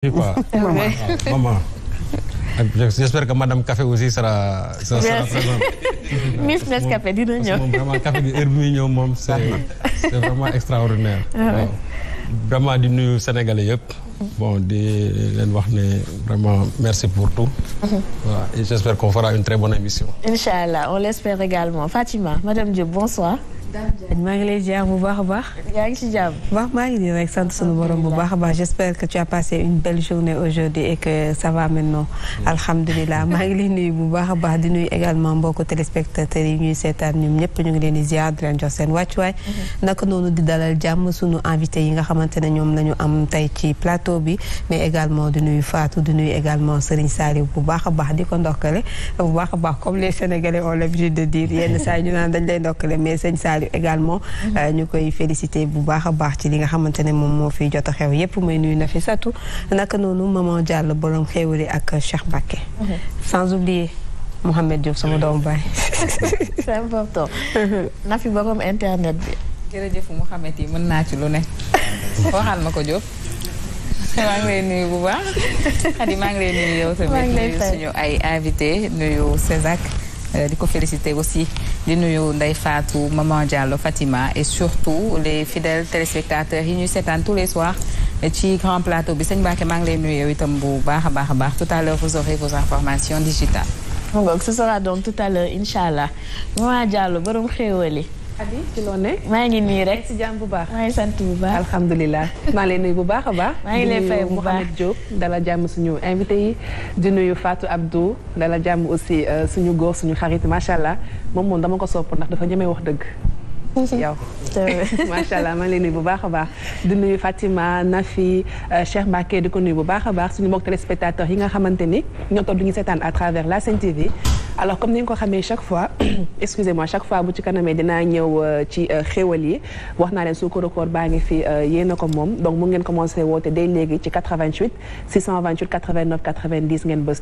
Quoi. maman, maman. J'espère que madame Café aussi sera, Miss Nescafé dina ñëw. moom vraiment café bi heure bi muy ñëw moom c'est c'est ah di nuyu Sénégalais wax ne vraiment merci pour tout. Mm-hmm. j'espère qu'on une très bonne émission. Inch'Allah on l'espère également Fatima madame Diop bonsoir. maa ngi lay ziar bu baax baax. yaa ngi ci jàmm. baax maa ngi nii rek sant sunu borom bu baax a baax j'espère que tu as passé une belle journée aujourd'hui et que ça va maa ngi lay nuyu bu baax a baax di nuyu également mbokku téléspectateurs yi ñuy seetaan ñoom ñëpp ñu ngi leen di ziar di leen jox seen wàccuwaay. Mm-hmm. naka noonu di dalal jàmm sunu invité yi nga xamante ne ñoom la ñu am tey ci plateau bi mais également di nuyu faatu di nuy également Serigne saari bu baax baax di ko ndokkale bu baax a baax comme les Sénégalais ont l'habitude de dire yenn saa ñu naan dañ lay ndokkale mais Serigne Saliou Saliou également euh, ñu koy félicité bu baax a baax ci li nga xamante ne moom moo fi jot a xew yépp may nuyu Nafisatou naka noonu maman Diallo borom xéwali ak Cheikh Mbacké mhm. sans oublier Mouhamed Diop sama doomu baay c'est important na fi borom internet bi jërëjëf Mouhamed yi mën naa ci lu ne waxal ma ko Diop maa ngi lay nuyu bu baax Khady maa lay nuyu yow tamit nuyu suñu ay invité nuyu Césac Euh, di ko féliciter aussi di nuyu Ndeye Fatou Maman Diallo Fatima et surtout les fidèles téléspectateurs yi ñuy seetaan tou les soirs ci grand plateau bi sëñ Mbacké maa ngi lay nuyu yow itam bu baax a baax a baax tout à l'heure vous aurez vos informations digitales. donc ce sera donc tout à l'heure incha allah Maman Diallo borom xéewali Adi ci loo ne. maa ngi nii rek si jàmm bu baax. maa ngi sant bu baax alhamdulilah. maa lay nuyu bu baax a baax. maa ngi leen fay bu baax di dala jàmm suñu invité yi. yu nuyu Fatou Abdou dala jàmm aussi euh, suñu góor suñu xarit macha allah moom moom dama ko sopp ndax dafa ñemee wax dëgg. ci yow macha allah maa ngi lay nuyu bu baax a baax di nuyu Fatima Nafi euh, Cheikh Mbacké di ko nuyu bu baax a baax suñu mbokk téléspectateurs yi nga xamante ni ñoo toog di ñu seetaan à travers la Sen TV alors comme ni nga ko xamee chaque fois excusez-moi chaque fois bu ci kanamee dinaa ñëw euh, ci euh, xéwal yi wax naa leen suukaru koor baa ngi fi yéen a ko moom donc mu ngeen commencé woote dès léegi ci ngeen bës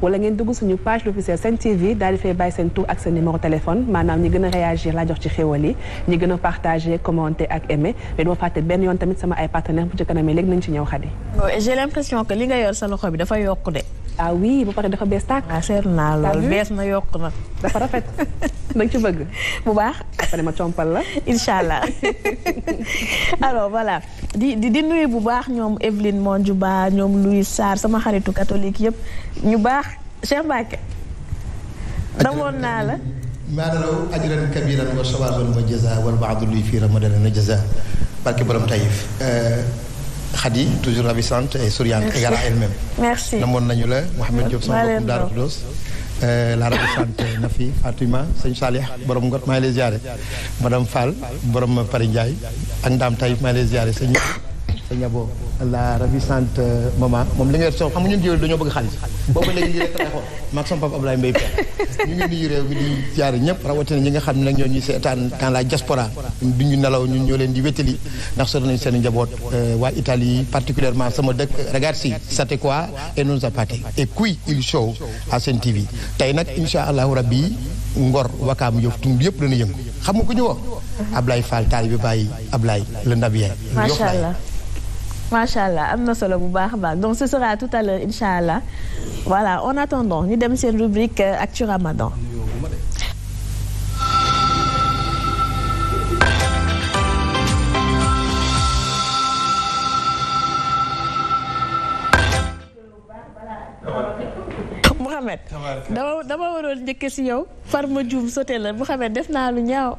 wala ngeen dugg suñu page officielle Sen TV daal di fay bàyyi sa numéro téléphone maanaam ñi gën a réagir laa jox ci xéwal yi ñi gën a partager commenter ak aimer mais duma fàtte benn yoon tamit sama ay partenaire bu ci kanamee léegi nañ ci ñëw xadi j'ai l'impression que li nga yor sa loxo bi dafa yokk de ah oui ba pare dafa bees tàkk ah naa loolu bees na yokk na dafa rafet nag ci bëgg bu baax après ma compal la incha allah alors voilà di di di bu baax ñoom Evelyne Mondjouba ñoom Louis Sarr sama xaritu catholique yëpp ñu baax Cheikh damoon naa la maanalaw ajran kabiran wa sawaban wa jaza wal baadu luy fii ramadan na jaza barke borom tayif euh, Khady toujours ravissante et souriante égale à elle-même merci nañu la Mouhamed Diop sama bopp Daaru Xudoos euh, la ravissante Nafi Fatima sëñ Salih borom Ngor maa ngi lay ziare madame Fall borom Pari Ndiaye ak Ndam Tayif maa ngi lay ziare sëñ sëñ Abo la ravissante euh, maman moom li nga so xam nga ñun bëgg xaalis boobu léegi ñu rek traxoon maag sama papa Abdoulaye ñu ngi nuyu réew mi di jaar ñëpp rawatina ñi nga xam ne nag ñoo ñuy seetaan dans la diaspora du ñu nelaw ñu ñoo leen di wétali ndax sori nañ seen njaboot euh, waa Italie particulièrement sama dëkk ragazzi sate quoi e non zappate et qui il show à Sen TV tey nag insha allahu rabbi ngor wakaam yof tund yëpp dana yëngu xam nga ku ñu woo Ablaye bi bàyyi Ablaye le macha allah am na solo bu baax a baax donc ce sera tout à l'heure incha allah voilà en attendant ñu dem seen rubrique euh, actu ramadan Mouhamed dama dama waroon njëkk si yow far ma juum sote la Mouhamed def naa lu ñaaw.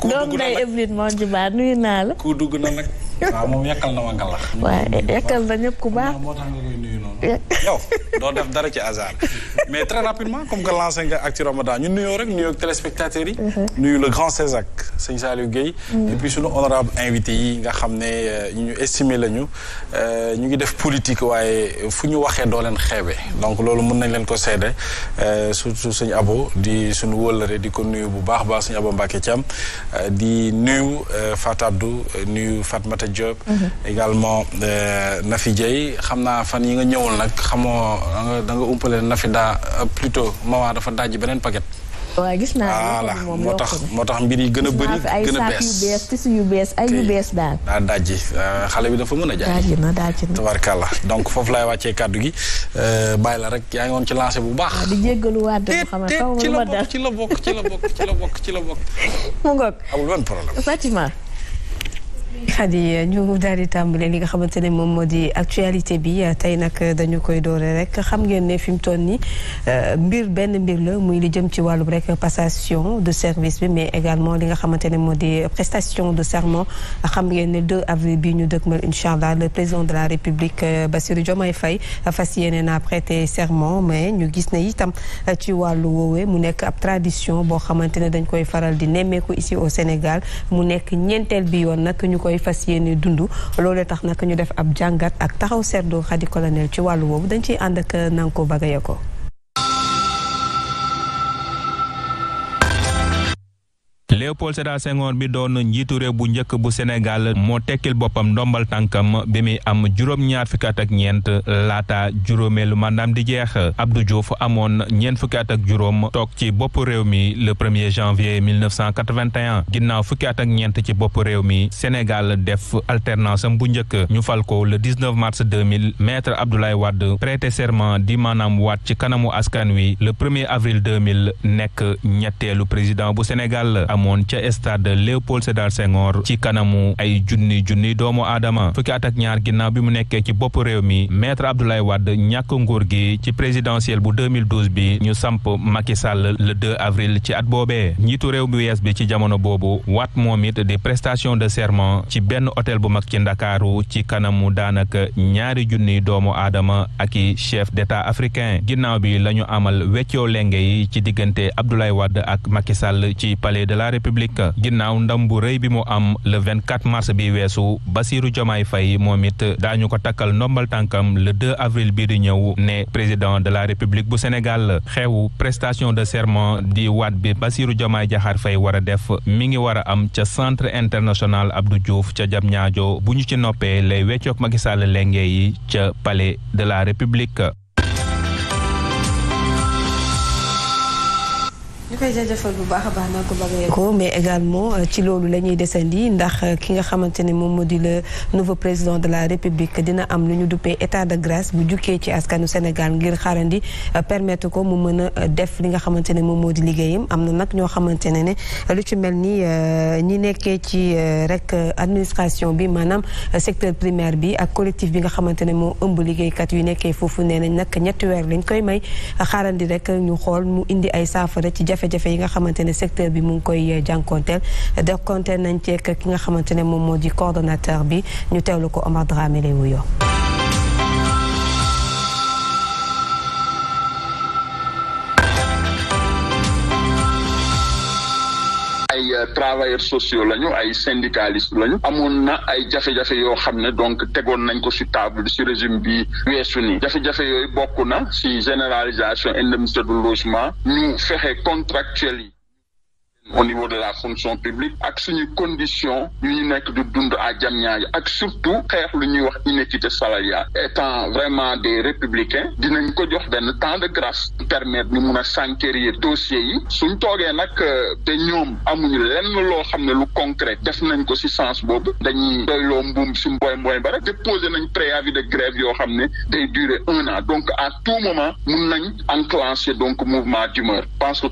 ku dugg doom day Evelyne nuyu naa la. ku dugg na nag. waaw moom yàkkal na ma ngalax. waaw eh, yàkkal na ñëpp ku baax. moo tax nga yow doo def dara ci hasard mais très rapidement comme que lancé nga Actu Ramadan ñu nuyoo rek nuyoo ak téléspectateurs yi. Mm-hmm. nuyu le grand Césac sëñ Saliou Guèye. Mm-hmm. et suñu sunu honorable invité yi nga xam ne ñu euh, ñu estimé lañu euh, ñu ngi def politique waaye fu ñu waxee doo leen xeebe donc loolu mun nañ leen ko seede euh, surtout sëñ Abo di sunu wëllare di ko nuyu bu baax baax sëñ Abo Mbacke Thiam. Euh, di nuyu euh, Fatou Abdou euh, nuyu Fatmata Diop. Mhm. également Nafi xam naa fan yi nga ñëwul nag xamoo da nga umpale Nafi daa plutôt Mawa dafa dajji beneen paquet. waaw gis naa moom moo tax moo tax mbir yi gën a bëri gën a bees yu bees tissu yu bees ay yu bees daal daa dajji euh, xale bi dafa mën a dajji na dajji na tabarkàlla donc foofu laay wàccee kàddu gi euh, bàyyi la rek yaa ngi woon ci lancé bu baax di jéggalu waat ci la bokk ci la bokk ci la bokk ci la bokk ci la bokk mu ngoog amul benn problème Fatima Khady ñu daal di tàmbale li nga xamante ne moom moo di actualité bi tey nag dañu koy doore rek xam ngeen ne fi mu toll nii euh, mbir benn mbir la muy li jëm ci wàllub rek passation de service bi mais également li nga xamante ne moo di prestation de serment xam ngeen ne 2 avril bi ñu ma incha allah le président de la république euh, Bassirou Diomaye Faye fas yéene naa prêter serment mais ñu gis ne itam ci wàllu woowee mu nekk ab tradition boo xamante ne dañ koy faral di nemmeeku ici au Sénégal mu nekk ñeenteel koy fas yéene dundu loolu tax naka ñu def ab jàngat ak taxaw seetlu xadi colonel ci wàllu woowu dañ ciy ànd ak Nanko ko Léopold Sédar Senghor bi doon njiitu réew bu njëkk bu Sénégal moo tekkil boppam ndombal tànkam bi muy am juróom-ñaar fukki ak ñeent laata juróomeelu mandaam di jeex Abdou Diouf amoon ñeent fukki ak juróom toog ci bopp réew mi le 1er janvier 1981 ginnaaw fukki at ak ñeent ci bopp réew mi Sénégal def alternance bu njëkk ñu fal ko le 19 mars 2000 maître Abdoulaye Wade prêté serment di maanaam waat ci kanamu askan wi le premier er avril 2000 nekk ñetteelu président bu Sénégal amoon ca stade Léopold Sédar Senghor ci kanamu ay junni junni doomu aadama fukki at ak ñaar ginnaaw bi mu nekkee ci bopp réew mi maître Abdoulaye Wade ñàkk nguur gi ci présidentielle bu 2012 bi ñu samp Macky Sall le 2 avril ci at boobee njiitu réew bu yees bi ci jamono boobu wat moom it di prestation de serment ci benn hôtel bu mag ci Ndakaaru ci kanamu daanaka ñaari junni doomu aadama ak i chef d'état africain ginnaaw bi lañu amal weccoo lenge yi ci diggante Abdoulaye Wade ak Macky Sall ci palais république ginnaaw ndam bu rëy bi mu am le 24 mars bi weesu Bassirou Diomaye fay moom it daañu ko takkal ndombal tànkam le 2 avril bii di ñëw ne président de la république bu Sénégal xew prestation de serment di waat bi Bassirou Diomaye Diakhar Faye war a def mi ngi war a am ca centre international abdu Diouf ca Diamniadio bu ñu ci noppee lay weccoog Macky Sall yi ca palais de la république ñu koy jaajëfal bu ko mais également euh, ci loolu lañuy ñuy desandi ndax euh, ki nga xamante ne moom moo di le nouveau président de la république dina am lu ñu duppee état de grâce bu jukkee ci askanu Sénégal ngir xaarandi euh, permettre ko mu mën a def li nga xamante ne moom moo di liggéeyam am na nag ñoo xamante ne ne lu ci mel ni ñi nekkee ci rek administration bi maanaam secteur primaire bi ak collectif bi nga xamante ne moo ëmb liggéeykat yu nekkee foofu nee nañ nag ñetti weer lañ koy may xaarandi rek ñu xool mu indi ay saafara ci jafe jafe yi nga xamante ne secteur bi mu ngi koy eh, jànkonteel dekkonteel nañ ceek ki nga xamante ne moom moo di coordonnateur bi ñu teewlu ko Omar Dramé lay wuyoo Euh, travailleurs sociaux lañu ay syndicalistes lañu amoon na ay jafe-jafe yoo xam ne donc tegoon nañ ko ci table ci régime bi weesu nii jafe-jafe yooyu bokk na ci généralisation indemnité de logement ñu fexe contractuel yi au niveau de la fonction publique ak suñu condition yu ñu nekk du dund à Diamniadio ak surtout xeex lu ñuy wax inéquité salariale étant vraiment des républicains dinañ ko jox benn tant de grâce permettre ñu mun a s'enquérir dossiers yi suñ toogee nag euh, te ñoom amuñu lenn loo xam ne lu concret def nañ ko ci sens boobu dañuy doyloo mbuum ci mboy mboy ba rek déposer nañ préavis de grève yoo xam ne day durer un an donc à tout moment mun nañ enclencher donc mouvement d'humeur je pense que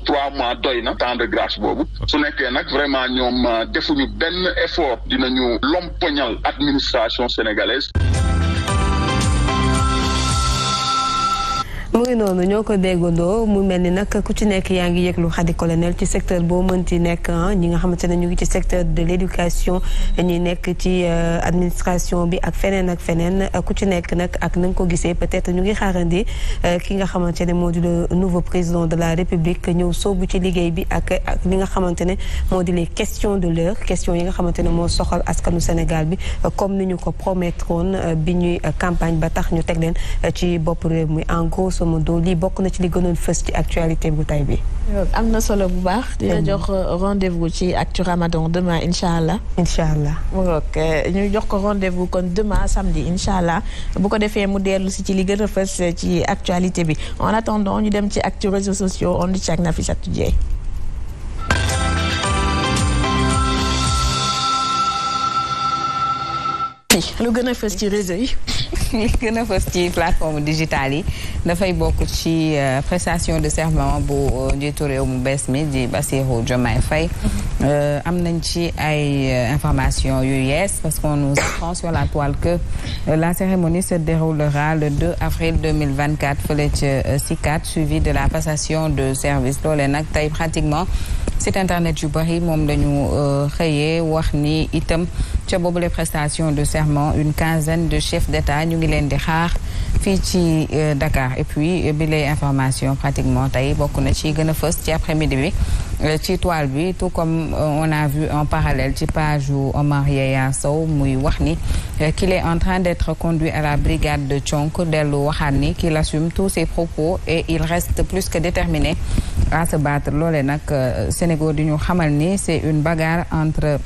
doy na temps de grâce boobu su nekkee nag vraiment ñoom euh, defuñu benn effort dinañu lompoñal administration sénégalaise mu ngi noonu ñoo ko déggandoo mu mel ni nag ku ci nekk yaa ngi yëglu xadi colonel ci secteur boo mënti nekk ah, ñi nga xamante ne ñu ngi ci secteur de l'éducation ñi nekk ci euh, administration bi ak feneen ak feneen ku ci nekk nag ak na nga ko gisee peut-être ñu ngi xaarandi euh, ki nga xamante ne moo di le nouveau président de la république ñëw soobu ci liggéey bi ak ak li nga xamante ne moo di les questions de l'heure questions yi nga xamante ne moo soxal askanu Sénégal bi comme ni ñu ko promettroon euh, bi ñuy campagne ba tax ñu teg leen ci bopp réew mi en gros grosso modo lii bokk na ci li gënoon fës ci actualité bu tay bi. am na solo bu baax. dina jox euh, rendez ci actu Ramadan demain incha allah. incha allah ok ñu jox ko rendez-vous kon demain samedi incha allah bu ko defee mu dellu si ci li gën a fës euh, ci actualité bi en attendant ñu dem ci actu réseaux sociaux on dit ak Nafissatou lu gën a fës ci réseau yi. li gën a fës ci yi dafay bokk ci euh, prestation de serment bu euh, njiitu réew mu bees mi di Bassirou Diomaye Faye mhm. euh, am nañ ci ay informations yu yees parce qu'on nous apprend sur la toile que la cérémonie se déroulera le 2 avril 2024 fële ca CICAD suivi de la passation de service loolee nag pratiquement site internet yu bari moom dañu euh, xëyee wax ni itam ca boobu les prestations de serment une quinzaine de chefs d'État ñu ngi leen di xaar fii ci euh, Dakar et puis euh, bi lay information pratiquement tey bokk na ci gën a fës ci après-midi bi Euh, ci toile bi tout comme euh, on a vu en parallèle ci page u Omar Yaya Sow muy wax ni euh, qu'il est en train d'être conduit à la brigade de Thionk dellu waxaat ni qu'il assume tous ses propos et il reste plus que déterminé à se battre loole nag Sénégal di ñu xamal ni c'est une bagarre entre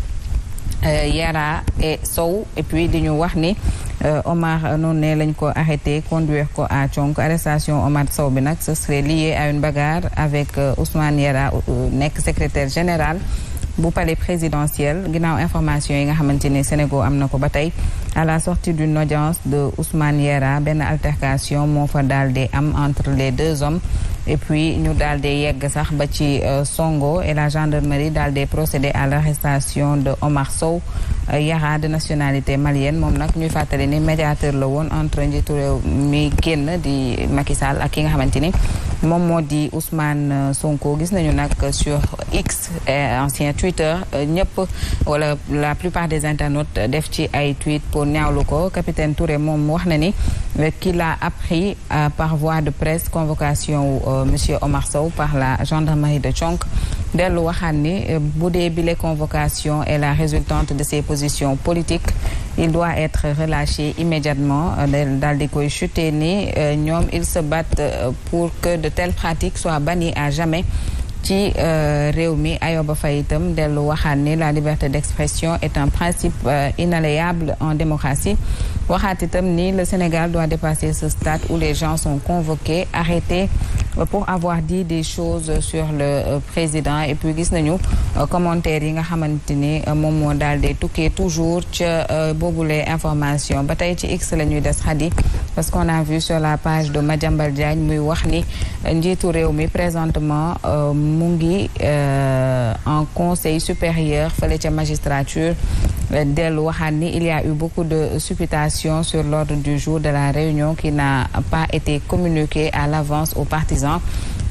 Euh, Yara et Sow et puis di ñu wax ni euh, Omar noonu ne lañ ko arrêté conduire ko à Thionk arrestation Omar Sow bi nag ce serait lié à une bagarre avec euh, Ousmane Yara nekk secrétaire général bu palais présidentiel ginnaaw information yi nga xamante ne Sénégal am na ko ba tey à la sortie d'une audience de Ousmane Yara benn altercation moo fa daal di am entre les deux hommes et puis ñu daal di yegg sax ba ci euh, Songo et la gendarmerie daal di procéder à l'arrestation de Omar Sow euh, Yara de nationalité malienne moom nag ñuy fàttali ni médiateur la woon entre njiitu réew mi génn di Macky Sall ak ki nga xamante ni moom moo di Ousmane euh, Sonko gis nañu nag sur X ancien Twitter ñëpp wala la plupart des internautes def ci ay tweet pour ñaawlu ko capitaine Touré moom wax na ni qu'il a appris par voie de presse convocation monsieur Omar Sow par la gendarmerie de Thionk dellu waxaat ni euh, bu dee bile convocation est la résultante de ses positions politiques il doit être relâché immédiatement euh, daal di koy chuté ni euh, ñoom ils se battent pour que de telles pratiques soient bannies à jamais ci réew mi Ayoba Faye itam dellu waxaat ni la liberté d'expression est un principe inaliénable en démocratie waxaat tam ni le Sénégal doit dépasser ce stade où les gens sont convoqués arrêtés euh, pour avoir dit des choses sur le euh, président et puis gis nañu euh, commentaires yi nga xamante ni moom moo daal di tukkee toujours ca boobule information ba tey ci X la ñuy des xadi parce qu'on a vu sur la page de Madiambal Diagne muy wax ni njiitu réew mi présentement mu ngi en conseil supérieur fële ca magistrature dellu waxaat ni il y a eu beaucoup de supputation délibération sur l'ordre du jour de la réunion qui n'a pas été communiquée à l'avance aux partisans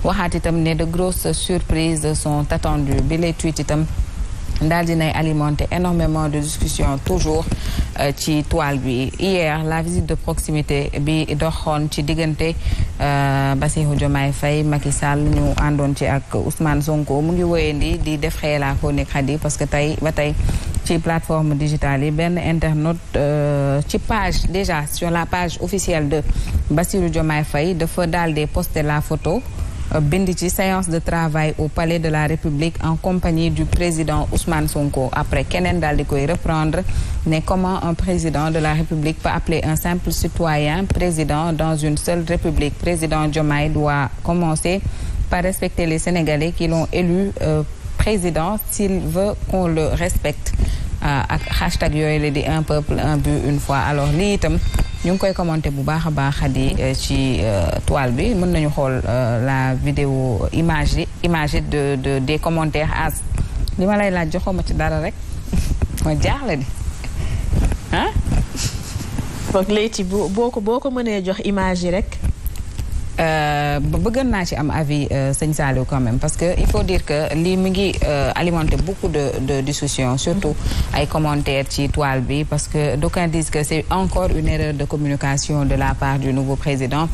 waxaat itam ne de grosses surprises sont attendues bi lay tuit itam di dinay alimenter énormément de discussions toujours euh, ci toile bi hier la visite de proximité bi doxoon ci diggante euh, Bassirou Diomaye fay Macky Sall ñu àndoon ci ak Ousmane Sonko mu ngi ndi di def xëye la chronique Khady parce que tey ba tey ci plateforme digitale yi benn internaute euh, ci page déjà sur la page officielle de Bassirou Diomaye fay dafa daal de posté la photo Euh, bind ci séance de travail au palais de la République en compagnie du président Ousmane Sonko après keneen daal di koy reprendre mais comment un président de la République peut appeler un simple citoyen président dans une seule République président Diomaye doit commencer par respecter les Sénégalais qui l'ont élu euh, président s'il veut qu'on le respecte euh, ak hashtag yooyu la di un peuple un but une fois alors lii itam ñu ngi koy commenté bu baax a baax xadi euh, ci euh, toile bi mën nañu xool euh, la vidéo image image de de des commentaires as ah, li ma joxoma ci dara rek ma jaaxle di ah. foog léegi boo ko boo ko mënee jox image yi rek. Euh, bëggoon naa ci am avis euh, sëñ Saliou quand même parce que il faut dire que lii mu ngi euh, alimenter beaucoup de de discussions surtout ay commentaires ci toile bi parce que d'aucuns disent que c'est encore une erreur de communication de la part du nouveau président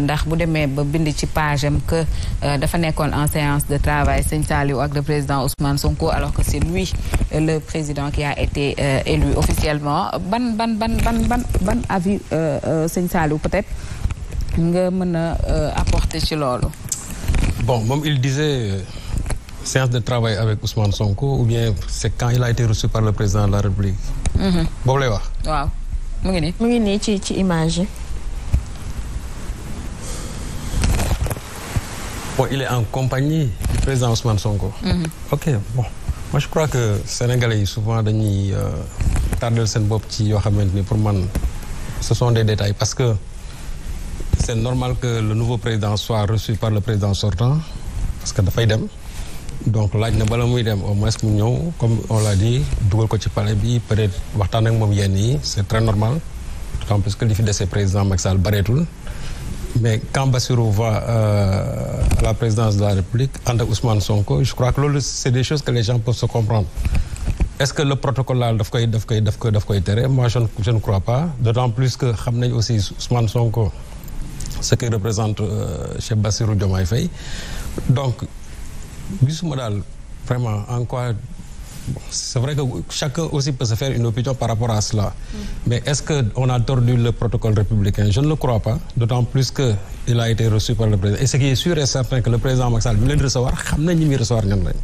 ndax bu demee ba bind ci page que dafa nekkoon en séance de travail sëñ Saliou ak le président Ousmane Sonko alors que c'est lui le président qui a été élu officiellement ban ban ban ban ban ban avis sëñ Saliou peut-être nga mën a euh, apporter ci loolu. bon moom il disait euh, séance de travail avec Ousmane Sonko ou bien c'est quand il a été reçu par le président de la République. Mhm. boobu lay wax. waaw mu ngi nii. ci ci image yi. bon il est en compagnie du président Ousmane Sonko. Mhm. ok bon moi je crois que sénégalais yi souvent dañuy euh, tardel seen bopp ci yoo xamante ni pour man ce sont des détails parce que. c'est normal que le nouveau président soit reçu par le président sortant parce que dafay dem donc laaj na bala muy dem au moins mu ñëw comme on l'a dit dugal ko ci pale bi peut-être waxtaan ak moom yenn yi c'est très normal d'autant plus que li fi dese président Macky bareetul mais quand Bassirou va euh, à la présidence de la République ànd ak Ousmane Sonko je crois que loolu c'est des choses que les gens peuvent se comprendre est-ce que le protocole koy daf koy daf koy daf koy tere moi je que xam nañ aussi Ousmane Sonko ce que représente euh, Cheikh Bassirou Diomaye Faye donc gisuma daal vraiment en quoi c'est vrai que chacun aussi peut se faire une opinion par rapport à cela mm. mais est-ce que on a tordu le protocole républicain je ne le crois pas d'autant plus que il a été reçu par le président et ce qui est sûr et certain que le président Macky Sall bi leen recevoir xam nañ ñi muy recevoir ñan lañ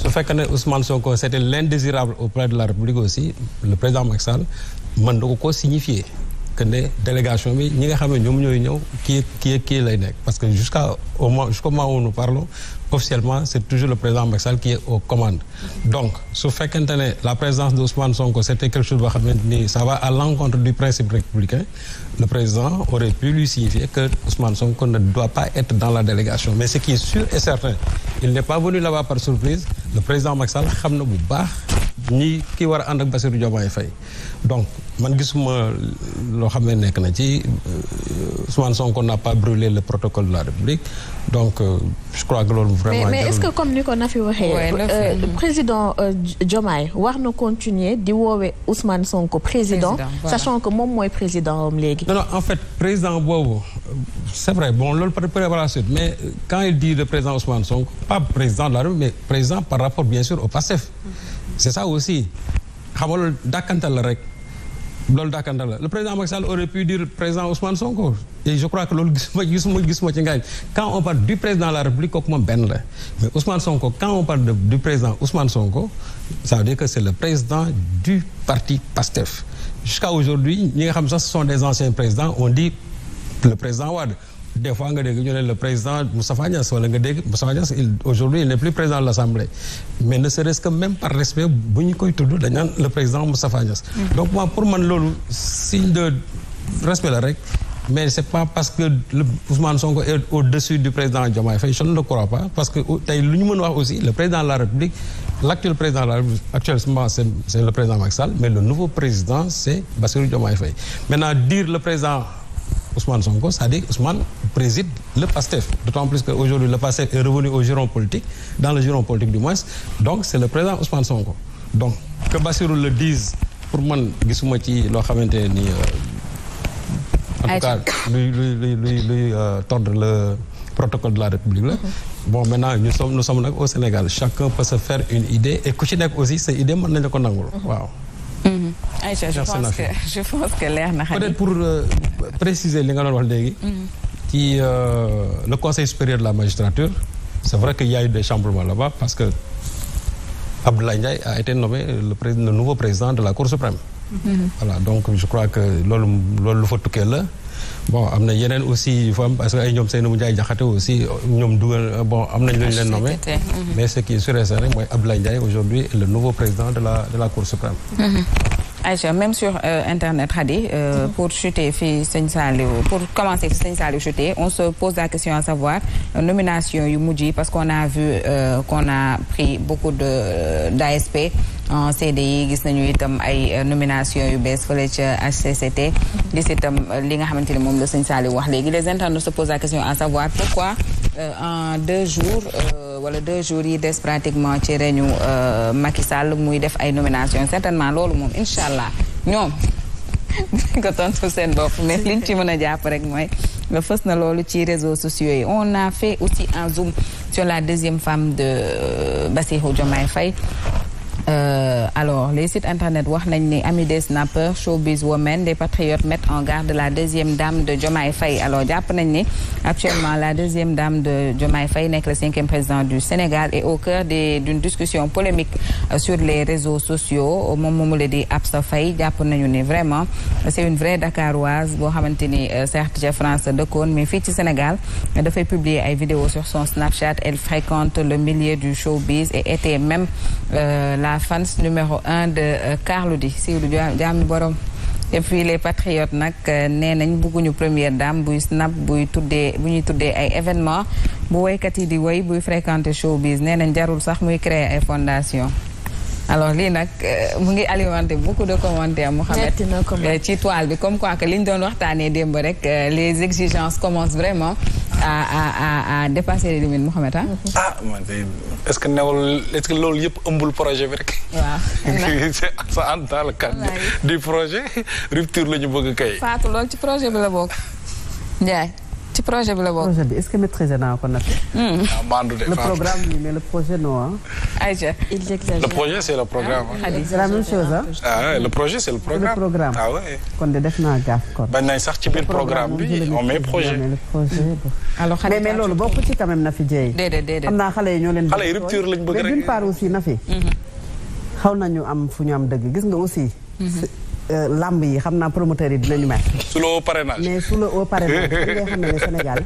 su fekkee ne Ousmane Sonko c'était la République aussi le président Macky Sall mën na ko ko signifier que ne délégation bi ñi nga xam ne ñoom ñooy ñëw kii kii kii lay nekk parce que jusqu'à au moins jusqu'au moment où nous parlons officiellement c'est toujours le président Macky Sall qui est aux commandes donc su fekkente ne la présence de Ousmane Sonko c' était quelque chose boo xamante ni ça va à l'encontre du principe républicain le président aurait pu lui signifier que Ousmane Sonko ne doit pas être dans la délégation mais ce qui est sûr et certain il n'est pas venu là-bas par surprise le président Macky xam na bu baax ñi ki war a ànd ak Bassirou Diomaye Faye donc man gisuma loo xam ne nekk na ci euh, Ousmane Sonko n'a pas brûlé le protocole de la République donc euh, je crois que Diomaye war na continuer di woowee Ousmane Sonko président. président voilà. que moom mooy président am léegi. non non en fait président boobu c'est bon loolu peut être la mais quand il dit le président Ousmane Sonko pas président de la République mais président par rapport bien sûr au PASTEF. c'est ça aussi xam nga loolu dàkkantal la rek. loolu dàkkantal la le président Macky Sall aurait pu dire président Ousmane Sonko et je crois que loolu gisuma gisuma gisuma ci ngaañ quand on parle du président de la République kooku moom benn la mais Ousmane Sonko quand on parle du président Ousmane Sonko ça veut dire que c'est le président du parti PASTEF jusqu'à aujourd'hui ñi nga xam sax ce sont des anciens présidents on dit le président Wade des fois nga dégg ñu ne le président Moustapha Niasse wala nga dégg Moustapha Niasse il aujourd'hui il n'est plus président de l'Assemblée mais ne serait-ce même par respect bu ñu koy tudd dañ le président Moustapha Niasse mm. donc pour man loolu signe de respect la rek mais c'est pas parce que le Ousmane Sonko est au-dessus du président Diomaye Faye je ne le crois parce que euh, tey lu ñu mën wax aussi le président de la République l'actuel président de la République actuellement Ousmane Sonko c'est-à-dire Ousmane préside le PASTEF d'autant plus que aujourd'hui le PASTEF est revenu au giron politique dans le giron politique du moins donc c'est le président Ousmane Sonko donc que Bassirou le diise pour man gisuma ci loo xamante ni euh, en tout cas luy luy luy luy euh, tordre le protocole de la République la mm-hmm. bon maintenant ñu sommes nous sommes nag au Sénégal chacun peut se faire une idée et ku nekk aussi sa idée mën na la ko nangul mm-hmm. waaw Aïcha je pense que je pense que leer na xam peut-être pour préciser li nga doon wax léegi. ci le conseil supérieur de la magistrature. c'est vrai qu'il y a des chamboulements là ba parce que Abdoulaye Ndiaye a été nommé le, président, nouveau président de la Cour suprême. Mm -hmm. donc je crois que loolu loolu lu fa tukkee la. bon am na yeneen aussi fa parce que ay ñoom Seynabou Ndiaye Diakhaté aussi ñoom dugal bon am nañ lu ñu leen nommé mhm. mais ce qui est sûr et certain mooy Abdoulaye Ndiaye aujourd'hui est le nouveau président de la de la Cour suprême. Mhm. Aïcha même sur euh, internet Khady euh, mhm. pour chuter fii sëñ Saliou pour commencer fi sëñ Saliou chuter on se pose la question à savoir euh, nomination yu mujj yi parce qu'on a vu euh, qu'on a pris beaucoup de d'ASP en CDI gis nañu itam ay euh, nomination yu bees fële ca HCCT gis itam euh, li nga xamante ne moom la sëñ Saliou wax léegi les internautes se posent la question à savoir pourquoi euh, en deux jours wala deux jours yi des pratiquement ci reñu Macky Sall muy def ay nomination certainement loolu moom incha allah ñoom buñ ko tontu seen bopp mais liñ ci mën a jàpp rek mooy nga fës na loolu ci réseaux sociaux yi on a fait aussi en zoom sur la deuxième femme de Bassirou Diomaye Faye Euh, alors les sites internet wax nañ ni Amis des Snappers Showbiz Women des patriotes mettent en garde la deuxième dame de Diomaye fay alors jàpp nañ ni actuellement la deuxième dame de Diomaye Faye nekk le cinquième président du Sénégal et au cœur des d'une discussion polémique euh, sur les réseaux sociaux moom moomu la di Absa fay jàpp nañu ni vraiment c'est une vraie Dakaroise boo xamante ni euh, certes ca France dëkkoon mais fii ci Sénégal dafay publier ay vidéos sur son Snapchat elle le milieu du showbiz et était même euh, la fans numéro un de euh, Carlou D Sidy Diam Borom et puis les patriotes nag euh, nee nañ bugguñu première daam buy snap buy tuddee bu ñuy tuddee ay événement bu woykat yi di woy buy fréquenter showbiz nee nañ jarul sax muy créer ay fondation alors lii nag euh, mu ngi alimenté beaucoup de commentaires Mouhamed ci toile bi comme quoi que li ñu doon waxtaanee démb rek les exigences commence vraiment à à à dépasser les limites Mouhamed ah. man est ce que newul est ce que loolu yëpp ëmbul projet bi rek. waaw ça entre dans le cadre du projet rupture la ñu bëgg kay. Fatou loolu ci projet bi la bokk Ndiaye. ci projet bi la bokk. bi est-ce que maîtriser naa ko nag. Hmm. Ah, le programme mais le projet non ah. ayca le projet c'est le programme. Ah, kon de def naa gaaf kon. bañ sax ci biir programme bi on projet. Hmm. alors mais mais na fi jeey. déedéet déedéet xam naa xale yi ñoo leen. xale yi rupture lañ bëgg rek mais d'une part aussi na fi. Hmm. xaw nañu am fu ñu am dëgg gis Euh, làmb yi xam naa promoteur yi dinañu mer. sous le haut parrainage mais sous le haut parrainage bi ngay xam ne Sénégal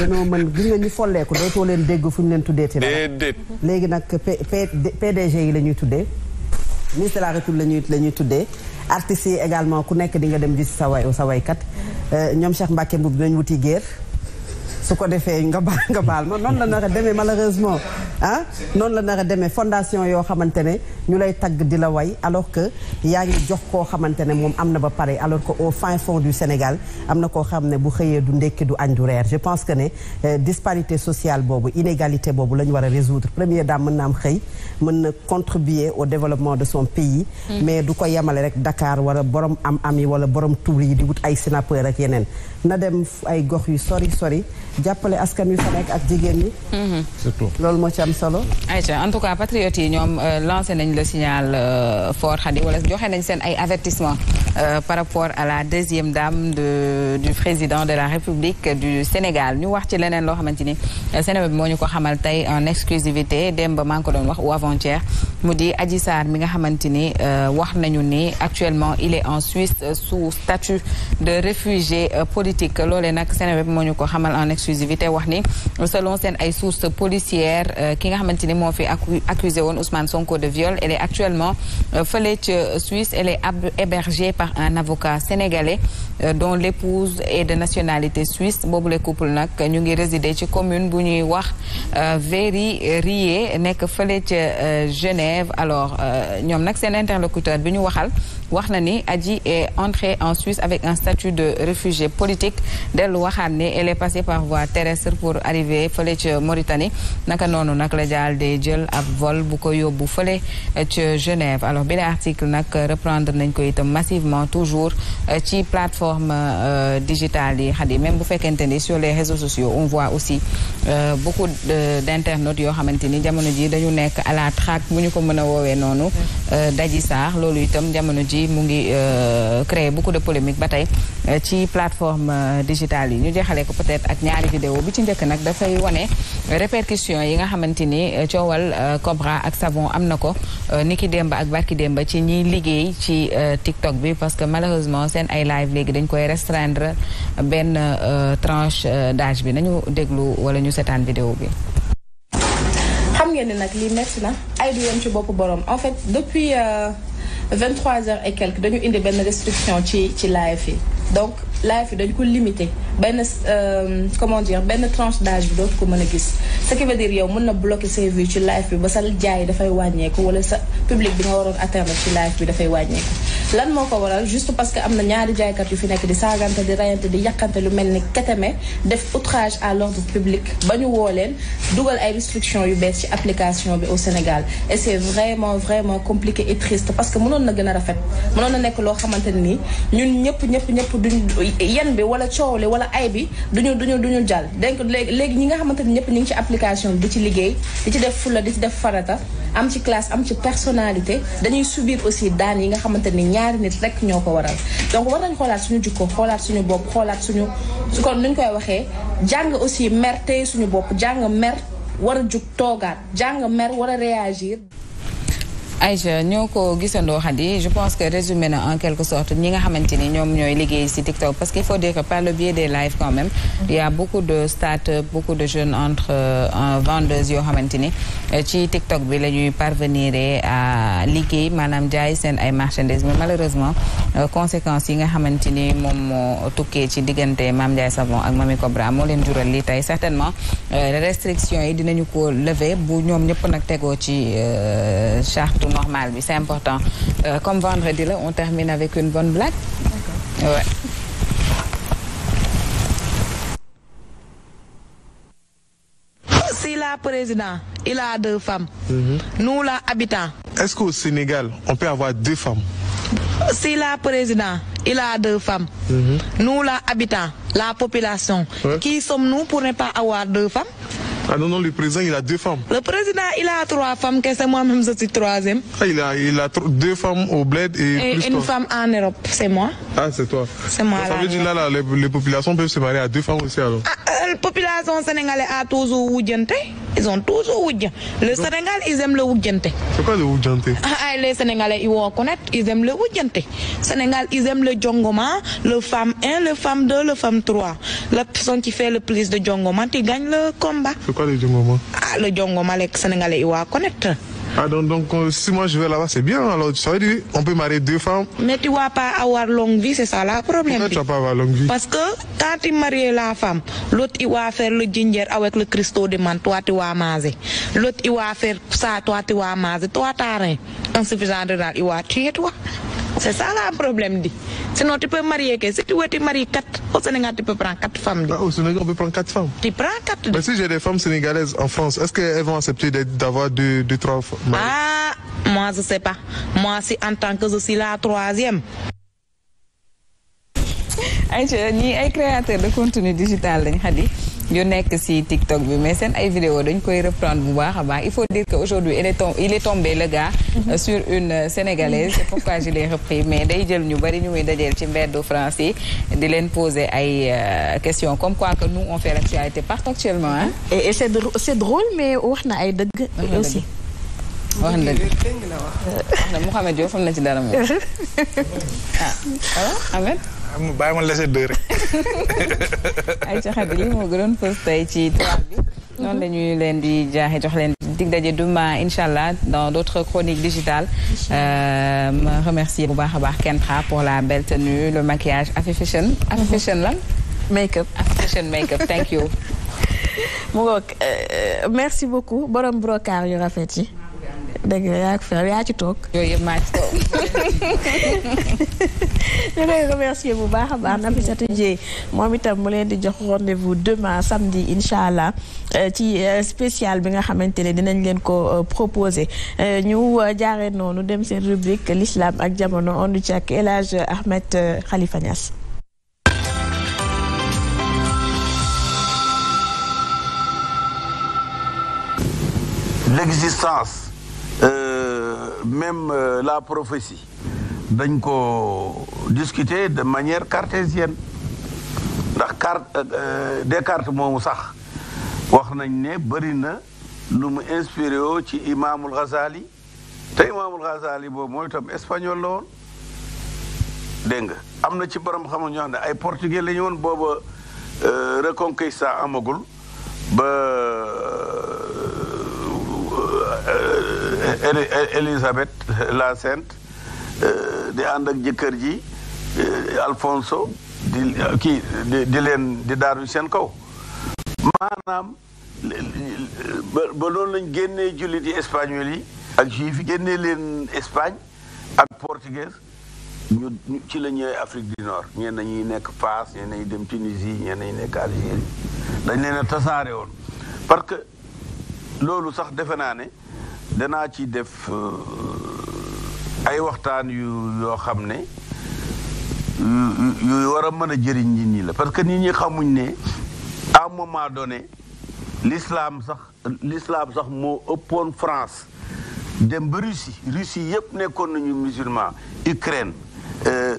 dañoo mën gis nga ñu folleeku dootoo leen dégg fu ñu leen tuddee. ci déedéet léegi nag PDG yi la tuddee. ministre de la République la ñuy tuddee. artistes yi également ku nekk di nga dem gis sa way sa waykat euh, ñoom Cheikh Mbacke Mboub dinañ wuti géer su ko defee nga baal nga baal ma noonu la nar a demee malheureusement ah noonu la nar a demee fondation yoo xamante ne ñu lay tagg di la way alors que yaa ngi jox koo xamante ne moom am na ba pare alors que au fin fond du Sénégal am na koo xam ne bu xëyee du ndekki du añ du reer je pense que ne euh, disparité sociale boobu inégalité boobu la ñu war a résoudre première dame mën na am xëy mën na contribuer au développement de son pays mm. mais du ko yemale rek Dakar wala borom am am yi wala borom tuur yi di wut ay sénateur ak yeneen na dem ay gox yu sori sori jàppale askan wi fa ak jigéen ñi mm-hmm. loolu moo ci am solo Aïcha en tout cas patriotes yi ñoom euh, lancé nañ le signal euh, fort Khady wala joxe nañ seen ay avertissement euh, par rapport à la deuxième dame de du président de la République du Sénégal ñu wax ci leneen loo xamante ni Sénégal bi moo ñu ko xamal tey en exclusivité frontières mu di Adji Sarr mi nga xamante ni euh, wax nañu ni actuellement il est en Suisse euh, sous statut de réfugié euh, politique loolee nag Seneweb moo ñu ko xamal en exclusivité wax ni selon seen ay sources policières ki nga xamante ni moo fi accusé woon Ousmane Sonko de viol elle est actuellement fële ca Suisse elle est hébergée par un avocat sénégalais dont l'épouse est de nationalité suisse boobu couple nag ñu ngi résider ci commune bu ñuy wax Véry Rié nekk Euh, Genève alors euh, ñoom nag seen interlocuteur bi ñu waxal wax na ni Adji est entrée en Suisse avec un statut de réfugié politique dellu waxaat ne elle est passée par voie terrestre pour arriver fële ca Mauritanie naka noonu nag la jaal de jël ab vol bu ko yóbbu fële ca Genève alors bi la article nag reprendre nañ ko itam massivement toujours euh, ci plateforme euh, digitale yi xadi même bu fekkente ni sur les réseaux sociaux on voit aussi euh, beaucoup d'internautes yoo xamante ni jamono ji dañu nekk alaat la traque bu ñu ko mën a woowee noonu ji mu ngi euh, créer beaucoup de polémique ba tey euh, ci plateforme euh, digitale yi ñu jeexalee ko peut-être ak ñaari vidéo bi ci njëkk nag dafay wane répercussion yi nga xamante ni coowal Cobra ak savon am na ko ni ki démb ak barki démb ci ñiy liggéey ci TikTok bi parce que malheureusement seen ay live léegi dañ koy restrendre benn tranche dage bi nañu déglu wala ñu seetaan vidéo bi xam ngeen nag lii métti na ay ci bopp boroom en fait depuis 23 heures et quelques dañu indi benn restriction ci ci live yi donc live yi dañ ko limité benn euh, comment dire benn tranche d'âge bi dootu ko mën a gis ce qui veut dire yow mën na bloquer ses ci live bi ba sa jaay dafay wàññeeku wala sa public bi nga waroon atteindre ci live bi dafay wàññeeku lan moo ko waral juste parce que am na ñaari jaaykat yu fi nekk di saagante di rayante di yàqante lu mel ni keteme def outrage à l'ordre public ba ñu woo leen dugal ay restrictions yu bees ci application bi au Sénégal et c'est vraiment vraiment compliqué et triste parce que mënoon na gën a rafet mënoon nekk loo xamante nii ñun ñëpp ñëpp ñëpp yan bi wala coow li wala ay bi duñu duñu duñu jàll donc léegi ñi nga xamante ni ñëpp ñi ngi ci application du ci liggéey di ci def fula di ci def farata am ci classe am ci personnalité dañuy subir aussi daan yi nga xamante ni ñaari nit rek ñoo ko waral donc war nañ xoolaat suñu jikko xoolaat suñu bopp xoolaat suñu su kon nuñ koy waxee jàng aussi mer tey suñu bopp jàng mer war a jug toogaat jàng mer war a réagir ay Aïcha ñoo ko gisandoo Khady je pense que résumé na en quelque sorte ñi nga xamante ni ñoom ñooy liggéey ci TikTok parce qu'il faut dire que par le biais des lives quand même il y a de start-up beaucoup de euh, yoo xamante ni euh, ci TikTok bi la ñuy parvenir à liggéey maanaam jaay seen ay marchandises mais malheureusement euh, conséquences yi nga xamante ni moom moo tukkee ci diggante Mame Ndiaye Savon ak Mamy Cobra moo leen jural lii tey certainement restrictions yi dinañu ko lever bu ñoom ñëpp nag tegoo ci charte bu normal bi c'est important euh, comme on termine avec une bonne blague. Si la président, il a deux femmes. Mhm. la habitants. Est-ce Sénégal, on peut avoir deux femmes? Si la président, il a deux femmes. Mhm. la habitants, la population. Ouais. Qui sommes-nous pour avoir deux femmes? Ah non, non, le président, il a deux femmes. Le président, il a trois femmes, que c'est moi-même, je troisième. Ah, il a, deux femmes au bled et, une femme en Europe, c'est moi. Ah, c'est toi. C'est moi. les, populations peuvent se marier à deux femmes aussi alors. Ah, euh, population sénégalaise a toujours oudjante. Ils ont toujours oudjant. Le Donc, Sénégal, ils aiment le oudjante. C'est quoi le oudjante ah, ah, Les Sénégalais, le Sénégal, ils aiment le djongoma, le femme 1, le femme 2, le femme 3. de djongoma, quoi ah, le Djongoma le Djongoma, les Sénégalais, ils vont connaître. si moi je vais là c'est bien. Alors, ça veut on peut marier deux femmes. Mais tu pas avoir longue vie, c'est ça le problème. Pourquoi Parce que quand tu maries la femme, l'autre il va le ginger avec le cristaux de menthe, toi tu vas manger. L'autre il va faire toi tu vas manger. Toi, tu En suffisant de il va toi. C'est ça le problème dit. Sinon, tu peux marier que si tu veux, tu maries quatre. Au Sénégal, tu peux prendre quatre femmes. Ah, au Sénégal, on peut prendre quatre femmes. Tu prends quatre. Mais si j'ai des femmes sénégalaises en France, est-ce qu'elles vont accepter d'avoir deux, trois femmes Ah, moi, je sais pas. Moi, c'est en tant que je suis la troisième. ay ñii ay créateur de contenu digital lañ xadi ñu nekk si TikTok bi mais seen ay vidéo dañ koy reprendre bu baax a baax il faut dire que aujourd'hui il est tombé il est mhm. euh, sur une euh, sénégalaise c'est pourquoi je l'ai repris mais day jël ñu bari ñu muy dajeel ci mbeddu France yi di leen poser ay euh, questions comme quoi que nous on fait l'actualité partout actuellement hein et c'est drôle mais wax na ay dëgg aussi wax na dëgg Mouhamed Diop xam na ci dara moom ah alors Ahmed xam nga bàyyi ma lese deux ay ca xadi moo gënoon fës ci toile bi la ñuy leen di jaaxe jox leen dig daje demain incha allah dans d' autres chroniques digitales euh, ma remercier bu baax a baax Kentra pour la belle tenue le maquillage Afy Fashion. Afy mhm. Fashion lan. make thank you. Euh, merci beaucoup borom brocart yu rafet yi. dëgg yaa ko fi yaa ci toog. yooyu yëpp ci toog. ñu koy bu baax a baax Nafissatou Dieng moom itam mu leen di jox rendez-vous demain samedi incha allah euh, ci euh, spécial bi nga xamante ne dinañ leen ko euh, proposer ñu jaaree noonu dem seen rubrique l'islam ak jamono ondu ci ak El Hadj Ahmed Khalifa Niass. Euh, même euh, la prophétie dañ ko discuter de manière cartésienne ndax carte euh, décarte moomu sax wax nañ ne bëri na lu mu inspiré woo ci imaamul Ghazali te imaamul Ghazali boobu mooy itam espagnol la woon dégg nga am na ci borom xamul ñoo xam ne ay portugais la ñu woon booba Reconquista amagul ba. Elisabeth euh, la Sainte euh, di ànd ak jëkkër ji euh, Alfonso di kii di leen di daaru seen kaw maanaam ba loolu lañ génnee jullit yi espagnol yi ak juif yi génnee leen Espagne ak portugais ñu ci la ñëwee Afrique du Nord ñeen nañuy nekk Fass ñeen nañuy dem Tunisie ñeen nañuy nekk Algérie dañ leen a tasaare woon parce que loolu sax defe naa ne danaa ci def euh, ay waxtaan yoo xam ne yu war a mën a jëriñ nit ñi la parce que nii ñi xamuñ ne à un moment donné l'islam sax lislaam sax moo ëppoon France dem ba Russie Russie yëpp nekkoon nañu musulman Ukraine euh,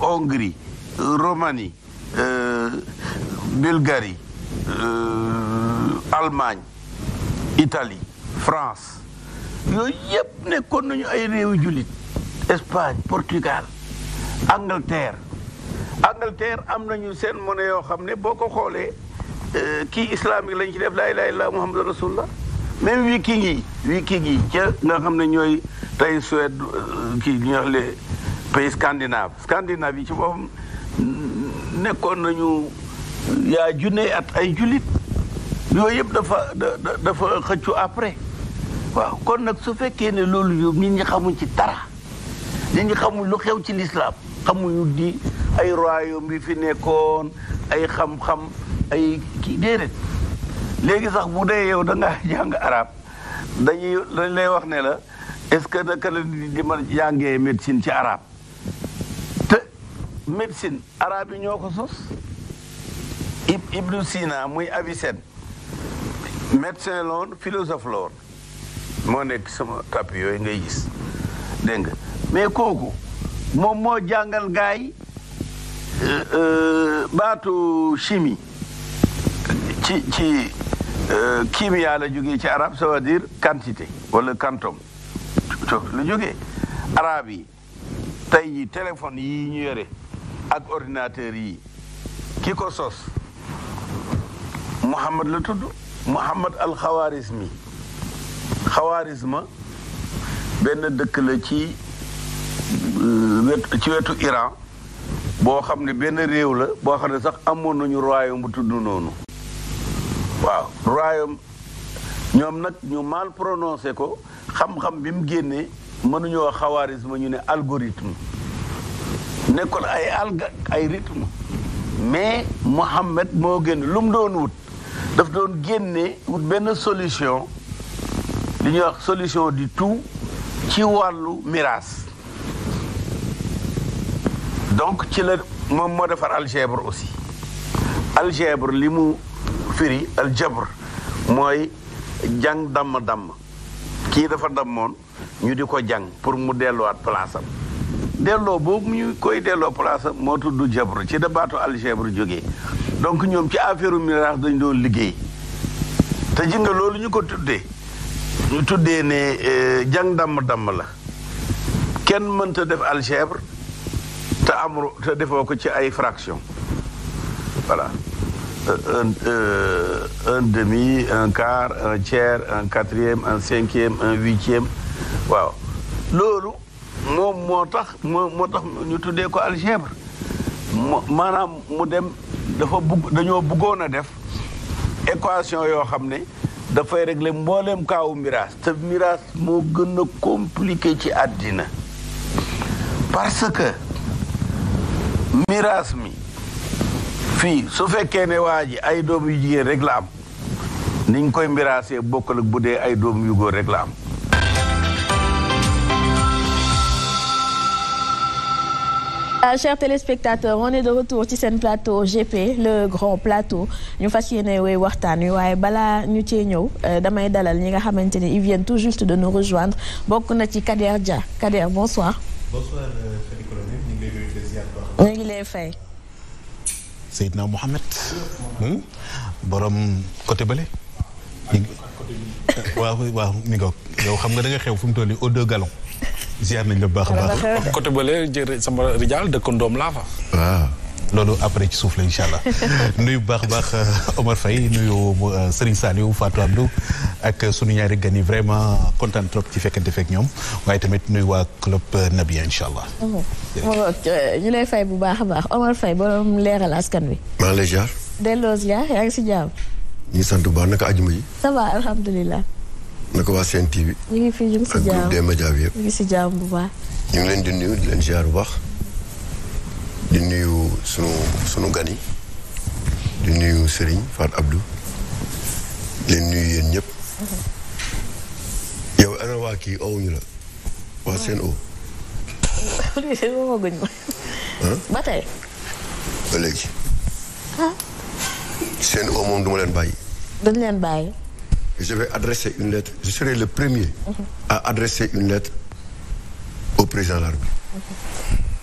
Hongrie Roumanie euh, Bulgarie Allemagne itali France yooyu yëpp nekkoon nañu ay réewu jullit Espagne Portugal Angleterre Angleterre am nañu seen monnaie yoo xam ne boo ko xoolee euh, kii islamique lañ ci def laa ilaaha illallaah muhammadu rasulullah même viking yi viking yi ca nga xam ne ñooy tey Suède euh, kii ñuy wax les pays scandinave scandinave yi ci boppam nekkoon nañu yaa junne at ay jullit yooyu yëpp dafa dafa xëccu après waaw kon nag su fekkee ne loolu yow nit ñi xamuñ ci dara nit ñi xamuñ lu xew ci lislaam xamuñu di ay royaume bi fi nekkoon ay xam-xam ay kii déedéet léegi sax bu dee yow da ngaa jàng arab dañuy dañ lay wax ne la est-ce que naka la di mën jàngee médecine ci arab te médecine arab yi ñoo ko sos Ibnu Sina muy Avicenne médecin la woon philosophe la moo nekk sama tàpp yooyu ngay gis dégg nga mais kooku moom moo jàngal gaay euh, euh, baatu chimie ci ci euh, kimia la jógee ci arab ça quantité wala quantum la joge arabe yi tey yi téléphone yi ñu yore ak ordinateur yi ki ko sos Mouhamad la tudd Muhammad al Xawaarismi Xawaarisma benn dëkk la ci euh, ci wetu Iran boo xam ne benn réew la boo xam ne sax amoon nañu royaume bu tudd noonu waaw royaume ñoom nag ñu mal prononcé ko xam-xam bi mu génnee mënuñoo wax xawaarisma ñu ne algorithme nekkoon ay alga ay rythme mais Mohammed moo génn lu mu doon wut daf doon génne wut benn solution li ñuy wax solution di tout ci wàllu miraas donc ci la moom moo defar algebre aussi algebre li mu firi aljabre mooy jàng damm damm kii dafa dammoon ñu di ko jàng pour mu delluwaat place am delloo boobu ñu koy delloo place am moo tudd jabru ci da baatu algèbre jóge donc ñoom ci affaire mirage dañ doon liggéey te ji nga loolu ñu ko tuddee ñu tuddee ne euh, jàng damm-damm la kenn mën mënta def algèbre te amru te defoo ko ci ay fraction voilà euh, un euh, un demi un quart un tiers un quatrième un cinquième un huitième waaw loolu moom moo tax moo moo tax ñu tuddee ko algèbre maanaam mu dem dafa bugg dañoo bëggoon a def équation yoo xam ne dafay régler mbooleem kaawu miraas te miraas moo gën a compliqué ci àddina parce que miraas mi fii su fekkee ne waa ji ay doom yu jigéen rek la am niñ koy miraasee bokkal ak bu dee ay doom yu góor rek la am Uh, chers téléspectateurs on est de retour ci seen plateau GP le grand plateau ñu fas yéene wooy waxtaan wi waaye balaa ñu cee ñëw euh, damay dalal ñi nga xamante ni ils viennent tout juste de nous rejoindre bokk na ci Kader Dia Kader bonsoir. bonsoir euh, Fadi Colonel ñu ngi lay nuyu ziar bu baax. ñu ngi hmm? borom côté bële. waaw waaw yow xam nga da xew fu mu toll nii aux deux galons. ziar nañ la baax a baax. côté bële jërëjëf sama rijaal dëkkandoom laa fa. waaw ah, loolu après ci suuf la incha allah nuyu baax baax euh, Omar Faye nuyu euh, Serigne Saliou Fatou Abdou ak euh, sunu ñaari gan yi vraiment kontaan trop ci fekkante fekk ñoom waaye tamit nuyu waa club Nabia incha allah. Oh, ñu lay fay bu baax a baax Omar Faye borom leeral askan wi. maa ngi lay ziar. delloo ziar yaa ngi si jàmm. ñu sant bu baax naka ajuma yi. ça alhamdulilah. naka waa Sen TV. ñu ngi fi leen di di leen ziar bu nuyu sunu sunu gan di nuyu Serigne Fat Abdou. di nuyu yéen ñëpp. Mhm. yow ana seen o. moom duma leen bàyyi. duñ leen bàyyi. je vais adresser le premier à adresser une lettre au président de la République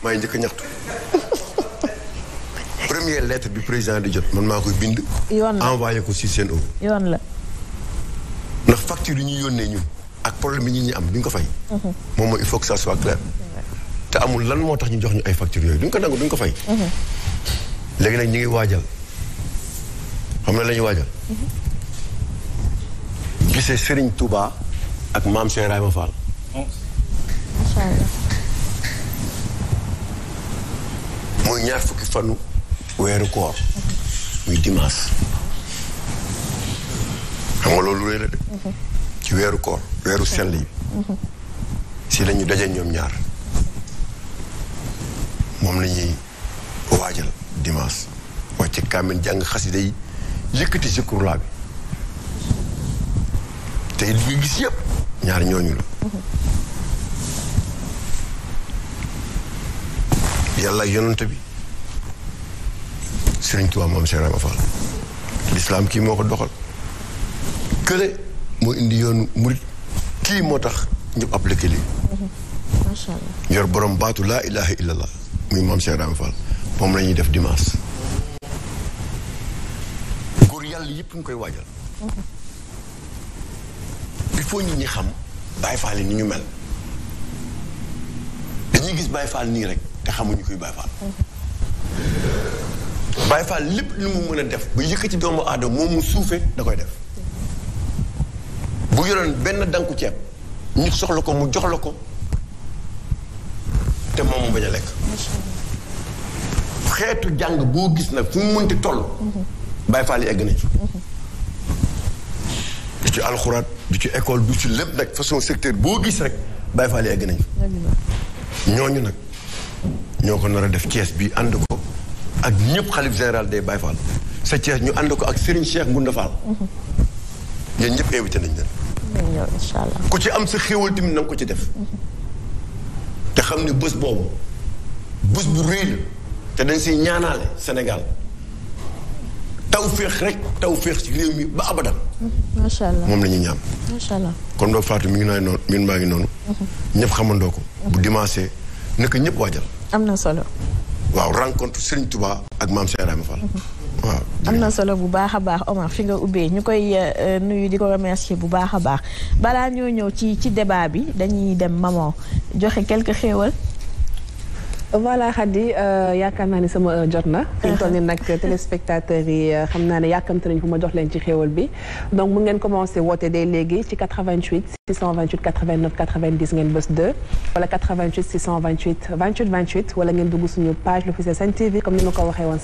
maa ngi njëkk a ñaxtu première lettre bi président di jot man maa koy bind envoyé ko ci seen yoon la ndax facture yi ñu yónnee ñu ak problème yi ñi am duñ ko fay mhm. moom moo il faut que ça soit clair te amul lan moo tax ñu jox ñu ay facture yooyu duñ ko nangu duñ ko fay mhm. léegi nag ñu ngi waajal xam na lañuy ñuy waajal mhm. gisee sëriñ Touba ak maam Cheikh Ibrahima Fall. macha allah. muy ñaar fukki fanu weeru koor. muy dimanche. xam nga loolu rëy la de. ci weeru koor weeru sell yi. si la ñu daje ñoom ñaar. moom la ñuy waajal dimanche. wàcc kàmmin jàng xasida yi yëkkati zikrulaa bi. te li nga gis yëpp ñaar ñooñu la. yàlla ak bi Sëriñ Tuubaa moom Cheikh Ibra Fall lislaam kii moo ko doxal kële moo indi yoonu murit kii moo tax ñu appliqué lii yor borom baatu laa ilaha illallah muy maam Cheikh Ibra Fall moom lañuy def dimanche góor yàlla yëpp ñu koy waajal il faut nit ñi xam Baye Fall yi ni ñu mel dañuy gis Baye Fall nii rek te xamuñu kuy Baye Fall. Baye Fall lépp lu mu mën a def bu yëkkati doomu aadama moom mu suufee da koy def bu yoroon benn danku ceeb ñu soxla ko mu jox la ko te moom mu bañ a lekk. xeetu jàng boo gis nag fu mu mënti toll. Mhm. Baye Fall yi egg na ci. Mhm. du ci alxuraat du ci école du ci lépp nag façon secteur boo gis rek Baye Fall egg nañ ñooñu nag ñoo ko nar def cees bi ànd ko ak ñëpp xalif général des Baye Fall sa Thiès ñu ànd ko ak Serigne Cheikh Ngounda Fall yéen ñëpp invité nañ leen incha ku ci am sa xéwal tamit na ko ci def te xam ne bës boobu bës bu réy la te dañ siy ñaanaale Sénégal tawféex rek tawféex ci réew mi ba abadan. macha allah moom la ñuy ñaam. macha allah kon doo Fatou mi ngi noonu noonu mi maa ngi noonu. Mhm. ñëpp xamandoo ko. bu dimanche naka ñëpp waajal. am na solo. waaw rencontre Serigne Touba ak maam Cheikh mhm. waaw am na solo bu baax a baax Omar fi nga ubbee ñu koy euh, nuyu di ko remercier bu baax a baax balaa ñoo ñëw ci ci débat bi dañuy dem maman joxe quelques xéewal. voilà Khady euh, yaakaar naa ne sama jot na. fi mu toll nii nag téléspectateurs yi euh, xam naa ne yàkkamte nañu ko ma jox leen ci xéewal bi donc mu ngeen commencé woote dès léegi ci 88 628 89 90 ngeen bës 2 wala 88 628 28 28 wala ngeen dugg suñu page l'officiel Sen TV comme ni ma ko waxee woon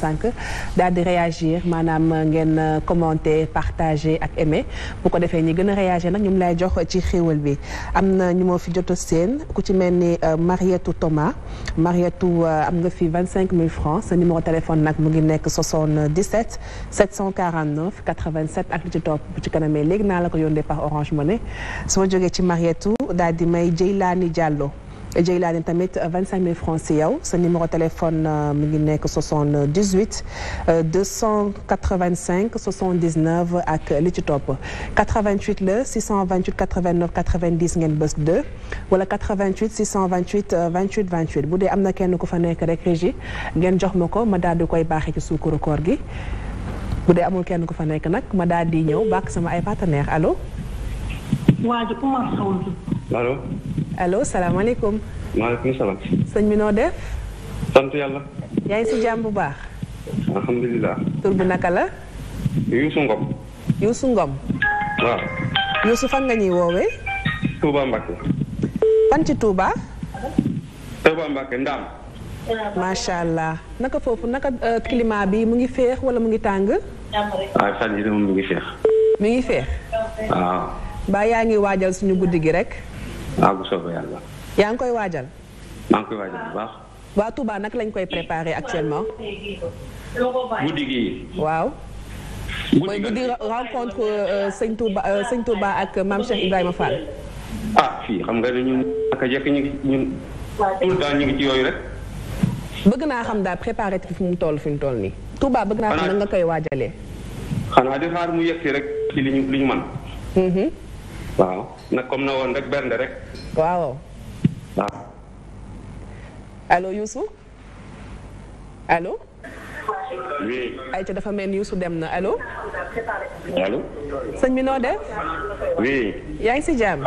daal di réagir maanaam ngeen euh, commenter partager ak aimer bu ko defee ñi gën a réagir nag ñu lay jox ci xéewal bi am na ñu moo fi jot a seen ku ci mel ni Mariette Thomas Mariette nattu euh, am nga fi vingt cinq mille francs sa numéro téléphone nag mu ngi nekk 77 749 87 ak li ci topp bu ci kanamee léegi naa la ko yoon yónnee par Orange Money soo jogee ci Marietou daal di may laa Djeylani jàlloo Jeylaani tamit vingt cinq mille francs si yow sa numéro téléphone euh, mi ngi nekk soixante dix huit euh, deux cent quatre vingt cinq soixante dix neuf ak li ci topp quatre vingt huit la six cent vingt huit quatre vingt ngeen bës deux wala quatre vingt huit six cent vingt euh, huit vingt huit vingt huit bu dee am na kenn ku fa nekk rek régie ngeen jox ma ko ma daal di koy baaxee ci suukaru koor gi bu dee amul kenn ku fa nekk nag ma daal di ñëw baax sama ay partenaires allo. allo. allo salaamaaleykum. maaleykum salaam. sëñ bi noo def. sant yàlla. yaa ngi si jàmm bu baax. alhamdulilah. tur bi naka la. Youssou Ngom. Youssou Ngom. waaw. Youssou fan nga ñuy woowee. Touba Mbacké. fan ci Touba. Touba Mbacké Ndaam. macha allah naka foofu naka euh, climat bi mu ngi féex wala mu ngi tàng. waaw ah, fan yii de mu ngi féex. mu ngi féex. waaw. Ah. ba yaa ngi waajal suñu guddi gi rek. waaw yaa ngi koy waajal. maa ngi koy waajal baax. waa tubaa nag lañ koy préparer actuellement. guddi gi. waaw. mooy guddi rencontre euh, sëñ Touba euh, sëñ Touba ak maam Cheikh Ibrahima ah fii xam nga lu ñun naka jekk ñu ngi ñun tout le ñu ngi ci yooyu rek. bëgg naa xam daal préparer fi mu toll fi mu toll nii. tubaa bëgg naa xam na nga koy waajalee. xanaa di xaar mu yegg si rek ci ñu li mm-hmm. waaw nag comme na woon rek benn rek. waaw. waaw. allo Youssou allo. oui. ayca dafa mel ni Youssou dem na allo. allo. sëñ bi noo def. yaa ngi si jàmm.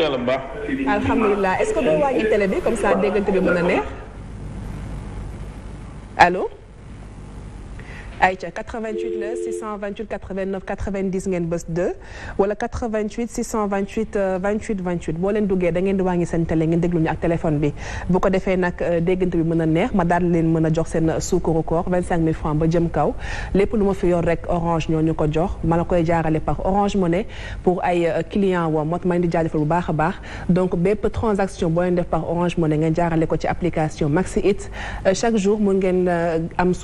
yàlla bu baax. alhamdulilah est-ce que doo wàññi télé bi comme ça déggante bi mën a neex allo. ayca 88 la 628 89 90 ngeen bës 2 wala 88 628 28 28 boo leen duggee da ngeen di wàññi seen télé ngeen déglu ak téléphone bi bu ko defee nag euh, déggante bi mën a neex ma daal leen mën a jox seen suukaru koor ba jëm kaw lépp lu ma fi yor rek orange ñoo ko jox ma la koy jaarale par orange money pour ay euh, client wam moo ma leen di jaajëfal bu baax a baax donc bépp transaction boo leen def par orange money ngeen jaarale ko ci application Maxi It euh, chaque jour mun ngeen am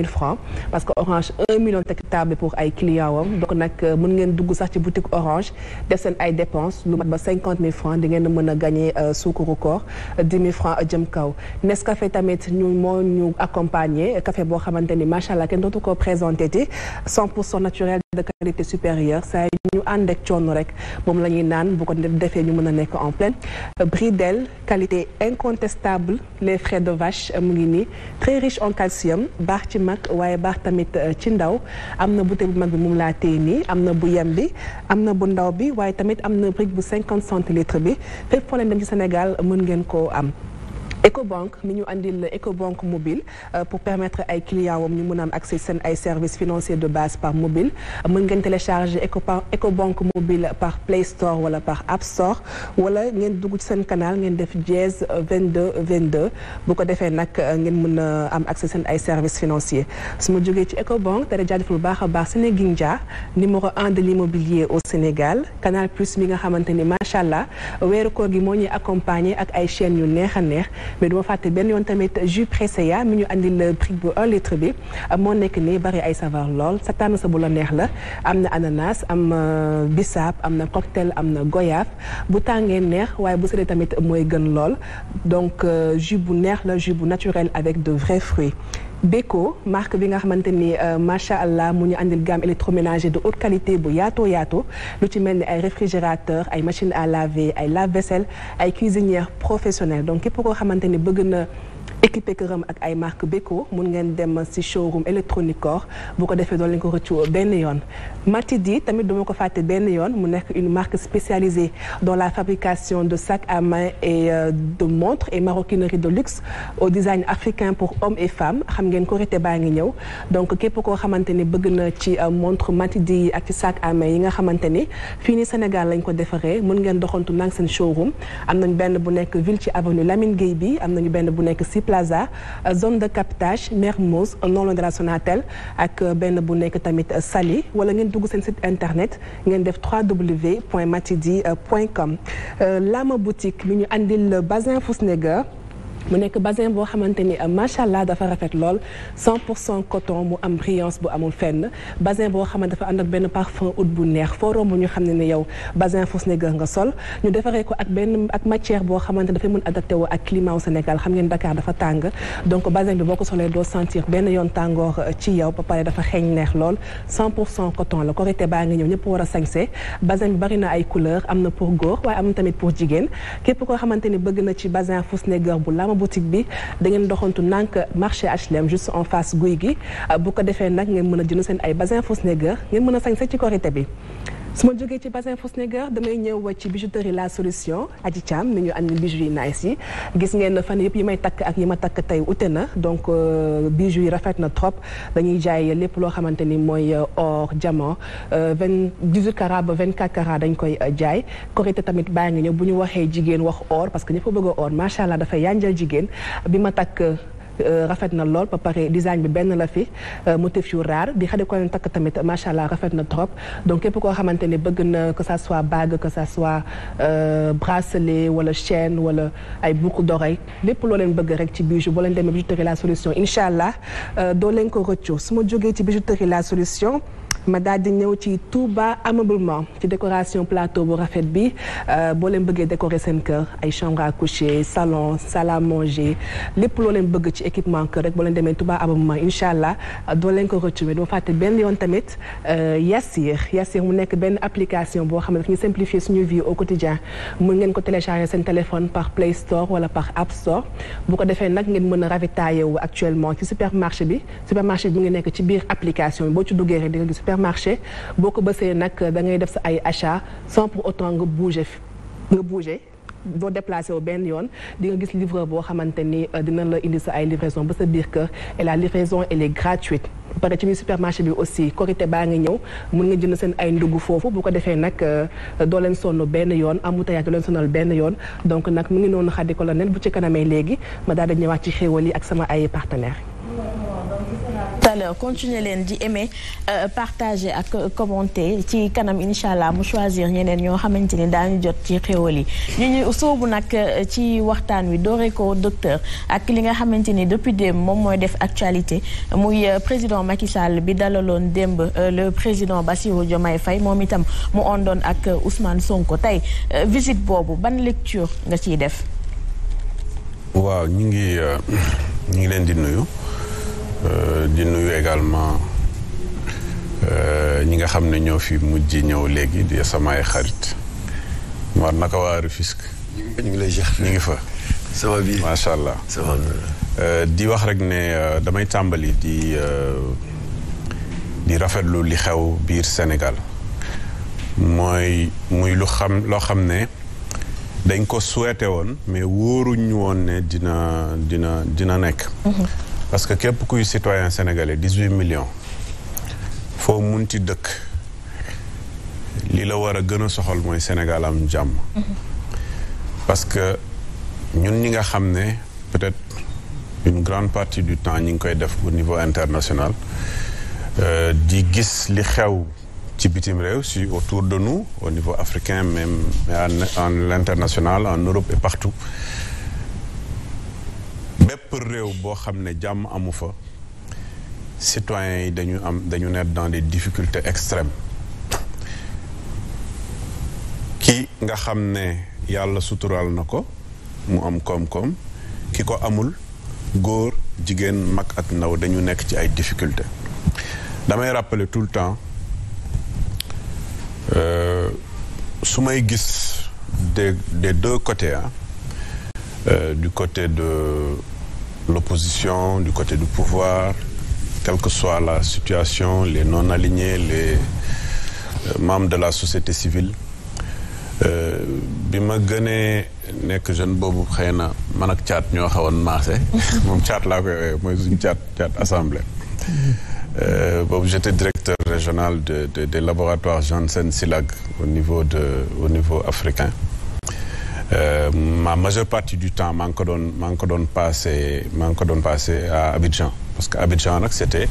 mille francs parce que orange un million teg table pour ay clients donc nag euh, mën ngeen dugg sax ci boutique orange def seen ay dépenses lu mat ba cinquante mille francs di ngeen mën a gagné euh, suukaru koor dix mille francs jëm kaw Nescafé tamit ñu moo ñu accompagner café boo xamante ni macha allah kenn dootu ko présenté ti cent pour cent naturel de qualité supérieure saa yi ñu ànd ak rek moom la ñuy naan bu ko defee ñu mën a nekk en pleine euh, Bridel qualité incontestable les frais de vache euh, mu ngi nii très riche en calcium baax ci mag waaye baax tamit euh, ci ndaw am na bouteille bu mag bi moom laa téye nii am na bu yem bi am na bu ndaw bi waaye tamit am na brique bu 50 centilitres bi fépp foo leen ci Sénégal mën ngeen koo am. Ecobank mi ñu andil Ecobank mobile euh, pour permettre ay clients wam ñu mën a am accès seen ay services financiers de base par mobile mën ngeen télécharger Ecobank mobile par Play Store wala par App Store wala ngeen dugg ci seen canal ngeen def dièse 22 22 bu ko defee nag euh, ngeen mën a am accès seen ay services financiers su ma jógee ci Ecobank dara jaajëfal bu baax a baax Sénégindia numéro 1 de l'immobilier au Sénégal Canal Plus mi nga xamante ni macha allah weeru koor gi moo ñuy accompagner ak ay chaînes yu neex a neex. mais du ma fàtte benn yoon tamit jus pressé ya mi ñu andil prix bu 1 litre bi moo nekk nii bari ay saveur lool sa tànn sa bu la neex la am na ananas am na bisaab am na cocktail am na goyaaf bu tàngee neex waaye bu sedee tamit mooy gën lool donc euh, jus bu neex la jus bu naturel avec de vrais fruits béko marque bi nga xamante ni euh, macha allah mu ñu andil gamme électroménager de haute qualité bu yaatoo yaatoo lu ci mel ni ay réfrigérateur ay machine à laver ay lave-vaisselle ay cuisinière professionnelle donc képp koo xamante ni bëgg na. équipé këram ak ay marque Beko mun ngeen dem si showroom Electronicor bu ko defee doon leen ko rëccu benn yoon Matidi tamit duma ko fàtte benn yoon mu nekk une marque spécialisée dans la fabrication de sac à main et euh, de montres et maroquinerie de luxe au design africain pour hommes et femmes xam ngeen Korité baa ngi ñëw donc képp koo xamante ni bëgg na ci euh, montre Matidi yi ak ci sac à main yi nga xamante ni fii ni Sénégal lañ ko defaree mun ngeen doxantu nang seen showroom am nañ benn bu nekk ville ci avenue Lamine Gueye bi am nañu benn bu nekk si City Plaza euh, zone de captage Mermoz noonu de la Sonatel ak euh, benn bu tamit euh, sali wala ngeen dugg seen site internet ngeen def www.matidi.com Lama boutique mi ñu andil Bazin Fousnega mu nekk basin boo xamante ni euh, macha allah dafa rafet lool 100 pour cent coton mu am brillance bu amul fenn basin boo xamante dafa ànd ak benn parfum ut bu neex foo romb ñu xam ne ne yow basin Fosniger nga sol ñu defaree ko ak benn ak matière boo xamante dafay mun adapté woo ak climat wu Sénégal xam ngeen dakaar dafa tàng donc basin bi boo ko solee doo sentir benn yoon tàngoor euh, ci yow ba pare dafa xeeñ neex lool 100 pour coton la korité baa ngi ñëw ñëpp war a sañse basin bi bari na ay couleur am na pour góor waaye am tamit pour jigéen képp koo xamante ni bëgg na ci basin Fosniger bu lama boutique bi dangeen doxantu nànk marché HLM juste en face guy gi ah, bu ko defee nag ngeen mën a jënd seen ay basin fausse-nègre ngeen mën a sañse ci korité bi su ma jógee ci bassin Fosniger damay ñëw ci bijouterie la solution aji Thiam mi ñu ànd bijou yu nice yi gis ngeen fan yëpp yi may takk ak yi ma takk tey ute na donc euh, bijou yi rafet na trop dañuy jaay lépp loo xamante ni mooy euh, or diamant euh, vingt dix huit carats ba vingt quatre carats dañ koy jaay korité tamit baa ngi ñëw bu ñu waxee jigéen wax or parce que ñëpp bëgg a or macha allah dafay yanjal jigéen bi ma takk. Euh, rafet na lool ba pare design bi benn la fi euh, motif yu raar di xale ko leen takk tamit macha allah rafet na trop donc képp koo xamante ne bëgg na que ça soit bague que ça soit euh, bracelet wala chaîne wala ay boucle d'oreille lépp lool leen bëgg rek ci bijou boo leen demee bijouterie la solution incha allah doo leen ko rëccu su ma jógee ci bijouterie la solution. ma daal di ñëw ci Touba ameublement ci décoration plateau bu rafet bi euh, boo leen bëggee décorer seen kër ay chambre à coucher salon salle à manger lépp loo leen bëgg ci équipement kër rek boo leen demee Touba ameublement incha allah euh, doo leen ko retrouver doo fàtte benn yoon tamit euh, Yassir Yassir mu nekk benn application boo xam ne daf ñu simplifier suñu vie au quotidien mun ngeen ko télécharger seen téléphone par Play Store wala par App Store ko defee nag ngeen mën a ravitailler wu actuellement ci supermarché bi supermarché bi mu ngi nekk ci biir application bi boo ci duggee rek supermarché boo ko bësee nag euh, da ngay def sa ay achat sans pour autant nga bouger nga bouger boo déplacé wu benn yoon di nga gis livreur boo xamante ni euh, dina la indi sa ay livraison ba sa biir kër et la livraison elle est gratuite pare ci biir supermarché bi aussi korité baa ngi ñëw mën nga jënd seen ay ndugg foofu boo ko defee nag euh, doo leen sonn benn yoon embouteillage doo leen sonal benn yoon donc nag mu ngi noonu Khady Colonel bu ci kanamee léegi ma daal di ñëwaat ci xéewal yi ak sama ay partenaires à l'heure continuer leen di aimer euh, partager ak euh, commenter ci kanam incha allah mu choisir ñeneen ñoo xamante ni daañu jot ci xéwal li ñu ñu soobu nag euh, ci waxtaan wi doore ko docteur ak li nga xamante ni depuis démb moom mooy def actualité muy président Macky Sall bi dalaloon démb le président Bassirou Diomaye fay moom itam mu ondoon ak Ousmane Sonko tey visite boobu ban lecture nga ciy def waaw ñu ngi ñu leen di nuyu Euh, di nuyu également euh, ñi nga xam ne ñoo fi mujj ñëw léegi di samay xarit war naka waa Rufisque ñu ngi lay ñu ngi fa. ça va bien macha allah. ça va euh, di wax rek ne damay tàmbali di di rafetlu li xew biir Sénégal mooy muy lu xam loo xam ne dañ ko suweete woon mais wóoruñu woon ne dina dina dina nekk. Mhm. parce que képp kuy citoyen sénégalais dix-huit millions foo munti dëkk li la war a gën a soxal mooy Sénégal am jàmm parce que ñun ñi nga xam ne peut-être une grande partie du temps ñu ngi koy def au niveau international euh, di gis li xew ci bitim réew si autour de nous au niveau africain même en l'international en Europe et partout bépp réew boo xam ne jàmm amu fa citoyens yi dañu am dañu nekk dans des difficultés extrêmes ki nga xam ne yàlla suturaal na ko mu am koom-koom ki ko amul góor jigéen mag ak ndaw dañu nekk ci ay difficultés damay rappeler tout le temps euh, su may gis des des deux côté ah euh, du côté de l'opposition, du côté du pouvoir, quelle que soit la situation, les non-alignés, les euh, membres de la société civile. Euh, bi ma gënee nekk jeune boobu xëy na man ak caat ñoo xawoon maase moom caat laa koy woowee mooy suñu caat caat assemblée euh, boobu j'étais directeur régional de de des laboratoires Janssen Silag au niveau de au niveau africain Euh, ma majeure partie du temps maa ngi ko doon maa ngi ko doon passé maa ngi ko doon passé à Abidjan parce que Abidjan nag c'était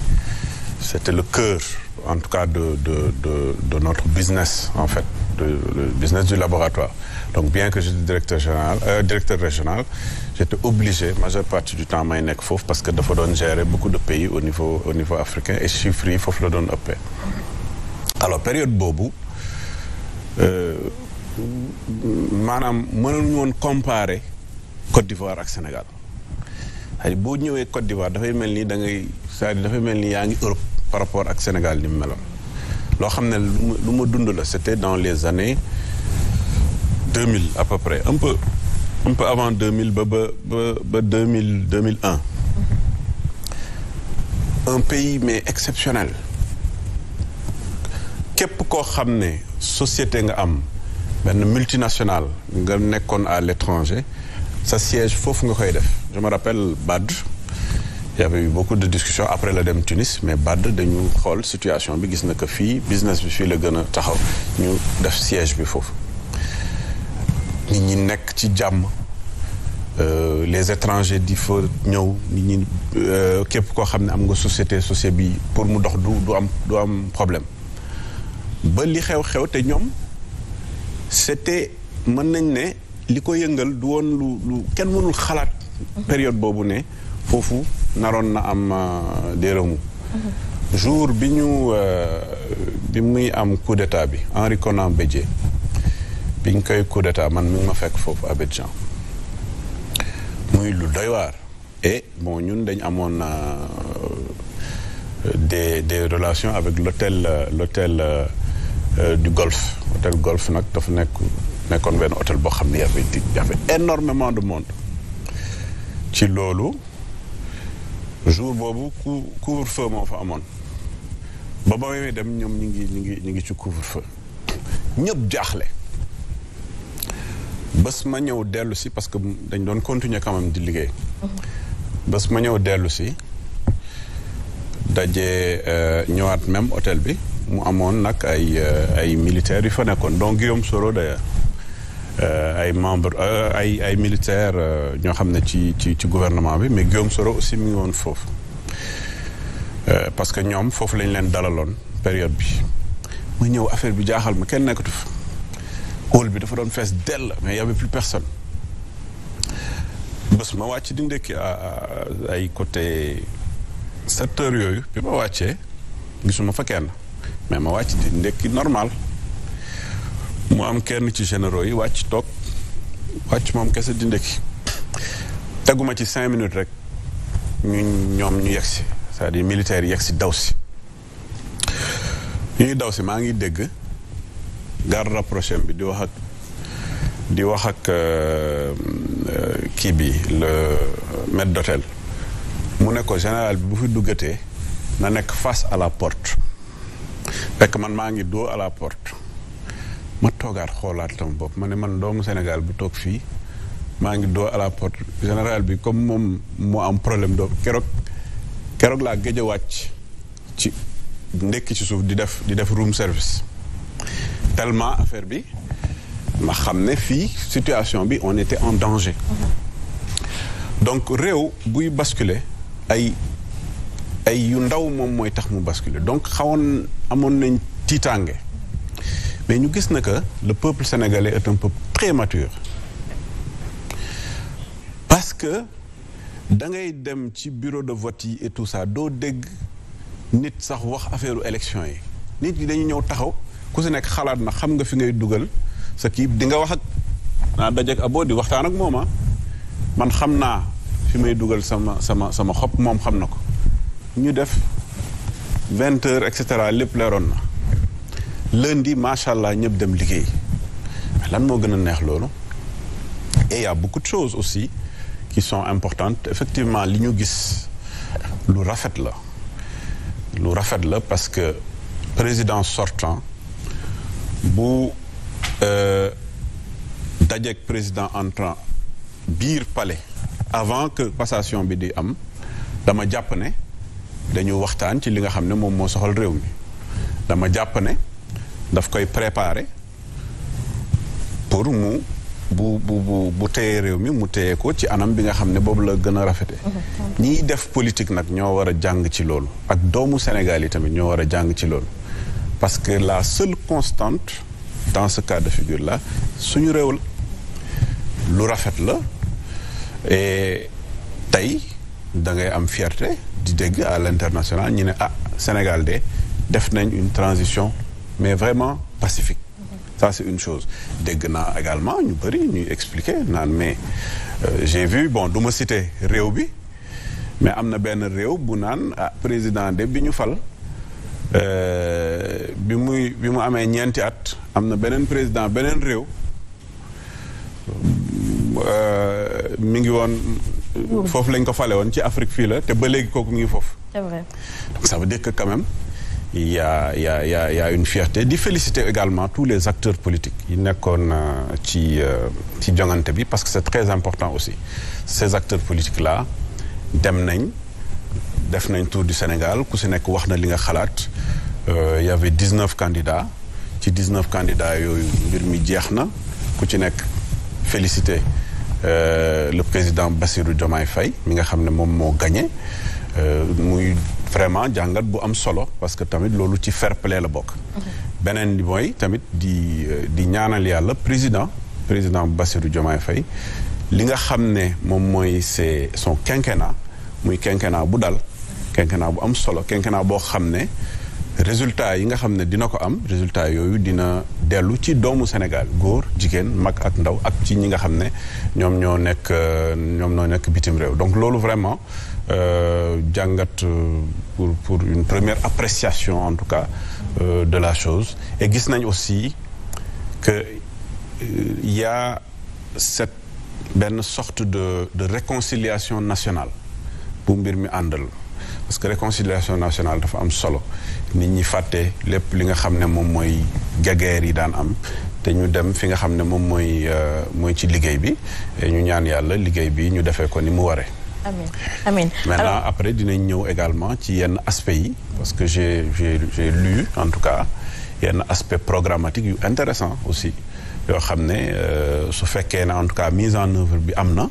c'était le cœur en tout cas de de de de notre business en fait de le business du laboratoire donc bien que j'étais directeur général euh, directeur régional j'étais obligé majeure partie du temps may nekk foofu parce que dafa doon gérer beaucoup de pays au niveau au niveau africain et chiffres yi foofu la doon ëppee alors période boobu euh, maanaam mënuñu woon comparer Côte d'Ivoire ak Sénégal cest boo ñëwee Côte d'Ivoire dafay mel ni da ngay cest dafay mel ni yaa ngi Europe par rapport ak Sénégal ni mu meloon loo xam ne lu ma dund la c'était dans les années 2000 à peu près un peu un peu avant ba ba ba ba 2000 2001 un pays mais exceptionnel képp koo xam ne société nga am benn multinationale nga nekkoon à l'étranger sa siège foofu nga koy def je me rappelle BAD y avait eu beaucoup de discussions après la dem Tunis mais BAD dañu xool situation bi gis na que fii business bi fii la gën a taxaw ñu def siège bi foofu nit ñi nekk ci jàmm euh, les étrangers di fa ñëw nit ñi euh, képp koo xam ne am nga société société bi pour mu dox du du am du am problème ba li xew-xew te ñoom c'était mën nañ ne li ko yëngal du woon lu kenn mënul xalaat période boobu ne foofu naroon na am euh, des remous jour bi ñu euh, bi muy am coup d'état bi Henri Konan Bédié bi ñu koy coup d'état man mi ngi ma fekk foofu Abidjan muy lu doy waar et bon ñun dañ amoon euh, des des relations avec l'hôtel l'hôtel Euh, du golf hôtel golf nag dafa nekk nekkoon benn hôtel boo xam ne y avait y avait énormément de monde ci loolu jour boobu cou couvre moo fa amoon ba ba may dem ñoom ñu ngi ñu ngi ñu ngi ci couvre-feu ñëpp jaaxle bés ma ñëw dellu si parce que dañ doon continuer quand di liggéey bés ma ñëw dellu si daje euh, ñëwaat même hôtel bi mu amoon nag ay euh, ay militaires yu fa nekkoon donc Guillaume Soro d'ailleurs euh, ay membre euh, ay ay militaires ñoo xam ne ci ci ci gouvernement bi mais Guillaume Soro aussi mi ngi woon foofu parce que ñoom foofu lañ leen dalaloon période bi ma ñëw affaire bi jaaxal ma kenn nekkatu fa hall bi dafa doon fees dell mais y avait plus personne bés ma wàcc di ndekki ay côté secteur yooyu bi ma wàccee gisuma fa kenn mais ma wàcc di ndekki normal mu am kenn ci généraux yi wàcc toog wàcc moom kese di ndekki teguma ci cinq minutes rek ñu ñoom ñu yegsi si à dire militaire yegg si daw si ñuy daw si maa ngi dégg garde rapproché bi di wax ak di wax ak euh, euh, kii bi le maître d'hôtel mu ne ko général bi bu fi duggatee na nekk face à la porte fekk man maa ngi doo à la porte ma toogaat xoolaat tam bopp ma ne man doomu Sénégal bu toog fii maa ngi doo à la porte général bi comme moom moo am problème doo keroog keroog laa géej wàcc ci ndekki ci suuf di def di def room service tellement affaire bi ma xam ne fii situation bi on était en danger mm-hmm. donc réew buy basculer ay ay yu ndaw moom mooy tax mu basculer donc xawoon amoon nañ tiitaange mais ñu gis na que le peuple sénégalais est un parce que da ngay dem ci bureau de vote yi et tout doo dégg nit sax wax affaireu élection yi nit ñi dañu ñëw taxaw ku si nekk xalaat na xam nga fi ngay dugal sa kii di nga wax ak naa dajek abo di waxtaan ak mooma ah. man xam naa fi may dugal sama sama sama xob moom xam na ko ñu def vingt heures et cetera lépp leeroon na lundi macha allah ñëpp dem liggéey lan moo gën a neex loolu et y a beaucoup de choses aussi qui sont importantes effectivement li ñu gis lu rafet la lu rafet la parce que président sortant bu euh, dajeek président entrant biir pale avant que passation bi di am dama jàpp ne dañu waxtaan ci li nga xam ne moom moo soxal réew mi dama jàpp ne daf koy préparer pour mu bu bu bu bu téyee réew mi mu téyee ko ci anam bi nga xam ne boobu la gën a rafete ñiy def politique nag ñoo war a jàng ci loolu ak doomu Sénégal yi tamit ñoo war a jàng ci loolu parce que la seule constante dans ce cas de figure là suñu réew la lu rafet la tey da ngay am fierte di dégg à l'international ñu ne ah Sénégal de def nañ une transition mais vraiment pacifique ça c'est une chose dégg naa également ñu bëri ñuy expliquer naan mais euh, j'ai vu bon duma ma réew bi mais am na benn réew bu naan ah président de bi ñu fal euh, bi muy bi mu amee ñeenti at am na beneen président beneen réew euh, mu ngi woon foofu lañ ko fale woon ci Afrique fii la te ba léegi kooku mu ngi foofu. sa vrai. donc ça veut dire que y a une fierté di féliciter également tous les acteurs politiques yi nekkoon euh, ci euh, ci jongante bi parce que c'est très important aussi ces acteurs politiques la dem nañ def nañ tour du Sénégal ku si nekk wax na li nga xalaat euh, il y avait 19 candidats ci 19 candidats yooyu mbir mi jeex na ku ci nekk féliciter. Euh, le président Bassirou Diomaye fay mi nga xam ne moom moo gagné euh, muy vraiment jàngat bu am solo parce que tamit loolu ci fair play la bokk. beneen bi mooy tamit di euh, di ñaanal yàlla président président Bassirou Diomaye Faye li nga xam ne moom mooy c'est son quinquennat muy quinquennat bu dal. quinquennat bu am solo quinquennat boo xam ne. résultat yi nga xam ne dina ko am résultat yooyu dina dellu ci doomu Sénégal góor jigéen mag ak ndaw ak ci ñi nga xam ne ñoom ñoo nekk ñoom ñoo nekk bitim réew donc loolu vraiment euh, jàngat euh, pour pour une première appréciation en tout cas euh, de la chose et gis nañ aussi que y a cette benn sorte de de réconciliation nationale bu mbir mi àndal parce que réconciliation nationale dafa am solo nit ñi fàtte lépp li nga xam ne moom mooy gageer yi daan am te ñu dem fi nga xam ne moom mooy euh, mooy ci liggéey bi ñu ñaan yàlla liggéey bi ñu defee ko ni mu waree. amiin amiin maintenant après dinañ ñëw également ci yenn aspects yi. parce que j'ai j'ai lu en tout cas yenn aspect programmatique yu intéressant aussi yoo xam ne euh, su fekkee ne en tout cas mise en œuvre bi am na.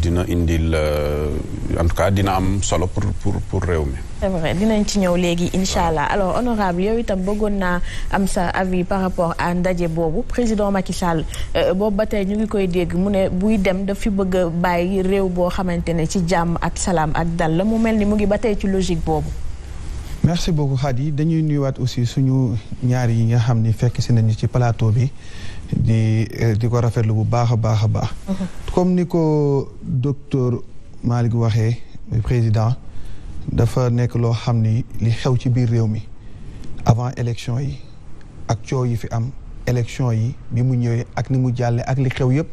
dina indil euh, en dina am solo pour pour réew mi. c'est vrai dinañ ci ñëw léegi incha allah alors honorable yow itam bëggoon naa am sa avis par rapport à ndaje boobu président Macky Sall euh, boobu ba tey ñu ngi koy dégg mu ne buy dem daf fi bëgg a bàyyi réew boo xamante ne ci jàmm ak salaam ak dal la mu mel ni mu ngi ba tey ci logique boobu. merci beaucoup Khady dañuy nuyuwaat aussi suñu ñaar yi nga xam ni fekk si nañu ci plateau bi. di eh, di ko rafetlu bu baax a baax a baax. comme ni ko docteur Malick waxee président dafa nekk loo xam ni li xew ci biir réew mi avant élection yi ak coow yi fi am élection yi bi mu ñëwee ak ni mu jàllee ak li xew yëpp.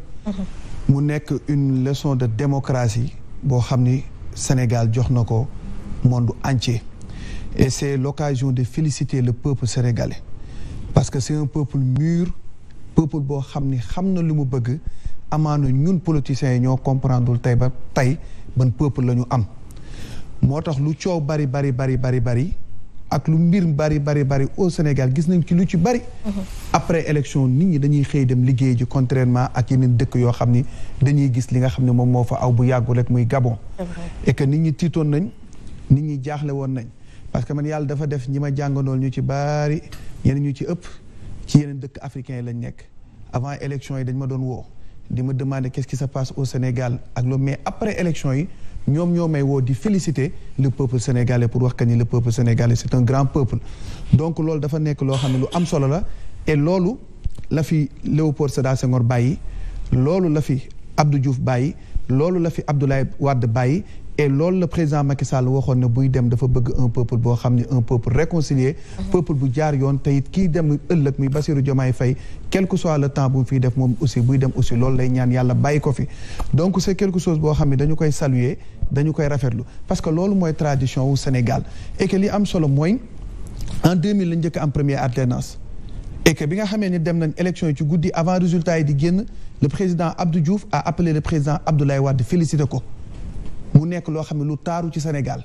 mu nekk une leçon de démocratie boo xam ni Sénégal jox na ko monde entier. et c'est l'occasion de féliciter le peuple sénégalais parce que c'est un peuple mûr. peuple boo xam ni xam na lu mu bëgg amaana ñun politiciens yi ñoo comprendrewul tey ba tey ban peuple la ñu am moo tax lu coow bari bari bari bari bari ak lu mbir bari bari bari au Sénégal gis nañ ci lu ci bari. Mm-hmm. après élection nit ñi dañuy xëy dem liggéey ji contrairement ak yeneen dëkk yoo xam ni dañuy gis li nga xam ne moom moo fa aw bu yàggul rek muy Gabon. et que nit ñi tiitoon nañ nit ñi jaaxle woon nañ parce que man yàlla dafa def ñi ma jàngandool ñu ci bari ñeneen ñu ci ëpp. ci yeneen dëkk africain yi lañ nekk avant élection yi dañ ma doon woo di ma demander qu'est-ce qui se passe au Sénégal ak loolu mais après yi ñoom ñoo may woo di féliciter le peuple sénégalais pour wax que ni le peuple sénégalais c'est un grand peuple donc loolu dafa nekk loo xam ne lu am solo la et loolu la fi Léopold Sédar Senghor bàyyi loolu la fi Abdou Diouf bàyyi loolu la fi Abdoulaye Wade bàyyi et loolu la président Macky waxoon ne buy dem dafa bëgg un peuple boo xam ne un peuple réconcilié mhm. peuple bu jaar yoon te it kii dem ëllëg muy Bassirou Diomaye Faye quel soit le temps bu mu fiy def moom aussi buy dem aussi loolu lay ñaan yàlla bàyyi ko fi donc c'est quelque chose boo xam ne dañu koy saluer dañu koy rafetlu parce que loolu mooy tradition wu Sénégal et que li am solo mooy en 2000 lañ njëkk am premier alternance et que bi nga xamee ni dem nañ élection yi guddi avant résultat yi génn le président Abdou Diouf a appelé le président Abdoulaye Wade ko mu nekk loo xam ne lu taaru ci Sénégal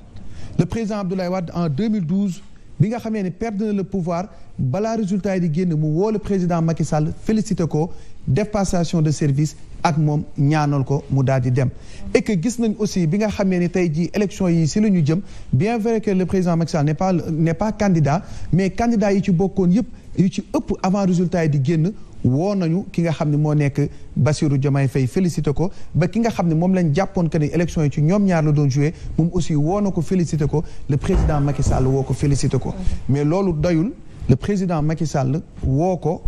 le président Abdoulaye Wade en 2012 bi nga xamee ne perdre na le pouvoir balaa résultat yi di génn mu woole président Macky Sall félicité ko def passation de service ak moom ñaanal ko mu daal di dem. et que gis nañ aussi bi nga xamee ne tey jii élection yi si la ñu jëm bien vrai le président Macky Sall n'est pas n'est pas candidat mais candidat yi ci bokkoon yëpp yu ci ëpp avant résultat yi di génn. woo nañu ki nga xam ne moo nekk Bassirou Diomaye fay félicité ko ba ki nga xam ne moom lañ jàppoon que ni élection yi ci ñoom ñaar la doon joué moom aussi woo na ko félicité ko le président Macky Sall woo ko félicité ko mais loolu doyul le président Macky Sall woo ko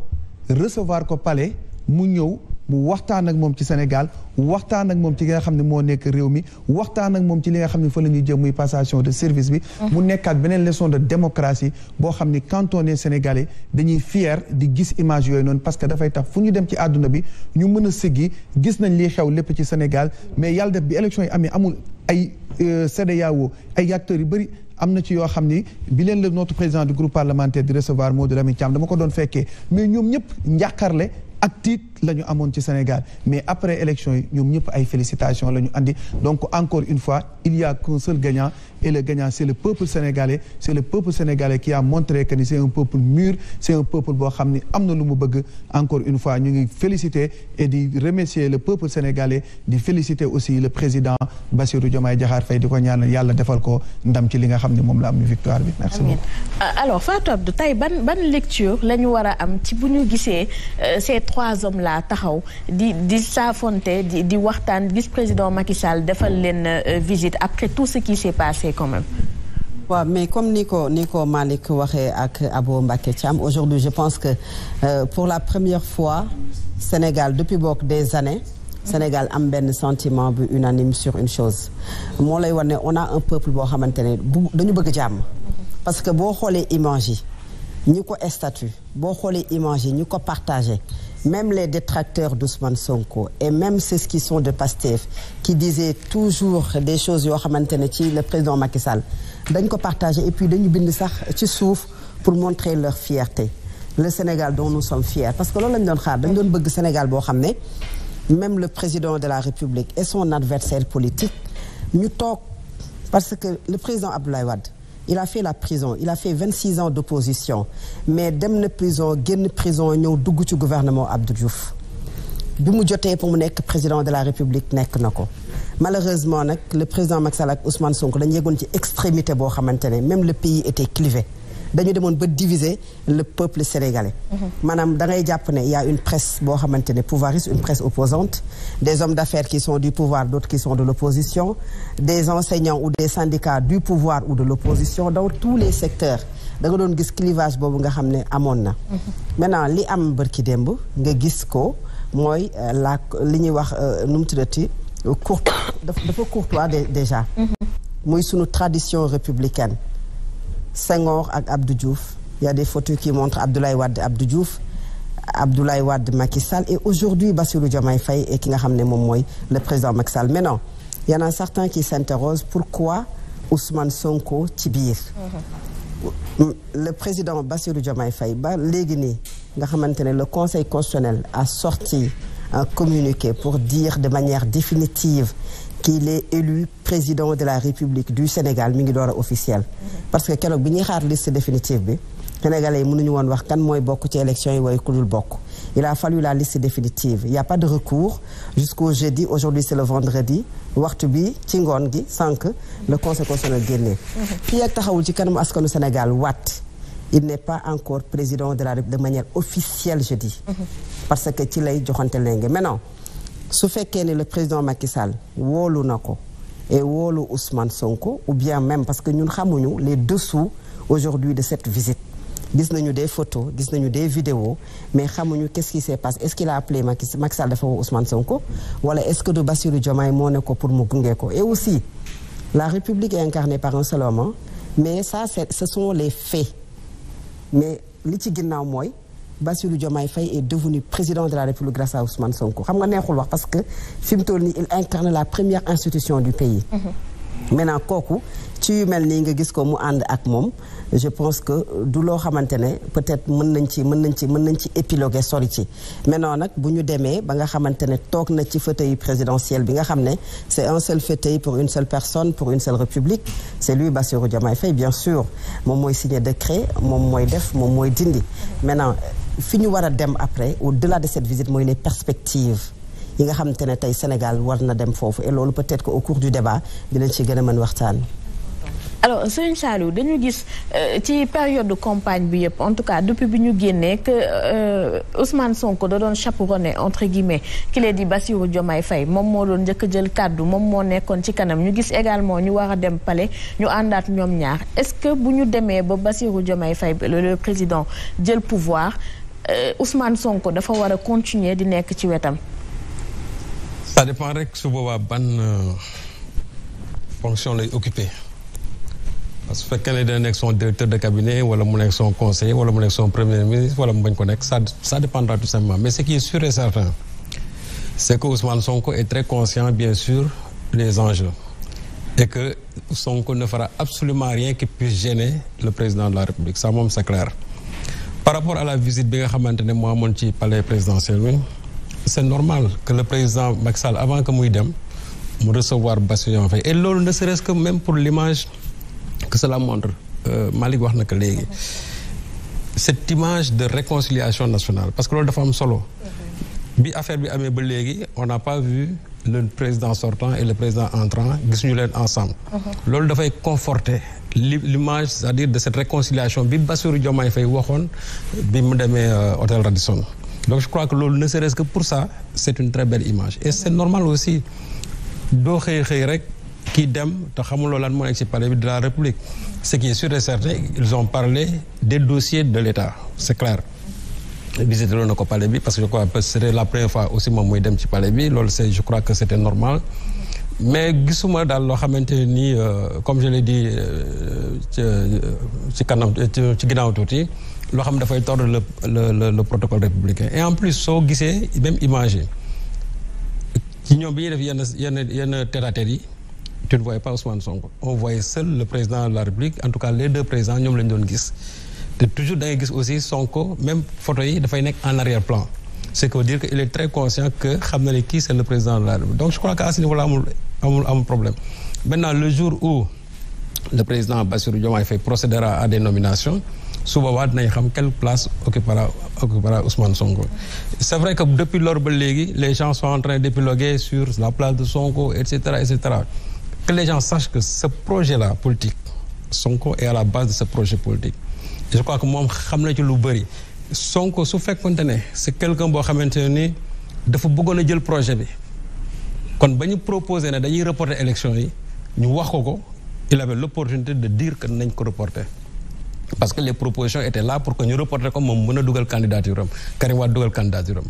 recevoir ko palais mu ñëw mu waxtaan ak moom ci Sénégal waxtaan ak moom ci li nga xam ne moo nekk réew mi waxtaan ak moom ci li nga xam ne fa la ñuy jëm muy passation de service bi. Mm-hmm. mu nekkaat beneen leçon de démocratie boo xam ni quand on est sénégalais dañuy fier di gis image yooyu noonu parce que dafay tax fu ñu dem ci àdduna bi ñu mën a siggi gis nañ liy xew lépp ci Sénégal mais yàlla def bi élection yi amee amul ay euh, CEDEAO ay acteurs yu bëri. am na ci yoo xam ni bi leen la notre président du groupe parlementaire di recevoir Maodo Lamine dama ko doon fekkee mais ñoom ñëpp njàqarle ak tiit la ñu amoon ci Sénégal mais après élection yi ñoom ñëpp ay félicitations la andi donc encore une fois il y a qu'un et le gagnant c'est le peuple sénégalais c'est le peuple sénégalais qui a montré que c'est un peuple mûr c'est un peuple boo xam ni am na lu mu bëgg encore une fois ñu ngi féliciter et di remercier le peuple sénégalais di féliciter aussi le président Bassirou Diomaye Diakhar Faye di ko ñaanal yàlla defal ko ndam ci li nga xam ne moom la euh, a am voilà taxaw di di saafonte di di waxtaan gis président Macky Sall defal leen euh, visite après tout ce qui s'est passé quand même. waaw mais comme ni ko ni ko Malick waxee ak Abo Mbacké Thiam aujourd'hui je pense que euh, pour la première fois Sénégal depuis boog des années. Sénégal am benn sentiment bu unanime sur une chose moo lay wane ne on a un peuple boo xamante ne dañu bëgg jàmm. parce que boo xoolee image yi ñu ko statut boo xoolee image yi ñu ko partagé. même les détracteurs d'Ousmane Sonko et même ceux qui sont de Pastef qui disaient toujours des choses yoo xamante ne ci le président Macky Sall dañ ko partagé et dañu bind sax ci suuf pour montrer leur fierté le Sénégal dont nous sommes fiers parce que loolu lañ doon xaar dañ doon bëgg Sénégal boo xam ne même le président de la République et son adversaire politique ñu toog parce que le président Abdoulaye Wade il a fait la prison il a fait 26 ans d'opposition mais dem na prison génn prison ñëw dugg ci gouvernement Abdou Diouf bi mu jotee pour mu nekk président de la République nekk na ko malheureusement nag le président Macky Sall ak Ousmane Sonko dañu yeggoon ci extrémité boo xamante ne même le pays était clivé dañu demoon ba diviser le peuple sénégalais mhm. maanaam da jàpp ne y une presse boo xamante ne pouvoiriste une presse opposante des hommes d'affaires qui sont du pouvoir d'autres qui sont de l'opposition des enseignants ou des syndicats du pouvoir ou de l'opposition dans tous les secteurs da nga doon gis clivage boobu nga xam ne amoon na mhm. maintenant li am bërki démb nga gis ko mooy euh, la li ñuy wax euh, nu mu tuddati court dafa courtois déjà mooy mhm. sunu tradition républicaine Senghor ak Abdou Diouf il y a des photos qui montrent Abdoulaye Wade Abdou Diouf Abdoulaye Wade Macky Sall et aujourd'hui Bassirou Diomaye Faye et ki nga xam ne moom mooy le président Macky Sall mais non il y en a certains qui s'interrogent pourquoi Ousmane Sonko ci biir mm-hmm. le président Bassirou Diomaye Faye ba léegi nii nga xamante ne le conseil constitutionnel a sorti un communiqué pour dire de manière définitive qu'il est élu président de la République du Sénégal mi ngi door a officiel. parce que keroog bi ñuy xaar liste définitive bi sénégalais yi mënuñu woon wax kan mooy bokk ci élection yi waaye ku dul bokk. il a fallu la liste définitive il pas de recours jusqu'au jeudi aujourd'hui c'est le vendredi waxtu bi ci ngoon gi sànq le conseil constitutionnel génnee. fii taxawul ci kanamu askanu Sénégal waat. il ne pas encore président de la République de manière officielle mhm. que ci lay joxante léegi su fekkee ne le président Macky woolu na ko et wóolu Ousmane Sonko ou bien même parce que ñun xamuñu les dessous aujourd'hui de cette visite gis nañu des photos gis nañu des vidéos mais xamuñu qu'est-ce qui est-ce qu'il a appelé Macky Macky Sall dafa woo Ousmane Sonko wala est-ce que du Bassirou Diomaye moo ne ko pour mu gunge ko et aussi la République est incarnée par un seul mais ça c'est ce sont les faits mais li ci ginnaaw mooy Bassirou Diomaye Faye est devenu président de la République grâce à Ousmane Sonko xam nga neexul wax parce que fi mu toll nii il incarne la première institution du pays. Mm-hmm. maintenant kooku ci yu mel nii nga gis ko mu ànd ak moom je pense que du loo xamante ne peut-être mën nañ ci mën nañ ci mën nañ ci épiloguer sori ci maintenant nag bu ñu demee ba nga xamante ne toog na ci fauteuil présidentiel bi nga xam ne c'est un seul fauteuil pour une seule personne pour une seule république c'est lui Bassirou moom mooy signer décret moom mooy def moom mooy dindi maintenant fi ñu war a dem après au delà de cette visite mooy les perspectives yi nga xamante ne tey Sénégal war na dem foofu loolu peut-être que au cours du dinañ ci gën a mën waxtaan. alors Serigne Saliou dañu gis euh, ci période de campagne bi yëpp en tout cas depuis bi ñu génnee que euh, Ousmane Sonko da doon chaperonné entre guillemets ki lee di Bassirou Diomaye fay moom moo doon njëkk a jël kàddu moom moo nekkoon ci kanam ñu gis également ñu war a dem pale ñu àndaat ñoom ñaar est-ce que bu ñu demee ba Bassirou Diomaye Faye le président jël pouvoir Euh, Ousmane Sonko dafa war a continuer di nekk ci wetam. ça dépend rek su boobaa ban euh, fonction lay occuper parce que fekkee ne dina nekk son directeur de cabinet wala mu nekk son conseiller wala mu nekk son premier ministre wala mu bañ ko nekk sa ça dépendra tout simplement mais ce qui est sûr et certain c'est que Ousmane Sonko et très conscient bien sûr des enjeux et que Sonko ne fera absolument rien qui puisse gêner le président de la République sax moom c'est clair. par rapport à la visite bi nga xamante ne moo amoon ci palais présidentiel c'est normal que le président Macky avant que muy dem mu recevoir Bassirou Faye et loolu ne serait-ce que même pour l'image que cela montre euh, Malick wax na ko léegi cette image de réconciliation nationale parce que loolu dafa am solo bi affaire bi amee ba léegi on n'a pas vu le président sortant et le président entrant gisuñu leen ensemble uh-huh. loolu dafay conforter l'image c'est-à-dire de cette réconciliation bi Bassirou Diomaye fay waxoon bi mu demee euh, hôtel Radisson donc je crois que loolu ne serait-ce que pour ça c'est une très belle image et c'est normal aussi doo xëy xëy rek kii dem te xamuloo lan moo nekk ci palais de la République ce qui est sûr et certain ils ont parlé des dossiers de l'État c'est clair visité loon na ko pale bi parce que je crois que c'était la première fois aussi moom muy dem ci palais bi loolu c'est je crois que c'était normal mais gisuma daal loo xamante ni euh, comme je l'ai dit euh, ci euh, ci kanam ci ginnaaw tuuti loo xam dafay tordre le le le protocole républicain et en plus soo gisee même image ci ñoom bi ñuy def yenn yenn yenn terre yi tu ne voyais pas Ousmane Sonko on voyait seul le président de la République en tout cas les deux présidents ñoom lañ doon gis te toujours da gis aussi Sonko même photo yi dafay nekk en arrière plan ce qui veut dire que il est très conscient que xam na ne kii c'est le président de la République donc je crois que à ce amul amul amul problème maintenant le jour où le président Bassirou Diomaye Faye procédera à des nominations su boobaa dinañ xam quelle place occupera occupera Ousmane Sonko c'est vrai que depuis lors ba léegi les gens sont en train d'épiloguer sur la place de Sonko et cetera et cetera que les gens sachent projet là politique Sonko est la base de projet politique je crois que moom xam na ci lu bëri Sonko su fekkonte ne c'est quelqu'un boo xamante ne ni dafa bëggoon a jël projet bi kon ba ñu proposé ne dañuy reporter élection yi ñu wax ko ko il avait l'opportunité de dire que nañ ko reporter parce que les propositions étaient là pour que ñu reporter ko moom mën a dugal candidature am Karim Wade dugal candidature am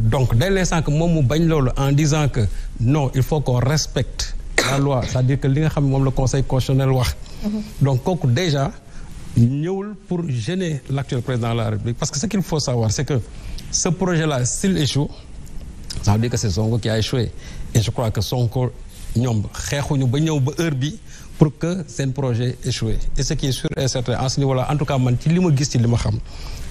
donc dès l'instant que moom mu bañ loolu en disant que non il faut qu'on respecte la loi c'est-à-dire que li nga xam ne moom la conseil constitutionnel wax mm-hmm. donc kooku ñëwul pour gêner l'actuel président la République parce que ce qu'il faut savoir c'est que ce projet la s'il échoue sax veut dire que c'est Sonko qui a échoué et je crois que Sonko ñoom xeexuñu ba ñëw ba heure bi pour que seen projet échoué et ce qui est sûr et certain à ce niveau-là en tout cas man ci li ma gis ci li ma xam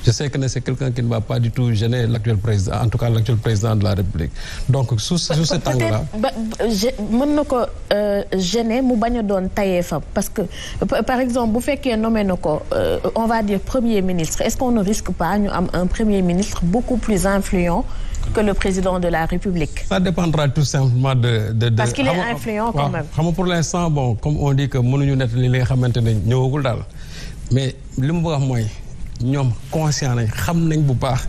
je sais que c'est quelqu'un qui ne va pas du tout gêner l'actuel président en tout cas l'actuel président de la République donc sous sous cet là mën na ko euh, gêner mu bañ a doon tayee fa parce que par exemple bu fekkee nommé na ko euh, on va dire premier ministre est-ce qu'on ne risque pas ñu am un premier ministre beaucoup plus influent que le président de la République. Ça dépendra tout simplement de de de. parce qu'il est influent quand même. bon comme on dit que mënuñu nekk li nga xamante ne ñëwagul daal mais li mu bëgg mooy. ñoom conscient nañ xam nañ bu baax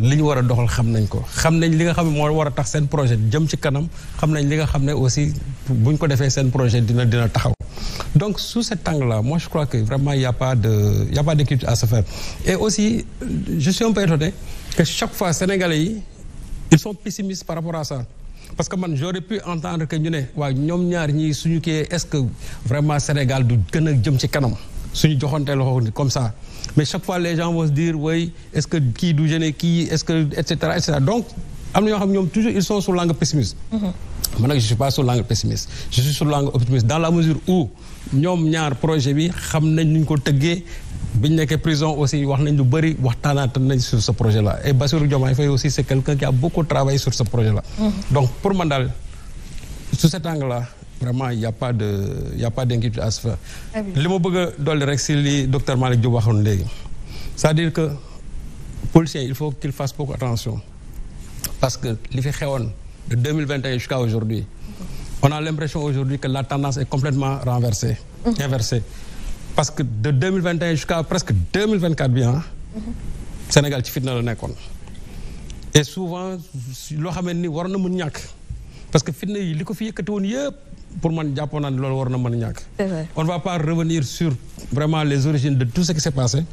li ñu war a doxal xam nañ ko xam nañ li nga xam ne moo war a tax seen projet jëm ci kanam xam nañ li nga xam ne aussi buñ ko defee seen projet dina dina taxaw donc sous cet angle là moi je crois que vraiment il y a pas de il à se faire et aussi je suis un peu chaque fois sénégalais yi ils sont pessimistes par rapport à ça parce que man j'aurais pu entendre que ñu ne waa ñoom ñaar ñi suñu kii est-ce que vraiment Sénégal du gën a jëm ci kanam suñu joxante loxo comme ça mais chaque fois les gens vont se dire oui est-ce que kii du gêner kii est-ce que et cetera et cetera donc am na ñoo xam ñoom toujours ils sont sur langue pessimiste. Mm-hmm. man nag je suis sur langue pessimiste je sur langue optimiste dans la mesure où ñoom ñaar projet bi xam nañ nuñ ko tëggee biñ nekkee prison aussi wax nañ lu bëri waxtaanaat nañ sur ce projet la et Bassirou Diomaye Faye aussi c'est quelqu'un qui a beaucoup travaillé sur ce projet là. Mm-hmm. donc pour man daal vraiment y' a pas de y' a pas inquiétude à ce faire. Ah li ma bëgg a dolli rek si li docteur Malick Diop waxoon léegi cest dire que policiers il faut qu'il fasse beaucoup attention parce que li fi xewoon de 2021 jusqu'à aujourd'hui on a l'impression aujourd'hui que la tendance est complètement renversée mhm. parce que de 2021 jusqu'à presque 2024 bi ah Sénégal ci fitna la nekkoon et souvent loo xamante ni waroon na mun ñàkk parce que fitna yi li ko fi yëkkati woon yëpp pour man jàppoon naa ne loolu war na mën a ñàkk. on va pas revenir sur vraiment les origines de tout ce qui s'est passé.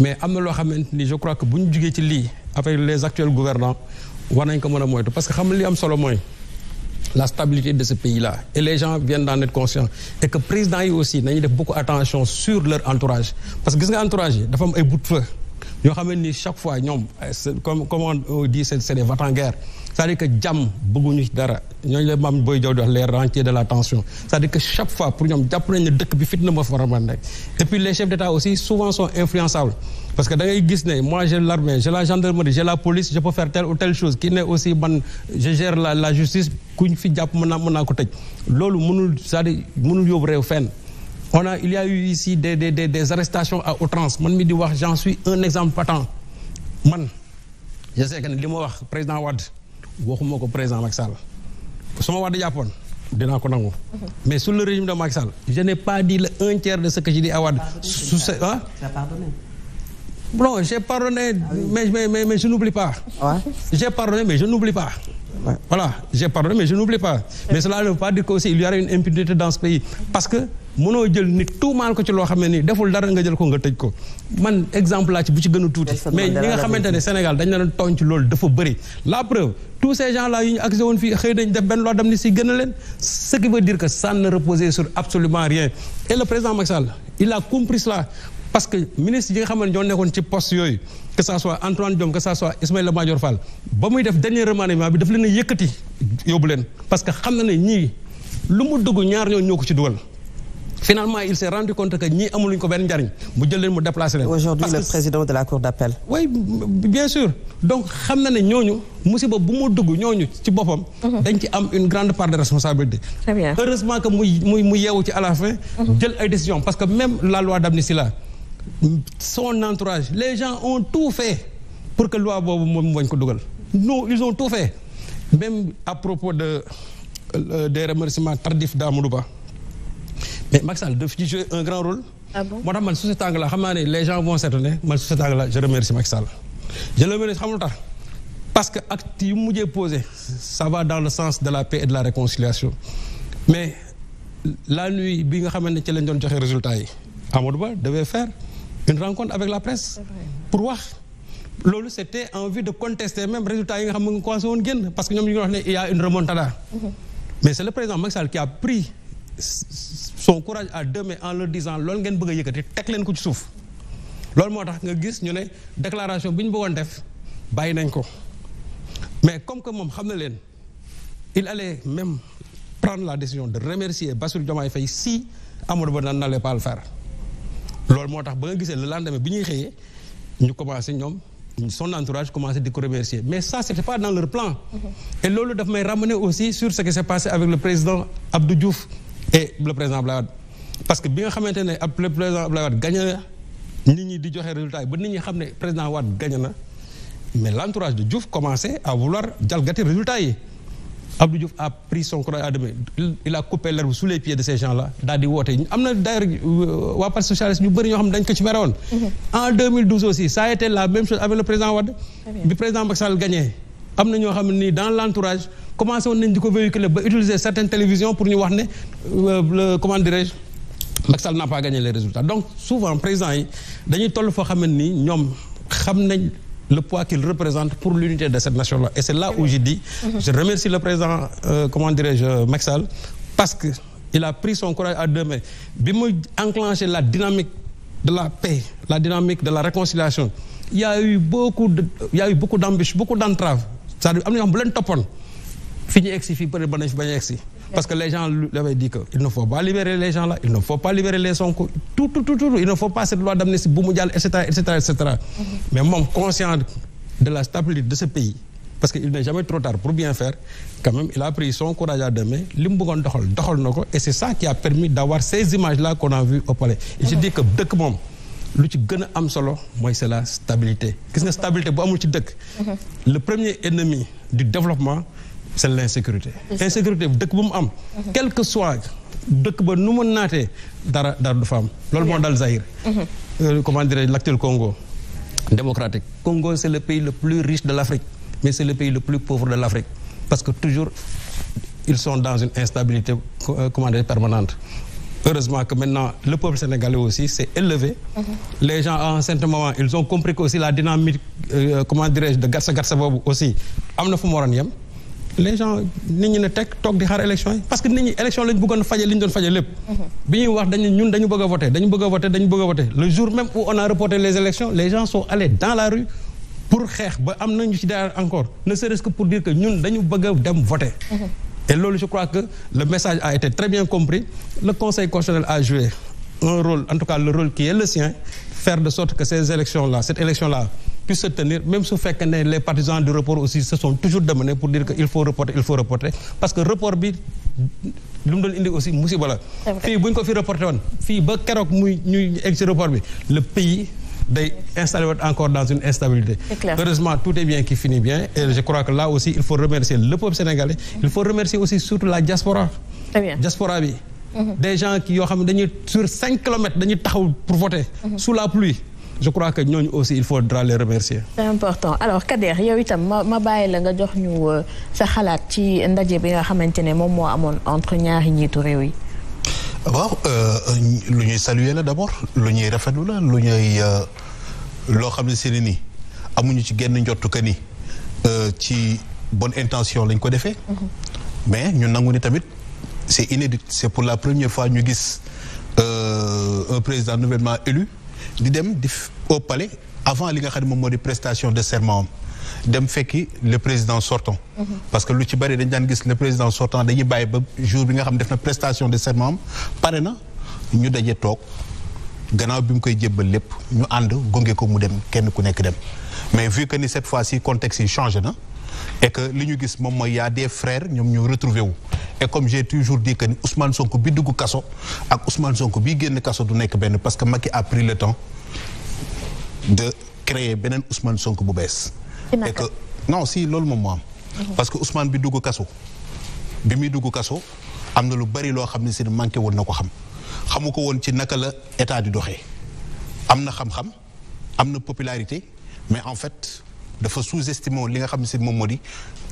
mais am na loo xamante ni je crois que bu ñu jugee ci lii avec les actuels gouvernants war nañ ko mën a moytu parce que xam nga li am solo mooy la stabilité de ce pays là et les gens viennent d'en être conscients et que président yi aussi nañu def beaucoup attention sur leur entourage parce que gis nga entourage yi dafa am ay bout feu ñoo xamante ni chaque fois ñoom comme comme on t en c'est-à-dire que jàmm bëgguñu dara ñooñu la maam booy jow di wax les rentiers de la tension c'est-à-dire que chaque fois pour ñoom jàpp nañ ne dëkk bi fitna moo fa mën nekk et puis les gis ne moi j'ai l'armée j'ai la gendarmerie j'ai la police je peux faire telle ou telle chose kii ne aussi man je gère la la justice kuñ fi jàpp mën naa mën naa ko tëj loolu mënul c'est-à-dire mënul yóbbu réew fenn on a il y a eu ici des des des, des arrestations à outrance man mi di wax j'en suis un exemple patent man je sais que ne li ma wax président Wade waxuma ko président Macky Sall su ma Wade jàppoon dinaa ko nangu. mais sur le régime de Macky Sall je n'ai pas dit le un de ce que j'ai dit à Wade. su se ah. j'ai pardonné ah mais mais mais je n'oublie pas. j'ai pardonné mais je n'oublie pas. voilà j'ai pardonné mais je n'oublie pas. mais cela ne pas dire qu'aussi il y aura une impunité dans ce pays parce que. mënoo jël ni nit tuumaal ko ci loo xam ne nii deful dara nga jël ko nga tëj ko man exemple laa ci bu ci gën a tuuti mais ñi nga xamante ne Sénégal dañ la doon tooñ ci loolu dafa bëri la preuve tous ces gens là ñu accusé fii xëy dañ def benn loi d'amnistie gën a leen ce qui veut dire que ça ne reposait sur absolument rien et le président Macky il a compris cela parce que ministre yi nga xaman ne ñoo nekkoon ci post yooyu que ça soit Antoine Diome que ça soit Ismaïla def dernier remaniement bi daf leen a yëkkati leen parce que xam na ne ñii lu mu dugg ñaar ñoo ñoo ko ci dugal finalement il s'est rendu compte que ñii amuluñ ko benn njariñ mu jël leen mu déplacé leen. aujourd'hui le président de la cour d'appel. oui bien sûr donc xam na ne ñooñu musiba bu mu dugg ñooñu ci boppam. Mhm. dañ ci am une grande part de responsabilité. très bien heureusement que muy muy mu yeewu ci à la fin. Mhm. jël ay décisions parce que même la loi d'amnistie là son entourage les gens ont tout fait pour que loi boobu moom wañ ko dugal. non ils ont tout fait même à propos de euh, des remerciements tardifs d'Amadou Ba. mais Macky Sall daf ci jouer un grand rôle. Ah moo tax man sous cet angle là xam naa ne les gens vont s'étonner man sous cet angle remercie Macky Sall. remercie xam tax parce que acte yu mujjee posé ça va dans le sens de la paix et de la réconciliation mais la nuit bi nga xamante ne ci lañ doon joxe résultat yi Amadou Ba devait faire une rencontre avec la presse. pour wax. loolu c' te en vue de contester même résultat yi nga xam ne mu ngi commencé woon génn parce que ñoom ñu ngi mm-hmm. mais le président Macky Sall qui a pris son courage à deux mains en leur disant loolu ngeen bëgg a yëkkati teg leen ko ci suuf loolu moo tax nga gis ñu ne déclaration bi ñu bëggoon def bàyyi nañ ko mais comme que moom xam na leen il allait même prendre la décision de remercier Bassirou Diomaye Faye si Amadou Ba n'allait pas le faire loolu moo tax ba nga gisee le lendemain bi ñuy xëyee ñu commencé ñoom son entourage commencé di ko remercier mais ça c'était pas dans leur plan mm-hmm. et loolu daf may ramener aussi le président Abdou Diouf et le président Abdoulaye Wade parce que bi nga xamante ne ab le président Abdoulaye Wade gagné na nit ñi di joxe résultat yi ba nit ñi xam ne président Wade gagné na mais l' entourage de Diouf commençait à vouloir jalgati résultat yi Abdou Diouf a pris son courage à deux mains il a coupé l'herbe sous les pieds de ces gens là daal di woote am na d' euh, waa parti socialiste ñu bëri ñoo xam ne dañ ko ci mere woon mm-hmm. en 2012 aussi ça a été la même chose avec le président Wade bi am na ñoo xam ne nii dans l' entourage commencé woon nañ di ko véhiculer ba utiliser certaines télévisions pour ñu wax ne euh, le comment dirais-je n'a pas gagné le résultat donc souvent président yi dañuy toll foo xam ne nii ñoom xam nañu le poids qu'il représente pour l'unité de cette nation et c'est là où je dis mhm. je remercie le président euh, comment dirais-je Macky parce que il a pris son courage à deux mains bi mu enclenché la dynamique de la paix la dynamique de la réconciliation il y a eu beaucoup de il y a sa à am na xam bu leen toppoon fi ñu egsi fii peut être mën nañu fi bañ a egsi parce que les gens l'avaient dit que il ne faut pas libérer les gens là il ne faut pas libérer les Sonko tout tout il ne faut pas cette loi d'amnistie bu mu jàll et cetera et mm-hmm. mais moom conscient de la stabilité de ce pays parce que il n'est jamais trop tard pour bien faire quand même il a pris son courage à deux li mu buggoon doxal doxal na ko et c'est ça qui a permis d'avoir lu ci gën a am solo mooy c'est la stabilité gis nga stabilité bu amul ci dëkk mhm. le premier ennemi du développement c'est l'insécurité insécurité dëkk bu mu am mhm. quelque que soit dëkk ba nu mu naatee dara dara du fa am loolu moo dal Zaïre mhm. euh, comment dirais-je l'actuel Congo démocratique Congo c'est le pays le plus riche de l'Afrique mais c'est le pays le plus pauvre de l'Afrique parce que toujours ils sont dans une instabilité euh, comment dirais-je heureusement que maintenant le peuple sénégalais aussi s'est élevé. Mhm. les gens à un moment ils ont compris que aussi la dynamique euh, comment dirais-je de garsa garsa boobu aussi am na fu mu waroon yem. les gens nit ñi ne teg toog di xaar élection yi parce que nit ñi élection lañ bëggoon fajee li ñu doon fajee lépp. Mhm. bi ñuy wax dañu ñun dañu bëgg a voter dañu bëgg a voter dañu bëgg le jour même on a reporté les élections les gens sont allés dans la rue. pour xeex ba am nañu ci ñun dañu bëgg a dem voter. Mhm. Et là, je crois que le message a été très bien compris. Le Conseil constitutionnel a joué un rôle, en tout cas le rôle qui est le sien, faire de sorte que ces élections-là, cette élection-là, puisse se tenir, même si fait les partisans du report aussi se sont toujours demandés pour dire qu'il faut reporter, il faut reporter. Parce que report bi, lu mu doon aussi musiba la. fii bu ñu fi reporté woon fii ba keroog muy ñuy egg report bi le pays day installer encore dans une instabilité heureusement tout est bien qui finit bien et je crois que là aussi il faut remercier le peuple sénégalais il faut remercier aussi surtout la diaspora diaspora bi mhm. des gens yoo xam ne dañuy sur cinq kilomètres dañuy taxaw pour voter mhm. sous la pluie je crois que ñooñu aussi il faudra les remercier. c'est important alors Kader yow itam ma ma bàyyi la nga jox ñu euh, sa xalaat ci ndaje bi nga xamante ne moom moo amoon entre ñaari njiitu yi. waaw euh, lu ñuy saluer la d'abord lu ñuy rafetlu la lu ñuy euh, loo xam ne seeni nii amuñu ci genn njottu que ni euh, ci bonne intention lañ ko defee mm-hmm. mais ñu nangu ni tamit c'est inédit c'est pour la première fois ñu gis un président nouvellement élu di dem di au palais avant li nga xam ne moom moo di prestation de serment dem fekki le président sortant. parce que lu ci bari dañ daan gis le président sortant dañuy bàyyi ba jour bi nga xam def na prestation de serment am pare na ñu daje toog gannaaw bi mu koy jëbbal lépp ñu ànd gonge ko mu dem kenn ku nekk dem mais vu que ni cette fois-ci contexte yi changé na et que li ñu gis moom mooy y a des frères ñoom ñu retrouver wu. et comme j'ai toujours di que ni Ousmane Sonko bi dugg kaso ak Ousmane Sonko bi génn kaso du nekk benn parce que Macky a pris le temps de créer beneen Ousmane Sonko bu bees. et que si loolu moom moo am. Mhm. parce que Ousmane bi dugg kaso. bi muy dugg kaso am na lu bari loo xam ne si manqué woon na ko xam xamu ko woon ci naka la état di doxee am na xam-xam am na popularité mais en fait dafa sous-estimé woon li nga xam ne seen moom moo di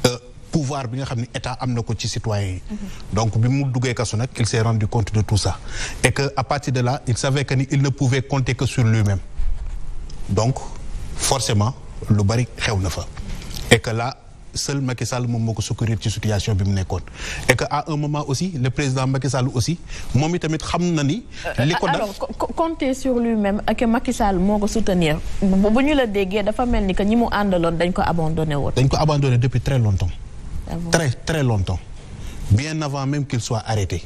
euh, pouvoir bi nga xam ne état am na ko ci citoyens yi. Mhm. donc bi mu duggee kaso nag il s'est rendu compte de tout ça et que à partir de là il savait que ni il ne pouvait compter que sur lui-même donc forcément. lu bari xew na fa et la là seul Macky Sall moom moo ko secourir ci situation bi mu nekkoon et que à un moment aussi le président Macky Sall aussi moom itamit xam na ni. Euh, li ko def alors compter sur lui-même ak Macky moo ko soutenir bu ñu la déggee dafa mel ni que ñi mu àndaloon dañ ko abandonné woon. dañ ko abandonné depuis très longtemps. Ah très très longtemps bien avant même qu'il soit arrêté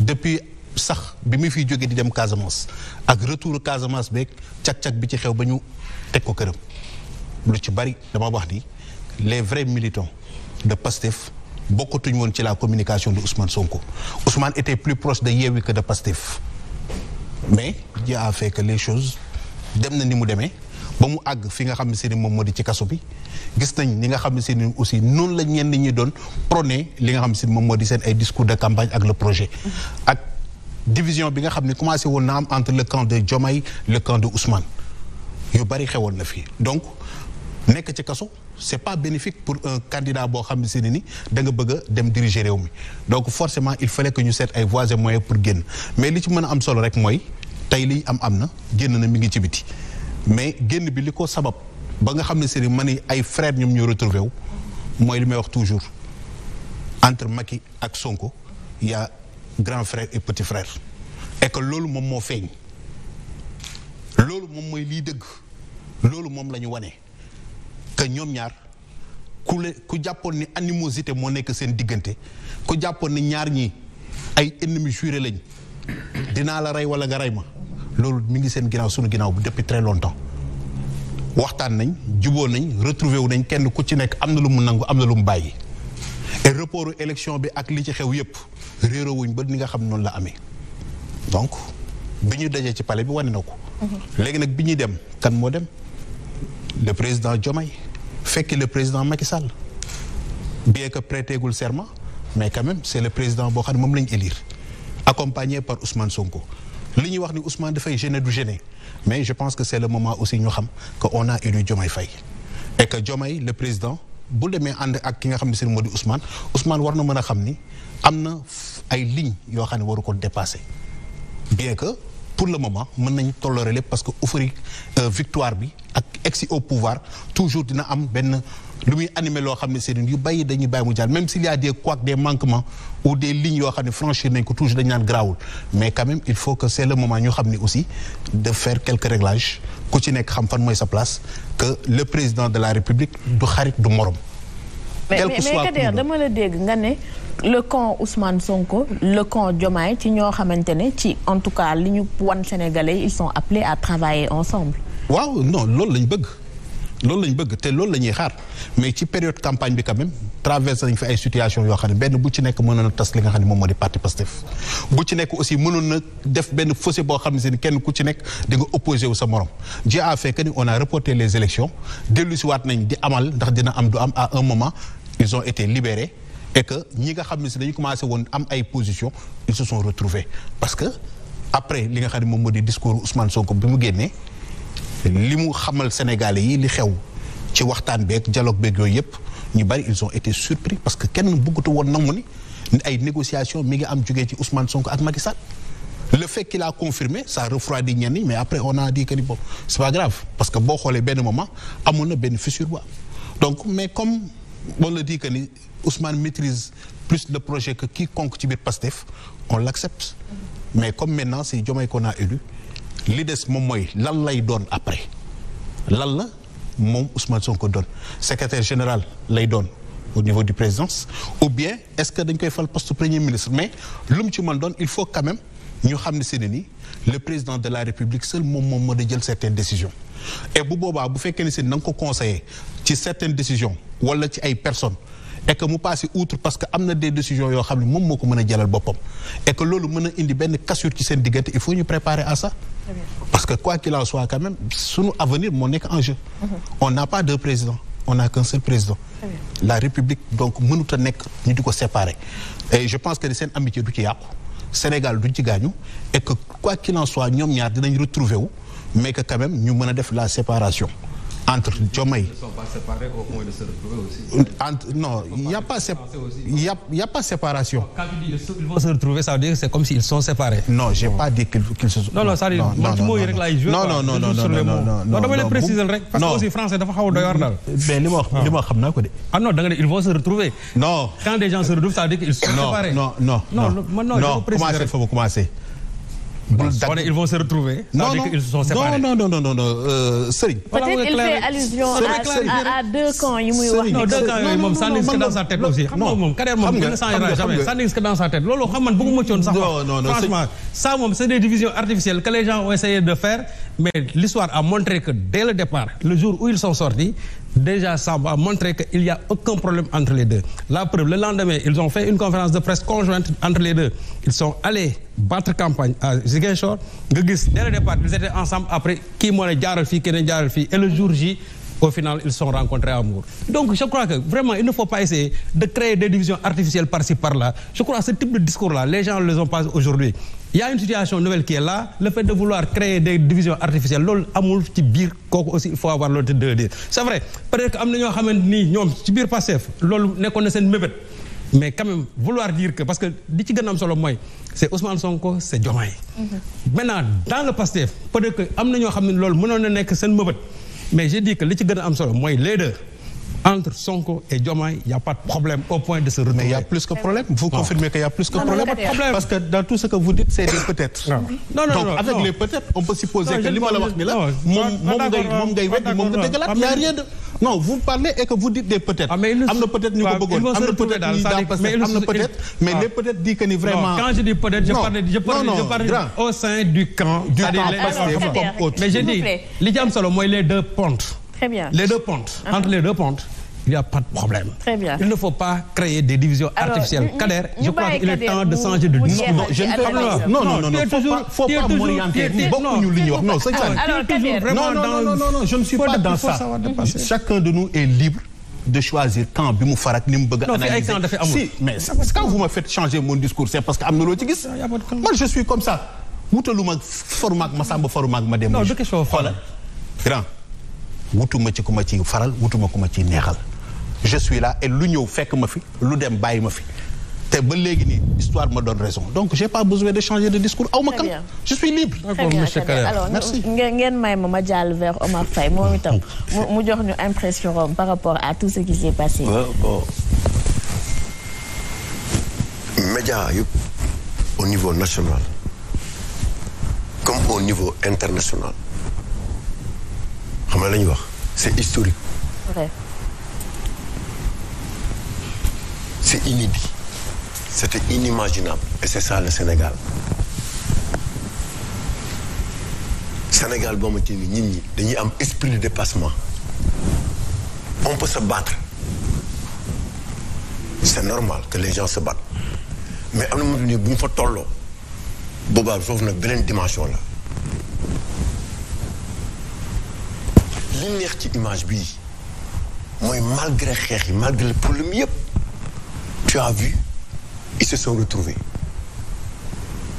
depuis. sax bi mu fi jógee di dem Casamance ak retour Casamance beeg cag-cag bi ci xew ba ñu teg ko këram lu ci bari dama wax ni les vrais militants de Pastef bokkatuñu woon ci la communication de Ousmane Sonko Ousmane était plus proche de Yewwi que de Pastef mais Dieu a fait les choses dem na ni mu demee ba mu àgg fi nga xam ne ni moom moo di ci kaso bi gis nañ ni nga xam ne ni aussi noonu la ñenn ñi doon prôné li nga xam ne moom moo di seen ay discours de campagne ak le projet ak division bi nga xam ne commencé woon na am entre le camp de Diomaye le camp yu bari xewoon na fii nekk ci kaso c'est pas bénéfique pour un candidat boo xam ne si ne ni da nga bëgg a dem diriger réew mi donc forcément il fa que ñu seet ay voies et pour génn mais li ci mën a am solo rek mooy tey liy am am na génn na mi ngi ci biti mais génn bi li ko sabab ba nga xam ne si ni ma ni ay frères ñoom ñu retrouvé wu mooy li may wax toujours entre Macky ak Sonko y a grand frère et petit frère et loolu moom moo feeñ loolu moom mooy liy dëgg loolu moom la ñu wane. que ñoom ñaar ku le ku jàppoon ni animosité moo nekk seen diggante ku jàppoon ni ñaar ñi ay ennemis jurés lañ dinaa la rey wala nga rey ma loolu mu ngi seen ginnaaw sunu ginnaaw depuis très longtemps waxtaan nañ juboo nañ retrouvé wu nañ kenn ku ci nekk am na lu mu nangu am na lu mu bàyyi te reportu élection bi ak li ci xew yépp réeroo wuñ ba ni nga xam noonu la amee donc bi ñu dajee ci pale bi wane na ko. Mhm. léegi nag bi ñuy dem kan moo dem le président Diomaye. fekki le président Macky Sall bien que prêté gul serment mais quand même est le président boo xam ne moom lañu ñu élire accompagné par Ousmane Sonko. li ñuy wax ni Ousmane dafay gêner du gêner mais je pense que c' est le moment aussi ñu xam que on a élu Diomaye Faye et que Diomaye le président bu demee ànd ak ki nga xam ne seen moo di Ousmane Ousmane war na mën a xam ni am na ay lignes yoo xam ne waru ko dépassé bien que. pour le moment mën nañ tolérer lépp parce que euphorie euh, victoire bi ak ex au pouvoir toujours dina am benn lu muy animé loo xam ne c'est yu bàyyi dañuy bàyyi mu jàll même s'il y a des couacs des manquements ou des lignes yoo xam ne franchir nañ ko toujours dañ naan grawul mais quand même il faut que c'est le moment ñu xam ne aussi de faire quelques réglages ku ci nekk xam fan mooy sa place que le président de la République du xarit du morom mais mais Kader dama la dégg nga ne le camp Ousmane Sonko le camp Diomaye ci ñoo xamante ne ci en tout cas li ñu wan sénégalais ils sont appelés à travailler ensemble. waaw non loolu lañ bëgg loolu lañ bëgg te loolu la xaar mais ci période campagne bi quand même traversé nañ fi ay situation yoo xam ne benn bu ci nekk mënoon na tas li nga xam ne moom moo di parti Pastef bu ci nekk aussi mënoon na def benn fossé boo xam ne si kenn ku ci nekk di nga wu sa morom Dieu que ni a reporté les élections dellu si nañ di amal ndax dina am du am un moment ils ont été libérés et que ñi nga xam ne si dañu commencé woon am ay position ils se sont retrouvés parce que après li nga xam ne moom moo di discours Ousmane Sonko bi mu génnee li mu xamal Sénégalais yi li xew ci waxtaan beeg dialogue beeg yooyu yëpp ñu bari ils ont été surpris parce que kenn bëggatu woon nangu ni ay négociation mi ngi am jógee ci Ousmane Sonko ak Macky Sall le fait qu'il a confirmé ça refroidit ñenn mais après on a dit que ni bon c'est parce que boo xoolee benn moment amoon na benn fissure bu on le dit que ni Ousmane maitrise plus le projet que quiconque ci biir Pastef on l'accepte mais comme maintenant c'est Diomaye qu'on a élu li des moom mooy lan lay doon après lan la moom Ousmane Sonko doon secrétaire général lay doon au niveau du présidence ou bien est-ce que dañ koy fal poste premier ministre mais lu mu ci mën doon il faut quand même ñu xam ne c'est ni le président de la République seul moom moom moo da jël certaines décisions et bu boobaa bu fekkee ne si na nga ko conseillé ci certaines décisions wala ci ay personne et que mu passé outre parce que am na des décisions yoo xam ne moom moo ko mën a jëlal boppam et que loolu mën a indi benn cassure ci seen diggante il faut ñu préparer à ça parce que quoi qu'il en soit quand même sunu avenir moo nekk en jeu on n'a pas deux présidents on n'a qu'un seul président la république donc mënut nekk ñu di ko séparer et je pense que seen amitié du ci yàqu Sénégal duñ ci gaañu et que quoi ñaar dinañ retrouver wu mais que quand ñu mën a def la séparation entre Diomaye. entre non il y a pas il y a il y a pas séparation. ils vont se retrouver ça veut dire c'est se. non non c'est-à-dire man ci mooy xaw a doy waar daal. mais li ma wax ah. li ma xam ah se retrouver. non quand des gens se retrouvent ça veut dire qu'ils sont séparés. bul dagg ils vont se retrouver. non non ils non non non non euh, il fait allusion à deux camps yi muy wax. deux camps yooyu moom ça n'existe que dans sa tête aussi. xam nga moom carrière moom kenn s'en jamais ça que dans sa tête loolu xam man bëgguma coon sax. non non non franchement ça des divisions artificielles que les gens ont essayé de faire mais l'histoire a montré que dès le départ le jour où ils sont sortis déjà semble a montré qu'il n'y a aucun problème entre les deux. La preuve, le lendemain, ils ont fait une conférence de presse conjointe entre les deux. Ils sont allés battre campagne à Ziguinchor. Dès le départ, ils étaient ensemble. Après, qui m'a dit qui Et le jour J, au final, ils sont rencontrés à Mour. Donc, je crois que vraiment, il ne faut pas essayer de créer des divisions artificielles par-ci, par-là. Je crois ce type de y a une situation nouvelle qui est là le fait de vouloir créer des divisions artificielles loolu amul ci biir kooku aussi il faut avoir l'honnêteté de dire c'est vrai peut que am na ñoo xamante ni ñoom ci biir Pastef loolu nekkoon na seen mébét mais quand même vouloir dire que parce que li ci gën a am solo mooy c'est Ousmane Sonko c'est Diomaye mm-hmm. maintenant dans le Pastef peut-être que am na ñoo xam ne loolu mënoon nekk seen mébét mais j'ai dit que li ci gën a am solo mooy les deux entre Sonko et Diomaye il y pas de problème au point de se retourner. mais il plus que problème vous confirmez qu'il y a plus que problème. parce que dans tout ce que vous dites c'est des peut non avec les peut on peut supposer que li la wax ni la. moom moom ngay moom ngay weddi moom nga dégg la rien de. non vous parlez et que vous dites des peut ah, mais les peut-être dit que ni vraiment. au sein du camp. du camp mais je dis les deux pontes. Ah. entre les deux pontes. il n'y a pas de problème. Très bien. Il ne faut pas créer des divisions Alors, artificielles. Kader, je crois qu'il est temps de changer de discours. Non, je ne suis pas dans Chacun de nous est libre de choisir quand bi mu farak ni mu bëgg analyser mais parce que quand vous me faites changer mon discours c'est parce que am na loo ci gis. man je suis comme ça. wutaluma farumaak ma sàmba farumaak ma dem. non du question faral. grand wutuma ci ku ma ciy faral wutuma ku ma ciy neexal. je suis là et lu ñëw fekk ma fi lu dem bàyyi ma fi te ba léegi nii histoire ma doon raison donc j'ai pas besoin de changer de discours aw ma kan je suis libre ngeen may ma ma jàll vers Omar Faye moom itam oh. mu jox ñu impression om par rapport à tout ce qui s'est passé média yëpp au niveau national comme au niveau international xam nga la ñuy wax c'est historique c'est inédit c'était inimaginable et c'est ça le Sénégal Sénégal boo ma ci ni nit ñi dañuy am esprit de dépassement on peut se battre c'est normal que les gens se battent mais am na moom ni bu ñu fa tolloo boobaa foofu nag beneen dimension la li neex ci image bii mooy malgré xeex yi malgré le problème yëpp tu as vu ils se sont loolu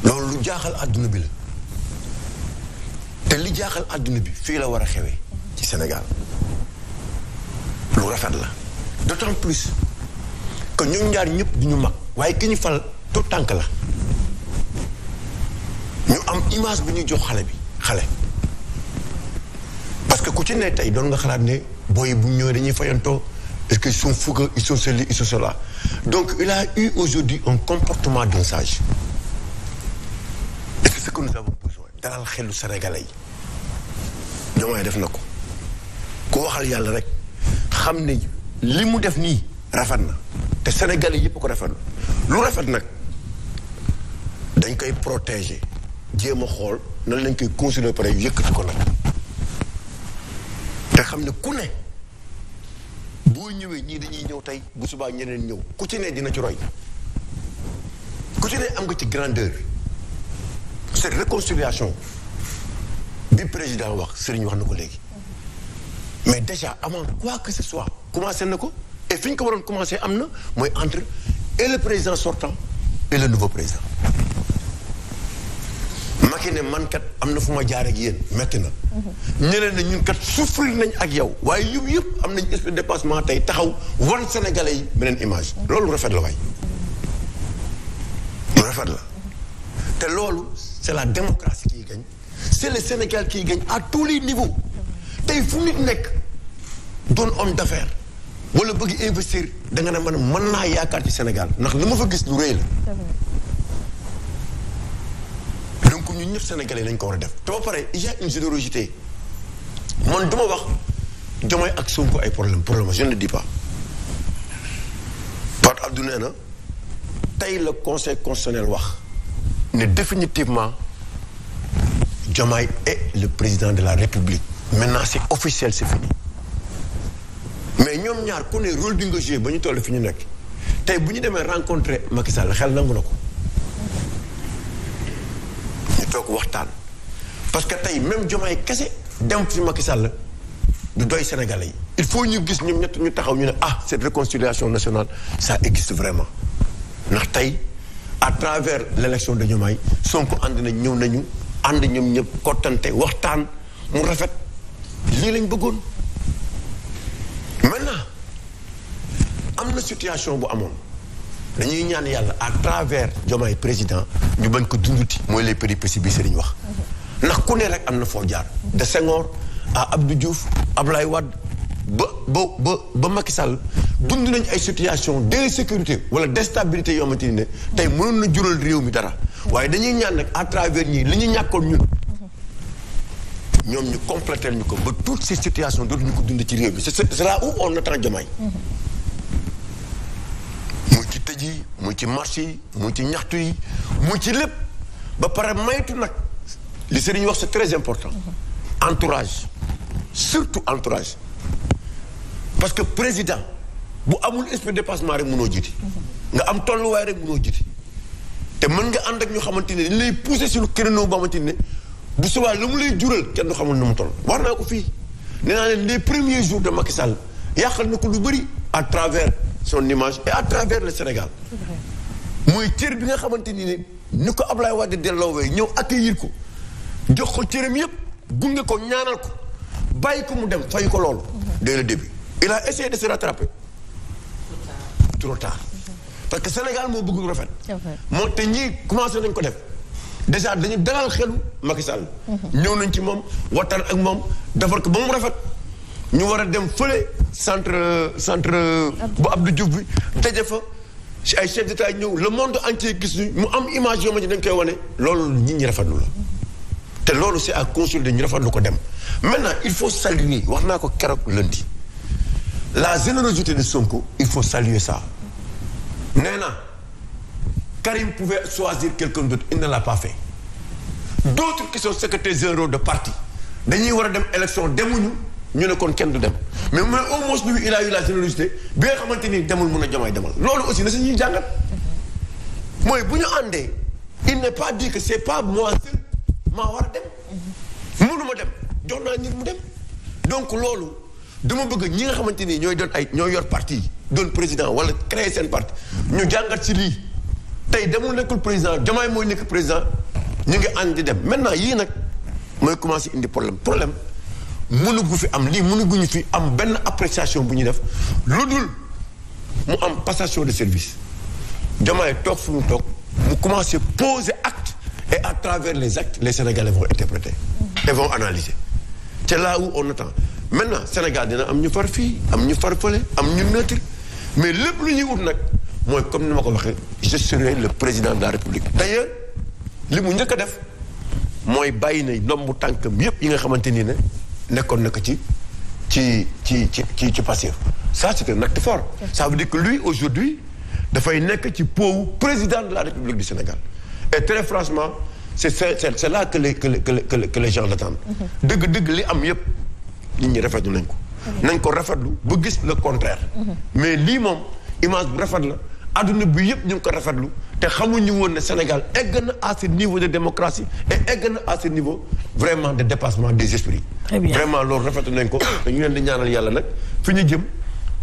lu jaaxal àdduna bi la te li jaaxal àdduna bi fii la war a xewee ci Sénégal lu rafet la d'autant plus que ñoom ñaar ñëpp du ñu mag waaye ki ñu fal tout tànk la ñu am image bi ñuy jox xale bi xale parce que ku ci ne tey doon nga xalaat ne booy bu ñëwee dañuy fayantoo est-ce que ils sont ceci ils sont cela donc il a jour aujourd'hui un comportement d'un sage et c'est xelu sénégalais yi Diomaye def na ko ku waxal yàlla rek xam ne li mu def nii rafet na te sénégalais yëpp ko rafet lu rafet nag dañ koy protéger jéem a xool nan lañ koy considérer pare yëkkati ko nag te xam ne ku ne boo ñëwee ñii dañuy ñëw tey bu subaa ñeneen ñëw ku ci ne dina ci roy ku ci ne am nga ci grandeur cette réconciliation bi président wax sëriñ wax na ko léegi mais déjà avant quoi que ce soit commencé na ko et fi ñu ko waroon commencé am na mooy entre et le président sortant et le nouveau président Macky ne man kat am na fu ma jaar ak yéen metti na. ñeneen ne ñun kat souffrir nañ ak yow waaye yëpp yëpp am nañ esprit de tey taxaw wan Sénégalais yi beneen image. loolu rafet la waay rafet la te loolu c'est la démocratie kii gagne c'est le Sénégal kii gagne à tous les niveaux tey fu nit nekk doon homme d'affaires wala bëgg investir da nga ne man mën naa yaakaar ci Sénégal ndax li ma fa gis lu rëy la. ko ñu ñëpp sénégalais nañ ko war a def te ba pare il y une générosité man du wax Diomaye ak Sonko ay problème problème je ne di pas Pape Abdou nee tey la conseil constitutionnel wax ne définitivement Diomaye et le président de la république maintenant c'est officiel c'est fini mais ñoom ñaar ku ne rôle bi nga joué ba ñu toll fi ñu nekk tey bu ñu demee rencontrer Macky Sall xel nangu na ko toog waxtaan parce que tey même jomaay kese dem fi Macky Sall du doy sénégal yi il faut ñu gis ñoom ñett ñu taxaw ñu ne ah cette réconciliation nationale ça existe vraiment ndax tey à travers l' élection de Diomaye Sonko ànd nañ ñëw nañu ànd ñoom ñëpp kottante waxtaan mu rafet lii lañ bëggoon maintenant am na situation bu amoon dañuy ñaan yàlla à travers Diomaye président ñu bañ ko dunduti mooy les péripéties bi sëriñ wax ndax ku ne rek am na foo jaar de Senghor à Abdou Diouf Ablaye Wade ba ba ba ba Macky Sall dund nañ ay situation d'insécurité wala d'instabilité yoo xamante tey mënoon na jural réew mi dara waaye dañuy ñaan nag à travers ñii li ñu ñàkkoon ñun ñoom ñu compléter ñu ko ba toutes ces situations dootuñu ko dund ci réew mi c'est là où on attend Diomaye jàkk mu ci marché yi mu ci ñaxtu yi mu ci lépp ba pare maytu nag li sëriñ wax sa très important entourage surtout entourage parce que président bu amul esprit de dépassement rek mënoo jiiti nga am tolluwaay rek mënoo jiiti te mën nga ànd ak ñu xamante ne dañ lay pousser sur le créneau ba xamante ne bu subaa lu mu lay jural kenn du xamul nu mu toll war naa ko fii nee naa leen les premier jours de Macky Sall yàqal na ko lu bëri à travers son image et à travers le Sénégal. mooy cër bi nga xamante ni ne ñu ko Ablaye Wade delloowee ñëw ak accueillir ko jox ko cëram yëpp gunge ko ñaanal ko bàyyi ko mu dem fay ko loolu. dès le début il a essayé de se rattraper. trop tard parce que Sénégal moo bëgg rafet. moo te ñii commencé nañ ko def déjà dañu dalal xelu Macky Sall. Mhm. ñëw nañ ci moom waxtaan ak moom defar ko ba mu rafet. ñu war a dem fële centre centre bu Abdou Diouf bi daje fa ay chef d'état ñëw le monde entier gis ñu mu am image yoo ma ci dañ koy wane loolu nit ñi rafetlu la te loolu si ak consolider ñu rafetlu ko dem maintenant il faut saluer wax naa ko keroog lundi la générosité de Sonko il faut saluer ça nee na Karim pouvait choisir quelqu'un d'autre il ne l'a pas fait d'autres qui sont de partie dañuy war a dem élection demuñu ñu ne kon kenn du dem mais mais au moins lui il a eu bi nga xamante ni demul mun a jamaay demal loolu aussi na si ñuy jàngat bu ñu àndee il n'est pas dit que c'est pas moi war a dem mënuma dem jox naa nit mu dem donc loolu dama bëgg ñi nga xamante ni ñooy doon ay ñooy yor parti doon président wala créer seen parti ñu jàngat si lii tey demul nekkul président jamaay mooy nekk président ñu ngi ànd di dem maintenant yii nag mooy commencé indi problème problème gu fi am lii mënuguñu fi am benn appréciation bu ñu def lu dul mu am passation de service Diomaye toog fu mu toog mu commencé poser acte et à travers les actes les Sénégalais vont interpréter et vont analyser c'est là où on attend maintenant Sénégal dina am ñu far fii am ñu far fële am ñu neutre mais lépp lu ñuy ut nag mooy comme ni ma ko waxee je serai le président de la République d'ailleurs li mu njëkk a def mooy bàyyi na ndombu tànkam yépp yi nga xamante nii ne nekkoon na ko ci ci ci ci ci ci Pastef ça c'est un acte fort ça veut dire que lui aujourd'hui dafay nekk ci powu président de la République du Sénégal et très franchement c'est c'est la là que les que les que les dégg les mhm. li am yépp nit ñi rafetlu nañ ko mhm. nañ ko rafetlu ba gis le contraire mhm. mais lii moom image bu rafet la adduna bi yëpp ñu ngi ko rafetlu te xamuñu woon ne Sénégal egg na à ce niveau de démocratie et egg na à ce vraiment de dépassement des esprits. vraiment loolu rafetlu nañ ko te ñu leen di ñaanal yàlla nag fi ñu jëm.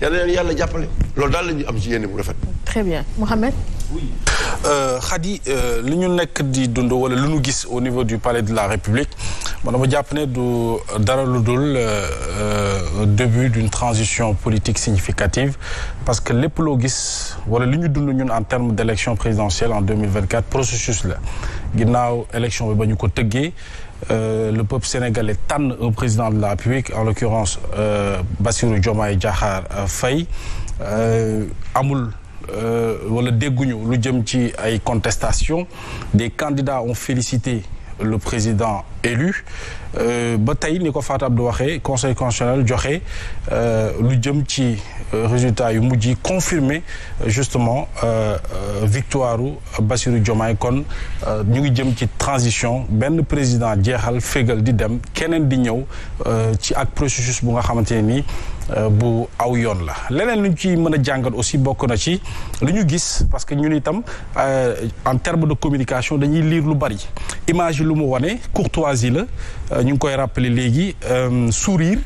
yàlla na leen yàlla jàppale loolu daal la ñu am ci yéene bu rafet. très bien Mohamed. oui euh, Khady euh, li ñu nekk di dund wala lu ñu gis au niveau du palais de la République man dama jàpp ne du dara lu dul euh, début d'une transition politique significative parce que lépp loo gis wala li ñu dund ñun en terme d'élection présidentielle en 2024 processus la ginnaaw élection bi ba ñu ko tëggee. Euh, le peuple sénégalais tànn un président de la République en l'occurrence euh, Bassirou Diomaye Diakhar euh, Faye amul wala dégguñu lu jëm ci ay contestation des candidats ont félicité le président élu euh, ba tey ni ko Fat Abdou waxee conseil constitutionnel joxe euh, lu jëm ci euh, résultat yu mujj yi confirmer justement victoire u Bassirou Diomaye kon ñu ngi jëm ci transition benn président jeexal fégal di dem keneen di ñëw ci ak processus bu nga xamante ne nii Euh, bu aw yoon la leneen lu ñu ci mën a jàngat aussi bokk na ci lu ñu gis parce que ñun itam euh, en terme de communication dañuy liir lu bari image yi lu mu wane courtoisie la euh, ñu ngi koy rappeler léegi sourire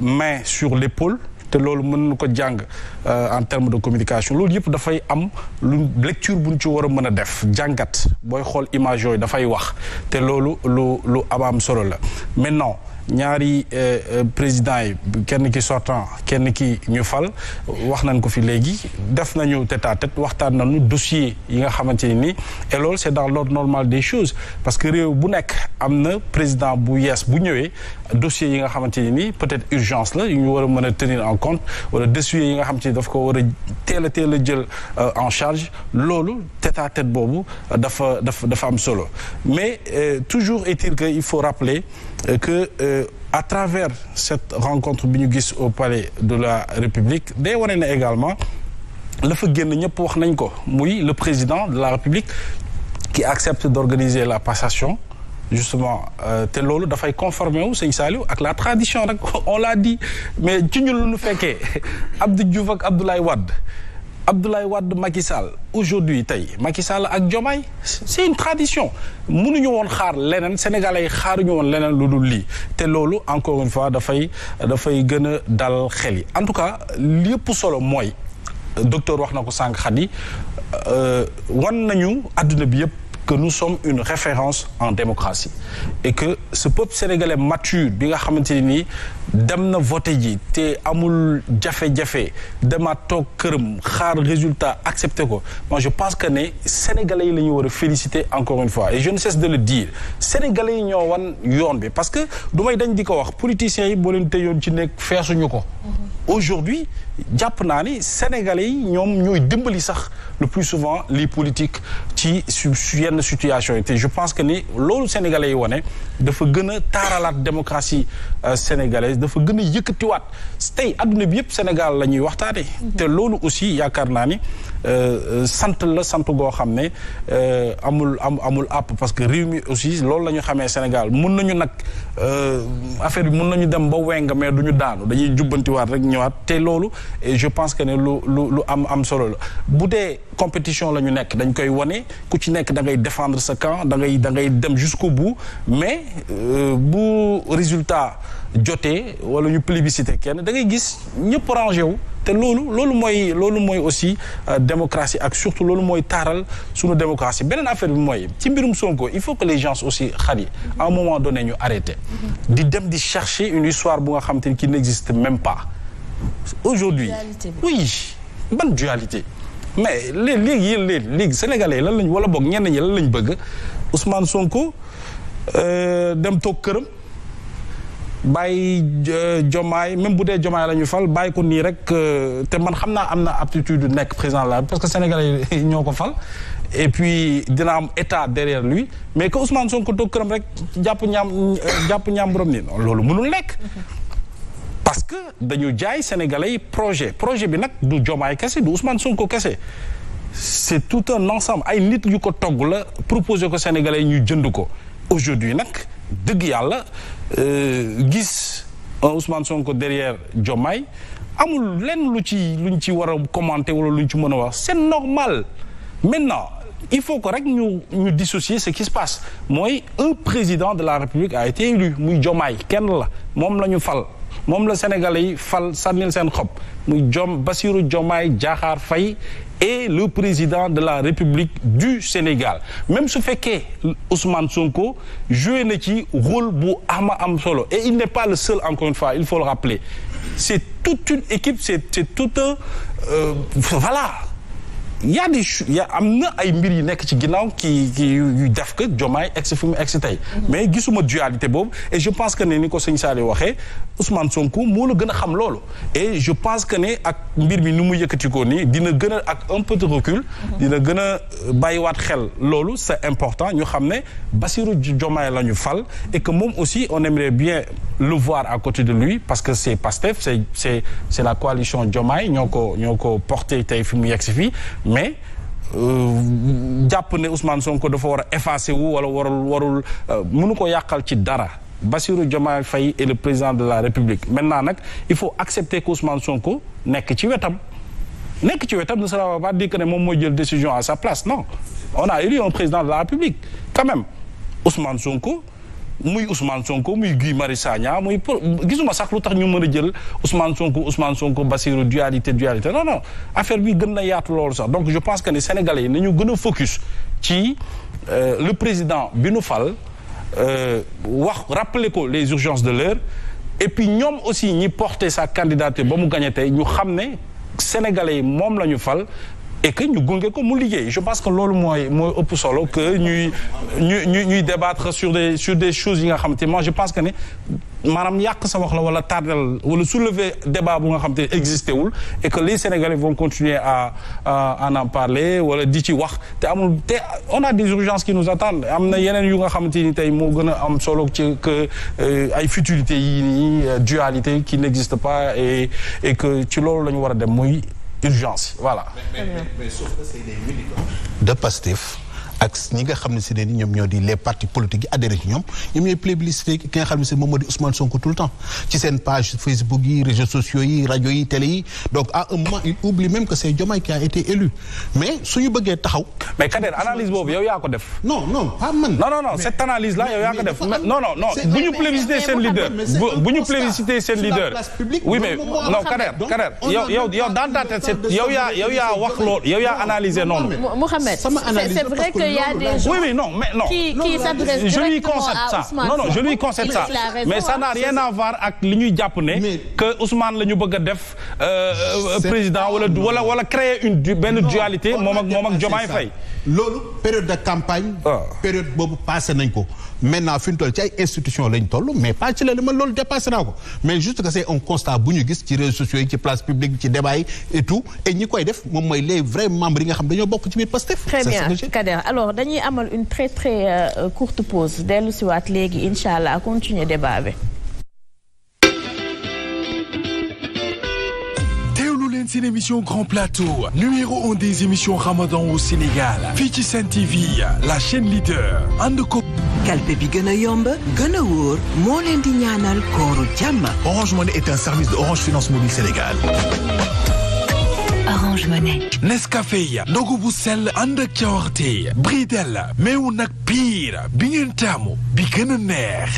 main sur l'épaule te loolu mën na ko jàng en terme de communication loolu yëpp dafay am lu lecture buñ ci war a mën a def jàngat booy xool image yooyu dafay wax te loolu lu lu am solo la maintenant ñaari euh, euh, président yi kenn ki sortant kenn ki ñu fal wax nañ ko fi léegi def nañu tête à tête waxtaan nañu dossier yi nga xamante ni nii et c'est dans l'ordre normal des choses parce que réew bu nekk am na président bu yees bu ñëwee dossiers yi nga xamante ne nii peut-être urgence la yu ñu war a mën a tenir en compte wala dossiers yi nga xamante ni daf ko war a teel a teel a jël euh, en charge loolu tête à boobu euh, dafa dafa dafa am solo mais euh, toujours est-il que il faut rappeler que à travers cette rencontre bi ñu gis au palais de la République day wane na également la fa génn ñëpp wax nañ ko muy le président de la République qui accepte d'organiser la passation justement euh, te loolu dafay conformé wu sëñ Saliou ak la tradition rek on l'a di mais ci ñu lu nu fekkee Abdou Diouf ak Abdoulaye Wade Abdoulaye Wade Macky Sall aujourd'hui tey Macky Sall ak Diomaye c'est une tradition mënuñu woon xaar leneen sénégalais yi xaaruñu woon leneen lu dul lii te loolu encore une fois dafay dafay gën a dal xel yi en tout cas lépp solo mooy docteur wax na ko sànq xat yi euh, wan nañu àdduna bi yëpp que nous sommes une référence en démocratie et que ce peuple sénégalais mature bi nga xamante ne nii dem na voté ji te amul jafe-jafe demaat toog këram xaar résultat accepté ko moi je pense que ne sénégalais yi la ñu war a féliciter encore une fois et je ne cesse de le dire sénégalais yi ñoo wan yoon bi parce que du may dañ di ko wax politiciens yi boo leen tëjoon ci nekk feesuñu ko mhm. aujourd'hui jàpp naa ni sénégalais yi ñoom ñooy dimbali sax le plus souvent les politiques ci su yenn situation yi te je pense que ni loolu sénégalais yi wane dafa gën a taaralaat démocratie euh, sénégalaise dafa gën a yëkkatiwaat tey adduna bi yëpp Sénégal la ñuy waxtaane mm-hmm. te loolu aussi yaakaar naa ni Euh, euh, sant la sant goo xam ne euh, amul am amul àpp parce que réew mi aussi loolu la ñu xamee Sénégal mun nañu nag affaire bi mun nañu dem ba weng mais du ñu daanu dañuy jubbantiwaat rek ñëwaat te loolu et je pense que ne lu lu lu am am solo la bu dee compétition la ñu nekk dañ koy wane ku ci nekk da ngay défendre sa camp da ngay da dem jusqu'au bu mais bu résultat jotee wala ñu plébiscité kenn da ngay gis ñëpp rangé wu te loolu loolu mooy loolu mooy aussi euh, démocratie ak surtout loolu mooy taaral suñu démocratie beneen affaire bi mooy ci mbirum Sonko il faut que les gens aussi xar yi à un moment donné ñu arrêté di dem di chercher une histoire bu nga xam te ni qui n'existe même pas aujourd'hui oui ban dualité mais léegi yéen léegi léegi sénégalais lan lañ wala boog ñenn ñi lan lañ bëgg Ousmane Sonko euh, dem toog këram bàyyi jomaay euh, même bu dee jomaay la ñu fal bàyyi ko nii rek euh, te man xam naa am na aptitude nekk président la parce que sénégalais yi ñoo ko fal et puis dina am état derrière lui mais que Ousmane ko toog këram rek jàpp ñaam euh, jàpp ñaam borom nii loolu mënul nekk parce que dañu jaay sénégalais yi projet projet bi nag du jomaay kese du Ousmane ko kese c'est tout un ensemble ay nit yu ko togg la proposer ko sénégalais yi ñu jënd ko aujourd'hui nag dëgg yàlla Euh, gis un Ousmane Sonko derrière Diomaye amul lenn lu ci luñ ci war a commenter wala luñ ci mën a wax c'est normal maintenant il faut que rek ñu ñu dissocier ce qui se passe mooy un président de la République a été élu muy Diomaye kenn la moom la ñu fal moom la Sénégalais yi fal sànnil seen xob muy Jom Bassirou jommaay Diakhar fay et le président de la République du Sénégal même su fekkee Ousmane Sonko joué na ci rôle bu ama am solo et il n'est pas le seul encore une fois il faut le rappeler c'est toute une équipe c'est c'est tout un euh, voilà y a des y am na ay mbir yu nekk ci ginnaaw ki ki yu def que Diomaye egsi fu mu egsi tey mm-hmm. mais gisuma dualité boobu et je pense que ne ni ko sëñ Saliou waxee Ousmane Sonko moo la gën a xam loolu et je pense que ne ak mbir mi nu mu yëkkatikoo nii dina gën a ak un peu recul dina gën a euh, bàyyiwaat xel loolu c'est important ñu xam ne Bassirou Diomaye la ñu fal et que moom aussi on aimerait bien le voir à côté de lui parce que c'est Pastef c'est c'est c'est la coalition Diomaye ñoo ko ñoo ko porté tey fi mu yegg si fii mais euh, jàpp ne Ousmane Sonko dafa war a effacé wu wala warul warul euh, mënu ko yàqal ci dara Bassirou Diomaye Faye est le président de la République maintenant nag il faut accepter qu'Ousmane Sonko nekk ci wetam nekk ci wetam ne cela veut pas moom mooy jël décision à sa place non on a élu président de la République quand même Ousmane Sonko muy Ousmane Sonko muy Guy Marius Sagna muy pour ma sax lu tax ñu mën a jël Ousmane Sonko Ousmane Sonko Bassirou dualité dualité non non affaire bi gën na yaatu loolu sax donc je pense que ni Sénégalais yi nañu gën a focus ci euh, le président binu nu fal Euh, wax rappeler ko les urgences de l'heure et puis ñoom aussi ñi porter sa candidature ba mu gagné tey ñu xam ne sénégalais yi moom la ñu fal et que gunge ko mu liggéey je pense que loolu mooy mooy ëpp solo que ñuy ñu ñu ñuy débattre sur des des choses yi nga xam te moi je pense que ne maanaam yàq sa wax la wala tardel wala soulever débat bu nga xam te existé wul et que les Sénégalais vont continuer à à en parler wala di ci wax te amul te on a des urgences qui nous attendent am na yeneen yu nga xamante ni te moo gën a am solo ci euh, ay futilité yi nii euh, dualité qui n'existe pas et que ci loolu la ñu war a dem mooy urgence voilà. mais mais mais ak ñi nga xam ne si ne ni ñoom ñoo di les partis politiques yi adhéré ci ñoom ñoom ñooy plébiscité ki nga xam ne si moom moo di Ousmane Sonko tout le temps ci seen page Facebook yi réseaux sociaux yi rajo yi télé yi donc à un moment il oublie même que c'est Diomaye qui a été élu mais suñu bëggee taxaw. mais Kader analyse boobu yow yaa ko def. non non pas man. non non non cette analyse là bu ñu plébiscité seen leader. bu ñu plébiscité seen leader. oui mais non Kader Kader yow yaa wax loolu yow noonu. Mouhamed c'est vrai qu'il y a des gens oui, oui, non, mais non. qui, qui s'adressent je lui concède ça. non non je lui concède ça mais ça n'a rien à voir ak li ñuy jàpp ne que Ousmane la ñu bëgg a def euh, euh, président wala wala wala créer une benn dualité moom ak moom ak Diomaye Faye loolu période de campagne. Ah. période boobu passé nañ ko. maintenant fi ñu toll ci ay institutions lañ toll mais pas ci la man loolu dépassé naa ko mais juste que c'est un constat bu ñu gis ci réseaux sociaux yi ci place publique ci débat et tout et ñi koy def moom mooy les vrais membres yi nga xam dañoo bokk ci biir Pastef. très bien Kader alors dañuy amal une très très euh, courte pause dellu si waat léegi incha allah continuer débat bi. seen émission Grand des émissions Ramadan au Sénégal fii ci Sen TV la chaîne leader ànd ko kalpe bi gën a yomb gën a wóor moo leen kooru jàmm Orange est un service de Orange Finance Mobile Sénégal Orange Money. Nescafé ndogu bu sell ànd ak cawarté bridel meewu nag pire bi ngeen taamu bi gën a neex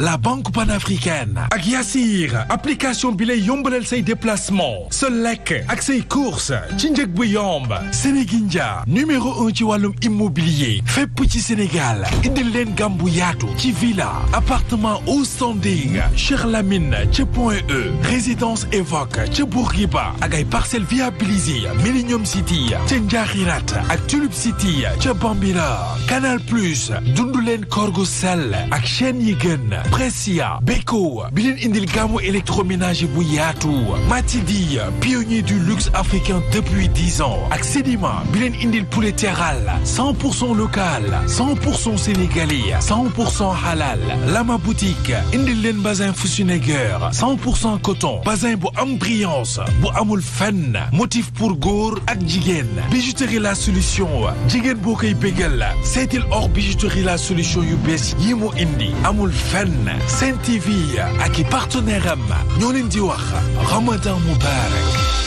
la banque panafricaine ak Yassir application bi lay yombalal say déplacement sa lekk ak say courses ci njëg bu yomb Sénégindia numéro ci wàllum immobilier fépp ci Sénégal indil leen yaatu ci villa appartement au standing Cheikh Lamine ca E résidence Évoque ca Bourguiba ak ay parcelles Diablisi Millennium City ca Njaaxirat ak Tulip City ca Bambila Canal Plus dundu leen korgu sell ak chaîne yi gën Precia Beko bi leen indil gamme électroménager bu yaatu Matidi pionnier du luxe africain depuis dix ans ak Sedima bi leen indil poulet terral cent pour cent local cent pour cent sénégalais cent pour cent halal Lama boutique indil leen basin Fusuneger cent pour cent coton basin bu am brillance bu amul fenn motif pour góor ak jigéen bijouterie la solution wa jigéen boo koy bégal la seetil or bijouterie la solution yu bees yi mu indi amul fen fenn Sen TV ak i partenaire am ñoo leen di wax ramadan mubarak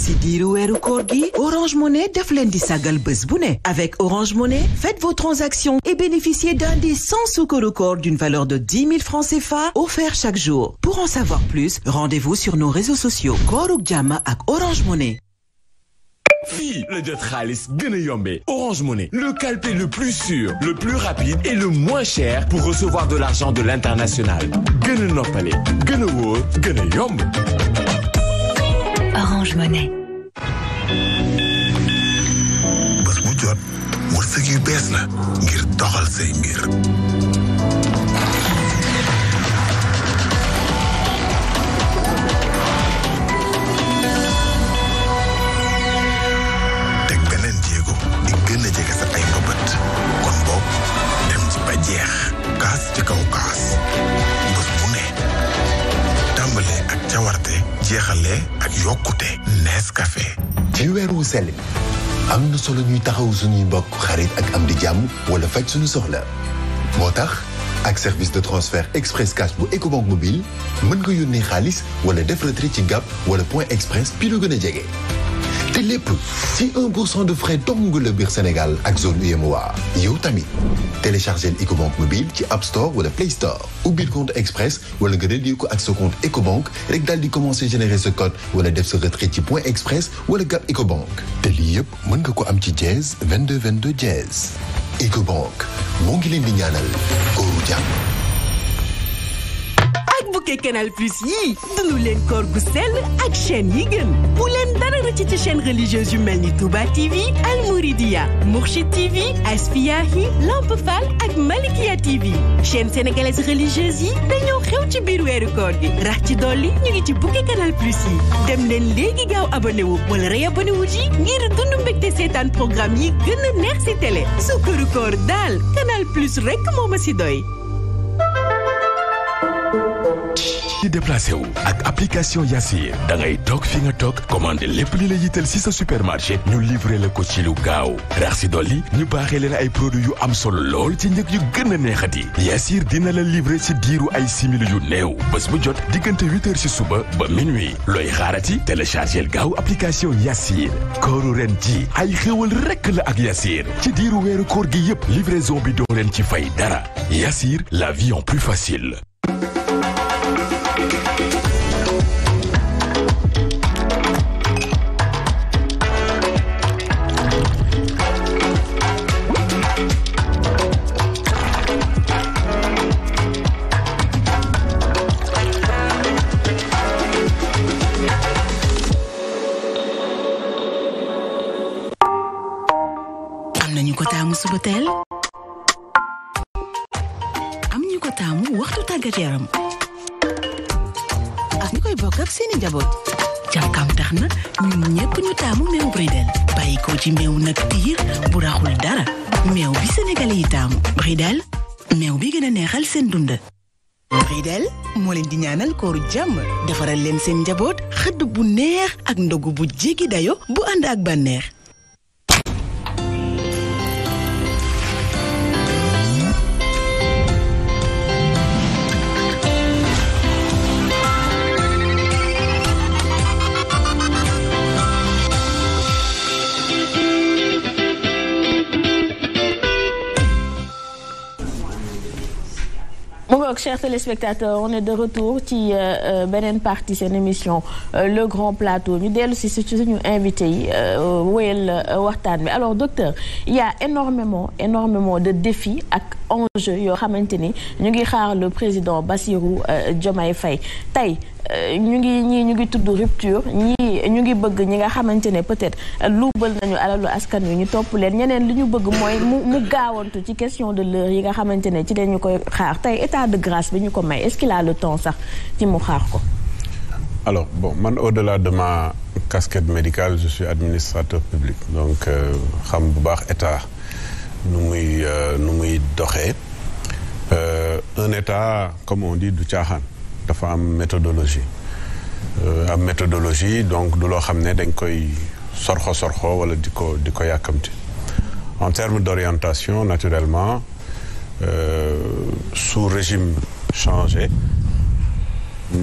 si diiru weeru Orange Money def leen di sagal bés bu ne avec Orange Money faites vos transactions et bénéficiez d'un des 100 soukaru koor d'une valeur de 10 000 francs CFA offert chaque jour pour en savoir plus rendez-vous sur nos réseaux sociaux kooruk jàmm Orange Money fii la jot le plus sûr le plus rapide et le moins cher pour recevoir de l'argent de l'international gën a noppale Orange mu bés bu jot wërsëg yu bees la ngir doxal say mbir. teg beneen jéego di gën jege sa ay mbëbët kon boog dem ci ba jeex kaas ci kaw kaas bés bu ne tàmbalee ak cawarte jeexalee. ak yokkute Nescafé ci weeru sel am na solo ñuy taxaw suñuy mbokk xarit ak am di jàmm wala faj suñu soxla moo tax ak service de transfert express cash bu Ecobank mobile mën nga yónnee xaalis wala def retrait ci gàpp wala point express pi lu gën a jege te lépp ci 1 pour cent de frais dong la biir Sénégal ak zone UEMOA yow tamit téléchargel Ecobank mobile ci App Store wala Play Store ubbil compte express wala nga dédié ko ak sa compte Ecobank rek daal di commencer générer sa code wala def sa retrait ci point express wala gab Ecobank te lii yëpp mën nga ko am ci jazz 22 22 jazz Ecobank moo ngi leen di ñaanal paquet canal plus yii dund leen koor gu sell ak chaîne yi gën bu dara rëcc ci chaîne religieuse yu mel ni Touba TV Al Mouridiya Mourchid TV Asfiyahi Lamp Fall ak Malikia TV chaîne sénégalaise religieuse yi dañoo xew ci biir weeru koor ci dolli ñu ngi ci bouquet canal plus yi dem leen léegi gaaw abonné wu wala réabonné wu ji ngir dund mbégte seetaan programme yi gën a neex si télé daal canal plus rek moo ma si doy di déplacé wu ak application Yassir da ngay toog fi nga toog commandé lépp li la yitteel si sa supermarché ñu livré la ko ci lu gaaw rax si dolli ñu baaxee leen ay produit yu am solo lool ci njëg yu gën a neexati Yassir dina la livré si diiru ay simili yu néew bés bu jot diggante huit si suba ba minuit looy xaarati téléchargeel gaaw application Yassir kooru ren ji ay xéwal rekk la ak Yassir ci diiru weeru koor gi yëpp livraison bi doo leen ci fay dara Yassir la vie en plus facile subatel am ñu ko taamu waxtu tàggat yaram ak ñu koy bokk ak seeni njaboot jàkkam tax na ñun ñépp ñu taamu meew Bridel bàyyi ci meew nag tiir bu raxul dara meew bi sénégalais yi taamu Bridel meew bi gën neexal seen dund Bridel moo leen di ñaanal kooru jàmm defaral leen seen njaboot xëdd bu neex ak ndogu bu jéggi dayo bu ànd ak bànneex mu ngoog chers téléspectateurs on est de retour ci euh, euh, beneen parti seen émission euh, le grand plateau ñu dellu si si suñu invité yi wéyal waxtaan bi alors docteur il y a énormément énormément de défis ak enjeux yoo xamante ni ñu ngi xaar le président Bassirou Diomaye Faye tey ñu ngi ñii ñu ngi tudd rupture ñii ñu ngi bëgg ñi nga xamante ne peut-être lu luubal nañu alalu askan wi ñu topp leen ñeneen li ñu bëgg mooy mu mu gaawantu ci question de l'heure yi nga xamante ne ci ñu koy xaar tey état de grâce bi ñu ko may est-ce qu'il a le temps sax ci mu xaar ko. alors bon man au-delà de ma casquette médical je suis administrateur public donc euh, xam bu baax état nu muy euh, nu muy doxee euh, un état comme on dit du caaxaan. dafa am méthodologie euh, am méthodologie donc du loo xam ne dañ koy sorxo sorxo wala di ko di ko yàkkamti en termes d'orientation naturellement euh, sous régime changé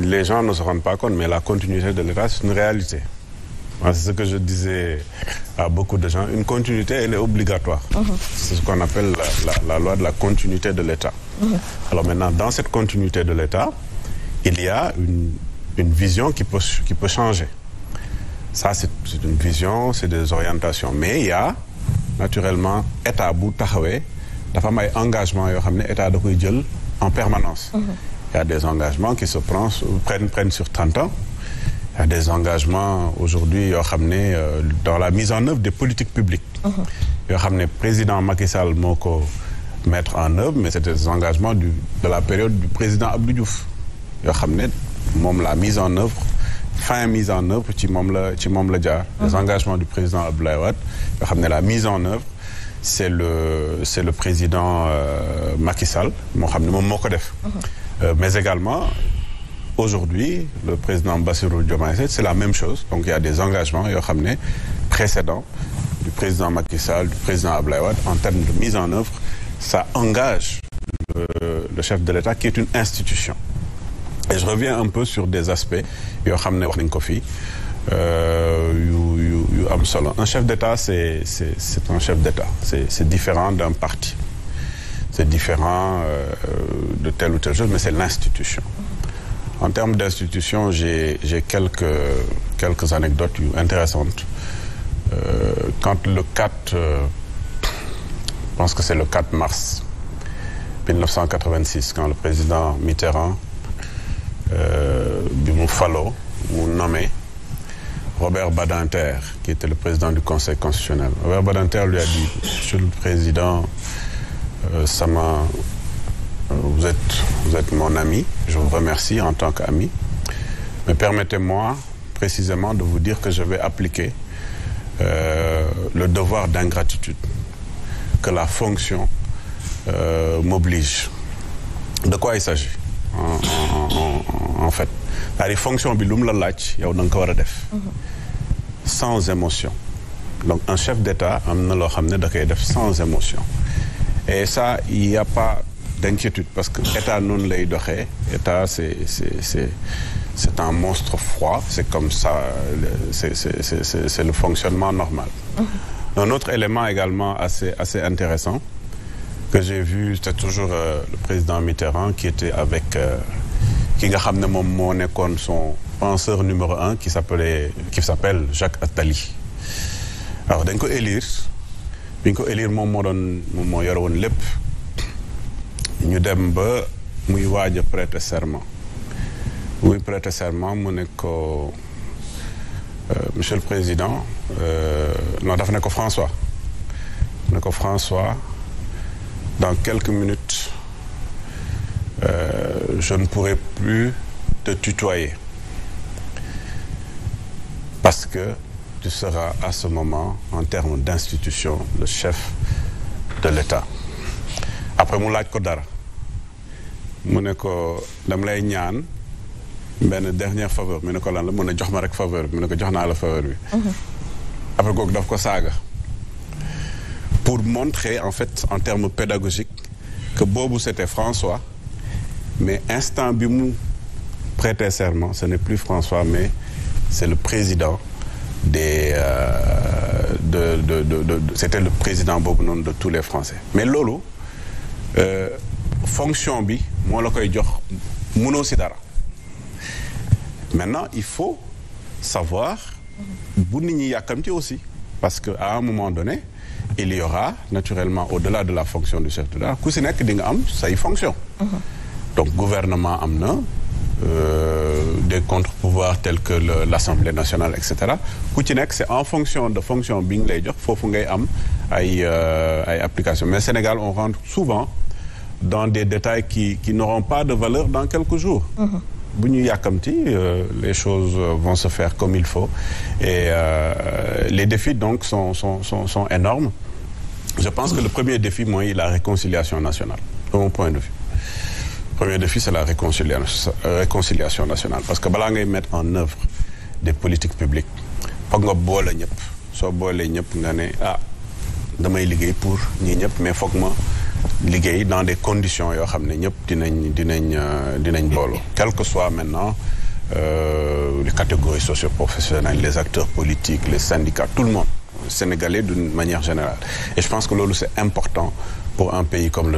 les gens ne se rendent pas compte mais la continuité de l'État c'est une réalité c'est ce que je disais à beaucoup de gens une continuité elle est obligatoire mm-hmm. c'est ce qu'on appelle la, la, la loi de la continuité de l'État uh mm-hmm. -huh. alors maintenant dans cette continuité de l'État il y a une, vision qui peut, qui peut changer. Ça, c'est une vision, c'est des orientations. Mais il y naturellement état bu taxawee dafa am ay engagements yoo xam ne état da koy jël en permanence. Mhm. il y des engagements qui se prennent prennent prennent sur 30 ans. il y a des engagements aujourd'hui yoo xam ne euh, dans la mise en œuvre des politiques publiques. Mhm. yoo xam ne président Macky Sall ko mettre en œuvre mais c'est des engagements du de la période du président Abdou Diouf. yoo xam ne moom la mise en œuvre fin mise en œuvre ci moom la ci moom la jaar mhm. les engagements du président Abdoulaye Wade yoo xam ne la mise en œuvre c'est le c'est le président euh, Macky Sall moo xam ne moom moo ko def mhm. euh, mais également aujourd'hui le président Bassirou Diomaye Faye c'est la même chose donc il y a des engagements yoo xam ne précédents du président Macky Sall du président Abdoulaye en termes de mise en œuvre ça le, le chef de l'État qui est une institution et je reviens un sur des aspects yoo xam ne wax nañ ko fii euh, yu yu am solo un chef d'État c'est c'est c'est un chef d'État c'est c'est différent parti c'est différent euh, de telle ou telle chose mais c'est en termes d'institution j'ai j'ai quelques quelques anecdotes yu intéressantes euh, quand le 4 euh, je pense que c'est le 4 mars 1986 quand le président Mitterrand Euh, bi mu faloo mu nommé Robert Badinter qui était le président du conseil constitutionnel Robert Badinter lui a dit monsieur le président euh, sama euh, vous êtes vous êtes mon ami je vous remercie en tant qu'ami mais permettez-moi précisément de vous dire que je vais appliquer euh, le devoir d'ingratitude que la fonction euh, m'oblige de quoi il s'agit en, en, en en fait c'est-à-dire fonction bi lu mu la laaj yow na nga ko war a def sans émotion donc un chef d'État am na loo xam ne da koy def sans émotion et ça il y a pas d'inquiétude parce que état noonu lay doxee état c'est c'est c'est c'est un monstre froid c'est comme ça c'est c'est c'est c'est le fonctionnement normal mm-hmm. un autre élément également assez assez intéressant que j'ai vu c'était toujours euh, le président Mitterrand qui était avec euh, ki nga xam ne moom moo nekkoon son penseur numéro un qui s'appelait qui s'appelle Jacques Attali alors dañ ko élire bi ko élire moom moo doon moom moo yore woon lépp ñu dem ba muy waaja a prêter serment muy prêter serment mu nekk ko euh, monsieur le président euh, non daf ne ko François ne ko François dans quelques minutes Euh, je ne pourrai plus te tutoyer parce que tu seras à ce moment en termes d'institution le chef de l'État après mu laaj ko dara mu ne ko dama lay ñaan benn dernière faveur mu ne ko lan la mu ne jox ma rek faveur bi mu ne ko jox naa la faveur bi mhm. après kooku daf ko saaga pour montrer en fait en termes pédagogiques que boobu c'était François mais instant bi mu prêter serment ce n'est plus François mais c'est le président des euh, de de de de, de c'était le président boobu noonu de tous les Français mais loolu euh, fonction bi moo la koy jox mënoo si dara maintenant il faut savoir bu nit ñi yàkkamti aussi parce que à un moment donné il y aura naturellement au-delà de la fonction du chef de l'État ku ci nekk di nga am say fonction. Uh-huh. donc gouvernement am na euh, des contre-pouvoirs tels que le, l'Assemblée nationale et cetera ku ci nekk c'est en fonction de fonction bi ñu lay jox foofu ngay am ay euh, ay applications mais Sénégal on rentre souvent dans des détails qui qui n'auront pas de valeur dans quelques jours. Mm-hmm. bu ñu yàkkamti euh, les choses vont se faire comme il faut et euh, les défis donc sont sont sont sont énormes je pense que le premier défi mooy la réconciliation nationale de mon point de vue premier défi c'est la réconciliation réconciliation nationale parce que balaa ngay mettre en œuvre des politiques publiques foog nga boole ñëpp soo boolee ñëpp nga ne ah damay liggéey pour ñii ñëpp mais foog ma liggéey dans des conditions yoo xam ne ñëpp dinañ dinañ euh, dinañ booloo quel que soit maintenant euh, les catégories socioprofessionnelles les acteurs politiques les syndicats tout le monde sénégalais d'une manière générale et je pense que loolu c'est important pour un pays comme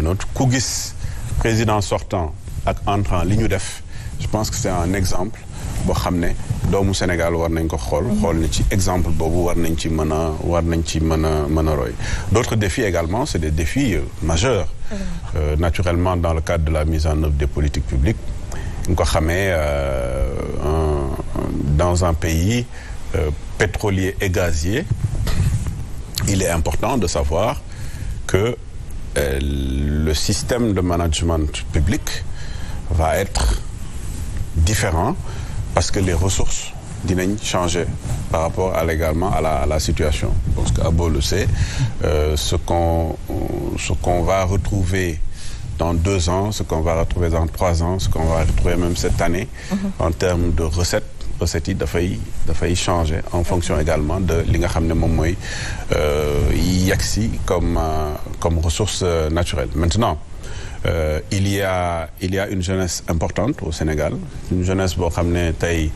gis président sortant ak entrant li ñu def je pense que c'est un exemple boo xam ne doomu Sénégal war nañ ko xool mhm. xool ne ci exemple boobu war nañ ci mën a war nañ ci mën a mën a roy d'autres défis également c'est des défis euh, majeurs mhm. euh, naturellement dans le cadre de la mise en œuvre des politiques publiques nga ko xamee euh, dans un pays euh, pétrolier et gazier il est important de savoir que euh, le système de management public va être différent parce que les ressources dinañ changer par rapport à légalement à la, à la situation. Parce qu'Abo le sait, euh, ce qu'on ce qu'on va retrouver dans deux ans, ce qu'on va retrouver dans trois ans, ce qu'on va retrouver même cette année mm -hmm. en termes de recettes recettes yi dafay dafay changer en fonction également de li nga xam ne moom mooy euh, yegg si comme euh, comme ressource euh, naturelle maintenant Euh, il y a il une jeunesse importante au Sénégal une boo xam ne tey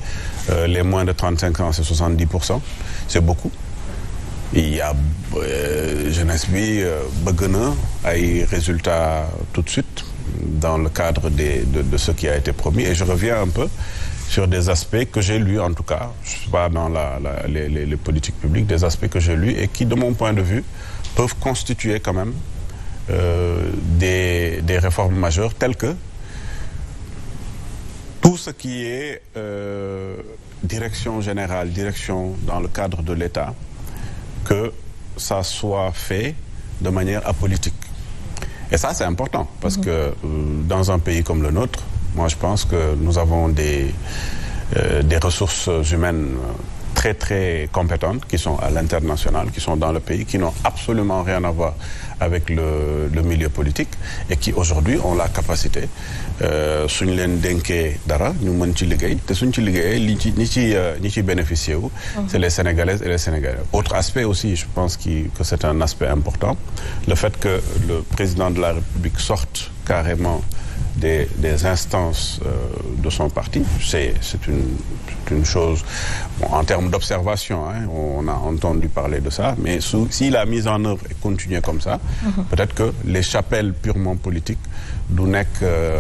les moins de trente cinq ans c'est pour cent c'est beaucoup il y a euh, bëgg na ay résultats tout de le cadre des de de ce sur des aspects que j'ai lus, en tout cas, je ne suis pas dans la, la, les, les, les, politiques publiques, des aspects que j'ai lus et qui, de mon point de vue, peuvent constituer quand même euh, des, des, réformes majeures telles que tout ce qui est euh, direction générale, direction dans le cadre de l'État, que ça soit fait de manière apolitique. Et ça, c'est important, parce mmh. que euh, dans un pays comme le nôtre, Moi, je pense que nous avons des, euh, des ressources humaines euh, très très compétentes qui sont à l'international, qui sont dans le pays, qui n'ont absolument rien à voir avec le, le milieu politique et qui aujourd'hui ont la capacité euh, suñ leen dénkee dara ñu mën ci liggéey te suñ ci liggéeyee li ci ñi ci euh, ñi ci bénéficier wu mhm. c'est les Sénégalaises et les Sénégalais. Autre aspect aussi je pense qui que c'est un aspect important le fait que le président de la République sorte carrément des, des instances euh, de son parti. C'est une, une, chose, bon, en termes d'observation, hein, on a entendu parler de ça, mais sous, si la mise en œuvre est continuée comme ça, mm -hmm. peut-être que les chapelles purement politiques, d'où n'est euh,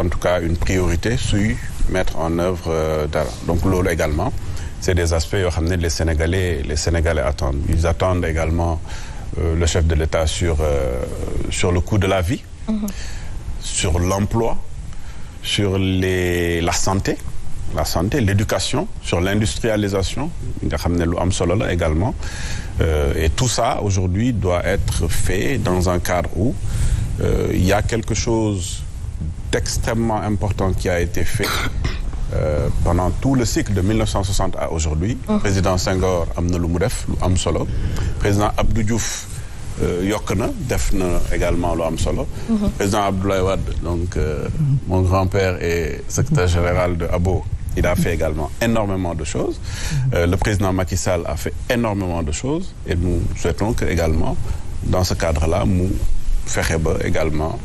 en tout cas une priorité, sur mettre en œuvre euh, dara. Donc l'eau également, c'est des aspects que les Sénégalais, les Sénégalais attendent. Ils attendent également euh, le chef de l'État sur, euh, sur le coût de la vie. Mm -hmm. sur l'emploi, sur les, la santé, la santé, l'éducation, sur l'industrialisation, également. Euh, et tout ça, aujourd'hui, doit être fait dans un cadre où euh, il y a quelque chose d'extrêmement important qui a été fait euh, pendant tout le cycle de 1960 à aujourd'hui. Oh. Président Senghor, Amna Moumoudef, Amsolo. Président Abdou Diouf, Euh, yokk na def na également lu am solo. Mhm. président Abdoulaye Wade donc euh, mon grand-père est secrétaire général de ABO. il a fait également énormément de choses. Mhm. Euh, le président Macky Sall a fait énormément de choses et nous souhaitons que également dans ce cadre-là mu. fexe ba également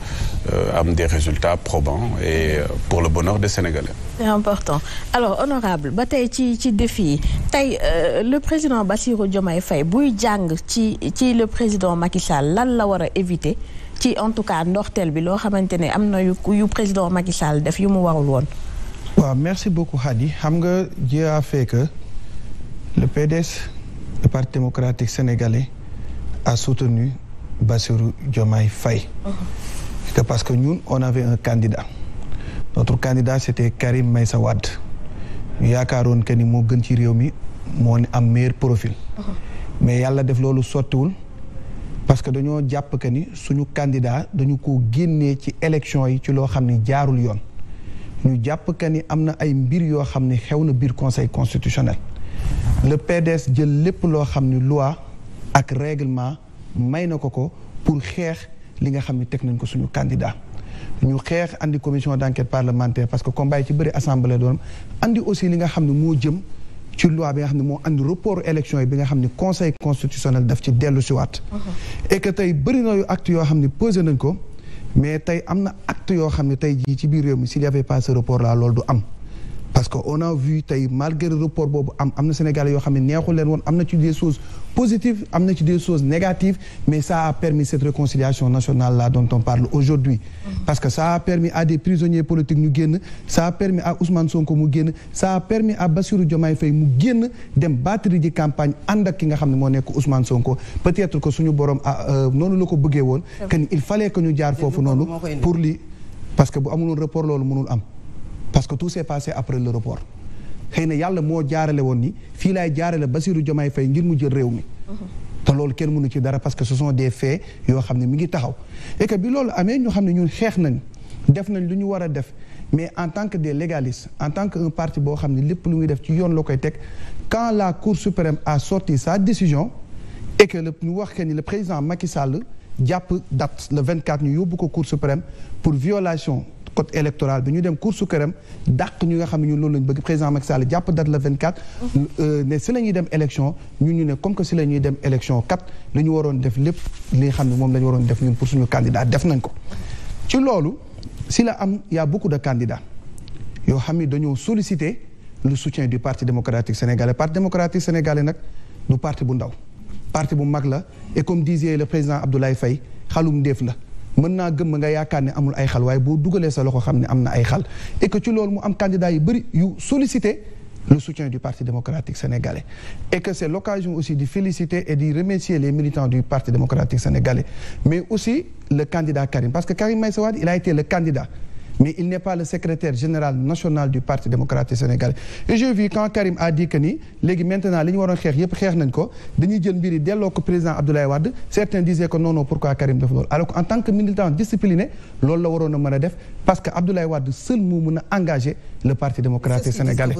euh, am des résultats probants et euh, pour le bonheur des Sénégalais. c'est important alors honorable ba tey ci ci défi yi tey euh, le président Bassirou Diomaye Faye buy jàng ci ci le président Macky Sall lan la war a éviter ci en tout cas ndorteel bi loo xamante ne am na yu yu président Macky def yu mu warul woon. waaw merci beaucoup Hadi xam nga Dieu a fait que le PDS le Parti démocratique sénégalais a soutenu. Bassirou Diomaye Faye. Uh-huh. parce que ñun on avait un candidat notre candidat c'était Karim Meïssa Wade ñu yaakaaroon que ni moo gën ci réew mi moo ni am maire profile uh-huh. mais yàlla def loolu sottiwul parce que dañoo jàpp que ni suñu candidat dañu ko génnee ci élection yi ci loo xam ni jaarul yoon ñu jàpp que ni am na ay mbir yoo xam ni xew na biir conseil constitutionnel le PDS jël lépp loo xam ni loi ak règlement. may na ko ko pour xeex li nga xam ne teg nañ ko suñu candidat ñu xeex andi commission d'enquête parlementaire parce que combat yi ci bëri assemblée doon andi aussi li ne moo jëm ci loi bi nga xam ne moo andi report élection yi bi nga xam ne conseil constitutionnel daf ci uh-huh. na yoo xam ne posé nañ am ci biir réew mi am a vu tey malgré report na Sénégalais yoo xam ne neexul leen woon am na ci des choses positives, amener des choses négatives, mais ça a permis cette réconciliation nationale-là dont on parle aujourd'hui. Mhm. Parce que ça a permis à des prisonniers politiques nous gagner, ça a permis à Ousmane Sonko nous gagner, ça a permis à Bassirou Diomaye Faye nous gagner dem battre di campagne ànd ak ki nga xam ne moo nekk son Sonko peut-être que suñu borom ah, euh, noonu la ko bëggee woon que il fallait que ñu jaar foofu noonu pour li parce que bu amuloon report loolu mënul am parce que tout s'est le report xëy na yàlla moo jaarale woon ni fii laay jaarale ba siiru Diomaye fay ngir mu jël réew mi te loolu kenn mënu ci dara parce que ce sont des faits yoo xam ne mi ngi taxaw et que bi loolu amee ñu xam ne ñun xeex nañ def nañ lu ñu war a def mais en tant que des légalistes en tant que un parti boo xam ne lépp lu muy def ci yoon loo koy teg quand la Cour suprême a sorti sa décision et que le ñu wax que ni le président Macky Sall jàpp date le 24 ñu yóbbu ko Cour suprême pour violation code électoral bi ñu dem cour suprême dàq ñu nga xam ne ñun loolu lañ bëgg président Macky Sall jàpp date le 24. Mhm. Euh, ne si la ñuy dem élection ñu ñu ne comme que si la ñuy dem élection kat li ñu waroon def lépp li xam ne moom lañu waroon def ñun pour suñu candidat def nañ ko. ci loolu si la am y' a beaucoup de candidats yoo xam ni dañoo solliciter le soutien du parti démocratique sénégalais parti démocratique sénégalais nag du parti bu ndaw parti bu mag la et comme disait le président Abdoulaye Faye xalum ndéef la. mën naa gëm nga yaakaar ne amul ay xal waaye boo dugalee sa loxo xam ne am na ay xal et que ci loolu mu am candidat yu bëri yu sollicité le soutien du Parti démocratique sénégalais. Et que c'est l'occasion aussi de féliciter et de remercier les militants du Parti démocratique sénégalais, mais aussi le candidat Karim. Parce que Karim Maïsawad, il a été le candidat mais il n'est pas le secrétaire général national du parti démocratique sénégalais et j'ai vu quand Karim a dit ni léegi maintenant li ñu waroon xeex yëpp xeex nañ ko dañuy jël mbir yi delloo ko président Abdoulaye Wade certains disaient que non non pourquoi Karim def loolu alors que en tant que militant discipliné loolu la waroon a mën a def parce que Abdoulaye Wade seul moo mën a engagé le parti démocratique sénégalais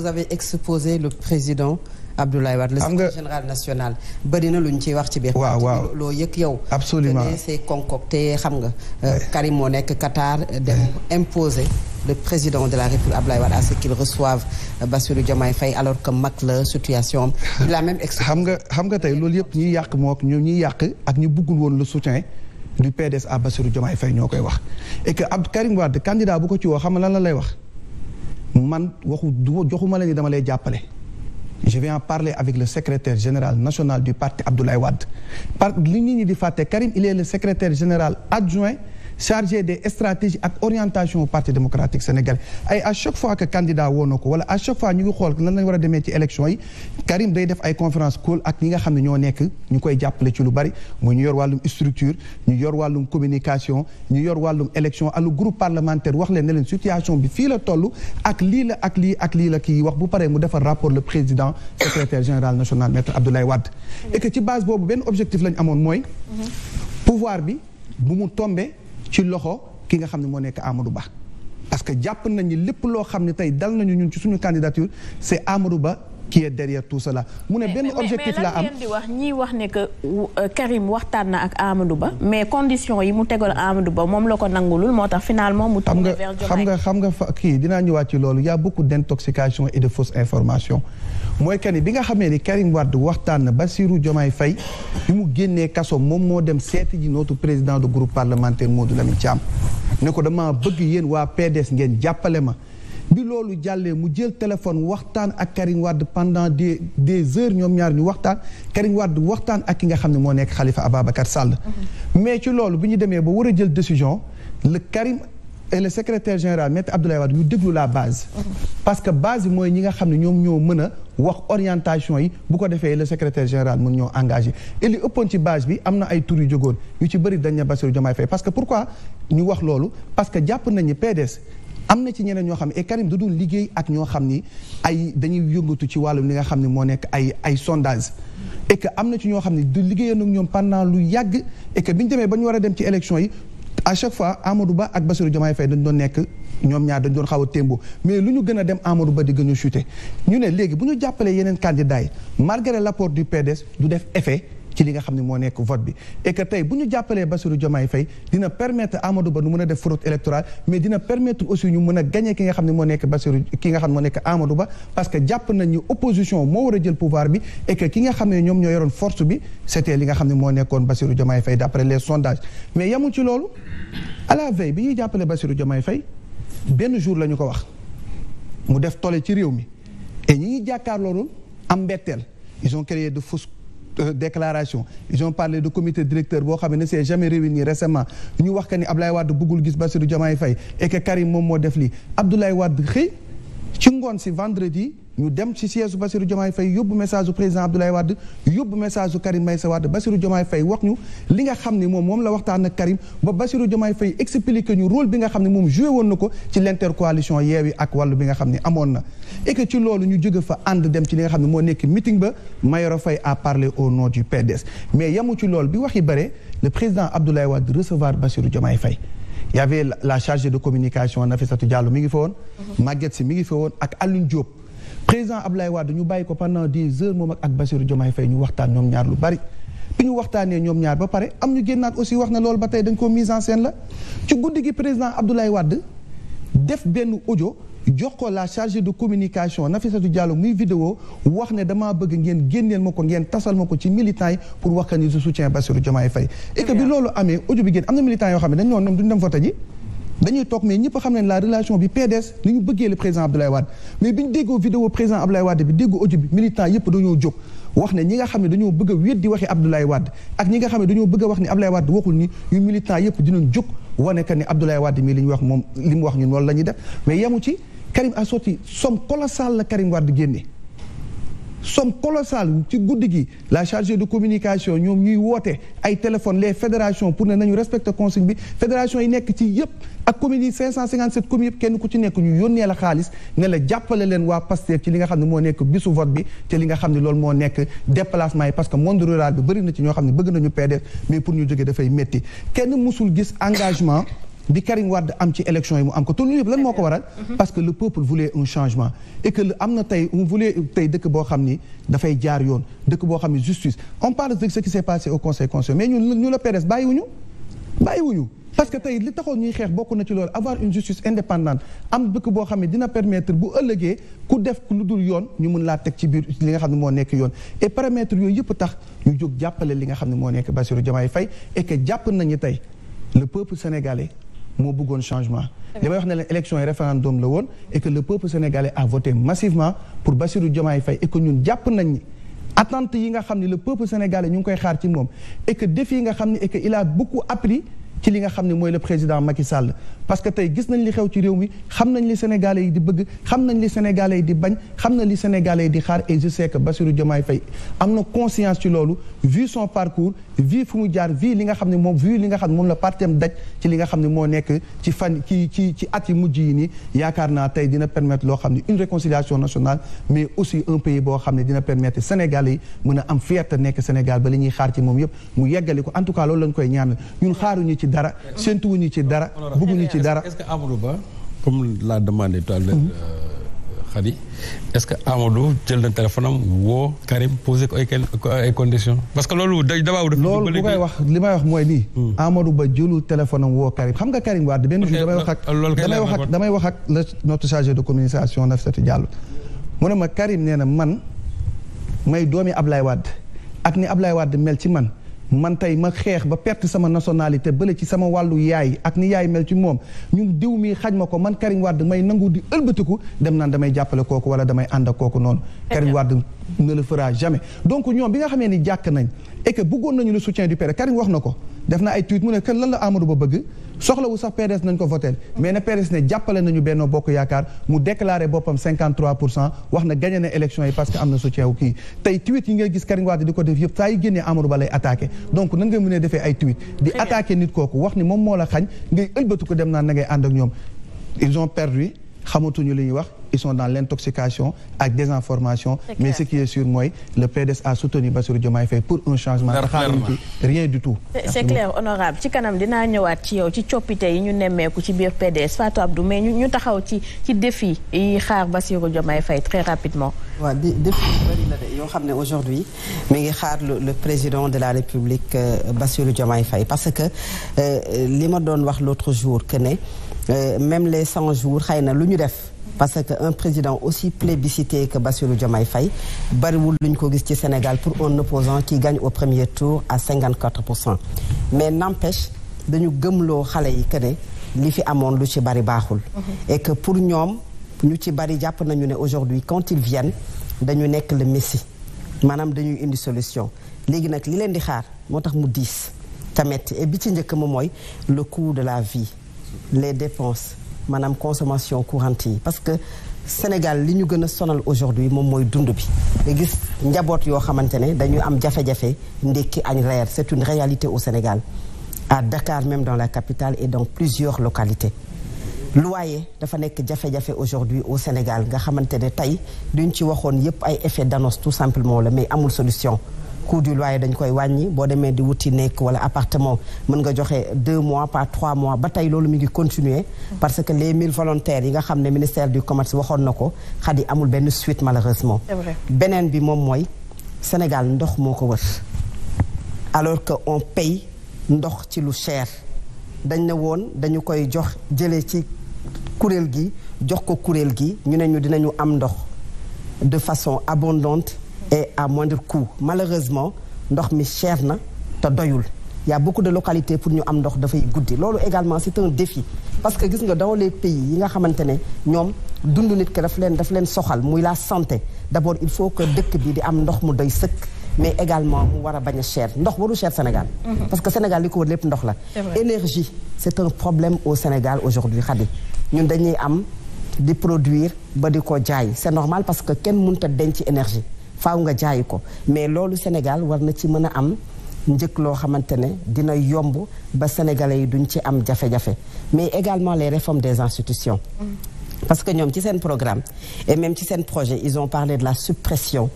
président Abdoulaye Wade le secrétaire général national bëri na lu ñu ciy wax ci biir waaw waaw loo yëg yow absolument c'est te xam nga euh, Karim moo nekk Qatar euh, dem imposer le président de la République Abdoulaye Wade à ce qu'il reçoive euh, Bassirou Diomaye Faye alors que mag la situation am la même xam nga xam nga tey loolu yëpp ñuy yàq moo ñu ñuy yàq ak ñu buggul woon le soutien du PDS à Bassirou Diomaye fay ñoo koy wax et que Abdou Karim Wade bu ko ci woo xam nga lan la lay wax man waxu du joxuma la ni dama lay jàppale je vais en parler avec le secrétaire général national du parti Abdoulaye Wade par li nit ñi di fàtte Karim il est le secrétaire général adjoint chargé des stratégies ak orientation au parti démocratique sénégalais ay à chaque fois que candidat woo ko wala à chaque fois ñu ngi xool nan lañ war a demee ci élection yi Karim day def ay conférence call ak ñi nga xam ne ñoo nekk ñu koy jàppale ci lu bari mu ñu yor wàllum structure ñu yor wàllum communication ñu yor wàllum élection alu groupe parlementaire wax leen ne leen situation bi fii la toll ak lii la ak lii ak lii la kii wax bu paree mu defar rapport le président secrétaire général national maître Abdoulaye Wade et que ci base boobu benn objectif lañ amoon mooy mhm. pouvoir bi bu mu ci loxo ki nga xam ne moo nekk Amadou Ba parce que jàpp nañ lépp loo xam ne tey dal nañu ñun ci suñu candidature c'est Amadou Ba qui est derrière tout cela mu ne benn objectif laa am di wax ñii wax ne que euh, Karim waxtaan na ak Amadou Ba mais condition yi mu tegoon Amadou Ba moom la ko nangulul moo tax finalement mu tourné vers Diomaye xam nga xam nga fa kii dinaa ñëwaat ci loolu yaa a beaucoup d'intoxication et de fausses informations mooy que ni bi nga xamee ni Karim Wade waxtaan na Bassirou Diomaye Faye bi mu génnee kaso moom moo dem seeti ji nootu président de groupe parlementaire Modou Lamine Thiam ne ko dama bëgg yéen waa PDS ngeen jàppale ma bi loolu jàllee mu jël téléphone waxtaan ak Karim Wade pendant des des heures ñoom ñaar ñu waxtaan Karim Wade waxtaan ak ki nga xam ne moo nekk Khalifa Ababacar sàll mm-hmm. mais ci loolu bi ñu demee ba war a jël décision le Karim et le secrétaire général maître ñu déglu la base. Mm-hmm. parce que base bi mooy ñi nga xam ne ñoom ñoo mën a. wax orientation yi bu ko defee le secrétaire général mun ñoo engagé et li ëppoon ci base bi am na ay tur yu jógoon yu ci bëri dañ ne Bassirou Diomaye Faye parce que pourquoi ñu wax loolu parce que jàpp nañu PDS am na ci ñeneen ñoo xam ne et Karim du liggéey ak ñoo xam ni ay dañuy yëngatu ci wàllum li nga xam ne moo nekk ay ay sondage et que am na ci ñoo xam ne du liggéeyandoo nag ñoom pendant lu yàgg et bi ñu demee ba ñu war a dem ci élection yi à chaque fois Amadou Ba ak Bassirou Diomaye Faye dañ doon nekk ñoom ñaar dañ doon xaw a témbo mais lu ñu gën a dem Amadou Ba di gën a ñu ne léegi bu ñu jàppalee yeneen candidats yi malgré l'apport du PDS du def effet ci li nga xam ne moo nekk vote bi et que tey bu ñu jàppalee Bassirou Diomaye Faye dina permettre Amadou Ba nu mën def fraude électorale mais dina permettre aussi ñu mën a gagner ki nga xam ne moo nekk Bassirou ki nga xam ne moo nekk Amadou Ba parce que jàpp nañ ni opposition moo war a jël pouvoir bi et ki nga xam ne ñoom ñoo yoroon force bi c'était li nga xam ne moo nekkoon Bassirou Diomaye Faye d'après les sondages mais yemul ci loolu à la veille bi ñuy jàppale Bassirou Diomaye benn jour la ñu ko wax mu def tole ci réew mi et ñi ñuy jàkkaarloo am mbetteel ils ont créé de fausses euh, déclarations ils ont parlé de comité directeur boo xam ne s'est jamais réuni récemment ñu wax que ni Abdoulaye Wade bëggul gis Bassirou Diomaye Faye et que Karim moom moo def lii Abdoulaye Wade xëy ci ngoon si vendredi. ñu dem ci siège Bassirou Diomaye Faye yóbbu message su président Abdoulaye Wade yóbbu message su Karim Meïssa Wade Bassirou Diomaye Faye wax ñu li nga xam ni moom moom la waxtaan ak Karim ba Bassirou Diomaye Faye expliqué ñu rôle bi nga xam ne moom joué woon na ko ci l'intercoalition Yewwi ak wàllu bi nga xam ne amoon na et que ci loolu ñu jóge fa ànd dem ci li nga xam ne moo nekk meeting ba Mayoro Faye a parlé au nom du PDS mais yamu ci lool bi wax yi bare le président Abdoulaye Wade recevoir Bassirou Diomaye Faye y avait la chargée de communication Nafissatou Diallo mi ngi fa woon mhm. Maguette Sy mi ngi fa woon ak Alioune président Ablaye Wade ñu bàyyi ko pendant des heures moom ak Bassirou Diomaye Faye ñu waxtaan ñoom ñaar lu bari. bi ñu waxtaanee ñoom ñaar ba pare am ñu génnaat aussi wax na loolu ba tey dañ ko mise en scène la ci guddi gi président Abdoulaye Wade def benn audio jox ko la chargée de communication Nafissatou Diallo muy vidéo wax ne damaa bëgg ngeen génneel ma ko ngeen tasal ma ko ci militants yi pour wax que ni je soutiens Bassirou Diomaye Faye et que bi loolu amee audio dañuy toog mais ñëpp xam ne la relation bi PDS ni ñu bëggee le président Abdoulaye Wade mais bi ñu déggoo vidéo président Abdoulaye Wade bi déggoo audio bi militant yëpp dañoo jóg wax ne ñi nga xam ne dañoo bëgg a wéet di waxi Abdoulaye Wade ak ñi nga xam ne dañoo bëgg wax ni Abdoulaye Wade waxul ni ñu militant yëpp dinañ jóg wane que ni Abdoulaye Wade mii li ñu wax moom li mu wax ñu loolu la ñuy def mais yemu ci Karim a sorti somme colossale la Karim Wade somme colossale ci guddi gi la chargée de communication ñoom ñuy woote ay téléphone les fédérations pour ne nañu respecter consigne bi fédération yi nekk ci yëpp ak communes yi 557 communes yëpp kenn ku ci nekk ñu yónnee la xaalis ne la jàppale leen waa Pastef ci li nga xam ne moo nekk bisu vote bi te li nga xam ne lool moo nekk déplacement yi parce que monde rural bi bëri na ci ñoo xam ne bëgg nañu PDS mais pour ñu jógee dafay métti kenn mosul gis engagement bi Karim Wade am ci élection yi mu am ko te loolu yëpp lan moo ko waral. Mhm. parce que le peuple voulait un changement. et am na tey on voulait tey dëkk boo xam ni dafay jaar yoon dëkk boo xam ni justice on parle de ce qui s'est passé au conseil constitutionnel mais ñun ñu la PDS bàyyiwuñu bàyyiwuñu. parce que tey li taxoon ñuy xeex bokk na ci loolu avoir une justice indépendante am dëkk boo xam ne dina permettre bu ëllëgee ku def lu dul yoon ñu mun laa teg ci biir li nga xam ne moo nekk yoon et yooyu yëpp tax ñu jóg jàppale li nga xam ne moo nekk Bassirou Diomaye Faye et que jàpp nañu tey le peuple sénégalais moo bëggoon changement li may wax ne la élection yi référendum la woon et que le peuple sénégalais a voté massivement pour Bassirou Diomaye Faye et que ñun jàpp nañ ni attente yi nga xam ni le peuple sénégalais ñu ngi koy xaar ci moom et que défi yi nga xam ne et que il a beaucoup appris ci li nga xam ne mooy le président Macky Sall parce que tey gis nañ li xew ci réew mi xam nañ li sénégalais yi di bëgg xam nañ li sénégalais yi di bañ xam nañ li sénégalais yi di xaar et je sais que Bassirou Diomaye am na conscience ci loolu vu son parcours vie fu mu jaar vie li nga xam ne moom vie li nga xam ne moom la partem daj ci li nga xam ne moo nekk ci fan ci ci ci at yi mujj yi nii yaakaar naa tey dina permettre loo xam ne une réconciliation nationale mais aussi un pays boo xam ne dina permettre Sénégal yi mun a am fierté nekk Sénégal ba li ñuy xaar ci moom yëpp mu yeggale ko en tout cas loolu lañ koy ñaanal ñun xaaruñu ci dara séentuwuñu ci dara bëgguñu ci dara. est que Amadou Ba comme l'a demandé tout à Khady est-ce que Amadou jël na téléphone woo Karim posé ko ay condition parce que loolu day dabaaw. loolu bu may wax li may wax mooy lii. Hmm. Amadou Ba jëlu téléphone am woo Karim xam nga Karim Wade benn jour damay wax ak damay wax ak damay wax ak le notre chargé de communication Nafissatou Diallo mu ne ma Karim nee na man may doomi Ablaye Wade ak ni Ablaye Wade mel ci man. man tey ma xeex ba perte sama nationalité bële ci sama wàllu yaay ak ni yaay mel ci moom ñu diw mi xaj ma ko man Karim Wade may nangu di ëlbatiku dem naan damay jàppale kooku wala damay ànd ak kooku noonu Karim Wade ne le fera jamais donc ñoom bi nga xamee ni jàkk nañ et que bëggoon nañu le soutien du père Karim wax na ko def na ay tweet mu ne que lan la Amadou Ba bëgg soxlawu sax PDS nañ ko voté mais na PDS ne jàppale nañu Benno Bokk Yaakaar mu déclaré boppam 53 pour cent wax na gagné na élection yi parce que am na soutien wu kii tey tweet yi ngay gis Karim di ko def yëpp saa yi génnee Amadou Ba lay attaqué donc nan nga mën a defee ay tweet di attaqué nit kooku wax ni moom moo la xañ ngay ëlbatu ko dem naa na ngay ànd ak ñoom ils ont perdu xamatuñu li ñuy wax ils sont dans l'intoxication ak désinformation mais ce qui est sûr mooy le PDS a soutenu Bassirou Diomaye Faye pour un changement taxaaruñ ci rien du tout c'est clair honorable ci kanam dinaa ñëwaat ci yow ci coppite yi ñu nemmeeku ci biir PDS Fatou Abdou mais ñu taxaw ci ci défi yi xaar Bassirou Diomaye Faye très rapidement waaw défi yoo xam ne aujourd'hui mi ngi xaar le président de la République euh, Bassirou Diomaye fay parce que euh, li ma doon wax l'autre jour que ne euh, même les 100 jours xëy na lu ñu def parce que un président aussi plébiscité que Bassirou Diomaye fay bariwul lu ñu ko gis ci Sénégal pour un opposant qui gagne au premier tour à 54 pour cent mais n'empêche dañu gëmloo xale yi que ne li fi amoon lu ci bari baaxul mhm. et que pour ñoom ñu ci bari jàpp nañu ne aujourd'hui quand ils viennent dañu nekk le messie maanaam dañuy indi solution léegi nag li leen di xaar moo tax mu diis tamit et bi ci njëkk ma mooy le coût de la vie les dépenses maanaam consommation courante yi parce que Sénégal li ñu gën a sonal aujourd'hui moom mooy dund bi nga gis njaboot yoo xamante ne dañu am jafe-jafe ndekki añ reer c'est une réalité au Sénégal à Dakar même dans la capitale et dans plusieurs localités waaye dafa nekk jafe-jafe aujourd'hui au Sénégal nga xamante ne tey ñu ci waxoon yépp ay effet d'annonce tout simplement la mais amul solution coût du loyer dañ koy wàññi boo demee di wuti nekk wala appartement mën nga joxe deux mois par trois mois ba tey loolu mi ngi continuer parce que les mille volontaires yi nga xam ne ministère du commerce waxoon na ko xadi amul benn suite malheureusement beneen bi moom mooy Sénégal ndox moo ko wër alors que on paye ndox ci lu cher dañ ne woon dañu koy jox jëlee ci kuréel gi jox ko kuréel gi ñu ne ñu dinañu am ndox de façon abondante et à moindre coût malheureusement ndox mi cher na te doyul yaa a beaucoup de localités pour ñu am ndox dafay guddi loolu également c'est un défi parce que gis nga dans les pays yi nga xamante ne ñoom dund nit ki daf leen daf leen soxal muy la santé d'abord il faut que dëkk bi di am ndox mu doy sëkk mais également mu war a bañ a cher ndox waru cher Sénégal mhm. parce que Sénégal li ko lépp ndox la énergie c'est un problème au Sénégal aujourd'hui Khady ñun dañuy am di produire ba di ko jaay c'est normal parce que kenn mënut a denc énergie faaw nga jaay ko mais loolu Sénégal war na ci mën a am njëkk loo xamante ne dina yomb ba sénégalais yi duñ ci am jafe-jafe mais également les réformes des institutions. parce que ñoom ci seen programme et même ci seen projet ils ont parlé de la suppression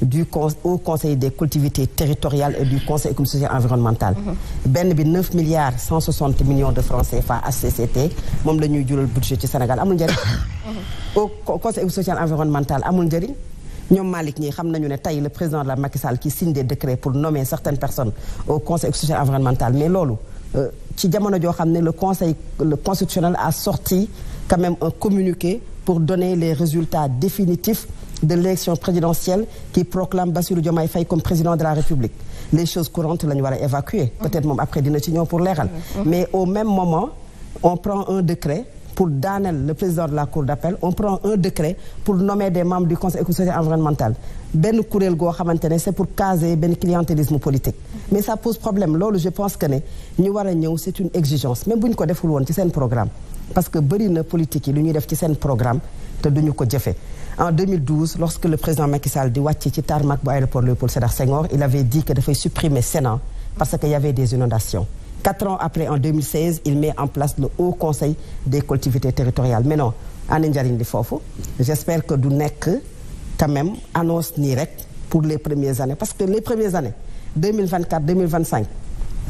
du con au conseil des cultivité territoriales et du conseil économique social environnemental. benn bi 9 milliards 160 de francs CFA HCCT moom la ñuy jural budget ci Sénégal amul njëriñ. au conseil économique social environnemental amul njëriñ. ñoom Malick ñi xam nañu ne tey le président de la Macky Sall qui signe des décrets pour nommer certaines personnes au conseil constitutionnel environnemental mais loolu euh, ci jamono joo xam ne le conseil le constitutionnel a sorti quand même un communiqué pour donner les résultats définitifs de l'élection présidentielle qui proclame Bassirou Diomaye Faye comme président de la République les choses courantes la ñu war a évacuer peut-être moom après dina ci ñëw pour leeral mm-hmm. mais au même moment on prend un décret pour daaneel le président de la cour d'appel on prend un décret pour nommer des membres du conseil économique environnemental benn kuréel goo xamante c'est pour caser benn clientélisme politique mais ça pose problème loolu je pense que ne ñu war a ñëw c'est une exigence en 2012 lorsque le président Macky Sall di wàcc ci tarmac bu aéroport Léopold Sédar Senghor il avait dit que dafay supprimer Sénat parce qu'il y avait des inondations Quatre ans après, en 2016, il met en place le Haut Conseil des collectivités njariñ li foofu j'espère que du nekk quand même annonce nii rek pour les premières années parce que les premières années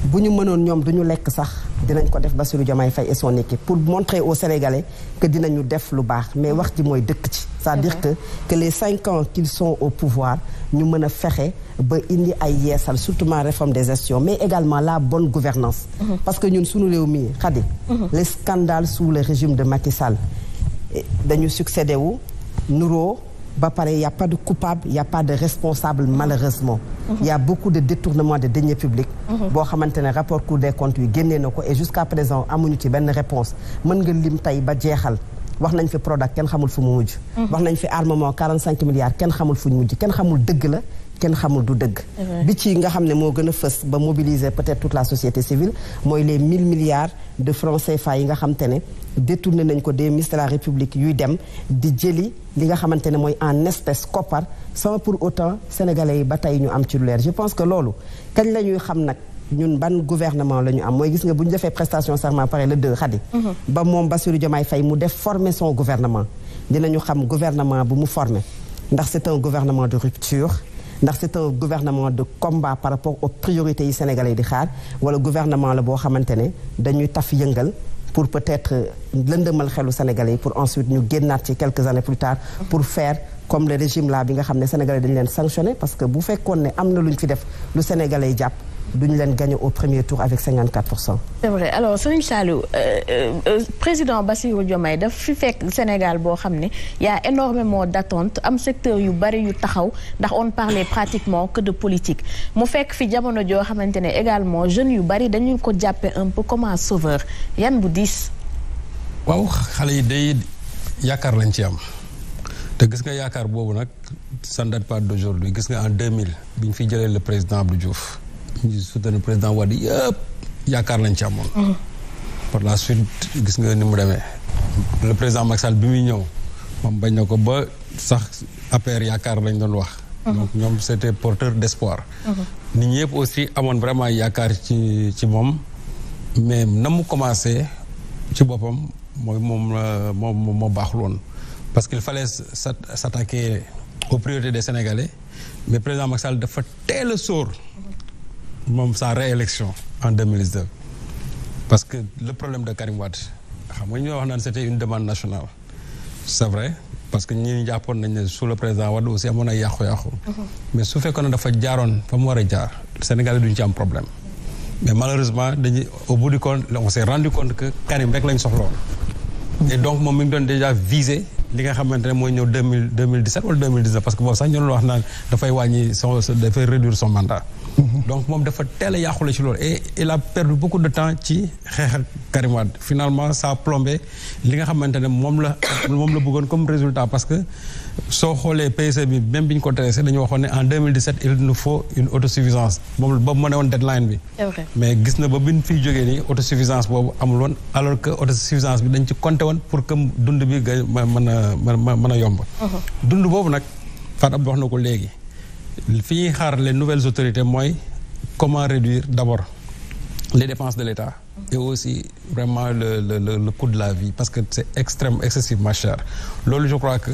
bu ñu mënoon ñoom du ñu lekk sax dinañ ko def Bassirou Diomaye Faye et son équipe pour montrer aux Sénégalais que dinañu def lu baax mais wax ji mooy dëkk ci cest dire que que les cinq ans qu'ils sont au pouvoir ñu mën a fexe ba indi ay yeesal surtout ma réforme des gestions mais également la bonne gouvernance mmh. parce que ñun suñu réew mii xadi mmh. les scandales sous le régime de Macky Sall eh, dañu succédé wu ba pare y' a pas de coupable y' a pas de responsable malheureusement. Mhm. il beaucoup de détournement de deniers publics. Mhm. boo xamante ne rapport Cour des comptes yi génnee na ko et jusqu'à présent amuñu ci benn réponse mën nga lim tey ba jeexal. wax nañ fi Prodac kenn xamul fu mu mujj. Mhm. wax nañ fi armement 45 milliards kenn xamul fu ñu mujj kenn xamul dëgg la. kenn xamul du dëgg bi ci nga xam ne moo gën a fës ba mobiliser peut toute la société civile mooy les mille milliards de francs CFA yi nga xam ne détourné nañ ko des ministres de la république yuy dem di jëli li nga xamante ne mooy en espèce koppar sans pour autant sénégalais yi ba tey ñu am ci lu leer je pense que loolu kañ la ñuy xam nag ñun ban gouvernement la ñu am mooy gis nga bu ñu defee prestation serment pare le deux xadi mm-hmm. ba moom Bassirou Diomaye Faye mu def former son gouvernement mu former ndax c'est un gouvernement de rupture ndax c'est un gouvernement de combat par rapport aux priorités yi Sénégalais di xaar wala gouvernement la boo xamante ne dañuy taf yëngal pour peut-être euh, lëndëmal xelu Sénégalais yi pour ensuite ñu génnaat ci quelques années plus tard pour faire comme le régime là bi nga xam ne Sénégalais dañu leen sanctionné parce que bu fekkoon ne am na lu ñu fi def lu Sénégalais jàpp duñu leen gagné au premier tour avec 54 pour cent. c'est vrai alors Serigne Saliou euh, euh, euh, président Bassirou Diomaye daf fi fekk Sénégal boo xam ne yaa a énormément d'attentes am secteur yu bari yu taxaw ndax on parlait pratiquement que de politique mu fekk fi jamono joo xamante ne également jeunes yu bari dañu ko jàppe un peu commence un sauveur yan bu diis. waaw xale yi day yaakaar lañ ci am te gis nga yaakaar boobu nag ça ne de pas d'aujourd'hui gis nga en 2000 bi ñu fi jëlee le président Abdou Diouf. ñu soutenu président Wade yëpp yaakaar lañ ci amoon. Uh-huh. par la suite gis nga ni mu demee. le président Macky bi muy ñëw moom bañ na ko ba sax APR yaakaar lañ doon wax. Uh-huh. donc ñoom te porteur d'espoir. Uh-huh. nit ñi yëpp aussi amoon vraiment yaakaar ci ci moom mais na mu commencé ci boppam mooy moom la moom moo baaxul woon parce qu'il fallait s'attaquer aux priorités de Sénégalais mais président Macky Sall dafa teel a moom sa réélection en 2019 parce que le problème de Karim Wade xam nga ñu wax naan c'était une demande nationale c'est vrai parce que ñi jàppoon nañ ne sous le président Wade aussi amoon na yàqu-yàqu uh-huh. mais su fekkoon ne dafa jaaroon fa mu war a jaar Sénégal yi duñu ci am problème mais malheureusement dañuy au bout du compte on s'est rendu compte que Karim rek lañ soxla woon donc moom mi ngi doon déjà visé li nga xamante ne mooy ñëw parce que donc moom dafa teel a yàqule ci loolu et il a perdu beaucoup de temps ci xeex ak Karim Wade finalement ça a li nga xamante ne moom la moom la bëggoon comme résultat parce que soo xoolee PSE bi même bi ñu ko tracé dañu waxoon ne en 2017 il nous faut une autosuffisance moom boobu ma ne deadline bi mais gis na ba bi ñu fiy jógee nii autosuffisance boobu amul woon alors que autosuffisance bi dañ ci compté woon pour que dund bi ga mën a mën a mën a yomb uh-huh. dund boobu nag Fatou na ko léegi fi ñuy xaar les nouvelles autorités mooy comment réduire d'abord les dépenses de l'État et aussi vraiment le le le coût de la vie parce que c'est extrême ma cher loolu je crois que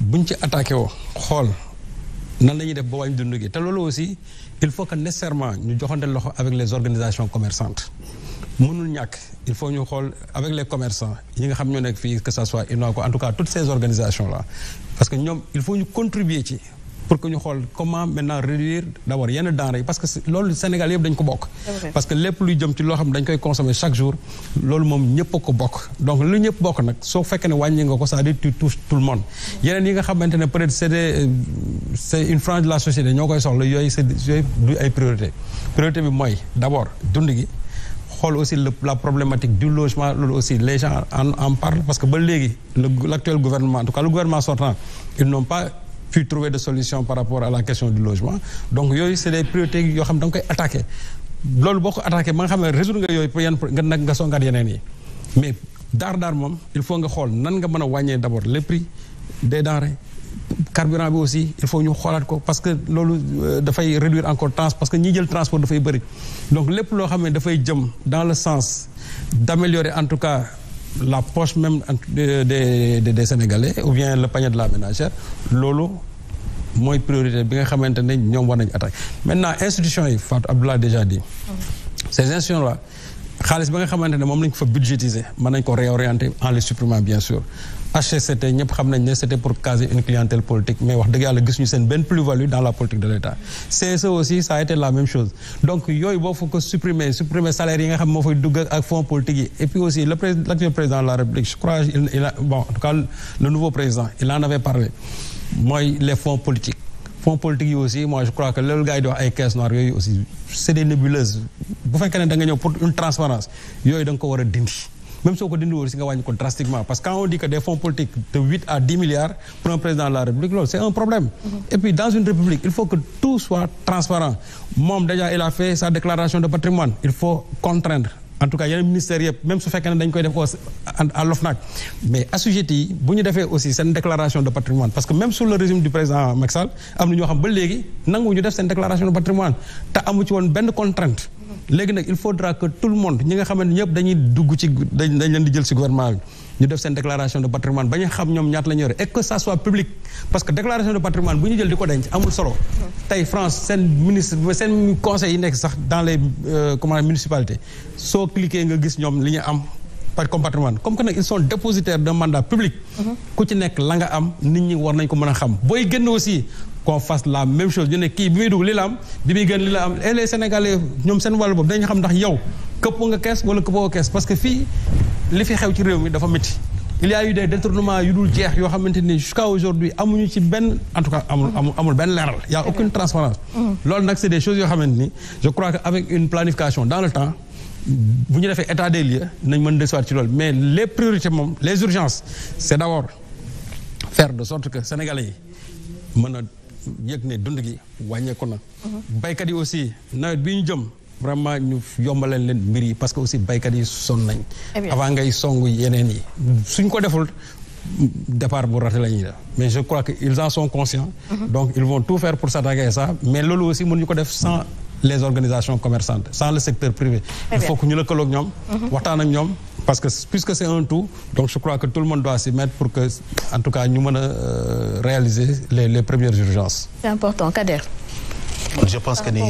bu buñ ci attaqué wo xool nan la ñuy def ba wàññi dund gi te loolu aussi il faut que nécessairement ñu joxante loxo avec les organisations commerçantes mënul ñàkk il faut ñu xool avec les commerçants yi nga xam ñoo nekk fii que ça soit INOACO en tout cas toutes ces organisations là pour que ñu xool comment maintenant réduire d' abord yenn denrées yi parce que loolu Sénégal yëpp dañ ko bokk. parce que lépp luy jëm ci loo xam dañ koy consommer chaque jour. loolu moom ñëpp a ko bokk donc lu ñëpp bokk nag soo fekkee ne wàññi nga ko euh, cest une frange de la société ñoo koy soxla yooyu c' est yooyu du ay priorité priorité bi mooy d' abord dund gi. xool aussi la problématique du logement loolu aussi les gens en en parce que ba léegi l'actuel gouvernement gouvernement sortant pu trouver de solution par rapport à la question du logement donc yooyu c'est des priorités yoo xam da koy attaqué loolu boo ko attaqué ba nga xam ne résoudre nga yooyu nga nag nga songaat yeneen yi mais daar daar moom il faut nga xool nan nga mën a wàññee d'abord les des denrées carburant bi aussi il faut ñu xoolaat ko parce que loolu euh, dafay réduire encore trans parce que ñi jël transport dafay bëri donc lépp loo xam ne dafay jëm dans le la poche même des des de Sénégalais ou bien le panier de la ménagère loolu mooy priorité bi nga xamante ne ñoom war nañu attaque maintenant institution yi Fatou Abdoulaye déjà di ces institutions là xaalis ba nga xamante ne moom lañ ko fa budgétiser mën nañ ko réorienter en les supprimant bien sûr HCCT ñëpp xam nañ ne c'était pour caser une clientèle politique mais wax dëgg yàlla gis ñu seen benn plus-value dans la politique de l'État CSE aussi ça la même chose donc yooyu boo fa ko supprimer supprimer salaire yi nga xam moo fay dugg ak fonds politique yi et puis aussi le président l'actuel président de la République je crois il le nouveau président il en avait parlé mooy les fonds politiques fonds politique yi aussi moi je crois que loolu gars yi di nga ñëw yooyu ko a dindi même soo ko dindi woon si nga wàññi ko drastiquement parce que quand on dit que des fonds politiques de huit à dix milliards pour président de la république loolu c' un problème. et puis dans une république il faut que tout soit transparent moom déjà il a fait sa déclaration de patrimoine il faut contraindre. en tout cas yeneen ministères yëpp même su fekkee ne dañ koy def à l'OFNAC mais assujetti yi bu ñu defee aussi seen déclaration de patrimoine parce que même sous le régime du président Macky Sall am na ñoo xam ba léegi léegi nag il faudra que tout le monde ñi nga xamante ñëpp dañuy dugg ci dañ leen di jël si gouvernement bi ñu def seen déclaration de patrimoine ba ñu xam ñoom ñaata la ñu yore et que ça jël di ko denc amul solo tey France seen ministre seen conseil yi nekk sax dans les euh, comment municipalités soo cliquer nga gis ñoom li ñu am par comme patrimoine comme que nag ils sont dépositaires d'un mandat public mm-hmm. ku ci nekk la nga am nit ñi war nañ ko mën a xam booy génn aussi qu'on fasse la même chose ñu ne kii bi muy dugg lii bi muy gën lii la am et ñoom seen wàllu boobu dañu xam ndax yow këpp nga kees wala këppoo nga kees parce que fii li fi xew ci réew mi dafa métti. il y a eu des yu dul jeex yoo xamante ni jusqu'à aujourd'hui amuñu ci benn en tout cas amul amul benn leeral y a transparence mm. loolu nag c'est des choses yoo xamante ni je crois que avec une planification dans le temps bu ñu defee état des lieux nañ mën desuwaat ci loolu mais les priorités moom les urgences c'est d'abord faire de sorte que sénégalais yëg ne dund gi wàññeeku na. Mhm. baykat yi aussi nawet bi ñu jëm. vraiment ñu yombaleen leen mbir yi parce que aussi baykat yi son nañ. Eh avant ngay song yeneen yi suñ ko deful. départ bu raté lañuy ñuy def mais je crois que ils en sont conscients mm -hmm. donc ils vont tout faire pour s'attaquer à ça mais loolu aussi mënuñu ko def sans les organisations commerçantes sans le secteur privé eh il faut que ñu lëkkaloog ñoom mhm. waxtaan ñoom parce que puisque c'est un tout donc je crois que tout le monde doit s'y mettre pour que en tout cas ñu mën a euh, réaliser les les premières urgences. c'est important Kader. je pense que ni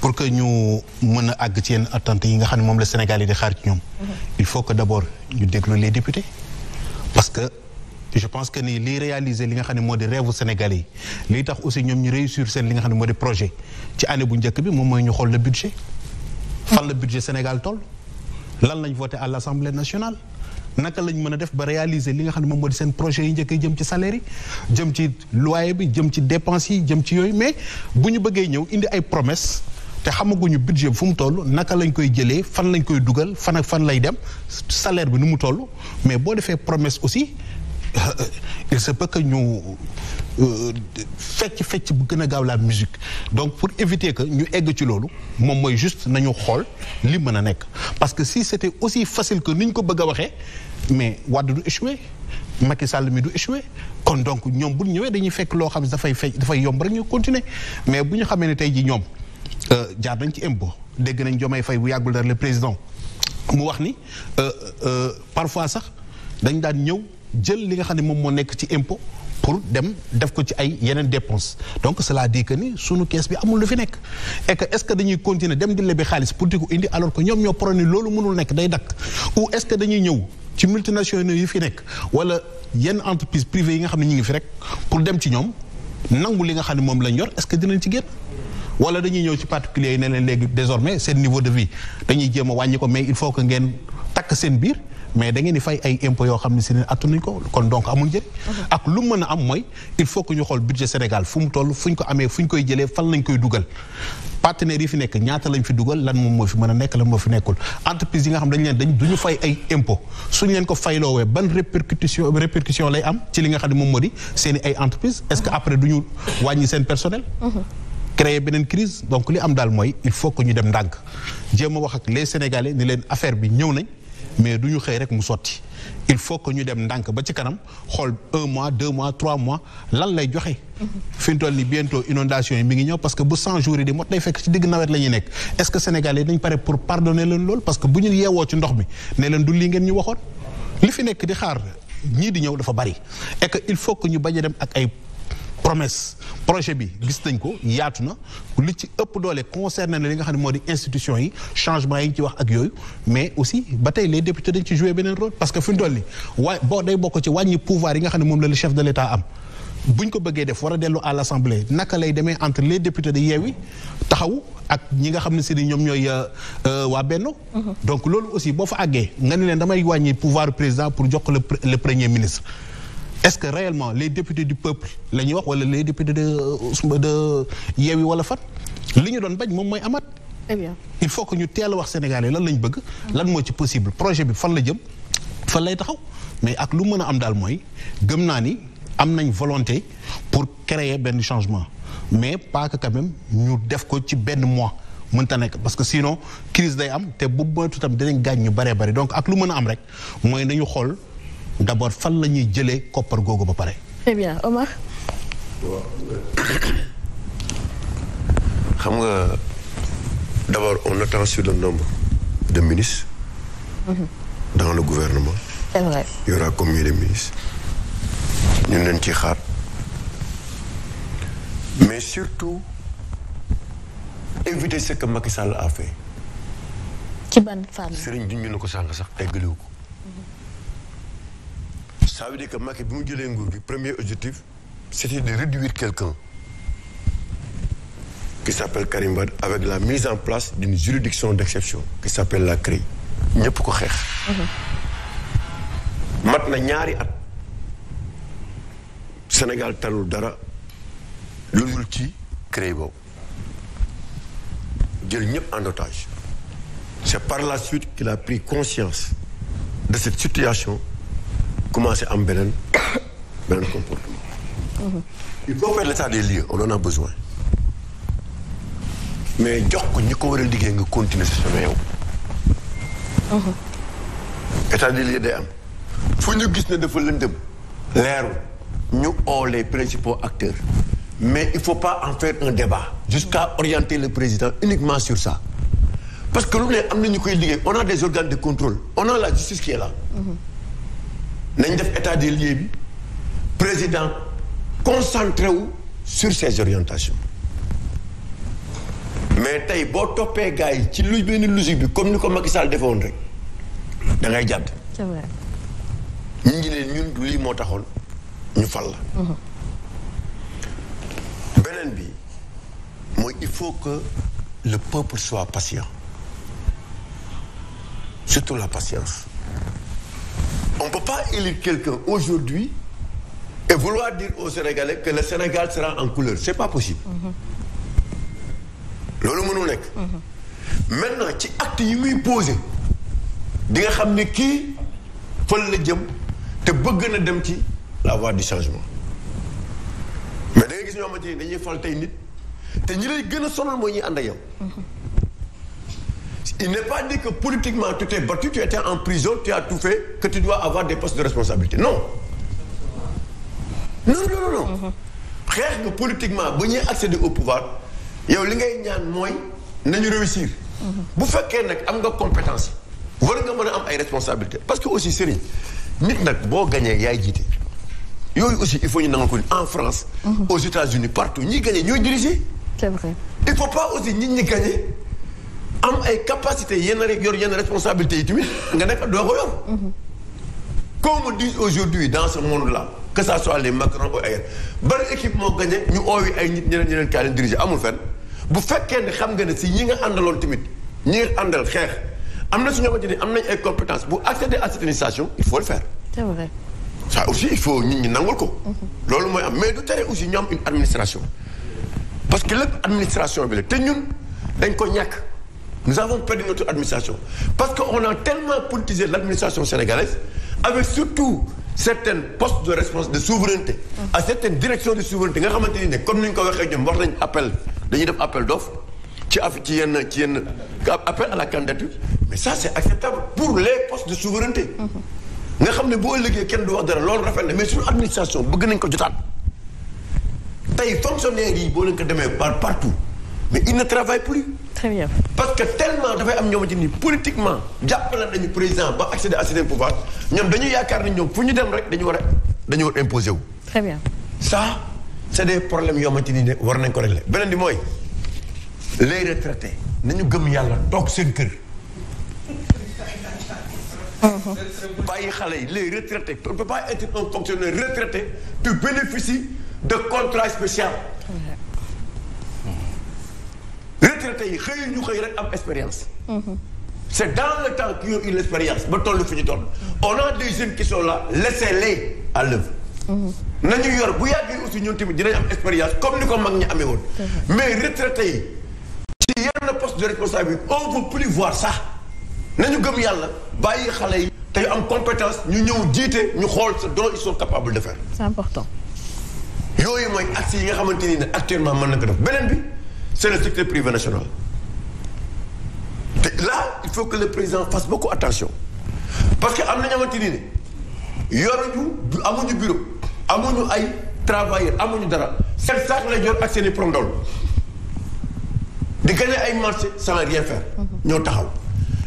pour que ñu mën a àgg ci yenn attentes yi nga xam ne moom la Sénégal yi di xaar ci ñoom. Mhm. il faut que d'abord ñu déglu les députés parce que. je pense que ni liy réaliser li nga xam ne moo di rêve sénégalais yi liy tax aussi ñoom ñu réussir seen li nga xam ne moo di projet ci année bu njëkk bi moom mooy ñu xool le budget fan la Sénégal toll lan lañ voté à l' assemblée nationale naka lañ mën a def ba réaliser li nga xam ne moom moo di seen projet yi njëkk yi jëm ci salaire yi jëm ci loyer bi jëm ci dépense yi jëm ci yooyu mais bu ñu bëggee ñëw indi ay promesse te xamaguñu budget bi fu mu toll naka lañ koy jëlee fan lañ koy dugal fan ak fan lay dem salaire bi nu mu toll mais boo defee promesse aussi il se peut que ñu euh, fecc fecc bu gën a gaaw la musique donc pour éviter que ñu egg ci loolu moom mooy juste nañu xool li mën a nekk parce que si c'était aussi facile que ni ñu ko bëgg a waxee mais Wade du échoué Macky Sall mi du échoué kon donc ñoom bu ñëwee dañuy fekk loo xam ne dafay fecc dafay yomb rek ñu continuer mais bu ñu xamee ne tey ji ñoom euh, jaar nañ ci impôt dégg nañ Diomaye fay bu yàggul dara le président mu wax ni euh, parfois sax dañ daan ñëw. jël li nga xam ne moom moo nekk ci impôt pour dem def ko ci ay yeneen dépense donc cela dit que ni sunu kees bi amul lu fi nekk et que est ce que dañuy continuer dem di lebi xaalis pour di ko indi alors que ñoom ñoo prôné loolu mënul nekk day dakk ou est ce que dañuy ñëw ci multinationaux yi fi nekk wala yenn entreprise privée yi nga xam ne ñu ngi fi rek pour dem ci ñoom nangu li nga xam ne moom lañ yor est ce que dinañ ci génn wala dañuy ñëw ci particulier yi ne leen léegi désormais seen niveau de vie dañuy jéem a wàññi il faut que ngeen takk seen biir mais dangeen ngeen di fay ay impôts yoo xam ne si ne attanuñ ko kon donc amul njëriñ. ak lu mën a am mooy il faut que ñu xool budget Sénégal fu mu toll fu ñu ko amee fu ñu koy jëlee fan lañ koy dugal. partenaire yi fi nekk ñaata lañ fi dugal lan moom moo fi mën a nekk lan moo fi nekkul entreprise yi nga xam dañ leen dañ du fay ay impôt suñ leen ko fayloowee ban répercussion répercussion lay am ci li nga xam ne moo di seen ay entreprise est-ce que après du ñu wàññi seen personnel mhm. créer beneen crise donc li am daal mooy il faut ko ñu dem ndànk jéem a wax ak les sénégalais ni leen affaire bi ñëw nañ mais du ñu xëy rek mu sotti il faut que ñu dem ndànk ba ci kanam xool un mois deux mois trois mois lan lay joxe. fi ñu toll nii bientôt inondation yi mi ngi ñëw parce que bu cent jours yi di mot day fekk ci digg nawet la ñuy nekk est ce que Sénégal yi dañ pare pour pardonner leen loolu parce que bu ñu yeewoo ci ndox mi ne leen du lii ngeen ñu waxoon li fi nekk di xaar ñii di ñëw dafa bari et que il faut que ñu bañ a dem ak ay. promesse projet bi gis nañ ko yaatu na li ci ëpp doole concerné na li nga xam ne moo di institution yi changement yi ñu ci wax ak yooyu mais aussi ba tey les députés dañ ci joué beneen rôle parce que fi mu toll nii waaye boo day bokk ci wàññi pouvoir yi nga xam ne moom la le chef de l'État am buñ ko bëggee def war a dellu à l'Assemblée naka lay demee entre les députés de Yewwi taxaw ak ñi nga xam ne si ni ñoom ñooy euh, euh, waa Benno mhm. donc loolu aussi boo fa àggee nga ne leen damay wàññi pouvoir président pour jox le le premier est-ce que réellement les députés du peuple lañuy wax wala les députés de euh, de Yewwi wala fan li ñu doon bañ moom mooy amaat. Eh il faut que ñu teel a wax Sénégalais lan lañ bëgg. lan moo ci possible projet bi fan la jëm fan lay taxaw mais ak lu mën a am daal mooy gëm naa ni am nañ volonté pour créer benn changement mais pas que quand ñu def ko ci benn mois. mënta nekk parce que sinon crise day am te bu moytu tam danañ gaañ ñu baree bari donc ak lu mën a am rek mooy nañu xool. d'abord fan la ñuy jëlee koppar googu ba pare. très bien Omar. xam nga d'abord on attend sur le nombre de ministres. Mhm. dans le gouvernement. c'est vrai. il ci xaar. mais surtout éviter ce que Macky Sall a fait. ci ban fànn. Serigne duñu na ko sànq sax teggaliwu ko. ça dire que Macky bi mu jëlee nguur gi premier objectif c'était de réduire quelqu'un qui s'appelle Karim Wade avec la mise en place d'une juridiction d'exception qui s'appelle la CREI ñëpp ko xeex mat na ñaari at Sénégal talul dara lu dul ci CREI boobu jël ñëpp en otage c'est par la suite qu'il a pris conscience de cette situation commencé am beneen beneen comportement. Mhm. il faut faire l'état des lieux on a besoin. mais jox ko ñi ko war a liggéey nga continuer si sama yow. Mhm. état des lieux day am foo ñu gis na dafa lëndëm leeru ñu oo les principaux acteurs mais il faut pas en faire un débat jusqu'à orienter le président uniquement sur ça parce que lu ne am na ñu koy liggéey on a des organes de contrôle on a la justice qui est nañ def état des lieux bi président concentré wu sur ses orientations mais tey boo toppee gars yi ci lu benn logique bi comme ni ko Macky Sall defewoon rek da ngay jàdd ñu ngi leen ñun lii moo taxoon ñu fal la mm-hmm. beneen bi mooy il faut que le peuple soit patient surtout la patience On ne peut pas élire quelqu'un aujourd'hui et vouloir dire aux Sénégalais que le Sénégal sera en couleur. C'est pas possible. loolu mënul nekk. maintenant ci acte yi muy posé di nga xam ni kii fël la jëm te bëgg na dem ci la voie du changement mais da nga gis ñoo xamante ni dañuy tey nit te ñi lay gën a sonal mooy ñuy ànd ak yow. il n'est pas dit que politiquement tu t'es battu tu étais en prison tu as tout fait que tu dois avoir des postes de responsabilité non non non non xeex nga politiquement ba ñuy accéder au pouvoir yow li ngay ñaan mooy nañu réussir bu fekkee nag am nga compétence war nga mën a am ay responsabilité parce que aussi Serigne nit nag boo gañee yaay jiite yooyu aussi il faut ñu nangal ko en France mhm. aux États-Unis partout ñi gañee ñooy diriger c'est vrai il faut pas aussi nit ñi gañee am ay capacité yenn rek yor yenn responsabilité yi tamit nga nekk doo ko yor qu'on me dise aujourd'hui dans ce monde là que les Macron ou ailleurs bari équipe moo gagné ñu oowi ay nit ñeneen ñeneen kaa leen diriger amul fenn bu fekkee ne xam nga ne si ñi nga àndaloon tamit ñi nga xeex am na su ñu xamante ni am nañ ay compétences bu accéder à cette initiation il faut le faire. c'est vrai. ça aussi il faut nit ñi nangul ko. loolu mooy am mais du tere aussi ñu am une administration parce que lépp administration bi la te ñun dañ ko ñàkk. Nous avons perdu notre administration. Parce qu'on a tellement politisé l'administration sénégalaise, avec surtout certains postes de responsabilité, de souveraineté, à certaines directions de souveraineté. nga xamante ni ne comme ni ko waxee ñoom war nañ appel dañuy def appel d'offre ci af ci ci yenn appel à la candidature mais ça c'est pour les postes nga xam ne boo ëllëgee kenn du wax dara loolu rafet na mais suñu administration bëgg nañ ko jotaat tey fonctionnaires yi boo leen ko demee par partout mais ils ne travaillent plus. très bien parce que tellement dafay am ñoom ci ni politiquement jàppale nañu président ba accéder à certains pouvoirs ñoom dañu yaakaar ni ñoom fu ñu dem rek dañu war a dañu war a wu. très bien ça c' est des problèmes yoo nii ni war nañ ko rek régler beneen bi mooy les retraités nañu gëm yàlla toog seen kër. Uh-huh. bàyyi xale yi les retraités on ne peut pas retraité tu bénéficies de contrat spécial. retraités yi xëy ñu xëy rek am expérience. c' est dans le temps qu' ils ont eu l' expérience ba toll fi ñu toll. on a des jeunes qui sont là laissez-les à l'œuvre. nañu yor bu yàggee aussi ñun tamit dinañ am expérience comme ni ko mag ñi amee woon. mais retraités yi ci yenn poste de responsabilité on ne peut plus voir ça. nañu gëm yàlla bàyyi xale yi. te ñu am compétence ñu ñëw jiite ñu xool sa dont ils sont capables de faire. c' est important. yooyu mooy actes yi nga xamante ni ne actuellement mën na ko def beneen bi. c'est le secteur privé national te là il faut que le président fasse beaucoup attention parce que am na ñamante nii ne yoruñu amuñu bureau amuñu ay travailleurs amuñu dara seen saak la yor ak seen i prondol di gagner ay marché sans rien faire mhm. ñoo taxaw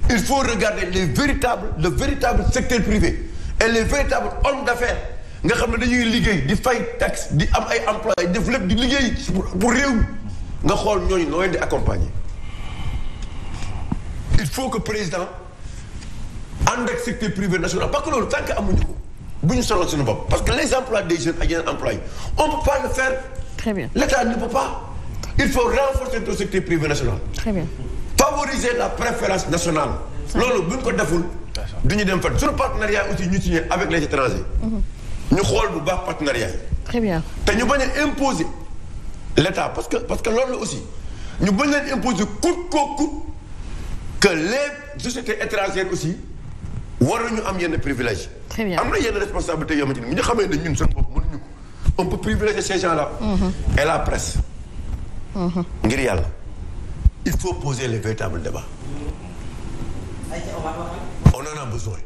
il faut regarder les véritables le véritable secteur privé et les véritables hommes d'affaires nga xam ne dañuy liggéey di fay taxe di am ay employés def lépp di liggéey bu réew nga xool ñooñu noo leen di accompagner il faut que président ànd ak secteur privé national parce que loolu tant que amuñu ko bu ñu solo suñu bopp parce que les emplois des jeunes ak yeneen emplois yi on peut pas le très bien l'État ne peut pas. il faut renforcer le secteur privé national. très bien favoriser la préférence nationale. loolu bu ñu ko deful. du ñu dem fan suñu partenariat aussi ñu signé avec les étrangers. Mhm. ñu xool bu baax partenariat yi. très bien te ñu bañ a imposer. l'État parce que parce que loolu aussi ñu bañ leen imposer coûte que coûte que les sociétés étrangères aussi waruñu am yenn privilège. très bien am na yenn responsabilité yoo xamante ni bu ñu xamee ne ñun seen bopp mënuñu ko on peut privilégier ces mm-hmm. et la presse. Mm-hmm. ngir yàlla il faut poser les véritables débats. on en a besoin.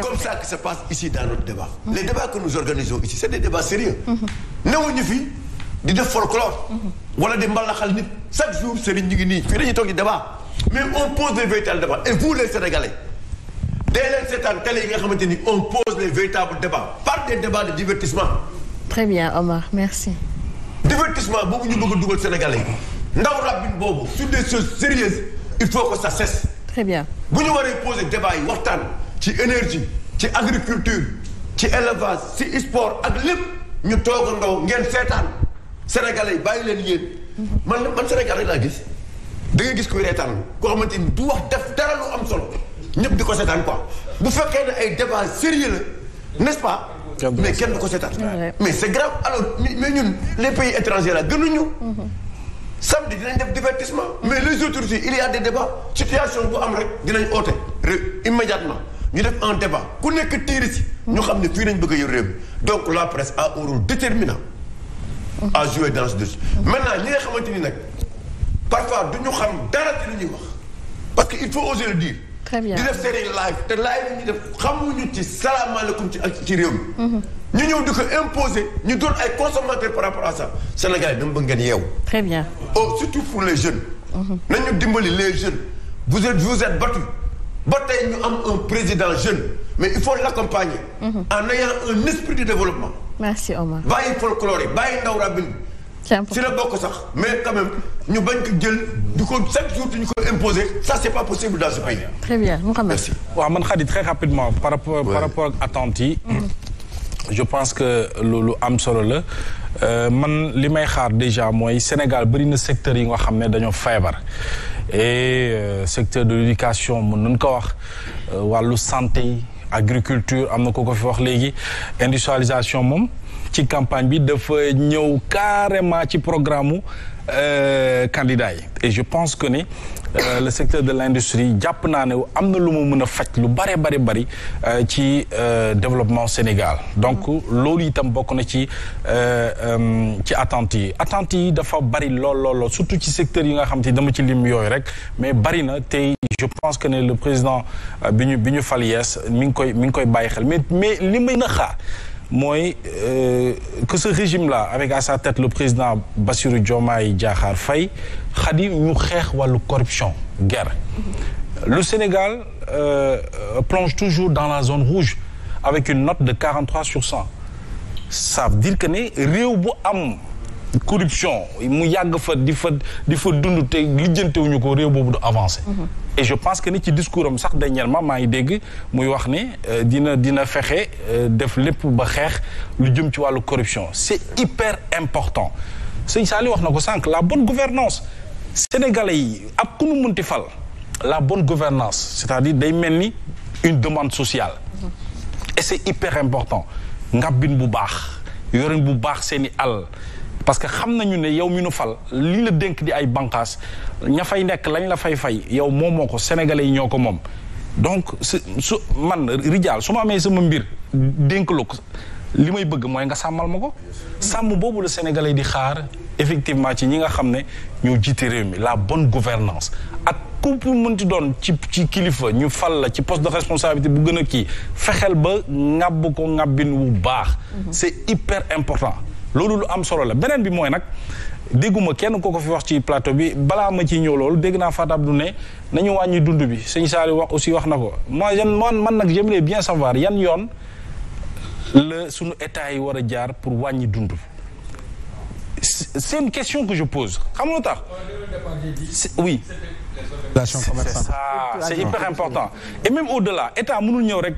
comme ça que ça passe ici dans notre débat. Mm -hmm. les débats que nous organisons ici c'est des sérieux. newuñu fi di def folklore. wala di mbalaxal nit chaque jour sëriñ ñu ngi nii fii dañuy toog di débat mais on pose les véritables débats et vous les Sénégalais. seetaan télé yi nga xamante ni on pose les véritables débats par des débats de divertissement. très bien Omar merci. divertissement boobu ñu bëgg a dugal Sénégalais yi ndaw rabine boobu sur des choses sérieuses il faut que ça bu ñu waree poser débat yi waxtaan. ci énergie ci agriculture ci élevage ci sport ak lépp ñu toog ndaw ngeen seetaan sénégalais yi bàyyi leen yéen. man man Sénégal rek laa gis da nga gis kuy reetaan koo xamante ni du wax def dara lu am solo ñëpp di ko seetaan quoi bu fekkee ne ay débat sérieux la n'est-ce pas. mais kenn du ko seetaan. mais c'est grave alors mais ñun les pays étrangers la gënuñu. samedi dinañ def divertissement mais les autorités il y a des débats situation bu am rek dinañ oote immédiatement. ñu def en débat ku nekk téere si ñu xam ne fii lañ bëgg a yor réew mi donc la presse à un rôle à jouer dans ce dossier maintenant ñi nga xamante ni nag parfois du ñu xam dara ci li wax parce que il faut oser le dire di def seen live te live yi ñuy def xamuñu ci salaamaaleykum ci ci réew mi mhm. ñu ñëw di ko imposé ñu doon ay consommateurs par rapport à ça Sénégalais dama bëgg ngeen yeewu très bien oh surtout pour les jeunes mhm. nañu dimbali les jeunes vous êtes vous ba tey ñu am un président jeune mais il faut l'accompagner mhm. en ayant un esprit de développement merci Omar bàyyi folklore bàyyi ndaw rabin si la bokk sax mais quand ñu bañ ko jël di ko chaque jour ñu ko imposer ça c'est pas possible dans ce pays très bien man Khady très rapidement par rapport par rapport ak attentes mhm. je pense que loolu am solo la euh, man li may xaar déjà mooy Sénégal bëri na secteurs yi nga xam ne dañoo feebar e secteur de l'éducation nu nañ ko wax euh, wàllu santé agriculture am na ko ko fi wax léegi industrialisation moom ci campagne bi dafa ñëw carrément ci programme mu euh, candidat yi et je pense que ni Euh, le secteur de l' industrie jàpp naa ne am na lu mu mën a faj lu bare bari bari euh, ci euh, développement Sénégal donc loolu itam bokk na ci ci attentes yi attentes yi dafa bari lool lool lool surtout ci secteur yi nga xam te dama ci lim yooyu rek mais bari na tey je pense que ne lu président bi ñu bi ñu fal yees mi ngi koy mi ngi koy bàyyi xel mais mais li may na xaar mooy euh, que ce régime là avec à sa tête le président Bassirou Diomaye Diakhar Faye xadi ñu xeex wàllu corruption guerre le Sénégal euh, plonge toujours dans la zone rouge avec une note de 43 sur 100 ça veut dire que ne réew bu am corruption mu yàgg fa di fa di fa dund te lijjantewuñu ko réew boobu du avancé mm-hmm. et je pense que nit ci discours am sax dernièrement maa ngi dégg muy wax ni euh, dina dina fexe euh, def lépp ba xeex lu jëm ci wàllu corruption c'est hyper important sëñ Saliou wax na ko sànq la bonne gouvernance sénégalais yi ak ku nu munti fal la bonne gouvernance c'est-à-dire day mel ni une demande sociale et c'est hyper important ngabbin bu baax yorin bu baax seeni àll parce que xam nañu ne yow mi nu fal lii la dénk di ay bànqaas ña fay nekk lañ la fay fay yow moom moo ko sénégalais yi ñoo ko moom donc su man rijaal su ma amee sama mbir dénk la ko li may bëgg mooy nga sàmmal ma ko sàmm boobu la sénégalais yi di xaar effectivement ci ñi nga xam ne ñoo jiite réew mi la bonne gouvernance ak ku mënti doon ci ci kilifa ñu fal la ci poste de responsabilité bu gën a kii fexeel ba ŋàbb ko ŋàbbin wu baax mhm. c'est hyper important loolu lu am solo la beneen bi mooy nag dégguma kenn ko ko fi wax ci plateau bi balaa ma ciy ñëw loolu dégg naa Fatou Abdou ne nañu wàññi dund bi sëñ Saliou wax aussi wax na ko moi je man man nag j'aimerais bien savoir yan yoon la suñu état yi war a jaar pour wàññi dund bi c'est une question que je pose xam tax oui c'est ça c'est hyper important et même au-delà état mënul ñëw rek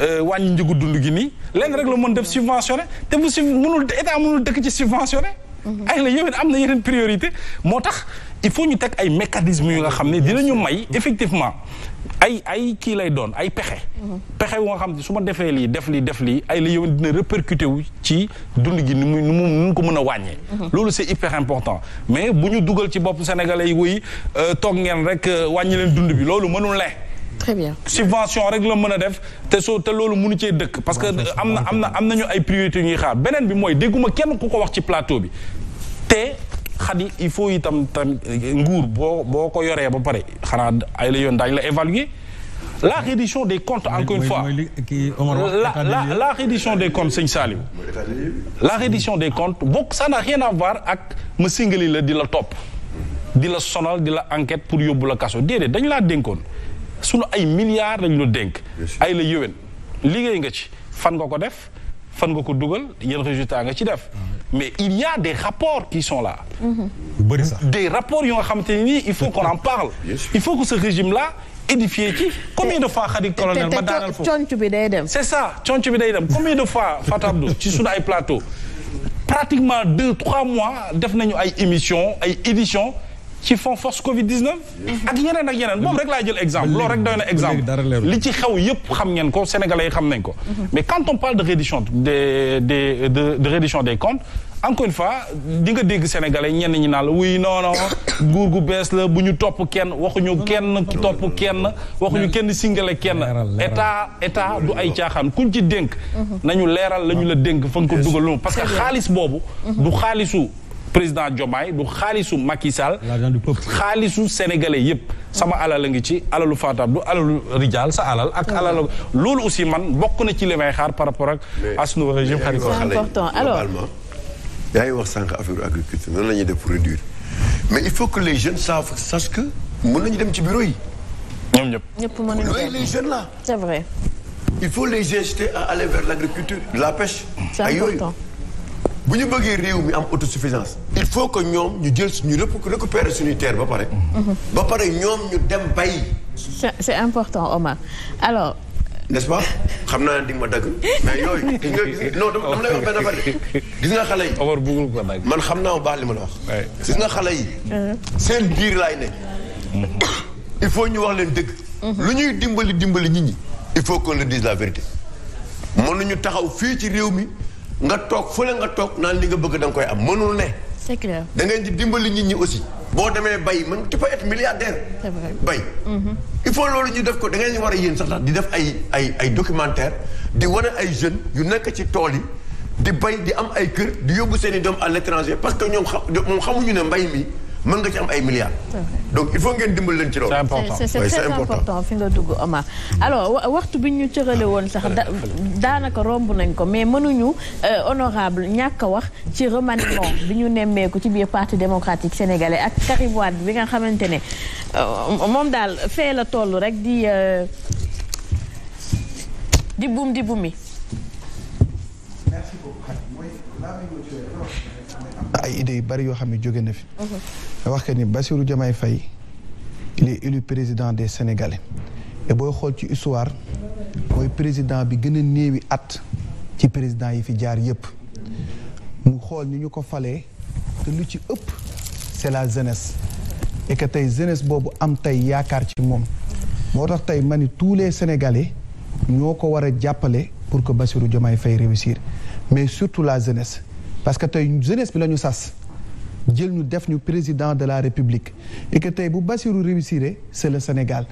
Euh, wàññi njëgu dund gi nii lenn rek la mën def subventionné te bu su mënul état mënul dëkk ci subventionné. Mhm. ay la yow it am na yeneen priorité moo tax il faut ñu teg ay mécanismes yu nga xam ne dinañu may effectivement ay ay kii lay doon ay pexe. Mhm. pexe yu nga xam su ma defee lii def lii def lii ay la yow dina répercuté wu ci dund gi ni muy ni mu ko mën a wàññee. Mhm. loolu c'est hyper important mais bu ñu dugal ci bopp sénégalais yi wuy euh, toog ngeen rek euh, wàññi leen dund bi loolu mënul ne. très subvention rek la mën a def te soo te loolu mënu cee dëkk parce que am na am na am nañu ay priorité ñuy xaar beneen bi mooy dégguma kenn ku ko wax ci plateau bi te xadi il faut itam tam nguur boo boo ko yoree ba pare xanaa ay la yoon daañu la évaluer la reddition des comptes encore une fois la la la reddition des comptes sëñ Saliou la reddition des comptes bokk ça n'a rien à ak ma singali la di la topp di la sonal di la enquête pour yóbbu la kaso déedéet dañu laa dénkoon sunu ay milliards lañ la dénk. ay la yéwén liggéey nga ci fan nga ko def fan nga ko dugal yan résultat nga ci def. mais il y a des rapports qui sont là. lu bëri sax des rapports yoo xamante ne nii il faut qu'on en parle. il faut que ce régime là. édifié ci combien de fois xarit colonel ma daanal foofu conc bi dem c'est ça conc bi day dem combien de fois Fatabdou ci sunu ay plateau pratiquement deux trois mois def nañu ay émission ay édition ci fond force Covid 19. ak yeneen ak yeneen boobu rek laay jël exemple. loolu rek doy na exemple li ci xew yëpp xam ngeen ko sénégalais yi xam nañ ko. Mhm. mais quand on parle de reddition des de de reddition des comptes. encore une fois di nga dégg sénégalais ñenn ñi naan la wuy non non nguur gu bees la bu ñu topp kenn waxuñu kenn topp kenn waxuñu kenn singale kenn état état du ay caaxaan kuñ ci dénk mhm. nañu leeral lañu la dénk fa nga ko dugal parce que xaalis boobu mhm. du xaalisu président Diomaye du xaalisu Macky Sall xaalisu sénégalais yëpp sama alal a ngi ci alalu Fatab du alalu Rijal sa alal ak alal loolu aussi man bokk na ci li may xaar par rapport ak asnu régime xarit important alors yaa ngi wax sànq affaire agriculture noonu la ñuy def pour réduire mais il faut que les jeunes savent sachent que mën nañu dem ci bureau yi ñoom ñëpp ñëpp mën nañu dem les jeunes là c'est vrai il faut les inciter à aller vers l'agriculture la pêche ay yooyu bu ñu bëggee réew mi am auto suffisance il faut que ñoom ñu jël suñu récupérer suñuy terre ba pare mm-hmm. ba pare ñoom ñu dem bay c'est important Omar alors n'est-ce xam naa ne di nga ma dagg mais yooyu non dama xale yi Omar bëggul man xam naa bu baax li ma la wax gis nga xale yi mm-hmm. seen biir lay ne mm-hmm. il faut ñu wax leen dëgg lu ñuy dimbali dimbali nit ñi il faut qu'on le dise la vérité mënuñu taxaw fii ci réew mi nga toog fële nga toog naan li nga bëgg da koy am mënul ne. c'est clair di dimbali nit ñi aussi. boo demee bay man tu peux être milliardaire. c'est bay. Mhm. il faut loolu ñu def ko da ngeen war a yéen sax di def ay ay ay documentaire di wane ay jeunes yu nekk ci tool yi di bay di am ay kër di yóbbu seeni i doom à l'étranger parce que ñoom xam moom xamuñu ne mbay mi. mën nga ci am ay milliards. donc il faut ngeen dimbal leen ci loolu. très important fi nga dugg Omar. alors waxtu bi ñu cërale woon sax daanaka romb nañ ko mais mënuñu euh, honorable ñàkk wax ci remaniement bi ñu nemmeeku ci biir parti démocratique sénégalais ak Karim Wade bi nga xamante ne euh, moom daal fee la toll rek di euh, di buum di buumi. ay idées yu bari yoo xam ne jóge na fi. Mhm. nga wax que ni Bassirou Diomaye Faye il est élu président des Sénégalais. te booy xool ci histoire mooy président bi gën a néewi at ci président yi fi jaar yépp mu xool ni ñu ko falee te lu ci ëpp c'est la jeunesse et tey jeunesse boobu am tey yaakaar ci moom moo tax tey ma ni tous les Sénégalais ñoo ko war a jàppale pour que Bassirou Diomaye Faye réussir mais surtout la jeunesse parce que tey jeunes bi la ñu sas jël ñu def ñu président de la république et que tey bu Bassirou réussiré c'est Sénégal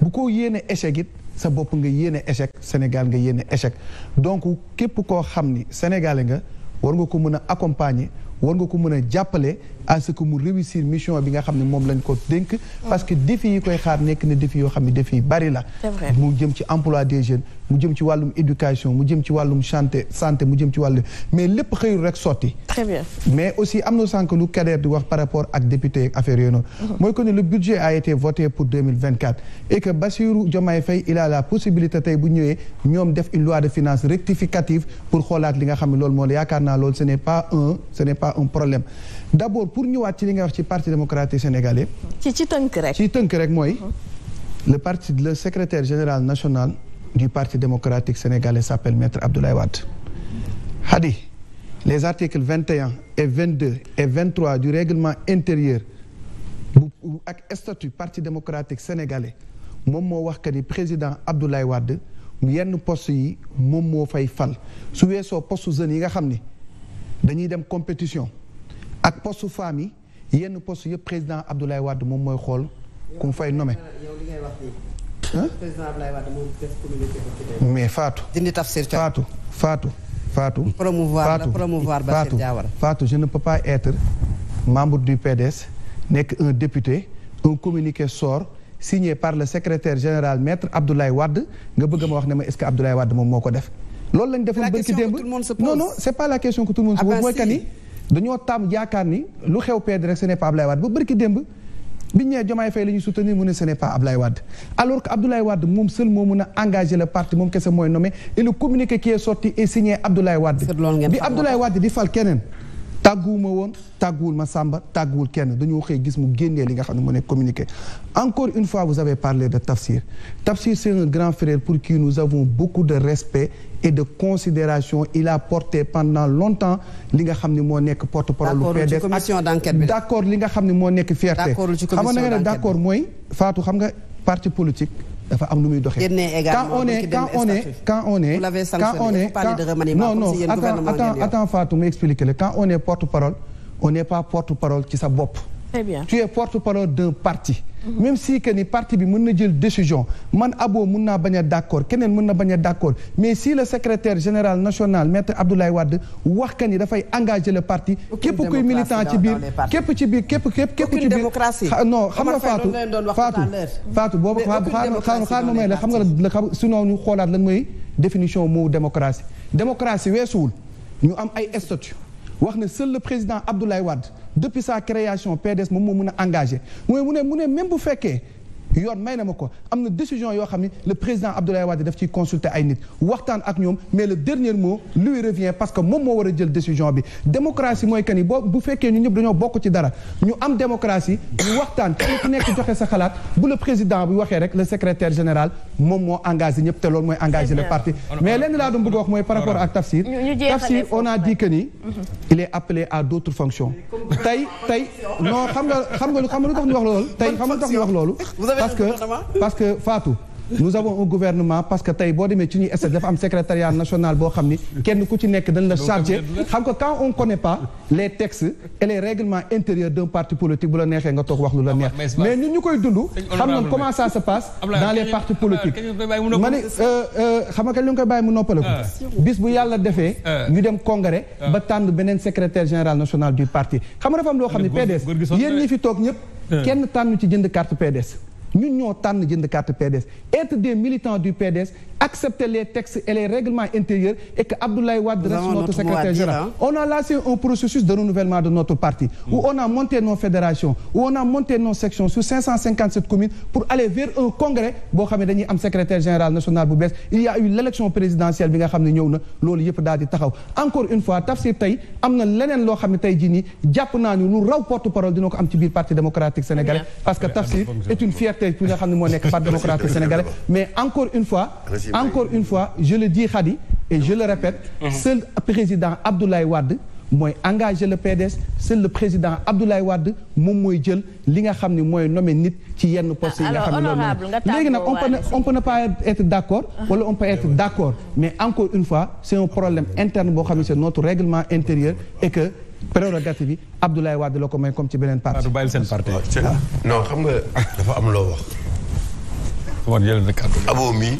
bu ko yéene échec it sa bopp nga yéene échec Sénégal nga yéene échec donc képp koo xam ni sénégalais nga war nga ko mën a accompagner war nga ko mën a jàppale à que mu réussir mission bi nga xam ne moom lañ ko dénk. parce que défi yi koy xaar nekk na défi yoo xam ne défi yu bari la. mu jëm ci emploi des jeunes. mu jëm ci wàllum éducation mu jëm ci wàllum santé santé mu jëm ci wàllu mais lépp xëyul rek sotti. très bien mais aussi am na sànq lu Kader di wax par rapport ak député ak affaire yooyu noonu. Mhm. mooy que ne le budget a été voté pour deux mille vingt quatre. et que la possibilité tey bu ñëwee ñoom def une loi de finances rectificative pour xoolaat li nga xam ne loolu moo la yaakaar naa loolu ce n' pas un ce n' pas un problème d' pour ñëwaat ci li nga wax ci parti démocratique sénégalais. ci ci tënk rek. ci tënk rek mooy. Mhm. le parti le secrétaire général national. du Parti démocratique sénégalais s'appelle Maître Abdoulaye Wade. Hadi, les articles 21 et 22 et 23 du règlement intérieur bu ak statut Parti démocratique sénégalais moom moo wax que ni président Abdoulaye wadd yenn post yi moom moo fay fal su weesoo poste jeunes yi nga xam ni dañuy dem compétition ak poste femmes yenn post yëpp président Abdoulaye wadd moom mooy xool ku fay nommé. président mais faatu dindi tafsir Fatou Fatou Fatou. promouvoir la promouvoir Bachir Diawara Fatou je ne peux pas être membre du PDS nekk un député un communiqué sort signé par le secrétaire général maître Abdoulaye Wade nga bëgg ma wax ne ma est-ce que moom moo ko def. loolu lañ defoon bërki démb non non c'est pas la question que tout le monde se ah mooy kan ni dañoo taam yaakaar ni lu xew PD rek ce n'est pas Abdoulaye Wade ba bërki démb. biñ ñëwee Diomaye Faye la ñuy soutenir mu ne ce n'est pas Abdoulaye Wade alors que Abdoulaye Wade moom seul moo mun a engagé le parti moom kese mooy nommé et le communiqué qui est sorti est signé Abdoulaye Wade bi Abdoulaye Wade di fal keneen tàgguwuma woon tàgguwul ma sàmba tàgguwul kenn dañoo xëy gis mu génnee li nga xam ne moo ne communiqué encore une fois vous avez parlé de Tafsir Tafsir c'est un grand frère pour qui nous avons beaucoup de respect et de considération il a porté pendant longtemps li nga xam ne moo nekk porte-parole lu PDS d'accord li nga xam ne moo nekk fierté xam nga nga mooy Fatou xam nga parti politique dafa am lu muy doxee. quand on est quand on est quand on est. quand on est quand on est porte-parole on n'est pas porte-parole ci sa bopp. très bien tu es porte-parole d'un parti. Mm-hmm. même si que ni parti bi mën na jël décision man abo mën naa bañ a d' accord keneen mën na bañ a d' accord mais si le secretaire général national maître Abdoulaye Wade wax que ni dafay engager le parti. képp kuy militant ci biir képp ci biir képp képp képp ci biir. non xam nga Fatou Fatou Fatou boobu xaar xaar ma may la xam nga xam sinon ñu xoolaat lan mooy définition mot démocratie démocratie weesuwul ñu am ay statut wax ne seul le président Abdoulaye Wade depuis sa création PDS moom moo mën a engagé mooy mu ne mu même bu fekkee yoon may na ma ko am na décision yoo xam ni le président Abdoulaye Wade daf ciy consulter ay nit waxtaan ak ñoom mais le dernier mot lui revient parce que moom moo war a jël décision bi démocratie mooy que ni boo bu fekkee ñu ñëpp dañoo bokk ci dara ñu am démocratie ñu waxtaan kenn nekk joxe sa xalaat bu le président bi waxee rek le secrétaire général moom moo engagé ñëpp te loolu mooy engagé le parti mais lenn laa doon bëgg wax mooy par rapport ak Tafsir Tafsir on a dit que mm-hmm. à d'autres xam nga xam nga xam nga lu tax ñu tey xam nga lu tax ñu parce que parce que Fatou nous avons un gouvernement parce que tey boo demee ci ñuy st dafa am secrétariat national boo xam ni kenn ku ci nekk dañ la chargé xam nga quand on connaît pas les textes et les règlements intérieurs d'un parti politique bu la neexee nga toog wax lu la neex mais ñun ñu koy dund xam nañ comment ça se passe dans les partis politiques ma ni euh, euh, xam nga kañ la ñu bàyyi mu noppale ko ah. bis bu yàlla defee ah. ñu dem congrès ah. ba tànn beneen secrétaire général national du xam nga dafa loo xam ne PDS yéen ñi fi toog ñëpp kenn tànn ci jënd carte PDS ñun ñoo tànn jënd carte PDS être des militants du PDS accepter les textes et les règlements intérieurs et que Abdoulaye Wade reste notre secrétaire général. On a lancé un processus de renouvellement de notre parti mm. on a monté nos fédérations, où on a monté nos sections sur 557 communes pour aller vers un congrès boo xam ne dañuy am secrétaire général national bu bees il y a eu l'élection présidentielle bi nga xam ne ñëw na loolu yëpp daal taxaw encore une fois Tafsir tey am na leneen loo xam ne encore une fois je le dis Khady et je le répète mhm. seul président Abdoulaye Wade mooy engagé le PDS seul le président Abdoulaye Wade moom mooy jël li nga xam ni mooy nommé nit ci yenn postes yi nga xam ne loolu léegi nag on peut on peut ne pas être d' accord ah. wala mais encore une fois c' interne boo xam ne c' est notre règlement intérieur et que prérogative bi Abdoulaye Wade la ko may comme ci beneen parti bàyyil seen parti ah, non xam nga dafa am loo wax war aboo mii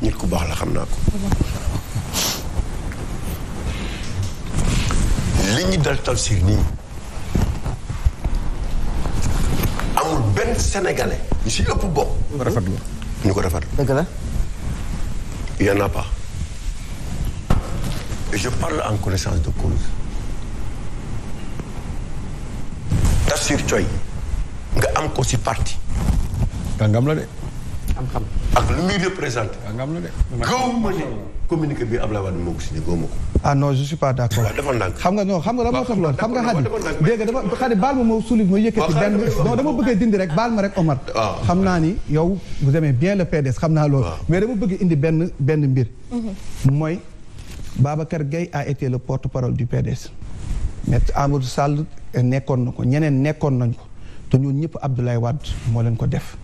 nit ku baax la xam naa ko. li ñu dal Tafsir nii amul benn sénégalais ñu si ëpp bopp. rafetlu ñu ko rafetlu. dëgg la. il y en a je parle en connaissance de cause. Tafsir Coy nga am ko si parti. kàngam la de. am xam ak lu muy am lu de. gaw ma communiqué bi Ablaye Wade moo ko signé gaw ma ko. ah non je suis pas d' xam nga non xam nga lan moo tax xam nga xadi dégg nga dafa xadi baal ma ma suuli ma yëkkati benn. non dama bëggee dindi rek baal ma rek Omar. Ah. xam naa ni yow bu demee bien le PDS xam naa loolu. Ah. mais dama bëgg indi benn benn mbir. Mhm. mooy Babacar gay a été le porte-parole du PDS. maître Amadou Sall nekkoon na ko ñeneen nekkoon nañ ko te ñun ñëpp Abdoulaye Wade moo leen ko def.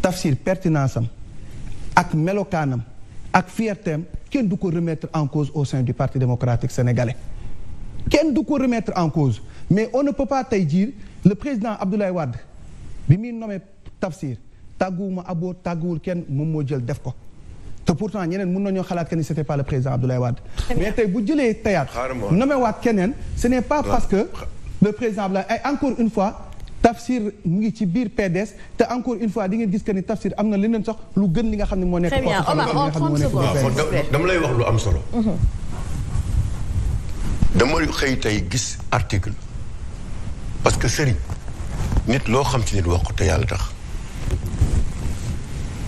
tafsir pertinence am ak melokaanam ak fiertéem kenn du ko remettre en cause au sein du parti démocratique sénégalais kenn du ko remettre en cause mais on ne peut pas tey jii le président Abdoulaye Wade bi muy nommé tafsir tàgguwuma aboo tàgguwul kenn moom moo jël def ko te pourtant ñeneen mën nañoo xalaat que ni c'était pas le président Abdoulaye Wade mais tey bu jëlee tayaat nommé waat keneen ce n'est pas parce que le président Abdoulaye ay encore une fois Tafsir mu ngi ci biir PDS te encore une fois di ngeen gis que ni Tafsir am na leneen sax lu gën li nga xam ne moo nekk. dama lay wax lu am solo. Mhm. dama xëy tey gis article parce que sëriñ nit loo xam ci nit wax ko te yàlla tax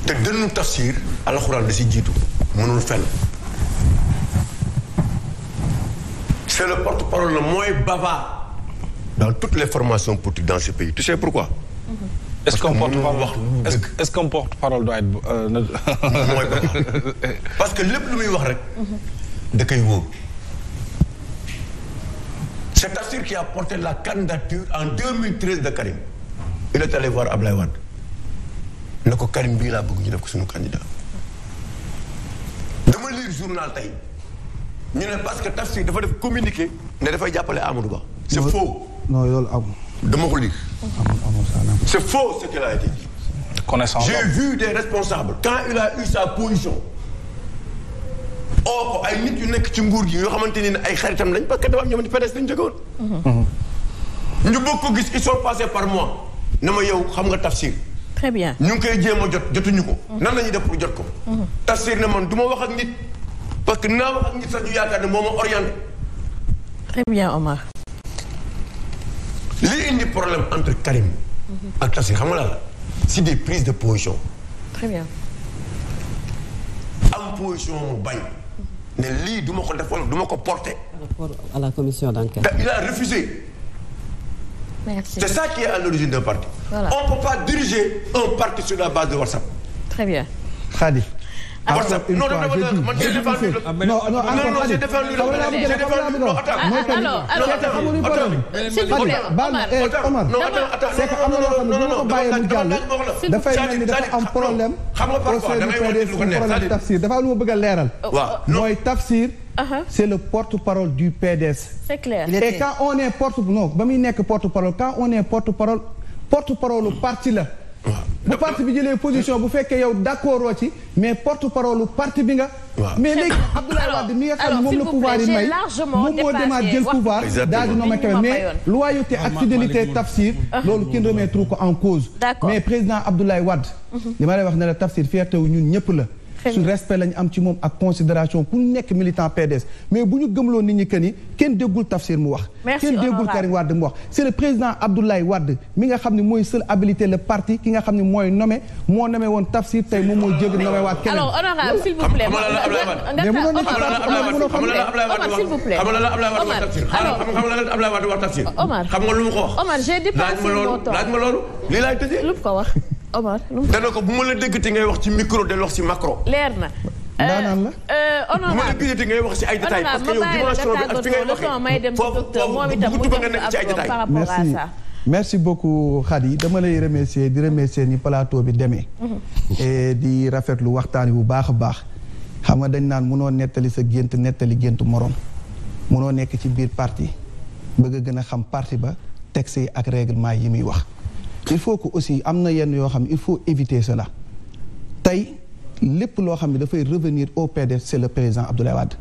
te dënnu Tafsir alxuraan da si jiitu mënul fenn. c'est porte-parole le moins bavard. dans toutes les formations politiques dans ce pays tu sais pourquoi. est-ce qu'on porte-parole est-ce qu'on euh, parce que lépp lu muy wax rek. da koy wóor. c'est-à-dire qu'il a porté la candidature en de Karim. il est allé voir Ablaye Wade. ne ko Karim bii laa bëgg ñu def ko suñu candidat. dama lire journal tey ñu ne parce que Tafsir dafa def communiqué. ne dafay jàppale Amadou Ba. c'est faux. non loolu dama ko lire. amul amul amul. c'est faux ce a été dit. connaissance j'ai vu des responsables. quand il a eu sa position. Oh, nit yu nekk ci nguur gi yoo xamante ne ay xaritam lañ parce que ñoom PDS dañ jóge woon. Mhm. ñu bëgg gis ils sont passés par moi. na yow xam nga tafsir. très bien ñu ngi koy jéem a jot jotuñu ko. Mhm. nan la ñuy def pour jot ko. Mhm. tafsir ne man du ma wax ak nit. parce que naa wax ak nit moo ma orienté. très bien Omar. li indi problème entre Karim. ak Tafsir xam nga la c'est des prises de position. très bien. am position mu bañ. ne lii du ma ko def wala du ma ko porte par rapport à la commission d'enquête. il a refusé. merci c'est ça qui est à l'origine d'un parti. voilà on peut pas diriger un parti sur la base de WhatsApp. très bien. alors non non man j'ai défendu le. non non non j'ai défendu le. non attends non non c'est le porte-parole du PDS. c'est clair et quand on est porte non ba muy nekk porte-parole quand on est porte-parole porte-parole parti la. bu parti bi jëlee position bu fekkee yow d'accord ci mais porte parole parti bi nga. mais léegi Abdoulaye Wade mi nga xam moom la pouvoir yi may moom moo demaat jël pouvoir daal di nommé Kébé mais loyauté ak fidélité Tafsir loolu kenn remettre en cause mais président Abdoulaye Wade mhm. li ma lay wax ne la Tafsir fierté wu ñun ñëpp la su respect lañ am ci moom ak considération ku nekk militant PDS mais bu ñu gëmloo nit ñi que ni kenn déggul Tafsir mu wax kenn déggul Karim Wade mu wax c'est le président Abdoulaye Wade mi nga xam ne mooy seul habilité le parti ki nga xam ne mooy nommé moo nommé woon Tafsir tey moom moo jégg nommé waat keneen alors honorable s'il vous nga la Abdoulaye Wade wax xam nga la Abdoulaye Wade wax xam nga lu mu ko wax Omar j'ai dépassé mon temps laaj ma loolu lii laay tëjee lu ko wax Omar. dana ko bu ma la dëggati ngay wax ci micro del wax ci macro. leer na. daanaan euh, euh, la. honorable ma la gisati ngay wax ci ay détails parce que yow dimension bi ak fi ngay waxee foofu foofu merci merci beaucoup Khady dama lay remercier di remercier ni palaato bi demee. Mhm. di rafet lu waxtaan bu baax a baax. xam nga dañ naan mënoo nettali sa gént nettali gént morom. mënoo nekk ci biir parti bëgg a gën a xam parti ba texte yi ak règlement yi muy wax. il faut que aussi am na yenn yoo xam ne il faut éviter cela tey lépp loo xam ne dafay revenir au PDS c'est le président Abdoulaye Wade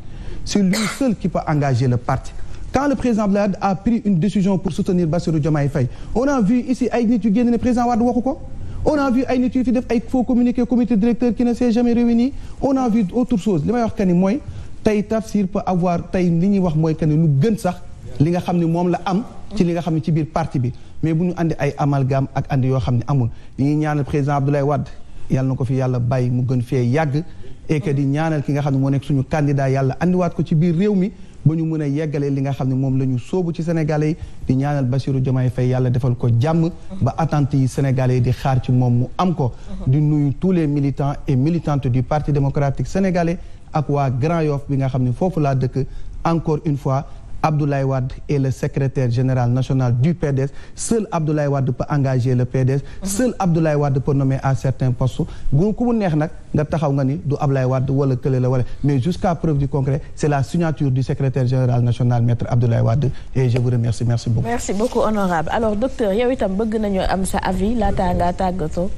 c'est lui seul qui peut engager le parti quand le président Abdoulaye a pris une décision pour soutenir Bassirou Diomaye Faye on a vu ici ay nit yu génn ne président Wade waxu ko on a ay nit yu fi def ay faux communiqué comité directeur qui ne s'est jamais réuni on a vu autre chose li may wax que ni mooy tey Tafsir avoir tey li ñuy wax mooy que ni lu gën sax li nga xam ne moom la am ci li nga xam ne ci biir parti bi mais bu ñu andi ay amalgame ak andi yoo xam ne amul dañuy ñaanal président Abdoulaye Wade yàlla na ko fi yàlla bàyyi mu gën fee yàgg et que di ñaanal ki nga xam ne moo nekk suñu candidat yàlla andiwaat ko ci biir réew mi ba ñu mën a yeggalee li nga xam ne moom la ñu sóobu ci sénégalais yi di ñaanal Bassirou Diomaye Faye yàlla defal ko jàmm ba attentes yi sénégalais yi di xaar ci moom mu am ko di nuyu tous les militants et militantes du parti démocratique sénégalais ak waa Grand Yoff bi nga xam ne foofu laa dëkk encore une fois Abdoulaye Wade est le secrétaire général national du PDS. Seul Abdoulaye Wade peut engager le PDS. Seul Abdoulaye Wade peut nommer à certains postes. gu ku mu neex nag nga taxaw nga ni du Abdoulaye Wade wala kële la wala mais jusqu'à preuve du concret c'est la signature du secrétaire général national maître Abdoulaye Wade et je vous remercie merci beaucoup. honorable alors docteur yow itam bëgg nañu am sa avis laata nga tàggatoo.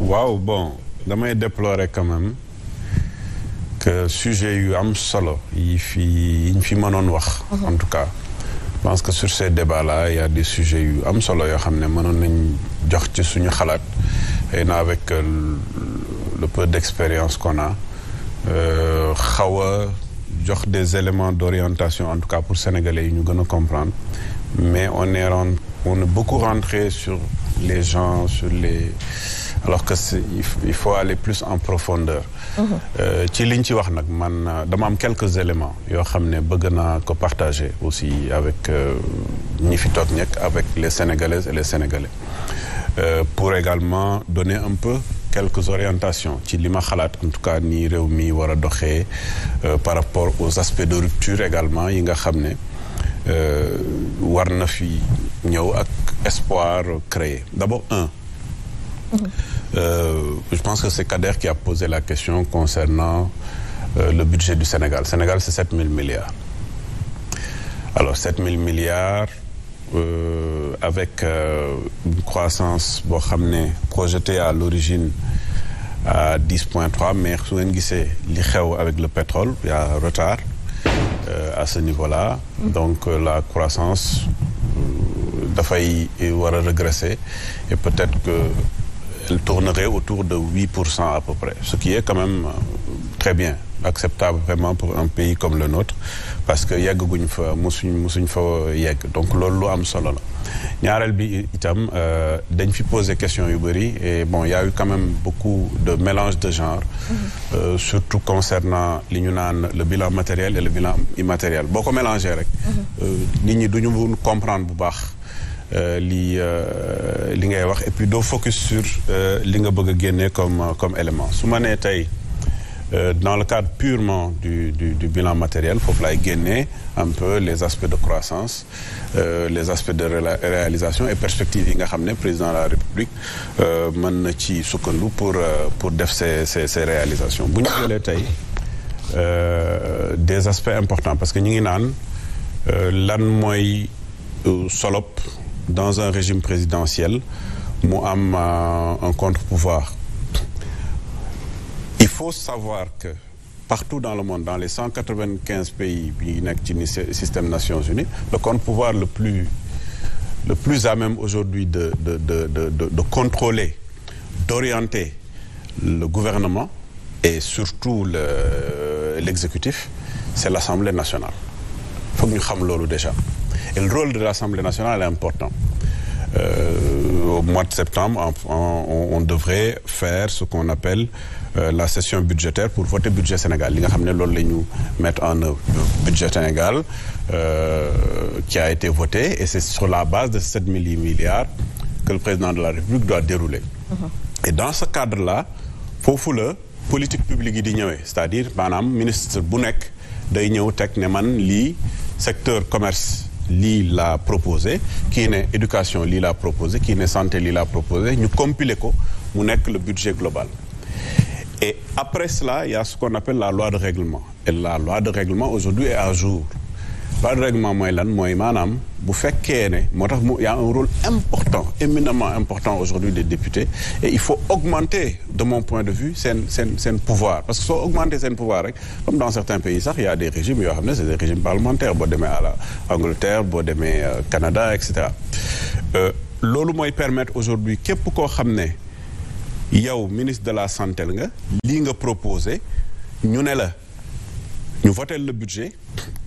waaw bon damay déplorer quand même. que euh, sujet yu am solo yi fi yi ñu fi mënoon wax. Mhm. en tout cas parce que sur ces débats là il y a yu am solo yoo xam ne mënoon nañ jox ci suñu xalaat xëy na avec euh, le peu d'expérience qu'on a euh, xaw a jox des éléments d'orientation en tout cas pour sénégalais yi ñu gën a comprendre mais on est on est beaucoup rentré sur les gens sur les. alors que il faut aller plus en profondeur mhm. euh, ci liñ ci wax nag man euh, dama am quelques éléments yoo xam ne bëgg naa ko partager aussi avec euh, ñi fi toog ñekk avec les sénégalaises et les sénégalais euh, pour également donner un peu quelques orientations ci li ma xalaat en tout cas ni réew mi war a doxee par rapport aux aspects de rupture également yi nga xam ne war na fi ñëw ak espoir créé d'abord un Euh, je pense que c'est Kader qui a posé la question concernant euh, le budget du Sénégal. Sénégal, c'est 7 000 milliards. Alors, 7 000 milliards euh, avec euh, une croissance boo xam ne projetée à l'origine à 10.3 mais su ngeen gisee li xew avec le pétrole il y a retard euh, à ce niveau-là. Donc, la croissance dafay war a et peut-être que. elle tournerait autour de 8% à peu près, ce qui est quand même euh, très bien, acceptable vraiment pour un pays comme le nôtre, parce que yàggaguñ fa musuñ musuñ fa euh, yegg donc loolu lu am solo la ñaareel bi itam euh, dañ fi poser question yu bëri e bon y a eu beaucoup de mélange de genre mm-hmm. euh, surtout concernant li ñu naan le bilan matériel et le bilan immatériel boo ko mélangé rek mm-hmm. nit ñi duñu comprendre bu baax Euh, li euh, li ngay wax et puis doo focus sur euh, li nga bëgg génne comme comme élément su ma nee tey dans le cadre purement du du du bilan matériel foofu laay génne un peu les aspects de croissance les aspects de réalisation et perspectives yi nga xam ne président de la République mën na ci sukkandu pour pour def ces ces bu ñu jëlee tey des aspects importants parce que ñu ngi naan lan mooy solop dans un régime présidentiel mu am euh, un contre-pouvoir il faut savoir que partout dans le monde dans les cent quatre-vingt-quinze pays yi nekk ci système Nations Unies le contre-pouvoir le plus le plus à même aujourd'hui de de de de de de contrôler d'orienter le gouvernement et surtout le l'exécutif c'est l'Assemblée nationale foog ñu xam loolu déjà Et le rôle de l'Assemblée nationale est important. Euh, au mois de septembre, on, devrait faire ce qu'on appelle euh, la session budgétaire pour voter budget Sénégal. Li nga xam ne loolu la ñu mettre en œuvre budget Sénégal euh, qui a été voté et c'est sur la base de 7 000 milliards que le président de la République doit dérouler. Uh Et dans ce cadre-là foofu la politique publique yi di ñëwee c'est-à-dire maanaam ministre bu nekk day ñëw teg ne man lii secteur commerce lii la proposé kii ne éducation lii la proposé kii ne santé lii la proposé ñu compiler ko mu nekk le budget global et après cela il y a ce qu'on appelle la loi de règlement et la loi de règlement aujourd'hui est à jour pas de règlement mooy lan mooy maanaam bu fekkee ne moo tax mu y a un rôle important éminemment important aujourd'hui des députés et il faut augmenter de mon point de vue seen seen seen pouvoir parce que soo augmenter seen pouvoir rek comme dans certains pays sax y a des yoo xam ne c'est des régimes parlementaires boo demee à la Angleterre boo demee euh, Canada et cetera euh, loolu mooy permettre aujourd'hui képp koo xam ne yow ministre de la santé nga lii nga proposé ñu ne la ñu voté le budget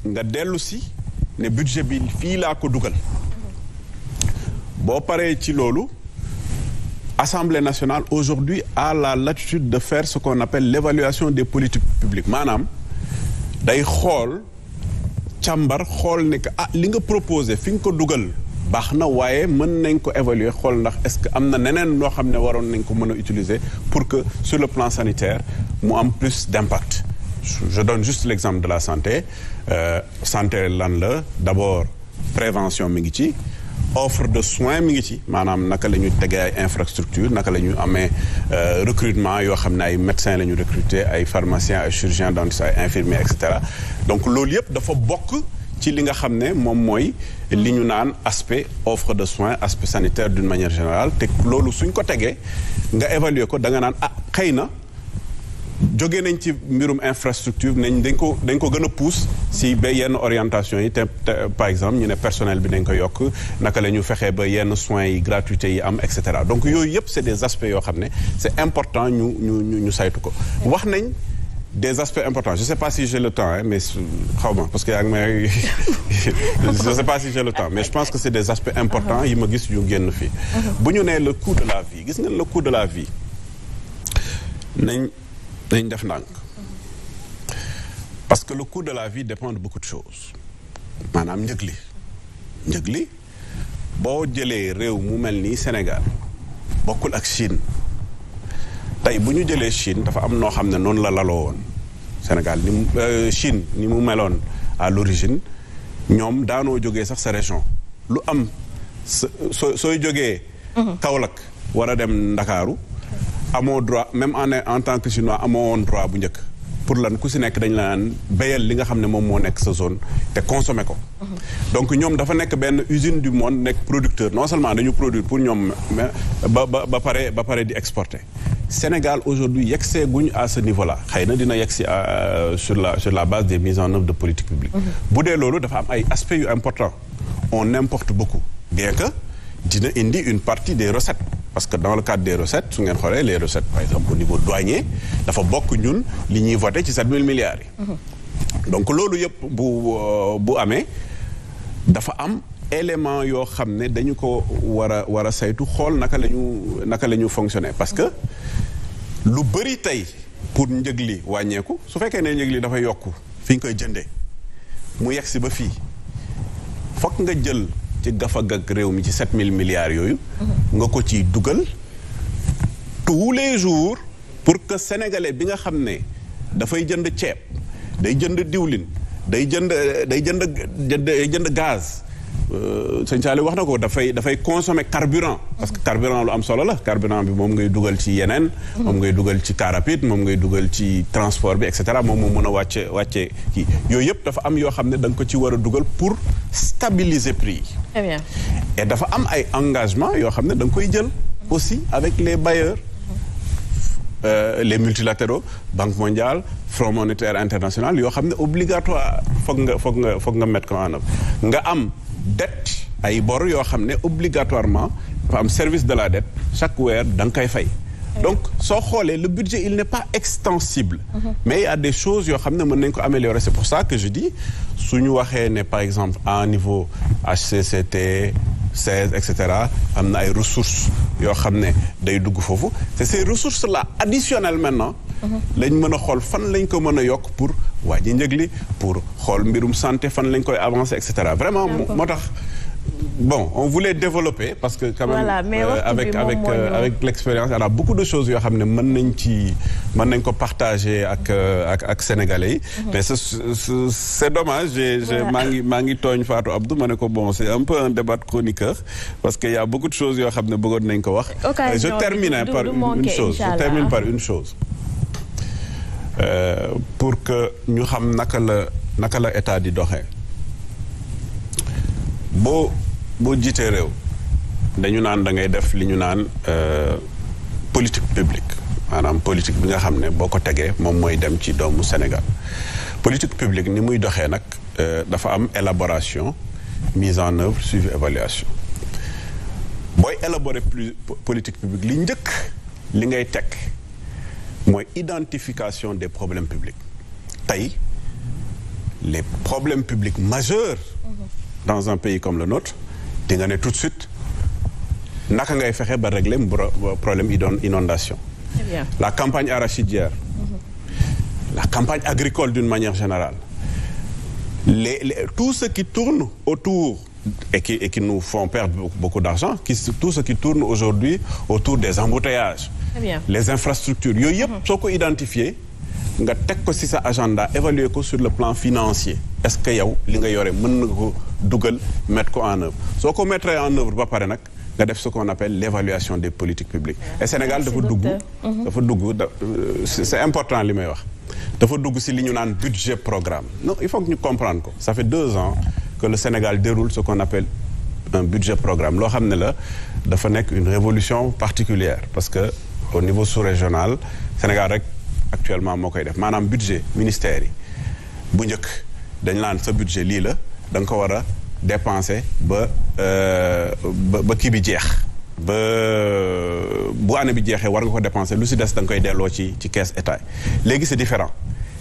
nga dellu si ne budget bi fii laa ko dugal boo paree ci loolu Assemblée nationale aujourd'hui à la latitude de faire ce qu'on appelle l'évaluation des politiques publiques maanaam day xool càmbar xool ne que ah li nga proposé fi nga ko dugal baax na waaye mën nañ ko évaluer xool ndax est-ce que am na neneen loo xam ne waroon nañ ko mën a utiliser pour que sur le plan sanitaire mu am plus d'impact je donne juste l'exemple de la santé euh, santé lan la d'abord prévention mi ngi ci offre de soins mi ngi ci maanaam naka la ñu tegee ay infrastructure naka la ñu amee euh, recrutement yoo xam ne ay médecins la ñu recruter ay pharmaciens ay chirurgiens dentistes ay infirmiers et cetera donc loolu yëpp dafa bokk ci li nga xam ne moom mooy li ñu naan aspect offre de soins aspect sanitaire d'une manière générale te loolu suñ ko tegee nga évaluer ko da nga naan ah xëy na jóge nañ ci mbirum infrastructure nañ dañ ko dañ ko gën a pousse si ba yenn orientation yi te par exemple ñu ne personnel bi dañ ko yokk naka la ñu fexee ba yenn soins yi gratuité yi am et cetera donc yooyu yëpp c' est des aspects yoo xam ne c' est important ñu ñu ñu saytu ko wax nañ des aspects importants je sais pas si le temps hein, mais xaw ma parce que yaa ngi may je le temps mais je pense que c' est des aspects importants yi ma gis yu génn fii uh-huh. bu ñu nee le coût de la vie gis ngeen le coût de la vie dañ def ndànk parce que le coût de la vie dépend de beaucoup de choses maanaam njëg li njëg li boo jëlee réew mu mel nii Sénégal bokkul ak Chine tey bu ñu jëlee Chine dafa am noo xam ne noonu la laloo woon Sénégal ni mu euh, Chine ni mu meloon à l'origine ñoom daanoo jógee sax sa région lu am soo sooy jógee mhm. Kaolack war a dem Ndakaaru amoo droit même en en tant que chinois amoo woon droit bu njëkk pour lan ku si nekk dañ la naan li nga xam ne moom moo nekk sa zone te consommer ko. donc ñoom dafa nekk benn usine du monde nekk producteur non seulement dañu produit pour ñoom ba ba ba pare ba pare di exporter. Sénégal aujourd'hui yegsee guñ à ce niveau là xëy na dina yegsi euh, sur la sur la base des mises en œuvre de politique publique. Mhm. bu dee loolu dafa am ay aspects yu important on importe beaucoup bien dina indi une partie des recettes parce que dans le cadre des recettes su ngeen xoolee les recettes par exemple au niveau douanier dafa bokk ñun li ñuy voté ci set milliards yi mhm. donc loolu yëpp bu euh, bu amee dafa am élément yoo xam ne dañu ko war a war a saytu xool naka la ñu naka la ñu fonctionner parce que lu bëri tey pour njëg li wàññeeku su fekkee ne njëg li dafa yokk fi ñu koy jëndee mu yegg si ba fii fokk nga jël ci gafag ak réew mi ci sept mille milliards yooyu nga ko ci dugal tous les jours pour que sénégalais bi nga xam ne dafay jënd ceeb day jënd diwlin day jënd day jënd day jënd gaz Euh, sëñ Saliou wax na ko dafay dafay consommer carburant parce que carburant lu am solo la carburant bi moom ngay dugal ci yeneen moom ngay dugal ci car moom ngay dugal ci transport bi et cetera moom moo mën a wàcce wàcce ki yooyu yëpp dafa am yoo xam ne danga ko ci war a dugal pour stabiliser prix dafa am ay engagement yoo xam ne da nga koy jël aussi avec les bailleurs Euh, les multilatéraux Banque mondiale Fonds monétaire international yoo xam ne obligatoire foog nga foog nga foog nga mettre ko en nga am dette ay bor yoo xam ne obligatoirement dafa am service de la dette chaque weer da nga koy fay donc soo xoolee le budget il n'est pas extensible mm-hmm. mais il y a des choses yoo xam ne mën nañ ko améliorer c'est pour ça que je dis suñu waxee ne par exemple à un niveau HCCT 16 et cetera am na ay ressources yoo xam ne day dugg foofu te ces ressources la additionnelles maintenant mm-hmm. lañ mën a xool fan lañ ko mën a yokk pour waa ñi njëg li pour xool mbirum santé fan lañ koy avancer et cetera vraiment moo tax bon on voulait développer parce que quand même euh, avec avec euh, l'expérience alors beaucoup de choses yoo xam ne mën nañ ci mën nañ ko partager ak euh, ak ak sénégalais yi mhm. mais c'est c'est dommage maa ngi maa ngi tooñ Fatou Abdou ma ne ko bon c'est un peu un débat de chroniqueur parce que y a beaucoup de choses yoo xam ne bëggoon nañ ko wax je termine par une chose je termine par une chose pour que ñu xam naka la naka la état di doxe boo boo jiitee réew dañu naan da ngay def li ñu naan euh, politique publique maanaam politique bi nga xam ne boo ko tegee moom mooy dem ci doomu Sénégal politique publique ni muy doxee nag euh, dafa am élaboration mise en œuvre suivi évaluation booy élaborer politique publique li njëkk li ngay teg mooy identification des problèmes publics tey le problèmes publics majeurs mhm. dans un pays comme le nôtre di ne tout de suite naka ngay fexe ba régler problème inondation la campagne arachidière mm-hmm. la campagne agricole d'une manière générale les, les, tout ce qui tourne autour et qui, et qui nous font perdre beaucoup d'argent tout ce qui tourne aujourd'hui autour des embouteillages les infrastructures yooyu yëpp mm-hmm. soo ko identifié nga teg ko si sa agenda évaluer ko sur le plan financier est-ce que yow li nga yore mën na ko duggal mettre ko en œuvre soo ko mettre en œuvre ba pare nag nga def ce qu'on appelle l'évaluation des politiques publiques et Sénégal dafa dugg mm-hmm. dafa dugg euh, c'est important li may wax dafa dugg si li ñu naan budget programme non il faut ñu comprendre ko ça fait deux ans que le Sénégal déroule ce kon appelle un budget programme loo xam ne la dafa nekk une révolution particulière parce que au niveau sous-régional Sénégal rek actuellement moo koy def maanaam budget ministère yi bu njëkk dañ laan sa budget lii la danga ko war a dépenser euh, ba ba kii bi jeex ba bu année bi jeexee war nga ko dépenser lu si des da nga koy delloo ci ci caisse état léegi c'est différent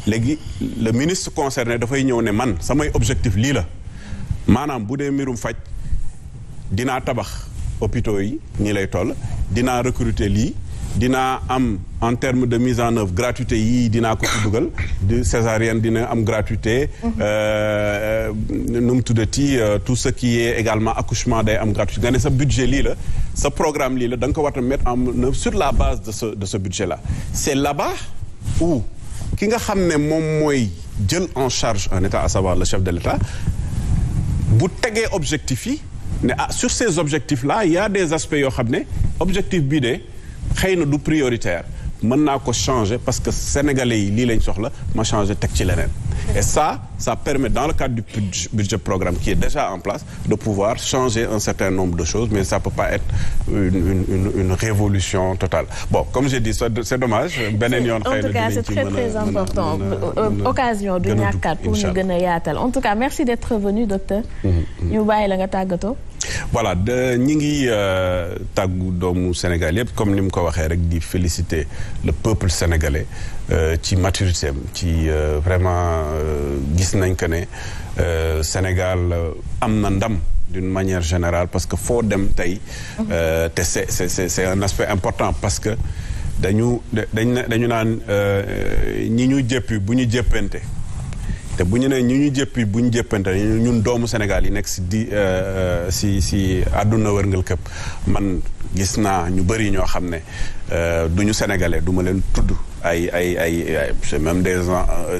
léegi le ministre concerné dafay ñëw ne man samay objectif lii la maanaam bu dee mbirum faj dinaa tabax hôpitaux yi nii lay toll dinaa recruter lii dina am en terme de mise en œuvre gratuité yii dinaa ko ci dugal du césarienne dina am gratuité euh, euh, nu mu tuddati euh, tout ce qui est également accouchement day am gratuité nga ne sa budget lii la sa programme lii la da nga ko war a mettre en œuvre sur la base de ce de ce budget là c'est là-bas où ki nga xam ne moom mooy jël en charge un état à savoir le chef de l'état bu tegee objectif yi ne ah sur ces objectif la il y des aspects yoo xam ne objectif bii de xëy na du prioritaire mën naa ko changer parce que sénégalais yi lii lañ soxla ma changer teg ci leneen et ça ça permet dans le cadre du budget programme qui est déjà en place de pouvoir changer un certain nombre de choses mais ça peut pas être une une une, une révolution totale bon comme j'ai dit c'est dommage beneen yoon xëy c'est très très important euh, occasion du ñàkkaat pour ñu gën a yaatal en tout cas merci d'être venu docteur ñu mm-hmm. bàyyi la nga tàggatoo voilà de ñi ngi euh, tàggu doomu Sénégal yëpp comme ni mu ko waxee rek di féliciter le peuple sénégalais euh, ci maturité am ci euh, vraiment gis nañ que ne Sénégal am na ndam d'une manière générale parce que foo dem tey mhm. te c'est c'est c'est un aspect important parce que dañu dañ dañu naan ñi ñu jëppi bu ñu jëppante te bu ñu nee ñu ñu jëppi bu ñu jëppante ñun doomu Sénégal yi nekk si di euh, euh, si si àdduna wërngal këpp man gis naa ñu bëri ñoo xam ne euh, du ñu sénégalais duma leen tudd ay ay ay c'est même des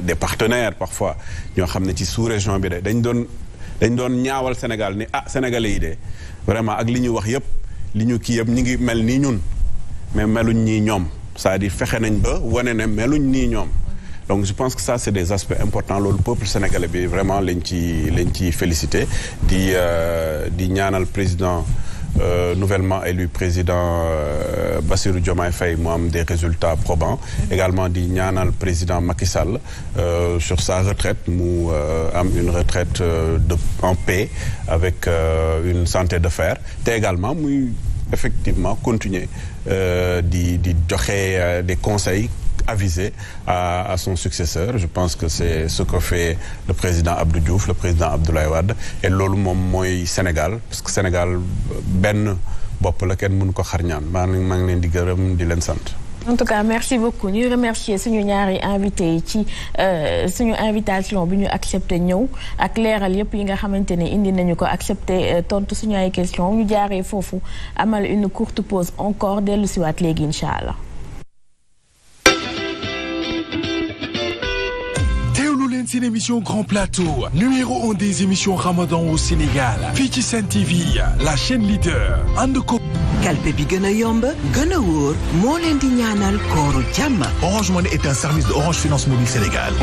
des partenaires parfois ñoo xam ne ci sous-région bi de dañ doon dañ doon ñaawal Sénégal ni ah sénégalais yi de vraiment ak li ñu wax yëpp li ñu kii yëpp ñu ngi mel nii ñun mais meluñ nii ñoom cest à fexe nañ ba wane ne meluñ nii ñoom donc je pense que ça c'est des aspects importants loolu peuple sénégalais bi vraiment lañ ci lañ ci félicité di euh, di ñaanal président Euh, nouvellement élu président euh, Bassirou Diomaye Faye mu am des résultats probants également di ñaanal président Macky Sall euh, sur sa retraite mu euh, am une retraite euh, de paix avec une santé de faire te également muy effectivement continuer di di joxe des conseils aviser à, à son successeur je pense que c'est ce que fait le président Abdou Diouf le président Abdoulaye Wade et loolu moom mooy Sénégal parce que Sénégal benn bopp la kenn mënu ko xarñaan maa ngi maa ngi leen di gërëm di leen sant en tout cas merci beaucoup ñuy remercier suñu ñaari invité yi ci euh, suñu invitation bi ñu accepté ñëw ak leeral yëpp yi nga xamante ne indi nañu ko accepté euh, tontu suñu ay question ñu jaaree foofu amal une courte pose encore dellu siwaat léegi incha allah seen émission Grand des émissions Ramadan au Sénégal fii ci Sen TV la chaîne leader ànd ko kalpe bi gën a yomb gën a leen di ñaanal kooru jàmm Orange Money est un service de Finance Mobile Sénégal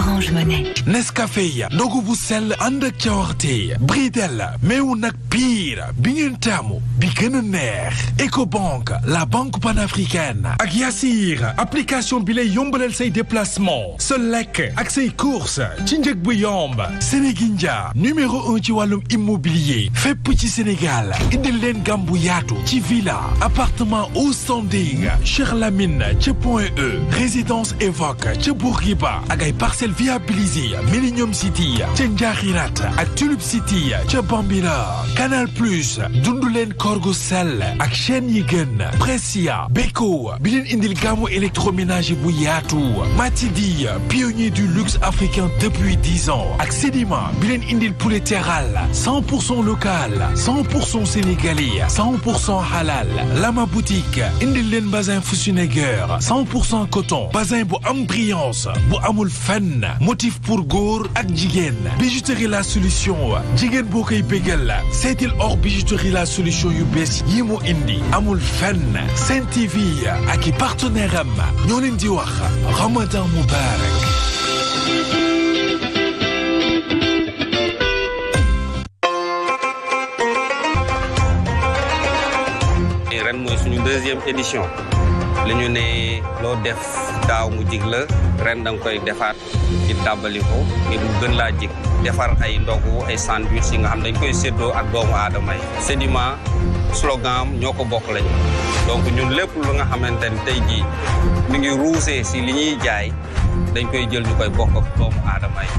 Orange Money. Nescafé ndogu bu sell ànd ak cawarte bridel meew nag pire bi ngeen taamu bi gën a neex Ecobank la banque panafricaine ak Yassir application bi lay yombalal say déplacement sa lekk ak say course ci njëg bu yomb Sénégindia numéro ci wàllum ci Sénégal indil ci villa E résidence Évoque ca Bourguiba hôtel Via Blisi Millennium City ca Njaaxirat ak Tulip City ca Bambila Canal Plus dundu leen korgu sell ak chaîne yi gën Beko bi leen indil gamme électroménager bu yaatu Matidi pionnier du luxe africain depuis dix ans ak Sedima bi leen indil poulet terral cent pour cent local cent pour cent sénégalais cent pour cent halal Lama boutique indil leen bazin Fusuneger cent pour cent coton basin bu am brillance bu amul fenn benn motif pour góor ak jigéen bijouterie la solution wa jigéen boo koy bégal la seetil or bijouterie la solution yu bees yi mu indi amul fen Sen TV ak i partenaire am ñoo leen di wax Ramadan mu ren mooy suñu deuxième édition li ñu ne loo def daaw mu jig la ren danga koy defaat ci tàbbali ko ngir gën laa jig defar ay ndogu ay sandwich yi nga xam dañ koy séddoo ak doomu aadama yi Sedima ñoo ko bokk lañu donc ñun lépp lu nga xamante ni tey jii mi ngi ruusee si li ñuy jaay dañ koy jël ñu koy bokk ak doomu aadama yi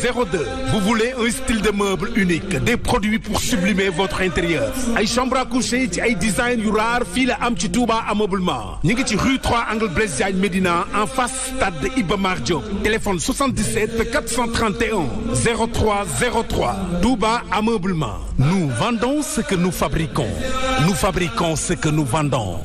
02. Vous voulez un style de meuble unique, des produits pour ay chambre à yu raar fii la am ci Touba ameublement. ñu ngi ci rue 3 angle Blaise Diagne Médina en face stade Iba Mar Diop. téléphone 77 431 03 03. Touba ameublement. Nous vendons ce que nous fabriquons. Nous fabriquons ce que nous vendons.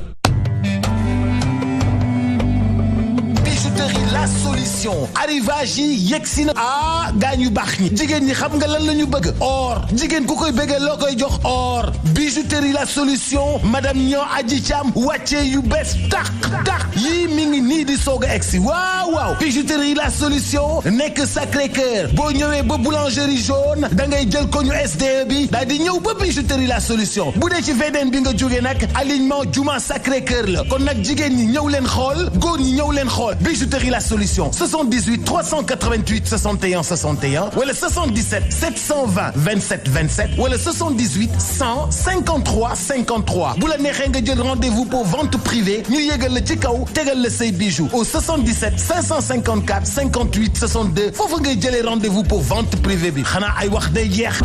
attention arrivage yi yegg si na ah gaañ yu baax ñi jigéen ñi xam nga lan la ñu bëgg or jigéen ku koy bëggee loo koy jox or bijouterie la solution madame ñoo aji caam wàccee yu bees tax tax yii mi ngi nii di soog a egg si waaw waaw bijouterie la solution nekk sacré cœur boo ñëwee ba boulangerie jaune da ngay jël ko ñu SDE bi daal di ñëw ba bijouterie la solution bu dee ci VDN bi nga jógee nag alignement juma sacré cœur la kon nag jigéen ñi ñëw leen xool góor ñi ñëw leen xool bijouterie la solution 78 388 61 61 wala 77 720 27 27 wala 78 100 53 53 bu la neexee nga jël rendez-vous pour vente privée ñu yëgal ci kaw tegal la say bijoux au 77 554 58 62 foofu ngay jëlee rendez-vous pour vente bi xanaa ay wax day jeex.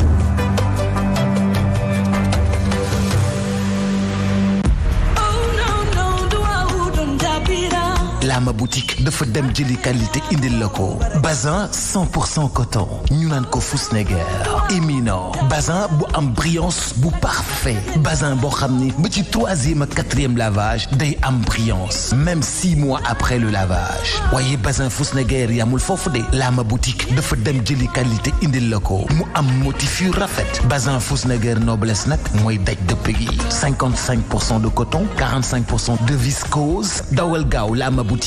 ama boutique dafa dem jëli la ko bazin 100 pour cent coton ñu naan ko Fusneger éminent bazin bu am brillance bu parfait bazin boo xam ni ba ci troisième ak quatrième lavage day am brillance même six mois après le lavage waaye bazin Fusneger yamul foofu de lama boutique dafa dem jëli qualité indi la ko mu am motif yu rafet bazin Fusneger noblesse nag mooy daj dëpp gi 55 de coton de viscose dawal gaaw laama boutique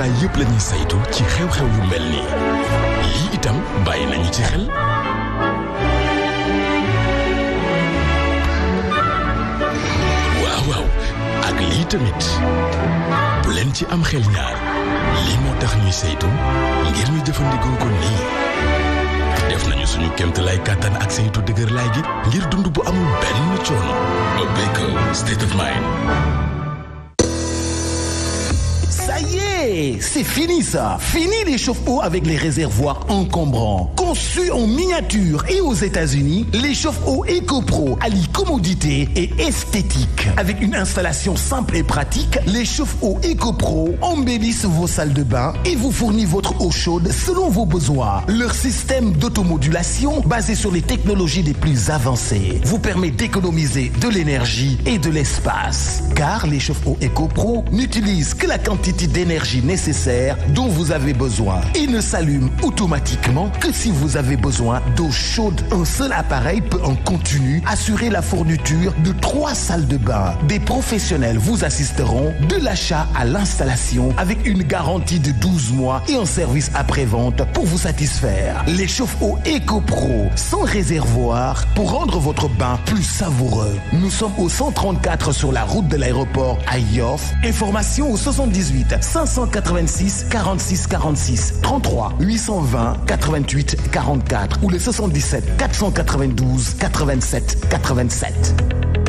jumtukaay yëpp la ñuy ci xew yu mel bàyyi nañu ci xel waaw waaw ak lii tamit bu leen ci am xel ñaar lii moo tax ñuy saytu ngir ñu jëfandikoo ko nii def nañu suñu kéemtalaay kàttan ak saytu dëgër laay gi ngir dund bu amul benn coono ba béykat state of mind Hey, c'est fini ça. Fini les chauffe-eau avec les réservoirs encombrants. Conçus en miniature et aux États-Unis, les chauffe-eau EcoPro allient commodité et esthétique. Avec une installation simple et pratique, les chauffe-eau EcoPro embellissent vos salles de bain et vous fournissent votre eau chaude selon vos besoins. Leur système d'automodulation basé sur les technologies les plus avancées vous permet d'économiser de l'énergie et de l'espace. Car les chauffe-eau l'énergie nécessaire dont vous avez besoin. Il ne s'allume automatiquement que si vous avez besoin d'eau chaude. Un seul de trois salles vous assisteront de l'achat à l'installation avec une garantie de 12 mois et un service après-vente pour vous satisfaire. Les chauffe-eau pour rendre votre bain plus savoureux. Nous sommes au 134 sur la route de l'aéroport 886 46 46 33 820 88 44 ou le 77 492 87 87.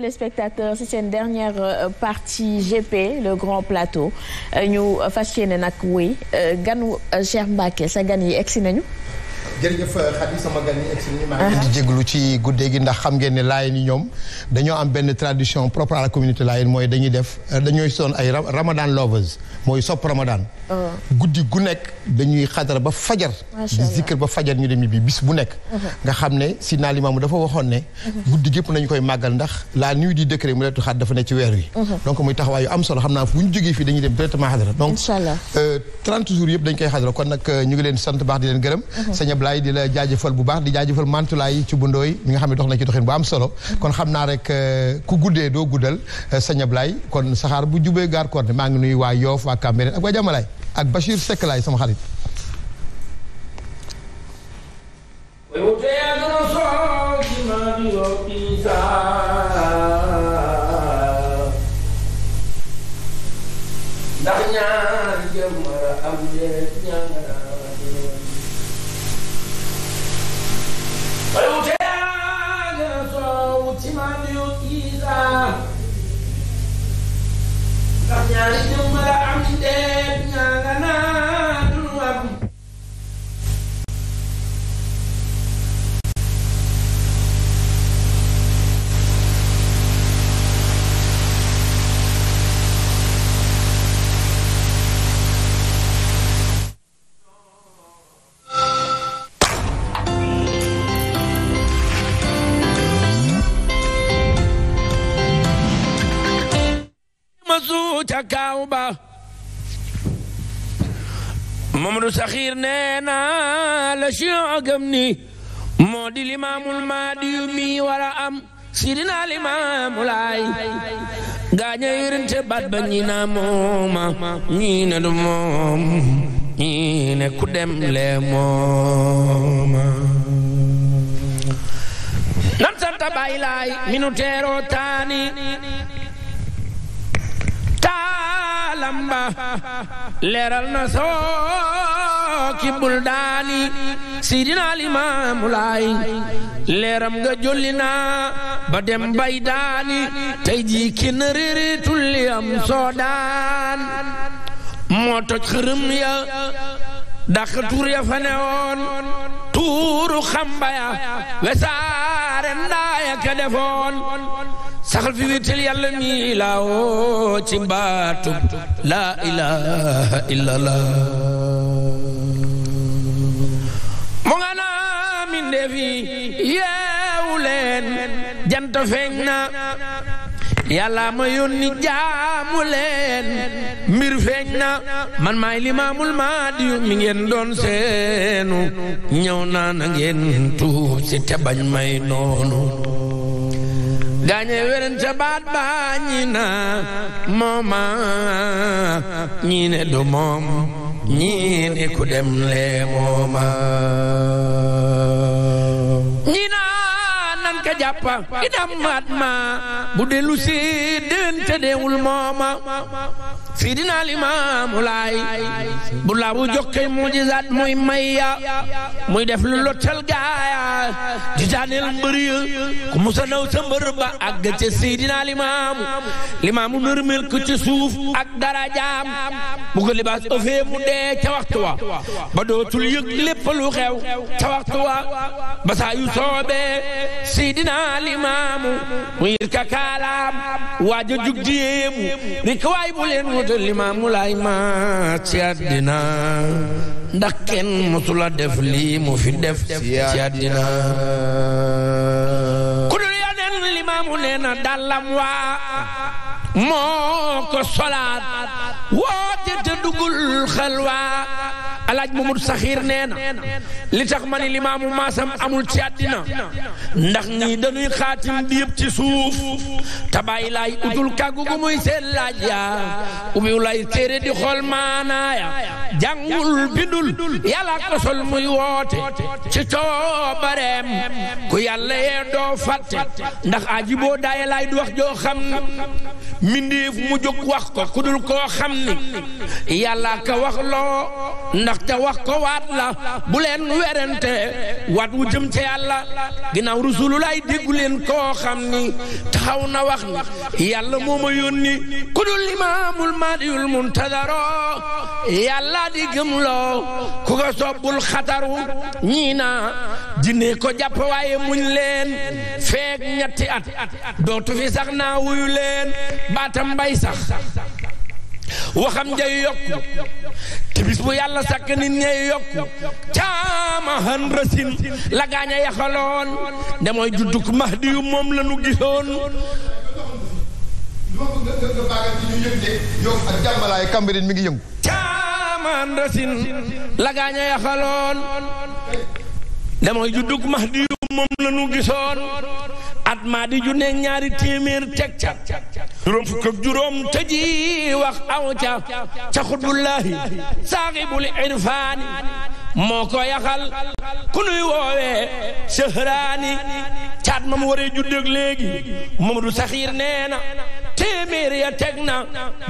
téléspectateurs ci seen dernière euh, partie GP le grand plateau euh, ñu fas yéene nag wuy euh, ganu Cheikh Mbacké sa gan yi egsi nañu jërëjëf euh, Khady lu gan yi exclu maa ah. ci guddee gi ndax xam ngeen ne laayeen yi ñoom dañoo am benn tradition propre à la communauté laayeen mooy dañuy def euh, dañooy son ay ramadan lovers mooy sopp ramadan oh. guddi gu nekk dañuy xadara ba fajar di zikr ba fajar ñu dem bi bis bu nekk uh-huh. nga xam ne si naa limaamu dafa waxoon ne uh-huh. guddi gépp nañu koy màggal ndax la nuit du décret mu leetu xaat dafa ne ci weer wi uh-huh. donc muy taxawaayu am solo xam naa bu ñu jógee fii dañuy dem directement xadara donc 30 euh, jours yëpp dañ koy xadara kon nag ñu ngi leen sant baax di leen gërëm Abdoulaye di la jaajëfal bu baax di jaajëfal Mantulaay ci bundooy mi nga xam ne dox na ci doxin bu am solo kon xam naa rek euh, ku guddee doo guddal euh, sëñ Ablaye kon saxaar bu jubee gaar koorne maa ngi nuyu waa Yoof waa Cambérène ak waa Jamalaay laay sama xarit ñaari jëmm la am ci déet ñaa nga na ñëw ca kaaw ba Mamadou Saxiir nee la chion gëm ni moo di limaamul maadi yu mi wara am sidina limaamu laay gaaña yërinte bat ba ñi na mooma ñi ne du moom ñi ne ku dem le mooma nan santa bay laay minu teeroo taani leeral na sooki buldaani Sidina Limaamu leeram nga jolli naa ba dem bay daani tey jii ki na réeré tulli am soodaan moo toj xërëm ya dàq tuur ya fa ne woon tuuru xamba ya wesaare ndaa ya ka defoon saxal fi wéetal yàlla mi laawoo ci baatu laa ilaha illallah mu nga naa mi ndefi yeewu leen jant feeñ na yàlla ma yónni jaamu leen mbir feeñ na man maay limaamul maadi mi ngeen doon seenu ñëw naa na ngeen tuub si te may noonu gaañe werante baat baa ñi na mooma ñii ne du moom ne ku dem lee mooma ñi naa nan ka jàppa i dammaat ma bu dellu si dente deewul mooma Seydina Limaamu Laay bu laabu jokkee mujizaat muy maya muy def lu lottal gaaya di daaneel mbër ya ku musa naw sa mbër ba àgg ca Seydina Limaamu Limaamu nërmel ko ci suuf ak darajaam bu ko libaas ëffee mu dee ca waxtu wa ba dootul yëg lépp lu xew ca waxtu wa ba saa yu soobee Seydina Limaamu muy ka kaalaam waaj a jug di yéemu rekk waay bu leen wut te limaamu laay ma ci àddina ndax kenn mësula def lii mu fi def ci àddina ku dul yonen limaamu nee na dàllam waa moo ko solaat woote te dugul xalwaa alaaj Mamadou Saxiir nee na li tax ma ni limaamu maasam amul ci àddina ndax ñii dañuy xaatim di yëpp ci suuf tabaay laay utul kàggu gu muy seen laaj yaa ubbiw lay téere di xool maanaaya jàngul bindul yàlla ko muy woote ci coobareem ku yàlla yee doo fàtte ndax aji boo daaye laay du wax joo xam ni mbindéef mu jóg wax ko ku dul xam ni yàlla ka wax loo ndax ndaxte wax ko waat la bu leen werante waat wu jëm ca yàlla ginnaaw rusulullaay déggu leen koo xam ni taxaw na wax ni yàlla moo ni yónni ku dul imaamul maadiyul muntadaro yàlla di gëmloo ku ko sobbul xataru ñii naa jinne ko jàpp waaye muñ leen feek ñetti at dootu fi sax naa wuyu leen baatam bay sax waxam njay yokku te bu yàlla sàkk nit ñay yokku caama rasin la a yaxaloon de judduk mahdi yu moom la gisoon ak rasin la a yaxaloon de judduk mahdi yu moom la gisoon at maa di junneeg ñaari téeméer teg ca juróom fukk ak juróom tëji wax aw ca ca xutbullaahi saaxibul irfaani moo ko yaxal ku nuy woowee sëhraani caat ma mu waree juddeeg léegi Mamadou Saxiir nee na ya teg na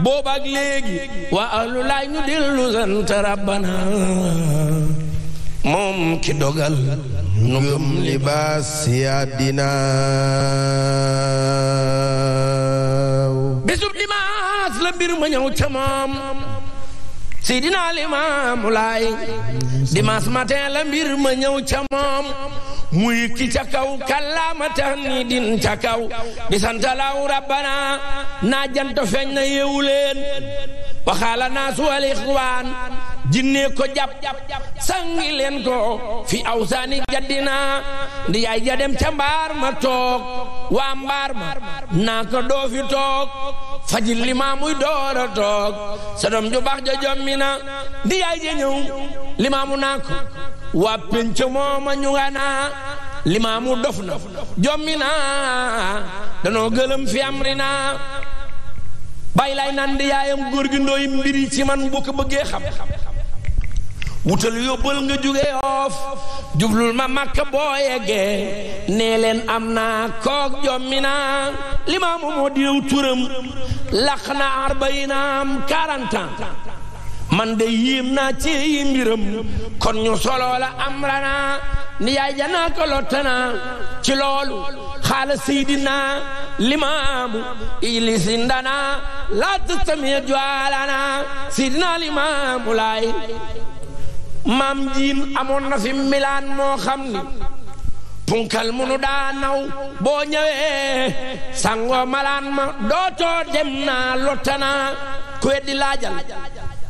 boobaak léegi waa ahlu laay ñu dellu sant rabbana moom ki dogal nu gëm li baas ya dinaaw bisub dimaas la mbir ma ñëw ca moom Seydina Limaamu Laay dimanche matin la mbir ma ñëw ca moom muy ki ca kaw kàllaama tax ni din ca kaw di santalaaw rabbana naa jant feeñ na yeewu leen waxaala naasu wal ixwaan jinne ko jàpp sangi leen ko fi awsaani jaddina ndi yaay ja dem ca mbaar ma toog waa mbaar ma naa ko doo fi toog fajil limaamuy doora toog sa doom ju baax ja Amina di yaay ja ñëw limaamu naak waa penc mooma ñu nga naa limaamu dof na jommi naa danoo gëlëm fi amri naa bàyyi laay naan di yaayam góor gi mbiri ci man boo bëggee xam wutal yóbbal nga jóge yoof jublul ma màkk boo yeggee nee am naa kook jommi naa limaamu moo diw turam laq na arbaïnaam quarante ans man de yiim naa ci mbiram kon ñu solo la am ni yaay janaa ko lottanaa ci loolu xaala seydinaa limaamu ilisi ndanaa laa tastamiya jwaalanaa seydinaa limaamu laay maam jiin amoon na fi milaan moo xam ni punkal munu daa naw boo ñëwee sangoo malaan ma dootoo dem naa lottanaa ku weddi laajal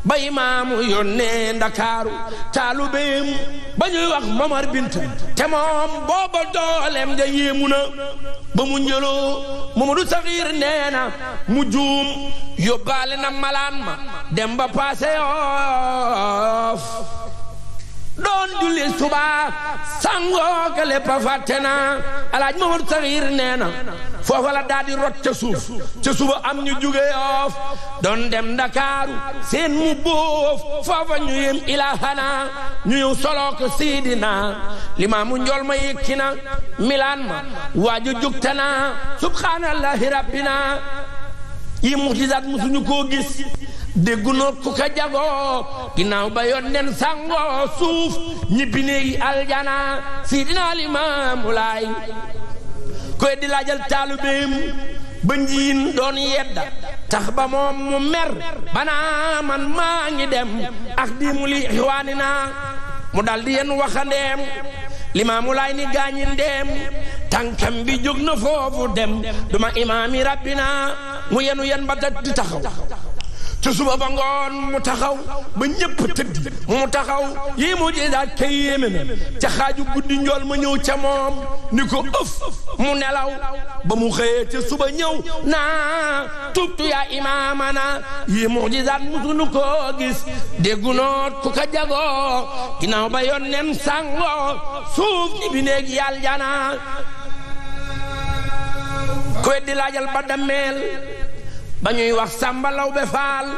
ba imaamu yónnee ndakaaru taalubeem ba ñuy wax mamar binta te moom booba dooleem ja yéemu na ba mu njëloo mamadu saxiir nee na mu juum yóbbaale na malaan ma dem ba paase doon julli suba sangoo ka lépp a fàtte naa alaaj Mamadu Saxiir nee na foofa la rot ca suuf ca suba am ñu jóge yoof doon dem ndakaaru seen mu boof foofa ñu yem ilahana ñu ñëw soloo ko siidina limaamu njool ma na milaan ma waaju jugtana subhaanallahi rabbina yi muxtisaat musuñu koo gis déggu noo ku ko jagoo ginnaaw ba yoon nen sangoo suuf ñibbi néegi aljana Seydina Limaamu Laay koy di laajal taalibeem ba njiin doon yedda tax ba moom mu mer banaa man maa ngi dem ak di mu li xiwaani naa mu dal di yen waxandeem limaamu laay ni gaañi ndeem tànkam bi jóg na foofu dem duma imaami rabbina mu yenu yen ba di taxaw ca suba ba ngoon mu taxaw ba ñëpp tëddi mu taxaw yii mu ji daaj kay yéeme na ca xaaju guddi ma ñëw ca moom ni ko ëf mu nelaw ba mu xëyee ca suba ñëw naa tubtu yaa imaamana yii mu ji daaj musunu gis déggu noot ku ko jagoo ginnaaw ba yoon nen suuf ni bi néeg yàlla jana ku weddi laajal ba dammeel ba ñuy wax Samba Lawbe Faal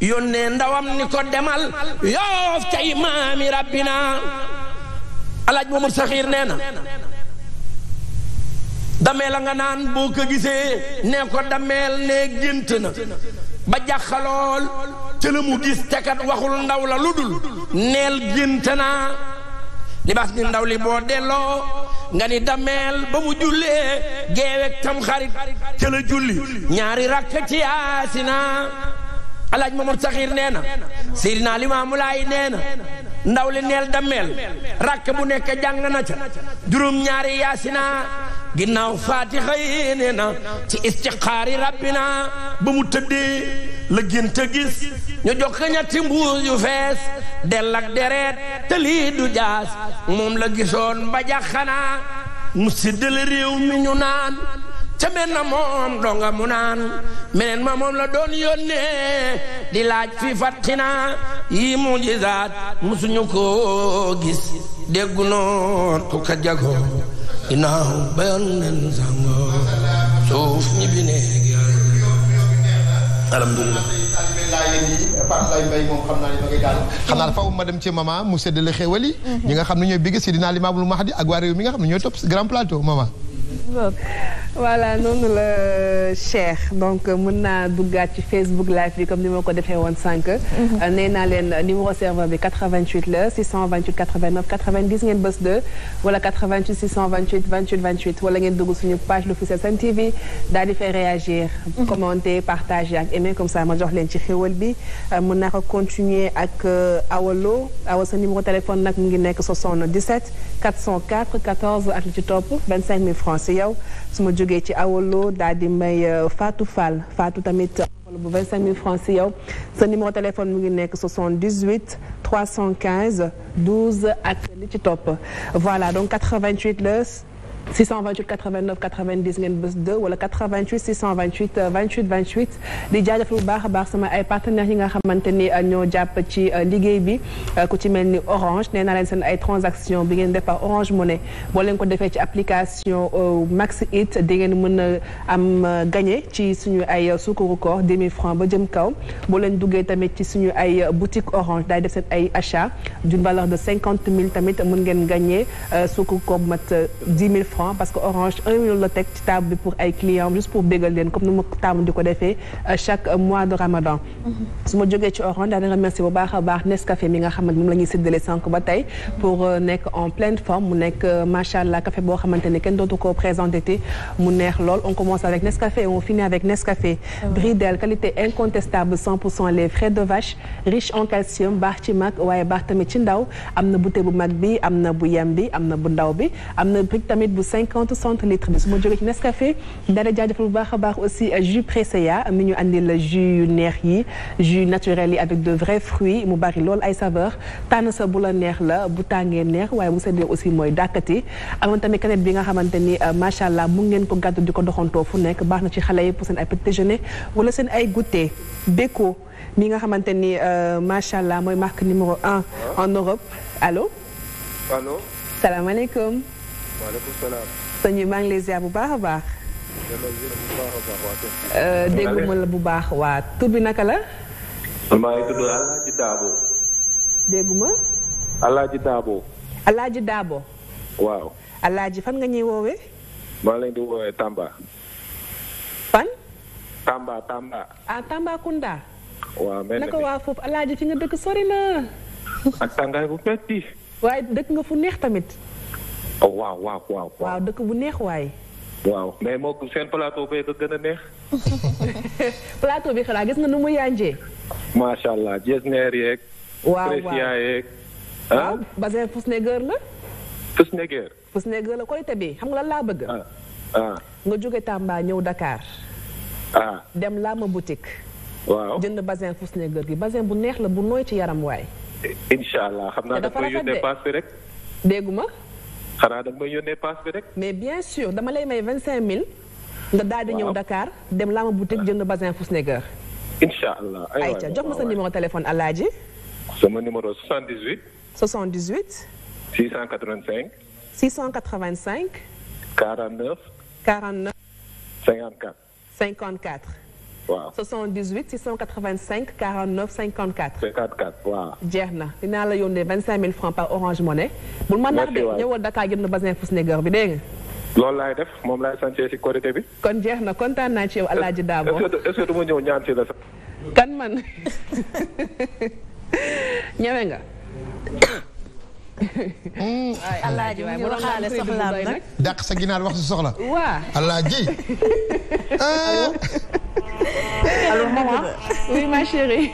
yónnee ndawam ni ko demal yoof cay maami rabbina alaaj Momar Saxiir nee na dameel nga naan boo ko gisee nee ko dameel nee gént na ba jàqalool ca la mu gis tekat waxul ndaw la lu neel gént naa libaas ni ndaw li boo delloo nga ni dameel ba mu jullee geeweg tam xarit ca julli ñaari rakk ci yaasina alaaj Mamor Saxiir nee na Seydina Limaamu Laay nee na ndaw li neel dammeel rakk bu nekk jàng na ca juróom ñaari yaasina ginnaaw faatixa yi nee na ci istixaari rabbina ba mu tëddee la gént a gis ñu jokk ñetti mbuus fees dell deret te du jaas moom la gisoon ba jaxanaa mu séddale réew mi ñu naan ca men na moom donga mu naan meneen ma moom la doon yónnee di laaj fi fattina yi mujizaat musuñu ko gis déggu noor ku ka jagoo ginnaaw ba yoon nen sangoo suuf ñi bi néeg alhamdulilah xam naa ma dem ci mama mu séddale xéwal yi mhm. ñi nga xam ne ñooy bigg si dinaa limaamul mahdi ak waa réew mi nga xam ne ñooy topp grand plateau mama voilà noonu la euh, Cheikh donc euh, mën naa duggaat ci Facebook live bi comme ni ma ko defee woon sànq. Mhm. Euh, nee naa leen numéro serveur bi 88 la 628 89 90 ngeen bës 2 wala 88 628 28 28 wala ngeen dugg suñu page l'officiel Sen TV daal di fay réagir. Mhm. commenter partager ak aimer comme sa ma jox leen ci xéwal bi mën naa ko continuer ak awalo awa sa numéro téléphone nag mu ngi nekk 77 404 14 ak lu ci topp 25 000 francs Diaw su ma jógee ci awolo daal di may euh, faatu Fall faatu tamit enveloppe euh, bu 25000 francs si yow sa numéro téléphone mu ngi nekk 78 315 12 ak li ci topp voilà donc 88 la. 628 89 90 ngeen bés 2 wala 88 628 28 28 di jaajëfal bu baax a baax sama ay partenaires yi nga xamante ni euh, ñoo jàpp ci euh, liggéey bi euh, ku ci mel ni Orange nee naa leen seen ay transactions bi ngeen def par Orange Money boo leen ko defee ci application Max It di ngeen mën a am gagné ci suñu ay sukkaru koor 2000 francs ba jëm kaw boo leen duggee tamit ci suñu ay boutique Orange daay def seen ay achats d'une valeur de 50 000 tamit mën ngeen gagné sukkaru koor bu mat 10 francs parce que Orange 1 million ci table bi pour ay clients juste pour bégal leen comme ni ma taamu di ko defee euh, chaque euh, mois de Ramadan. Mhm. su ma jógee ci Orange daal remercier bu a baax Nescafé mi nga xamante moom la ñuy séddale sànq ba tey. pour euh, nekk en pleine forme mu nekk macha allah café boo xamante ne kenn dootu ko présenté te mu neex lool on commence avec Nescafé et on finit avec Nescafé. Bridel qualité incontestable 100% lait frais de vache riche na bouteille bu mag bi am na bu yem am na bu ndaw bi cinquante centilitres bi su ma jógee ci dara jaajëfal bu baax a aussi euh, jus Presea mi ñu andil jus yu neex yi jus naturel yi avec de vrais fruits mu bari lool ay saveur tànn sa bu la neex la bu tàngee neex waaye bu seddee aussi mooy dàkkati amoon tamit canette bi nga xamante ni euh, macha allah mu ngeen ko gàddu di ko doxantoo fu nekk baax na ci xale yi pour seen ay petit déjeuner wala seen ay goûter Beko mi nga xamante ni euh, macha allah mooy marque numéro en Europe allo. alo salaamaaleykum. waaleykum salaam. sëñ bi bu baax a baax. Euh, dégguma bu baax waa tur la. dégguma. Alaaji Daabo. Daabo. waaw. fan nga ñuy woowe maa leen di woowee Tamba. fan. Tamba Tamba. ah naka waa foofu Alaaji fi nga dëkk sori na. waaye dëkk nga fu neex tamit. Oh, waaw waaw waaw. waaw dëkk bu neex waay. waaw mais moo seen plateau bee ko gën a neex. plateau bi xanaa gis nga nu mu yànjee. macha allah Jesner yeeg. waaw waaw Precia yeeg. ah Bazin Fusneger la. Fusneger. Fusneger la koy tabi xam nga lan laa bëgg. Ah, ah nga jóge Tamba ñëw Dakar. ah dem Lama boutique. waaw jënd Bazin Fusneger gi basin bu neex la bu nooy ci yaram waay. incha allah xam naa dafa yu dépassé ma. xanaa da nga may yónnee bi rek. mais bien sûr dama lay may vingt cinq mille. nga daal di ñëw Dakar dem Lama boutique jënd bazin Fousnégueur. incha allah ayca jox ma sa numéro téléphone Alaaji. sama numéro 78. 78. 685. 685. 49. 49. 54. 54. waaw 78 685 49 54. 54 waaw. jeex na dinaa la yónnee 25000 francs par orange monnaie. bul ma nar de ñëwal Dakar jënd basin Fousnégueur bi dégg nga. loolu laay def moom laay sàncee ci korité bi. kon jeex na kontaan naa ci yow El Hadj Dabo. est-ce que du ma ñëw ñaan ci la sax. kan man ñëwee nga. Mm. alaaji waaye mu waxaale wax si soxla. waa alaaji. allo euh. maman. oui ma chérie.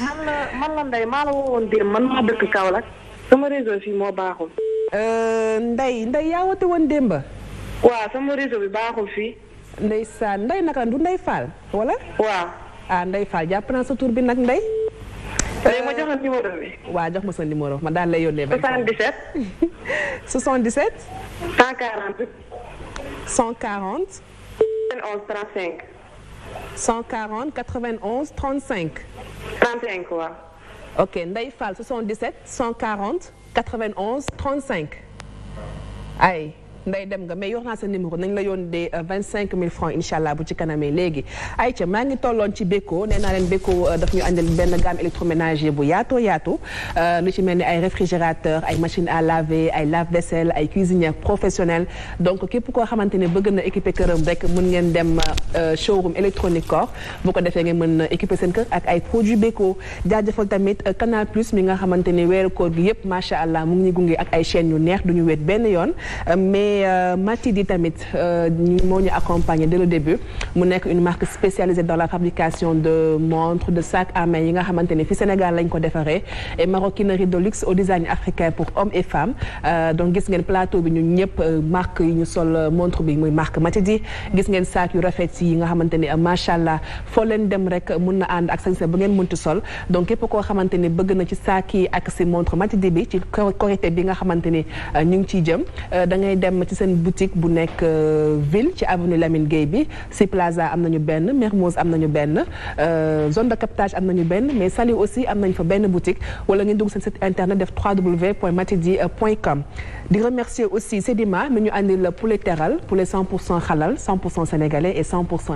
man la man la Ndeye maa la woowoon démb man maa dëkk Kaolack. sama réseau fii moo baaxul. Euh, Ndeye Ndeye yaa woote woon démb. waaw sama réseau bi baaxul fii. Ndeye ndey Ndeye naka du ndey fal wala. waaw ah Ndeye Fall jàpp naa sa tur bi nag Ndeye. léegi ma jox la numéro bi. waaw jox ma sa numéro ma daal lay yónnee. 77. 77. 140. 140. 91 35. 140 91 35. 35 waaw. ok Ndeye Fall 77 140 91 35. ay. nday dem nga mais yor naa sa numéro nañ la yoon de euh, vingt cinq mille francs incha allah bu ci kanamee léegi ayca maa ngi tolloon ci Beko nee naa leen Beko euh, daf ñu àndal benn gamme électroménager bu yaatoo yaatu euh, lu ci mel ni ay réfrigérateur ay machine à laver ay lave-vaisselle ay cuisinière professionnelle donc képp koo xamante ne bëgg na équiper këram rek mën ngeen dem showroom électronique corps bu ko defee ngeen mën équiper seen kër ak ay produits Beko jaajëfal tamit Canal Plus mi nga xamante ne weeru koor gi yëpp macha allah mu ngi ñu gunge ak ay chaînes yu neex du ñu wéet benn yoon et euh, Mati di tamit euh, ñu moo ñu accompagné dès le début mu nekk une marque spécialisée dans la fabrication de montres de sacs à main yi nga xamante ne fi Sénégal lañ ko defaree et maroquinerie de luxe au design africain pour hommes et femmes euh, donc gis ngeen plateau bi ñu ñëpp marque yi ñu sol montre bi muy marque Mati di gis ngeen sac yu rafet yi nga xamante ne macha allah foo leen dem rek mun na ànd ak sañse ba ngeen munti sol donc képp koo xamante ne bëgg na ci sac yi ak si montre bi ci korité bi nga xamante ni ma ci seen boutique bu nekk euh, ville ci avenue Lamine Gueye bi si Plaza am nañu benn Mermoz am nañu benn euh, zone de captage am nañu benn mais Saly aussi am nañ fa benn boutique wala ngeen dugg seen site internet def www.matidi.com di remercier aussi Sedima mi ñu àndil la poulet teral poulet 100 pour cent xalal 100 pour cent sénégalais et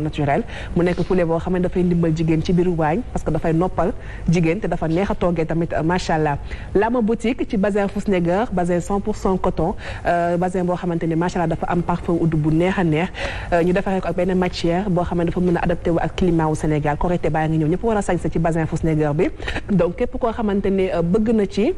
naturel mu nekk poulet boo xam ne dafay ndimbal jigéen ci biir waañ parce que dafay noppal jigéen te dafa neex a toggee tamit euh, macha allah. Lama boutique ci bazin Fousnégueur bazin 100 pour cent coton euh, bazin boo xamante ni macha allah dafa am parfum oud bu neex a neex euh, ñu defaree ko ak benn matière boo xam ne dafa mën a adapté wu ak climat wu Sénégal Korité baa ngi ñëw ñëpp war a sañse ci bazin Fousnégueur bi donc képp koo xamante ni bëgg na ci.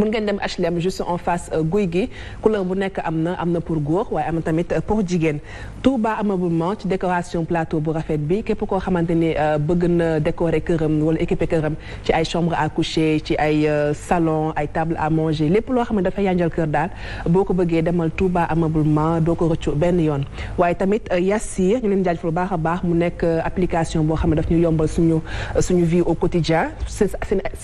mun ngeen dem HLM juste en face euh, guy gi couleur bu nekk am na am na pour góor waaye am na tamit euh, pour jigéen Touba ameublement ci décoration plateau bu rafet bi képp koo xamante ni euh, bëgg na décorer këram wala équiper këram ci ay chambre à coucher ci ay salon ay table à manger lépp loo xam ne dafa yanjal kër daal boo ko bëggee demal Touba ameublement doo ko rëccu benn yoon waaye tamit Yassir ñu leen jaajëfal lu baax a baax mu nekk application boo xam ne daf ñu yombal suñu suñu vie au quotidien si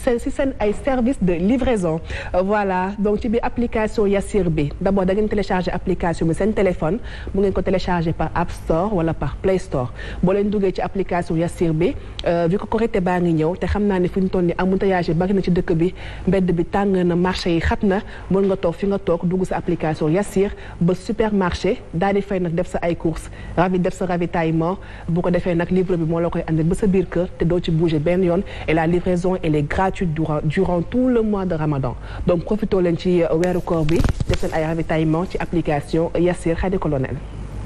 seen si seen ay service de livraison voilà donc ci biir application Yassir bi d' abord da ngeen télécharger application bi seen téléphone mu ngeen ko télécharger par App Store wala par Play Store boo leen duggee ci application Yassir bi euh, vu ko Korité baa ngi ñëw te xam naa ne fi ñu toll nii embouteillage yi bari na ci dëkk bi mbedd bi tàng na marché yi xat na mën nga toog fi nga toog dugg sa application Yassir ba supermarché daa di fay nag def sa ay courses ravi def sa ravitaillement bu ko defee nag livre moo la koy andil sa biir kër te doo ci bouger benn yoon et la livraison elle est gratuite durant durant tout le mois de Ramadan. donc profitoo leen ci euh, weeru koor bi def seen ay ravitaillement ci application Yassir Khady Colonel.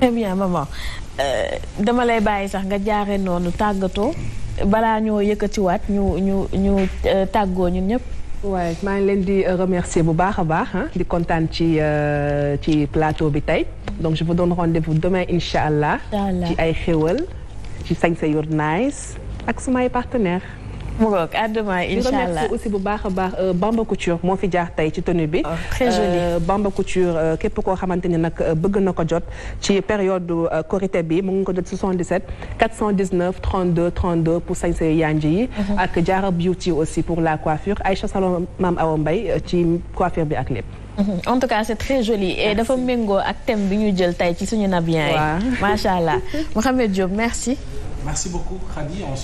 très bien maman euh, dama lay bàyyi sax nga jaare noonu tàggatoo balaa ñoo yëkkatiwaat ñu ñu ñu euh, tàggoo ñu ñëpp. waaye maa ngi leen di remercier bu baax a baax di kontaan ci ci plateau bi tey donc je vous donne rendez-vous demain incha allah. ci ay xéwal ci sañse yu nice ak sumay partenaires. mu ngoog à demain incha allah aussi bu baax a baax euh, Bamba Couture moo fi jaar tey ci tenue bi. Ah, très euh, joli Bamba Couture euh, képp koo xamante ni nag bëgg na ko jot ci période Korité bi mu ngi ko jot 77 419 32 32 pour sañse yanji yi. Mhm. ak Diarra Beauty aussi pour la coiffure Aïcha Salon Maam Awa Mbaye ci coiffure bi ak lépp. Mhm. en tout cas c'est très joli et dafa méngoo ak thème bi ñu jël tey ci suñu nabiyan yi. macha allah Mouhamed Diop merci. merci beaucoup Khady on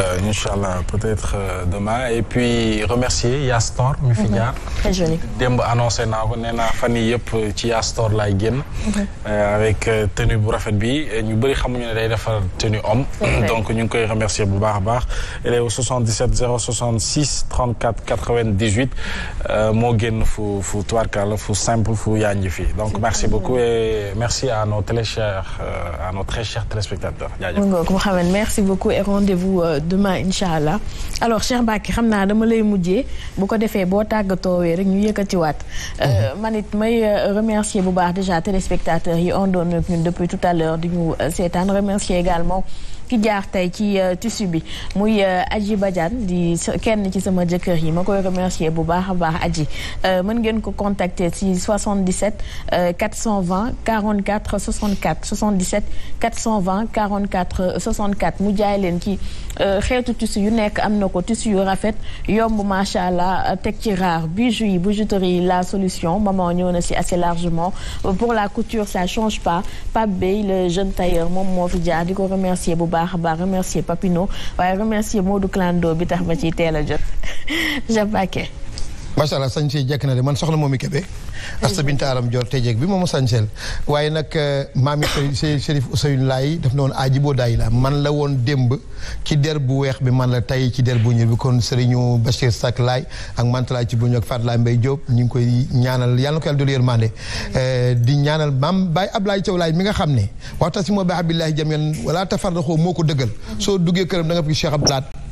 euh, euh, peut-être euh, demain et puis remercier Yastor mi fi mhm. démb annoncé naa ko nee naa fan yii yëpp ci Yastor laay génn. Mhm. Euh, avec tenue bu rafet bi ñu bëri xamuñu day defar tenue homme. donc ñu ngi koy remercier bu baax a baax. elle est au 77 066 34 98 moo génn fu fu tubarkalla fu simple fu yaañu fi donc merci beaucoup et merci à nos très chers à nos ngoog Mouhamed merci beaucoup et rendez-vous euh, demain incha allah alors Cheikh Bakki xam naa dama lay mujje bu ko defee boo tàggatoowee rek ñu yëkkatiwaat. Euh, mhm. man it may euh, remercier bu baax déjà téléspectateurs yi on doon ñun depuis tout à l'heure di ñu seetaan remercier également. ki jaar tey ci euh, tissu bi muy euh, Adji Badiane di kenn ci sama jëkkër yi ma koy remercier bu baax a baax Adji euh, mën ngeen ko contacter ci 77 420 44 64 77 420 44 64 mu jaay leen ci xeetu tissu yu nekk am na ko tissu yu rafet yomb macha allah teg ci raar bijoux yi bijouterie la solution maman ñëw na si assez largement pour la couture ça change pas Pape Bey le jeune tailleur moom moo fi jaar di ko remercier bu baax baax a baax remercier Papino waaye remercier Modou Clando bi tax ma ciy teel a jot Jacques macha allah sañse jekk na de man soxna moom i Kébé. Asta Binta Aram te jeeg bi moomu sañseel waaye nag euh, maami Chérif Ousseynou Laay daf na woon aajiboo daay la man la woon démb ci der bu weex bi man la tay ci der bu ñuul bi kon Serigne Bachir Sack Laay ak mantalaay ci bu ñu ak Fatou Laay Mbaye Diop ñu ngi koy ñaanal yàlla na ko yàlla dolli yërmande euh, di ñaanal maam Baye Ablaye Thiaw Laay mi nga xam ne waxtaan si moo Baye Abdoulaye Jamian wala tafarraxoo moo ko dëggal. soo duggee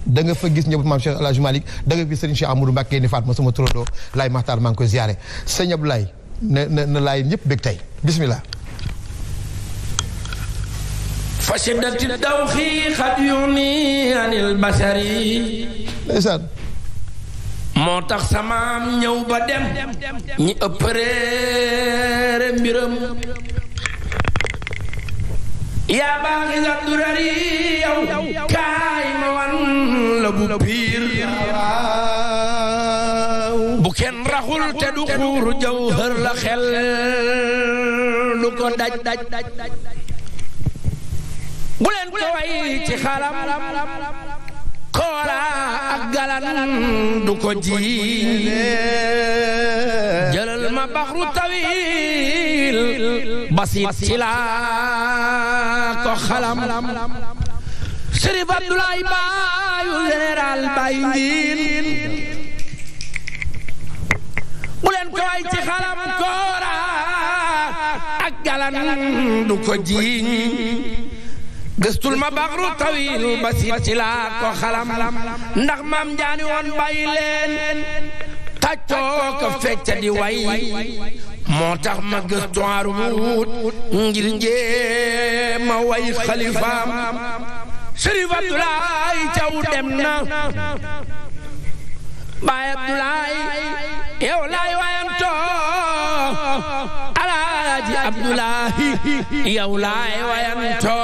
danga fa gis ñëpp maam Cheikh El Hadj Malick da nga gis Serigne Cheikh Amadou Mbacké ni Fatma sama turandoo Laye Makhtar maa ngi koy ziare sëñ Abdoulaye na na na laay ñëpp bég tey bismillah فشدت الدوخ قد يغني عن البشر ndeysaan moo tax samaam ñëw ba dem ñi ëpp réere mbiram yaa baaxi sa durari yow kaay ma wan la bu piir bu kenn raxul te du xuur jawhër la xel lu ko daj daj bu leen ko way ci xalam koora ak ko ji jëlal baxru tawil basit ci xalam Sërif Abdoulaye baayu général bay njiin bu leen ko xalam koora ak ko ji gëstul ma baxru tawil basit ci laa ko xalam ndax maam njaani woon bàyyi leen xàccoo ko fecca di way moo tax ma gëstu arut ngir njee ma way xalifaam Sërif Abdoulaye dem na Baay Abdoulaye yow laay wayantoo alaaji abdullahi yow laay wayanto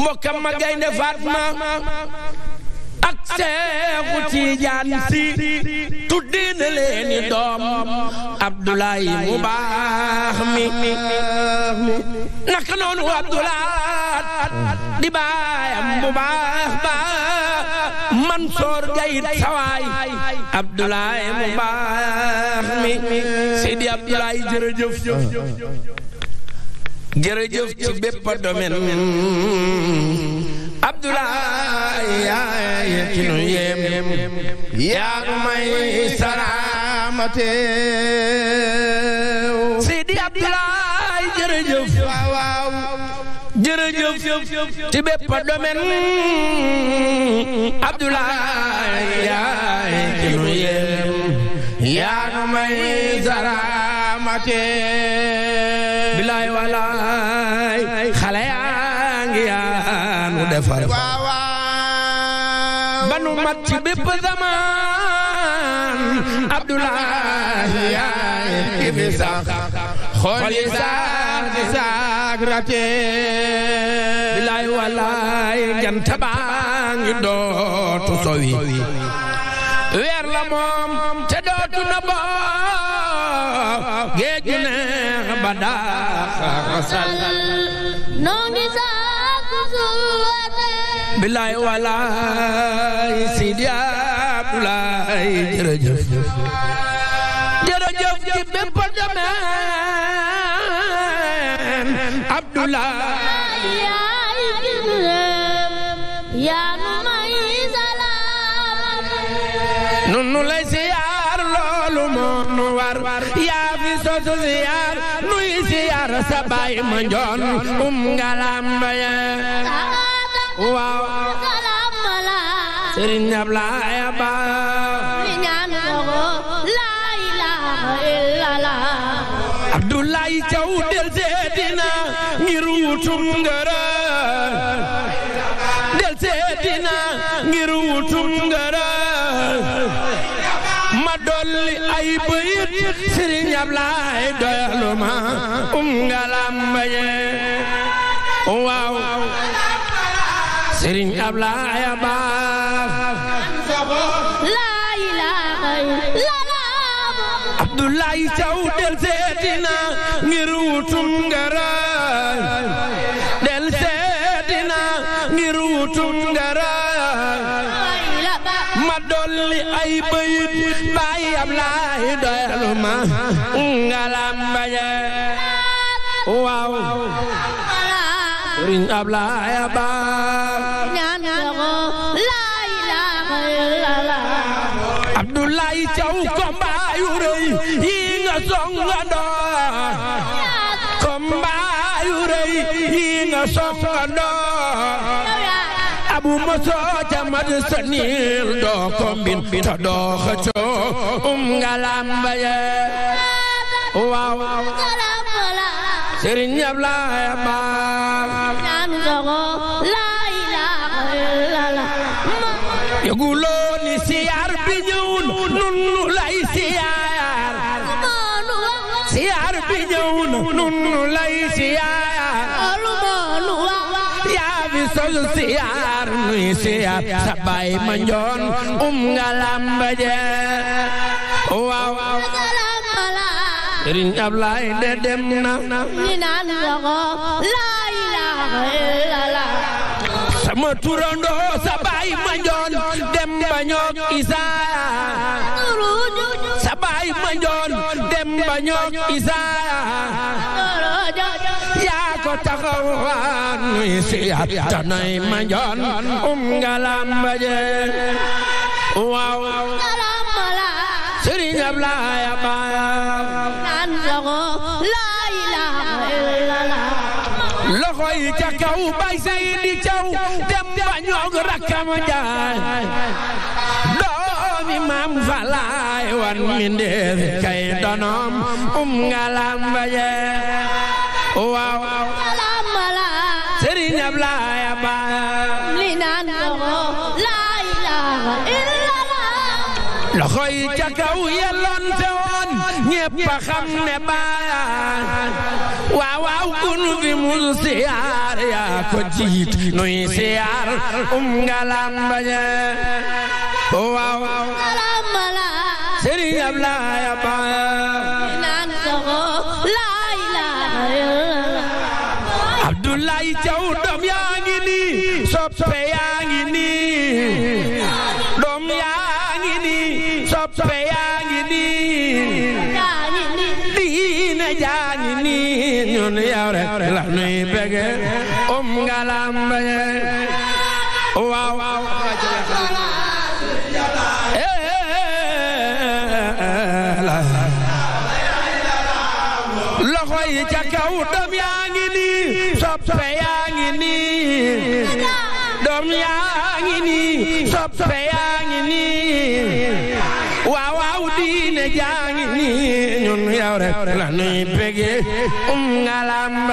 mbokkam ma gaynde Fatma ak seexu tiijaan si tudde na leeni doom abdullahi mu baax mi naka noonu abdullahi di baayam mu baax baax Mansoor gayit sawaay Abdoulaye mu baax mi Seydi Abdoulaye jërëjëf jërëjëf ci bépp domaine Abdoulaye yaay ci nu yem yaa nu may salaamate Seydi Abdoulaye jërëjëf waaw waaw jërëjëf ci bépp domaine Abdoulaye yaay ci nu yem yaa nu may saramate bilaay walaay xale yaa ngi yaa nu defar ba nu mat ci bépp zaman Abdoulaye yaay ki fi sax xool yi sax rate bilaay walaay jant baa dootu sowi weer la moom te dootu na ba géej gi neex ba daasal noo ngi saaku suwate bilaay walaay Sidi Abdoulaye jërëjëf jërëjëf ci bépp demee nun nu lay siyaar loolu moo nu war yaa fi sosu siyaar nuy siyaar sa baay ma njoon um ngalam baye waaw Sëriñ Ablaay Ba mi ñaan ko la ilaha illallah Abdoulaye Thiaw del seetina ngir wutum ngërëm del ngir wutum ngërëm ma dolli ay bëyit Sëriñ Ablaay doyaluma um ngalam baye waaw Sëriñ Ablaay ba waaw abu moso jamat sanir do kombin to do xëccoo um waaw Serigne Ablaye Abbas ñaan nga ko laa ilaaha illallah yëguloo ni siyaar bi ñëw na nun lay siyaar siyaar bi ñëw na nun lay siyaar yaa bi sos siyaar nuy siyaar sa baay ma njoon um nga lambaje waaw Sëriñ Ablaay de dem na ñi naan yoxo laa ilaaha illallah sama turando sa baay ma njoon dem ba ñoog Isa sa baay ma njoon dem ba ñoog Isa yaa ko taxawaan muy siyaat tanay ma njoon um ngalam ba jeen waaw Sëriñ Ablaay a baaya way ca kaw bay Seydi Caw dem ba ñoog rakkam jaay doomi maam falaay wan mi ndeef kay donom um ngalam ba jee waaw Sëriñ Ablaay ba li naan ko laa ilaaha illallah loxo yi ca kaw yelloon te woon ñépp a xam ne baa amul siyaar yaa ko jiit nuy siyaar um ngalam bañe waaw sëriñ Ablaay yaa ngi nii ñun yow rek la nuy bëgge um ngalam baye waaw waaw loxo yi ca kaw doom yaa ngi nii soppe yaa ngi nii doom yaa ngi nii soppe diine jaangi nii ñun yow rek la nuy bëgge um ngalam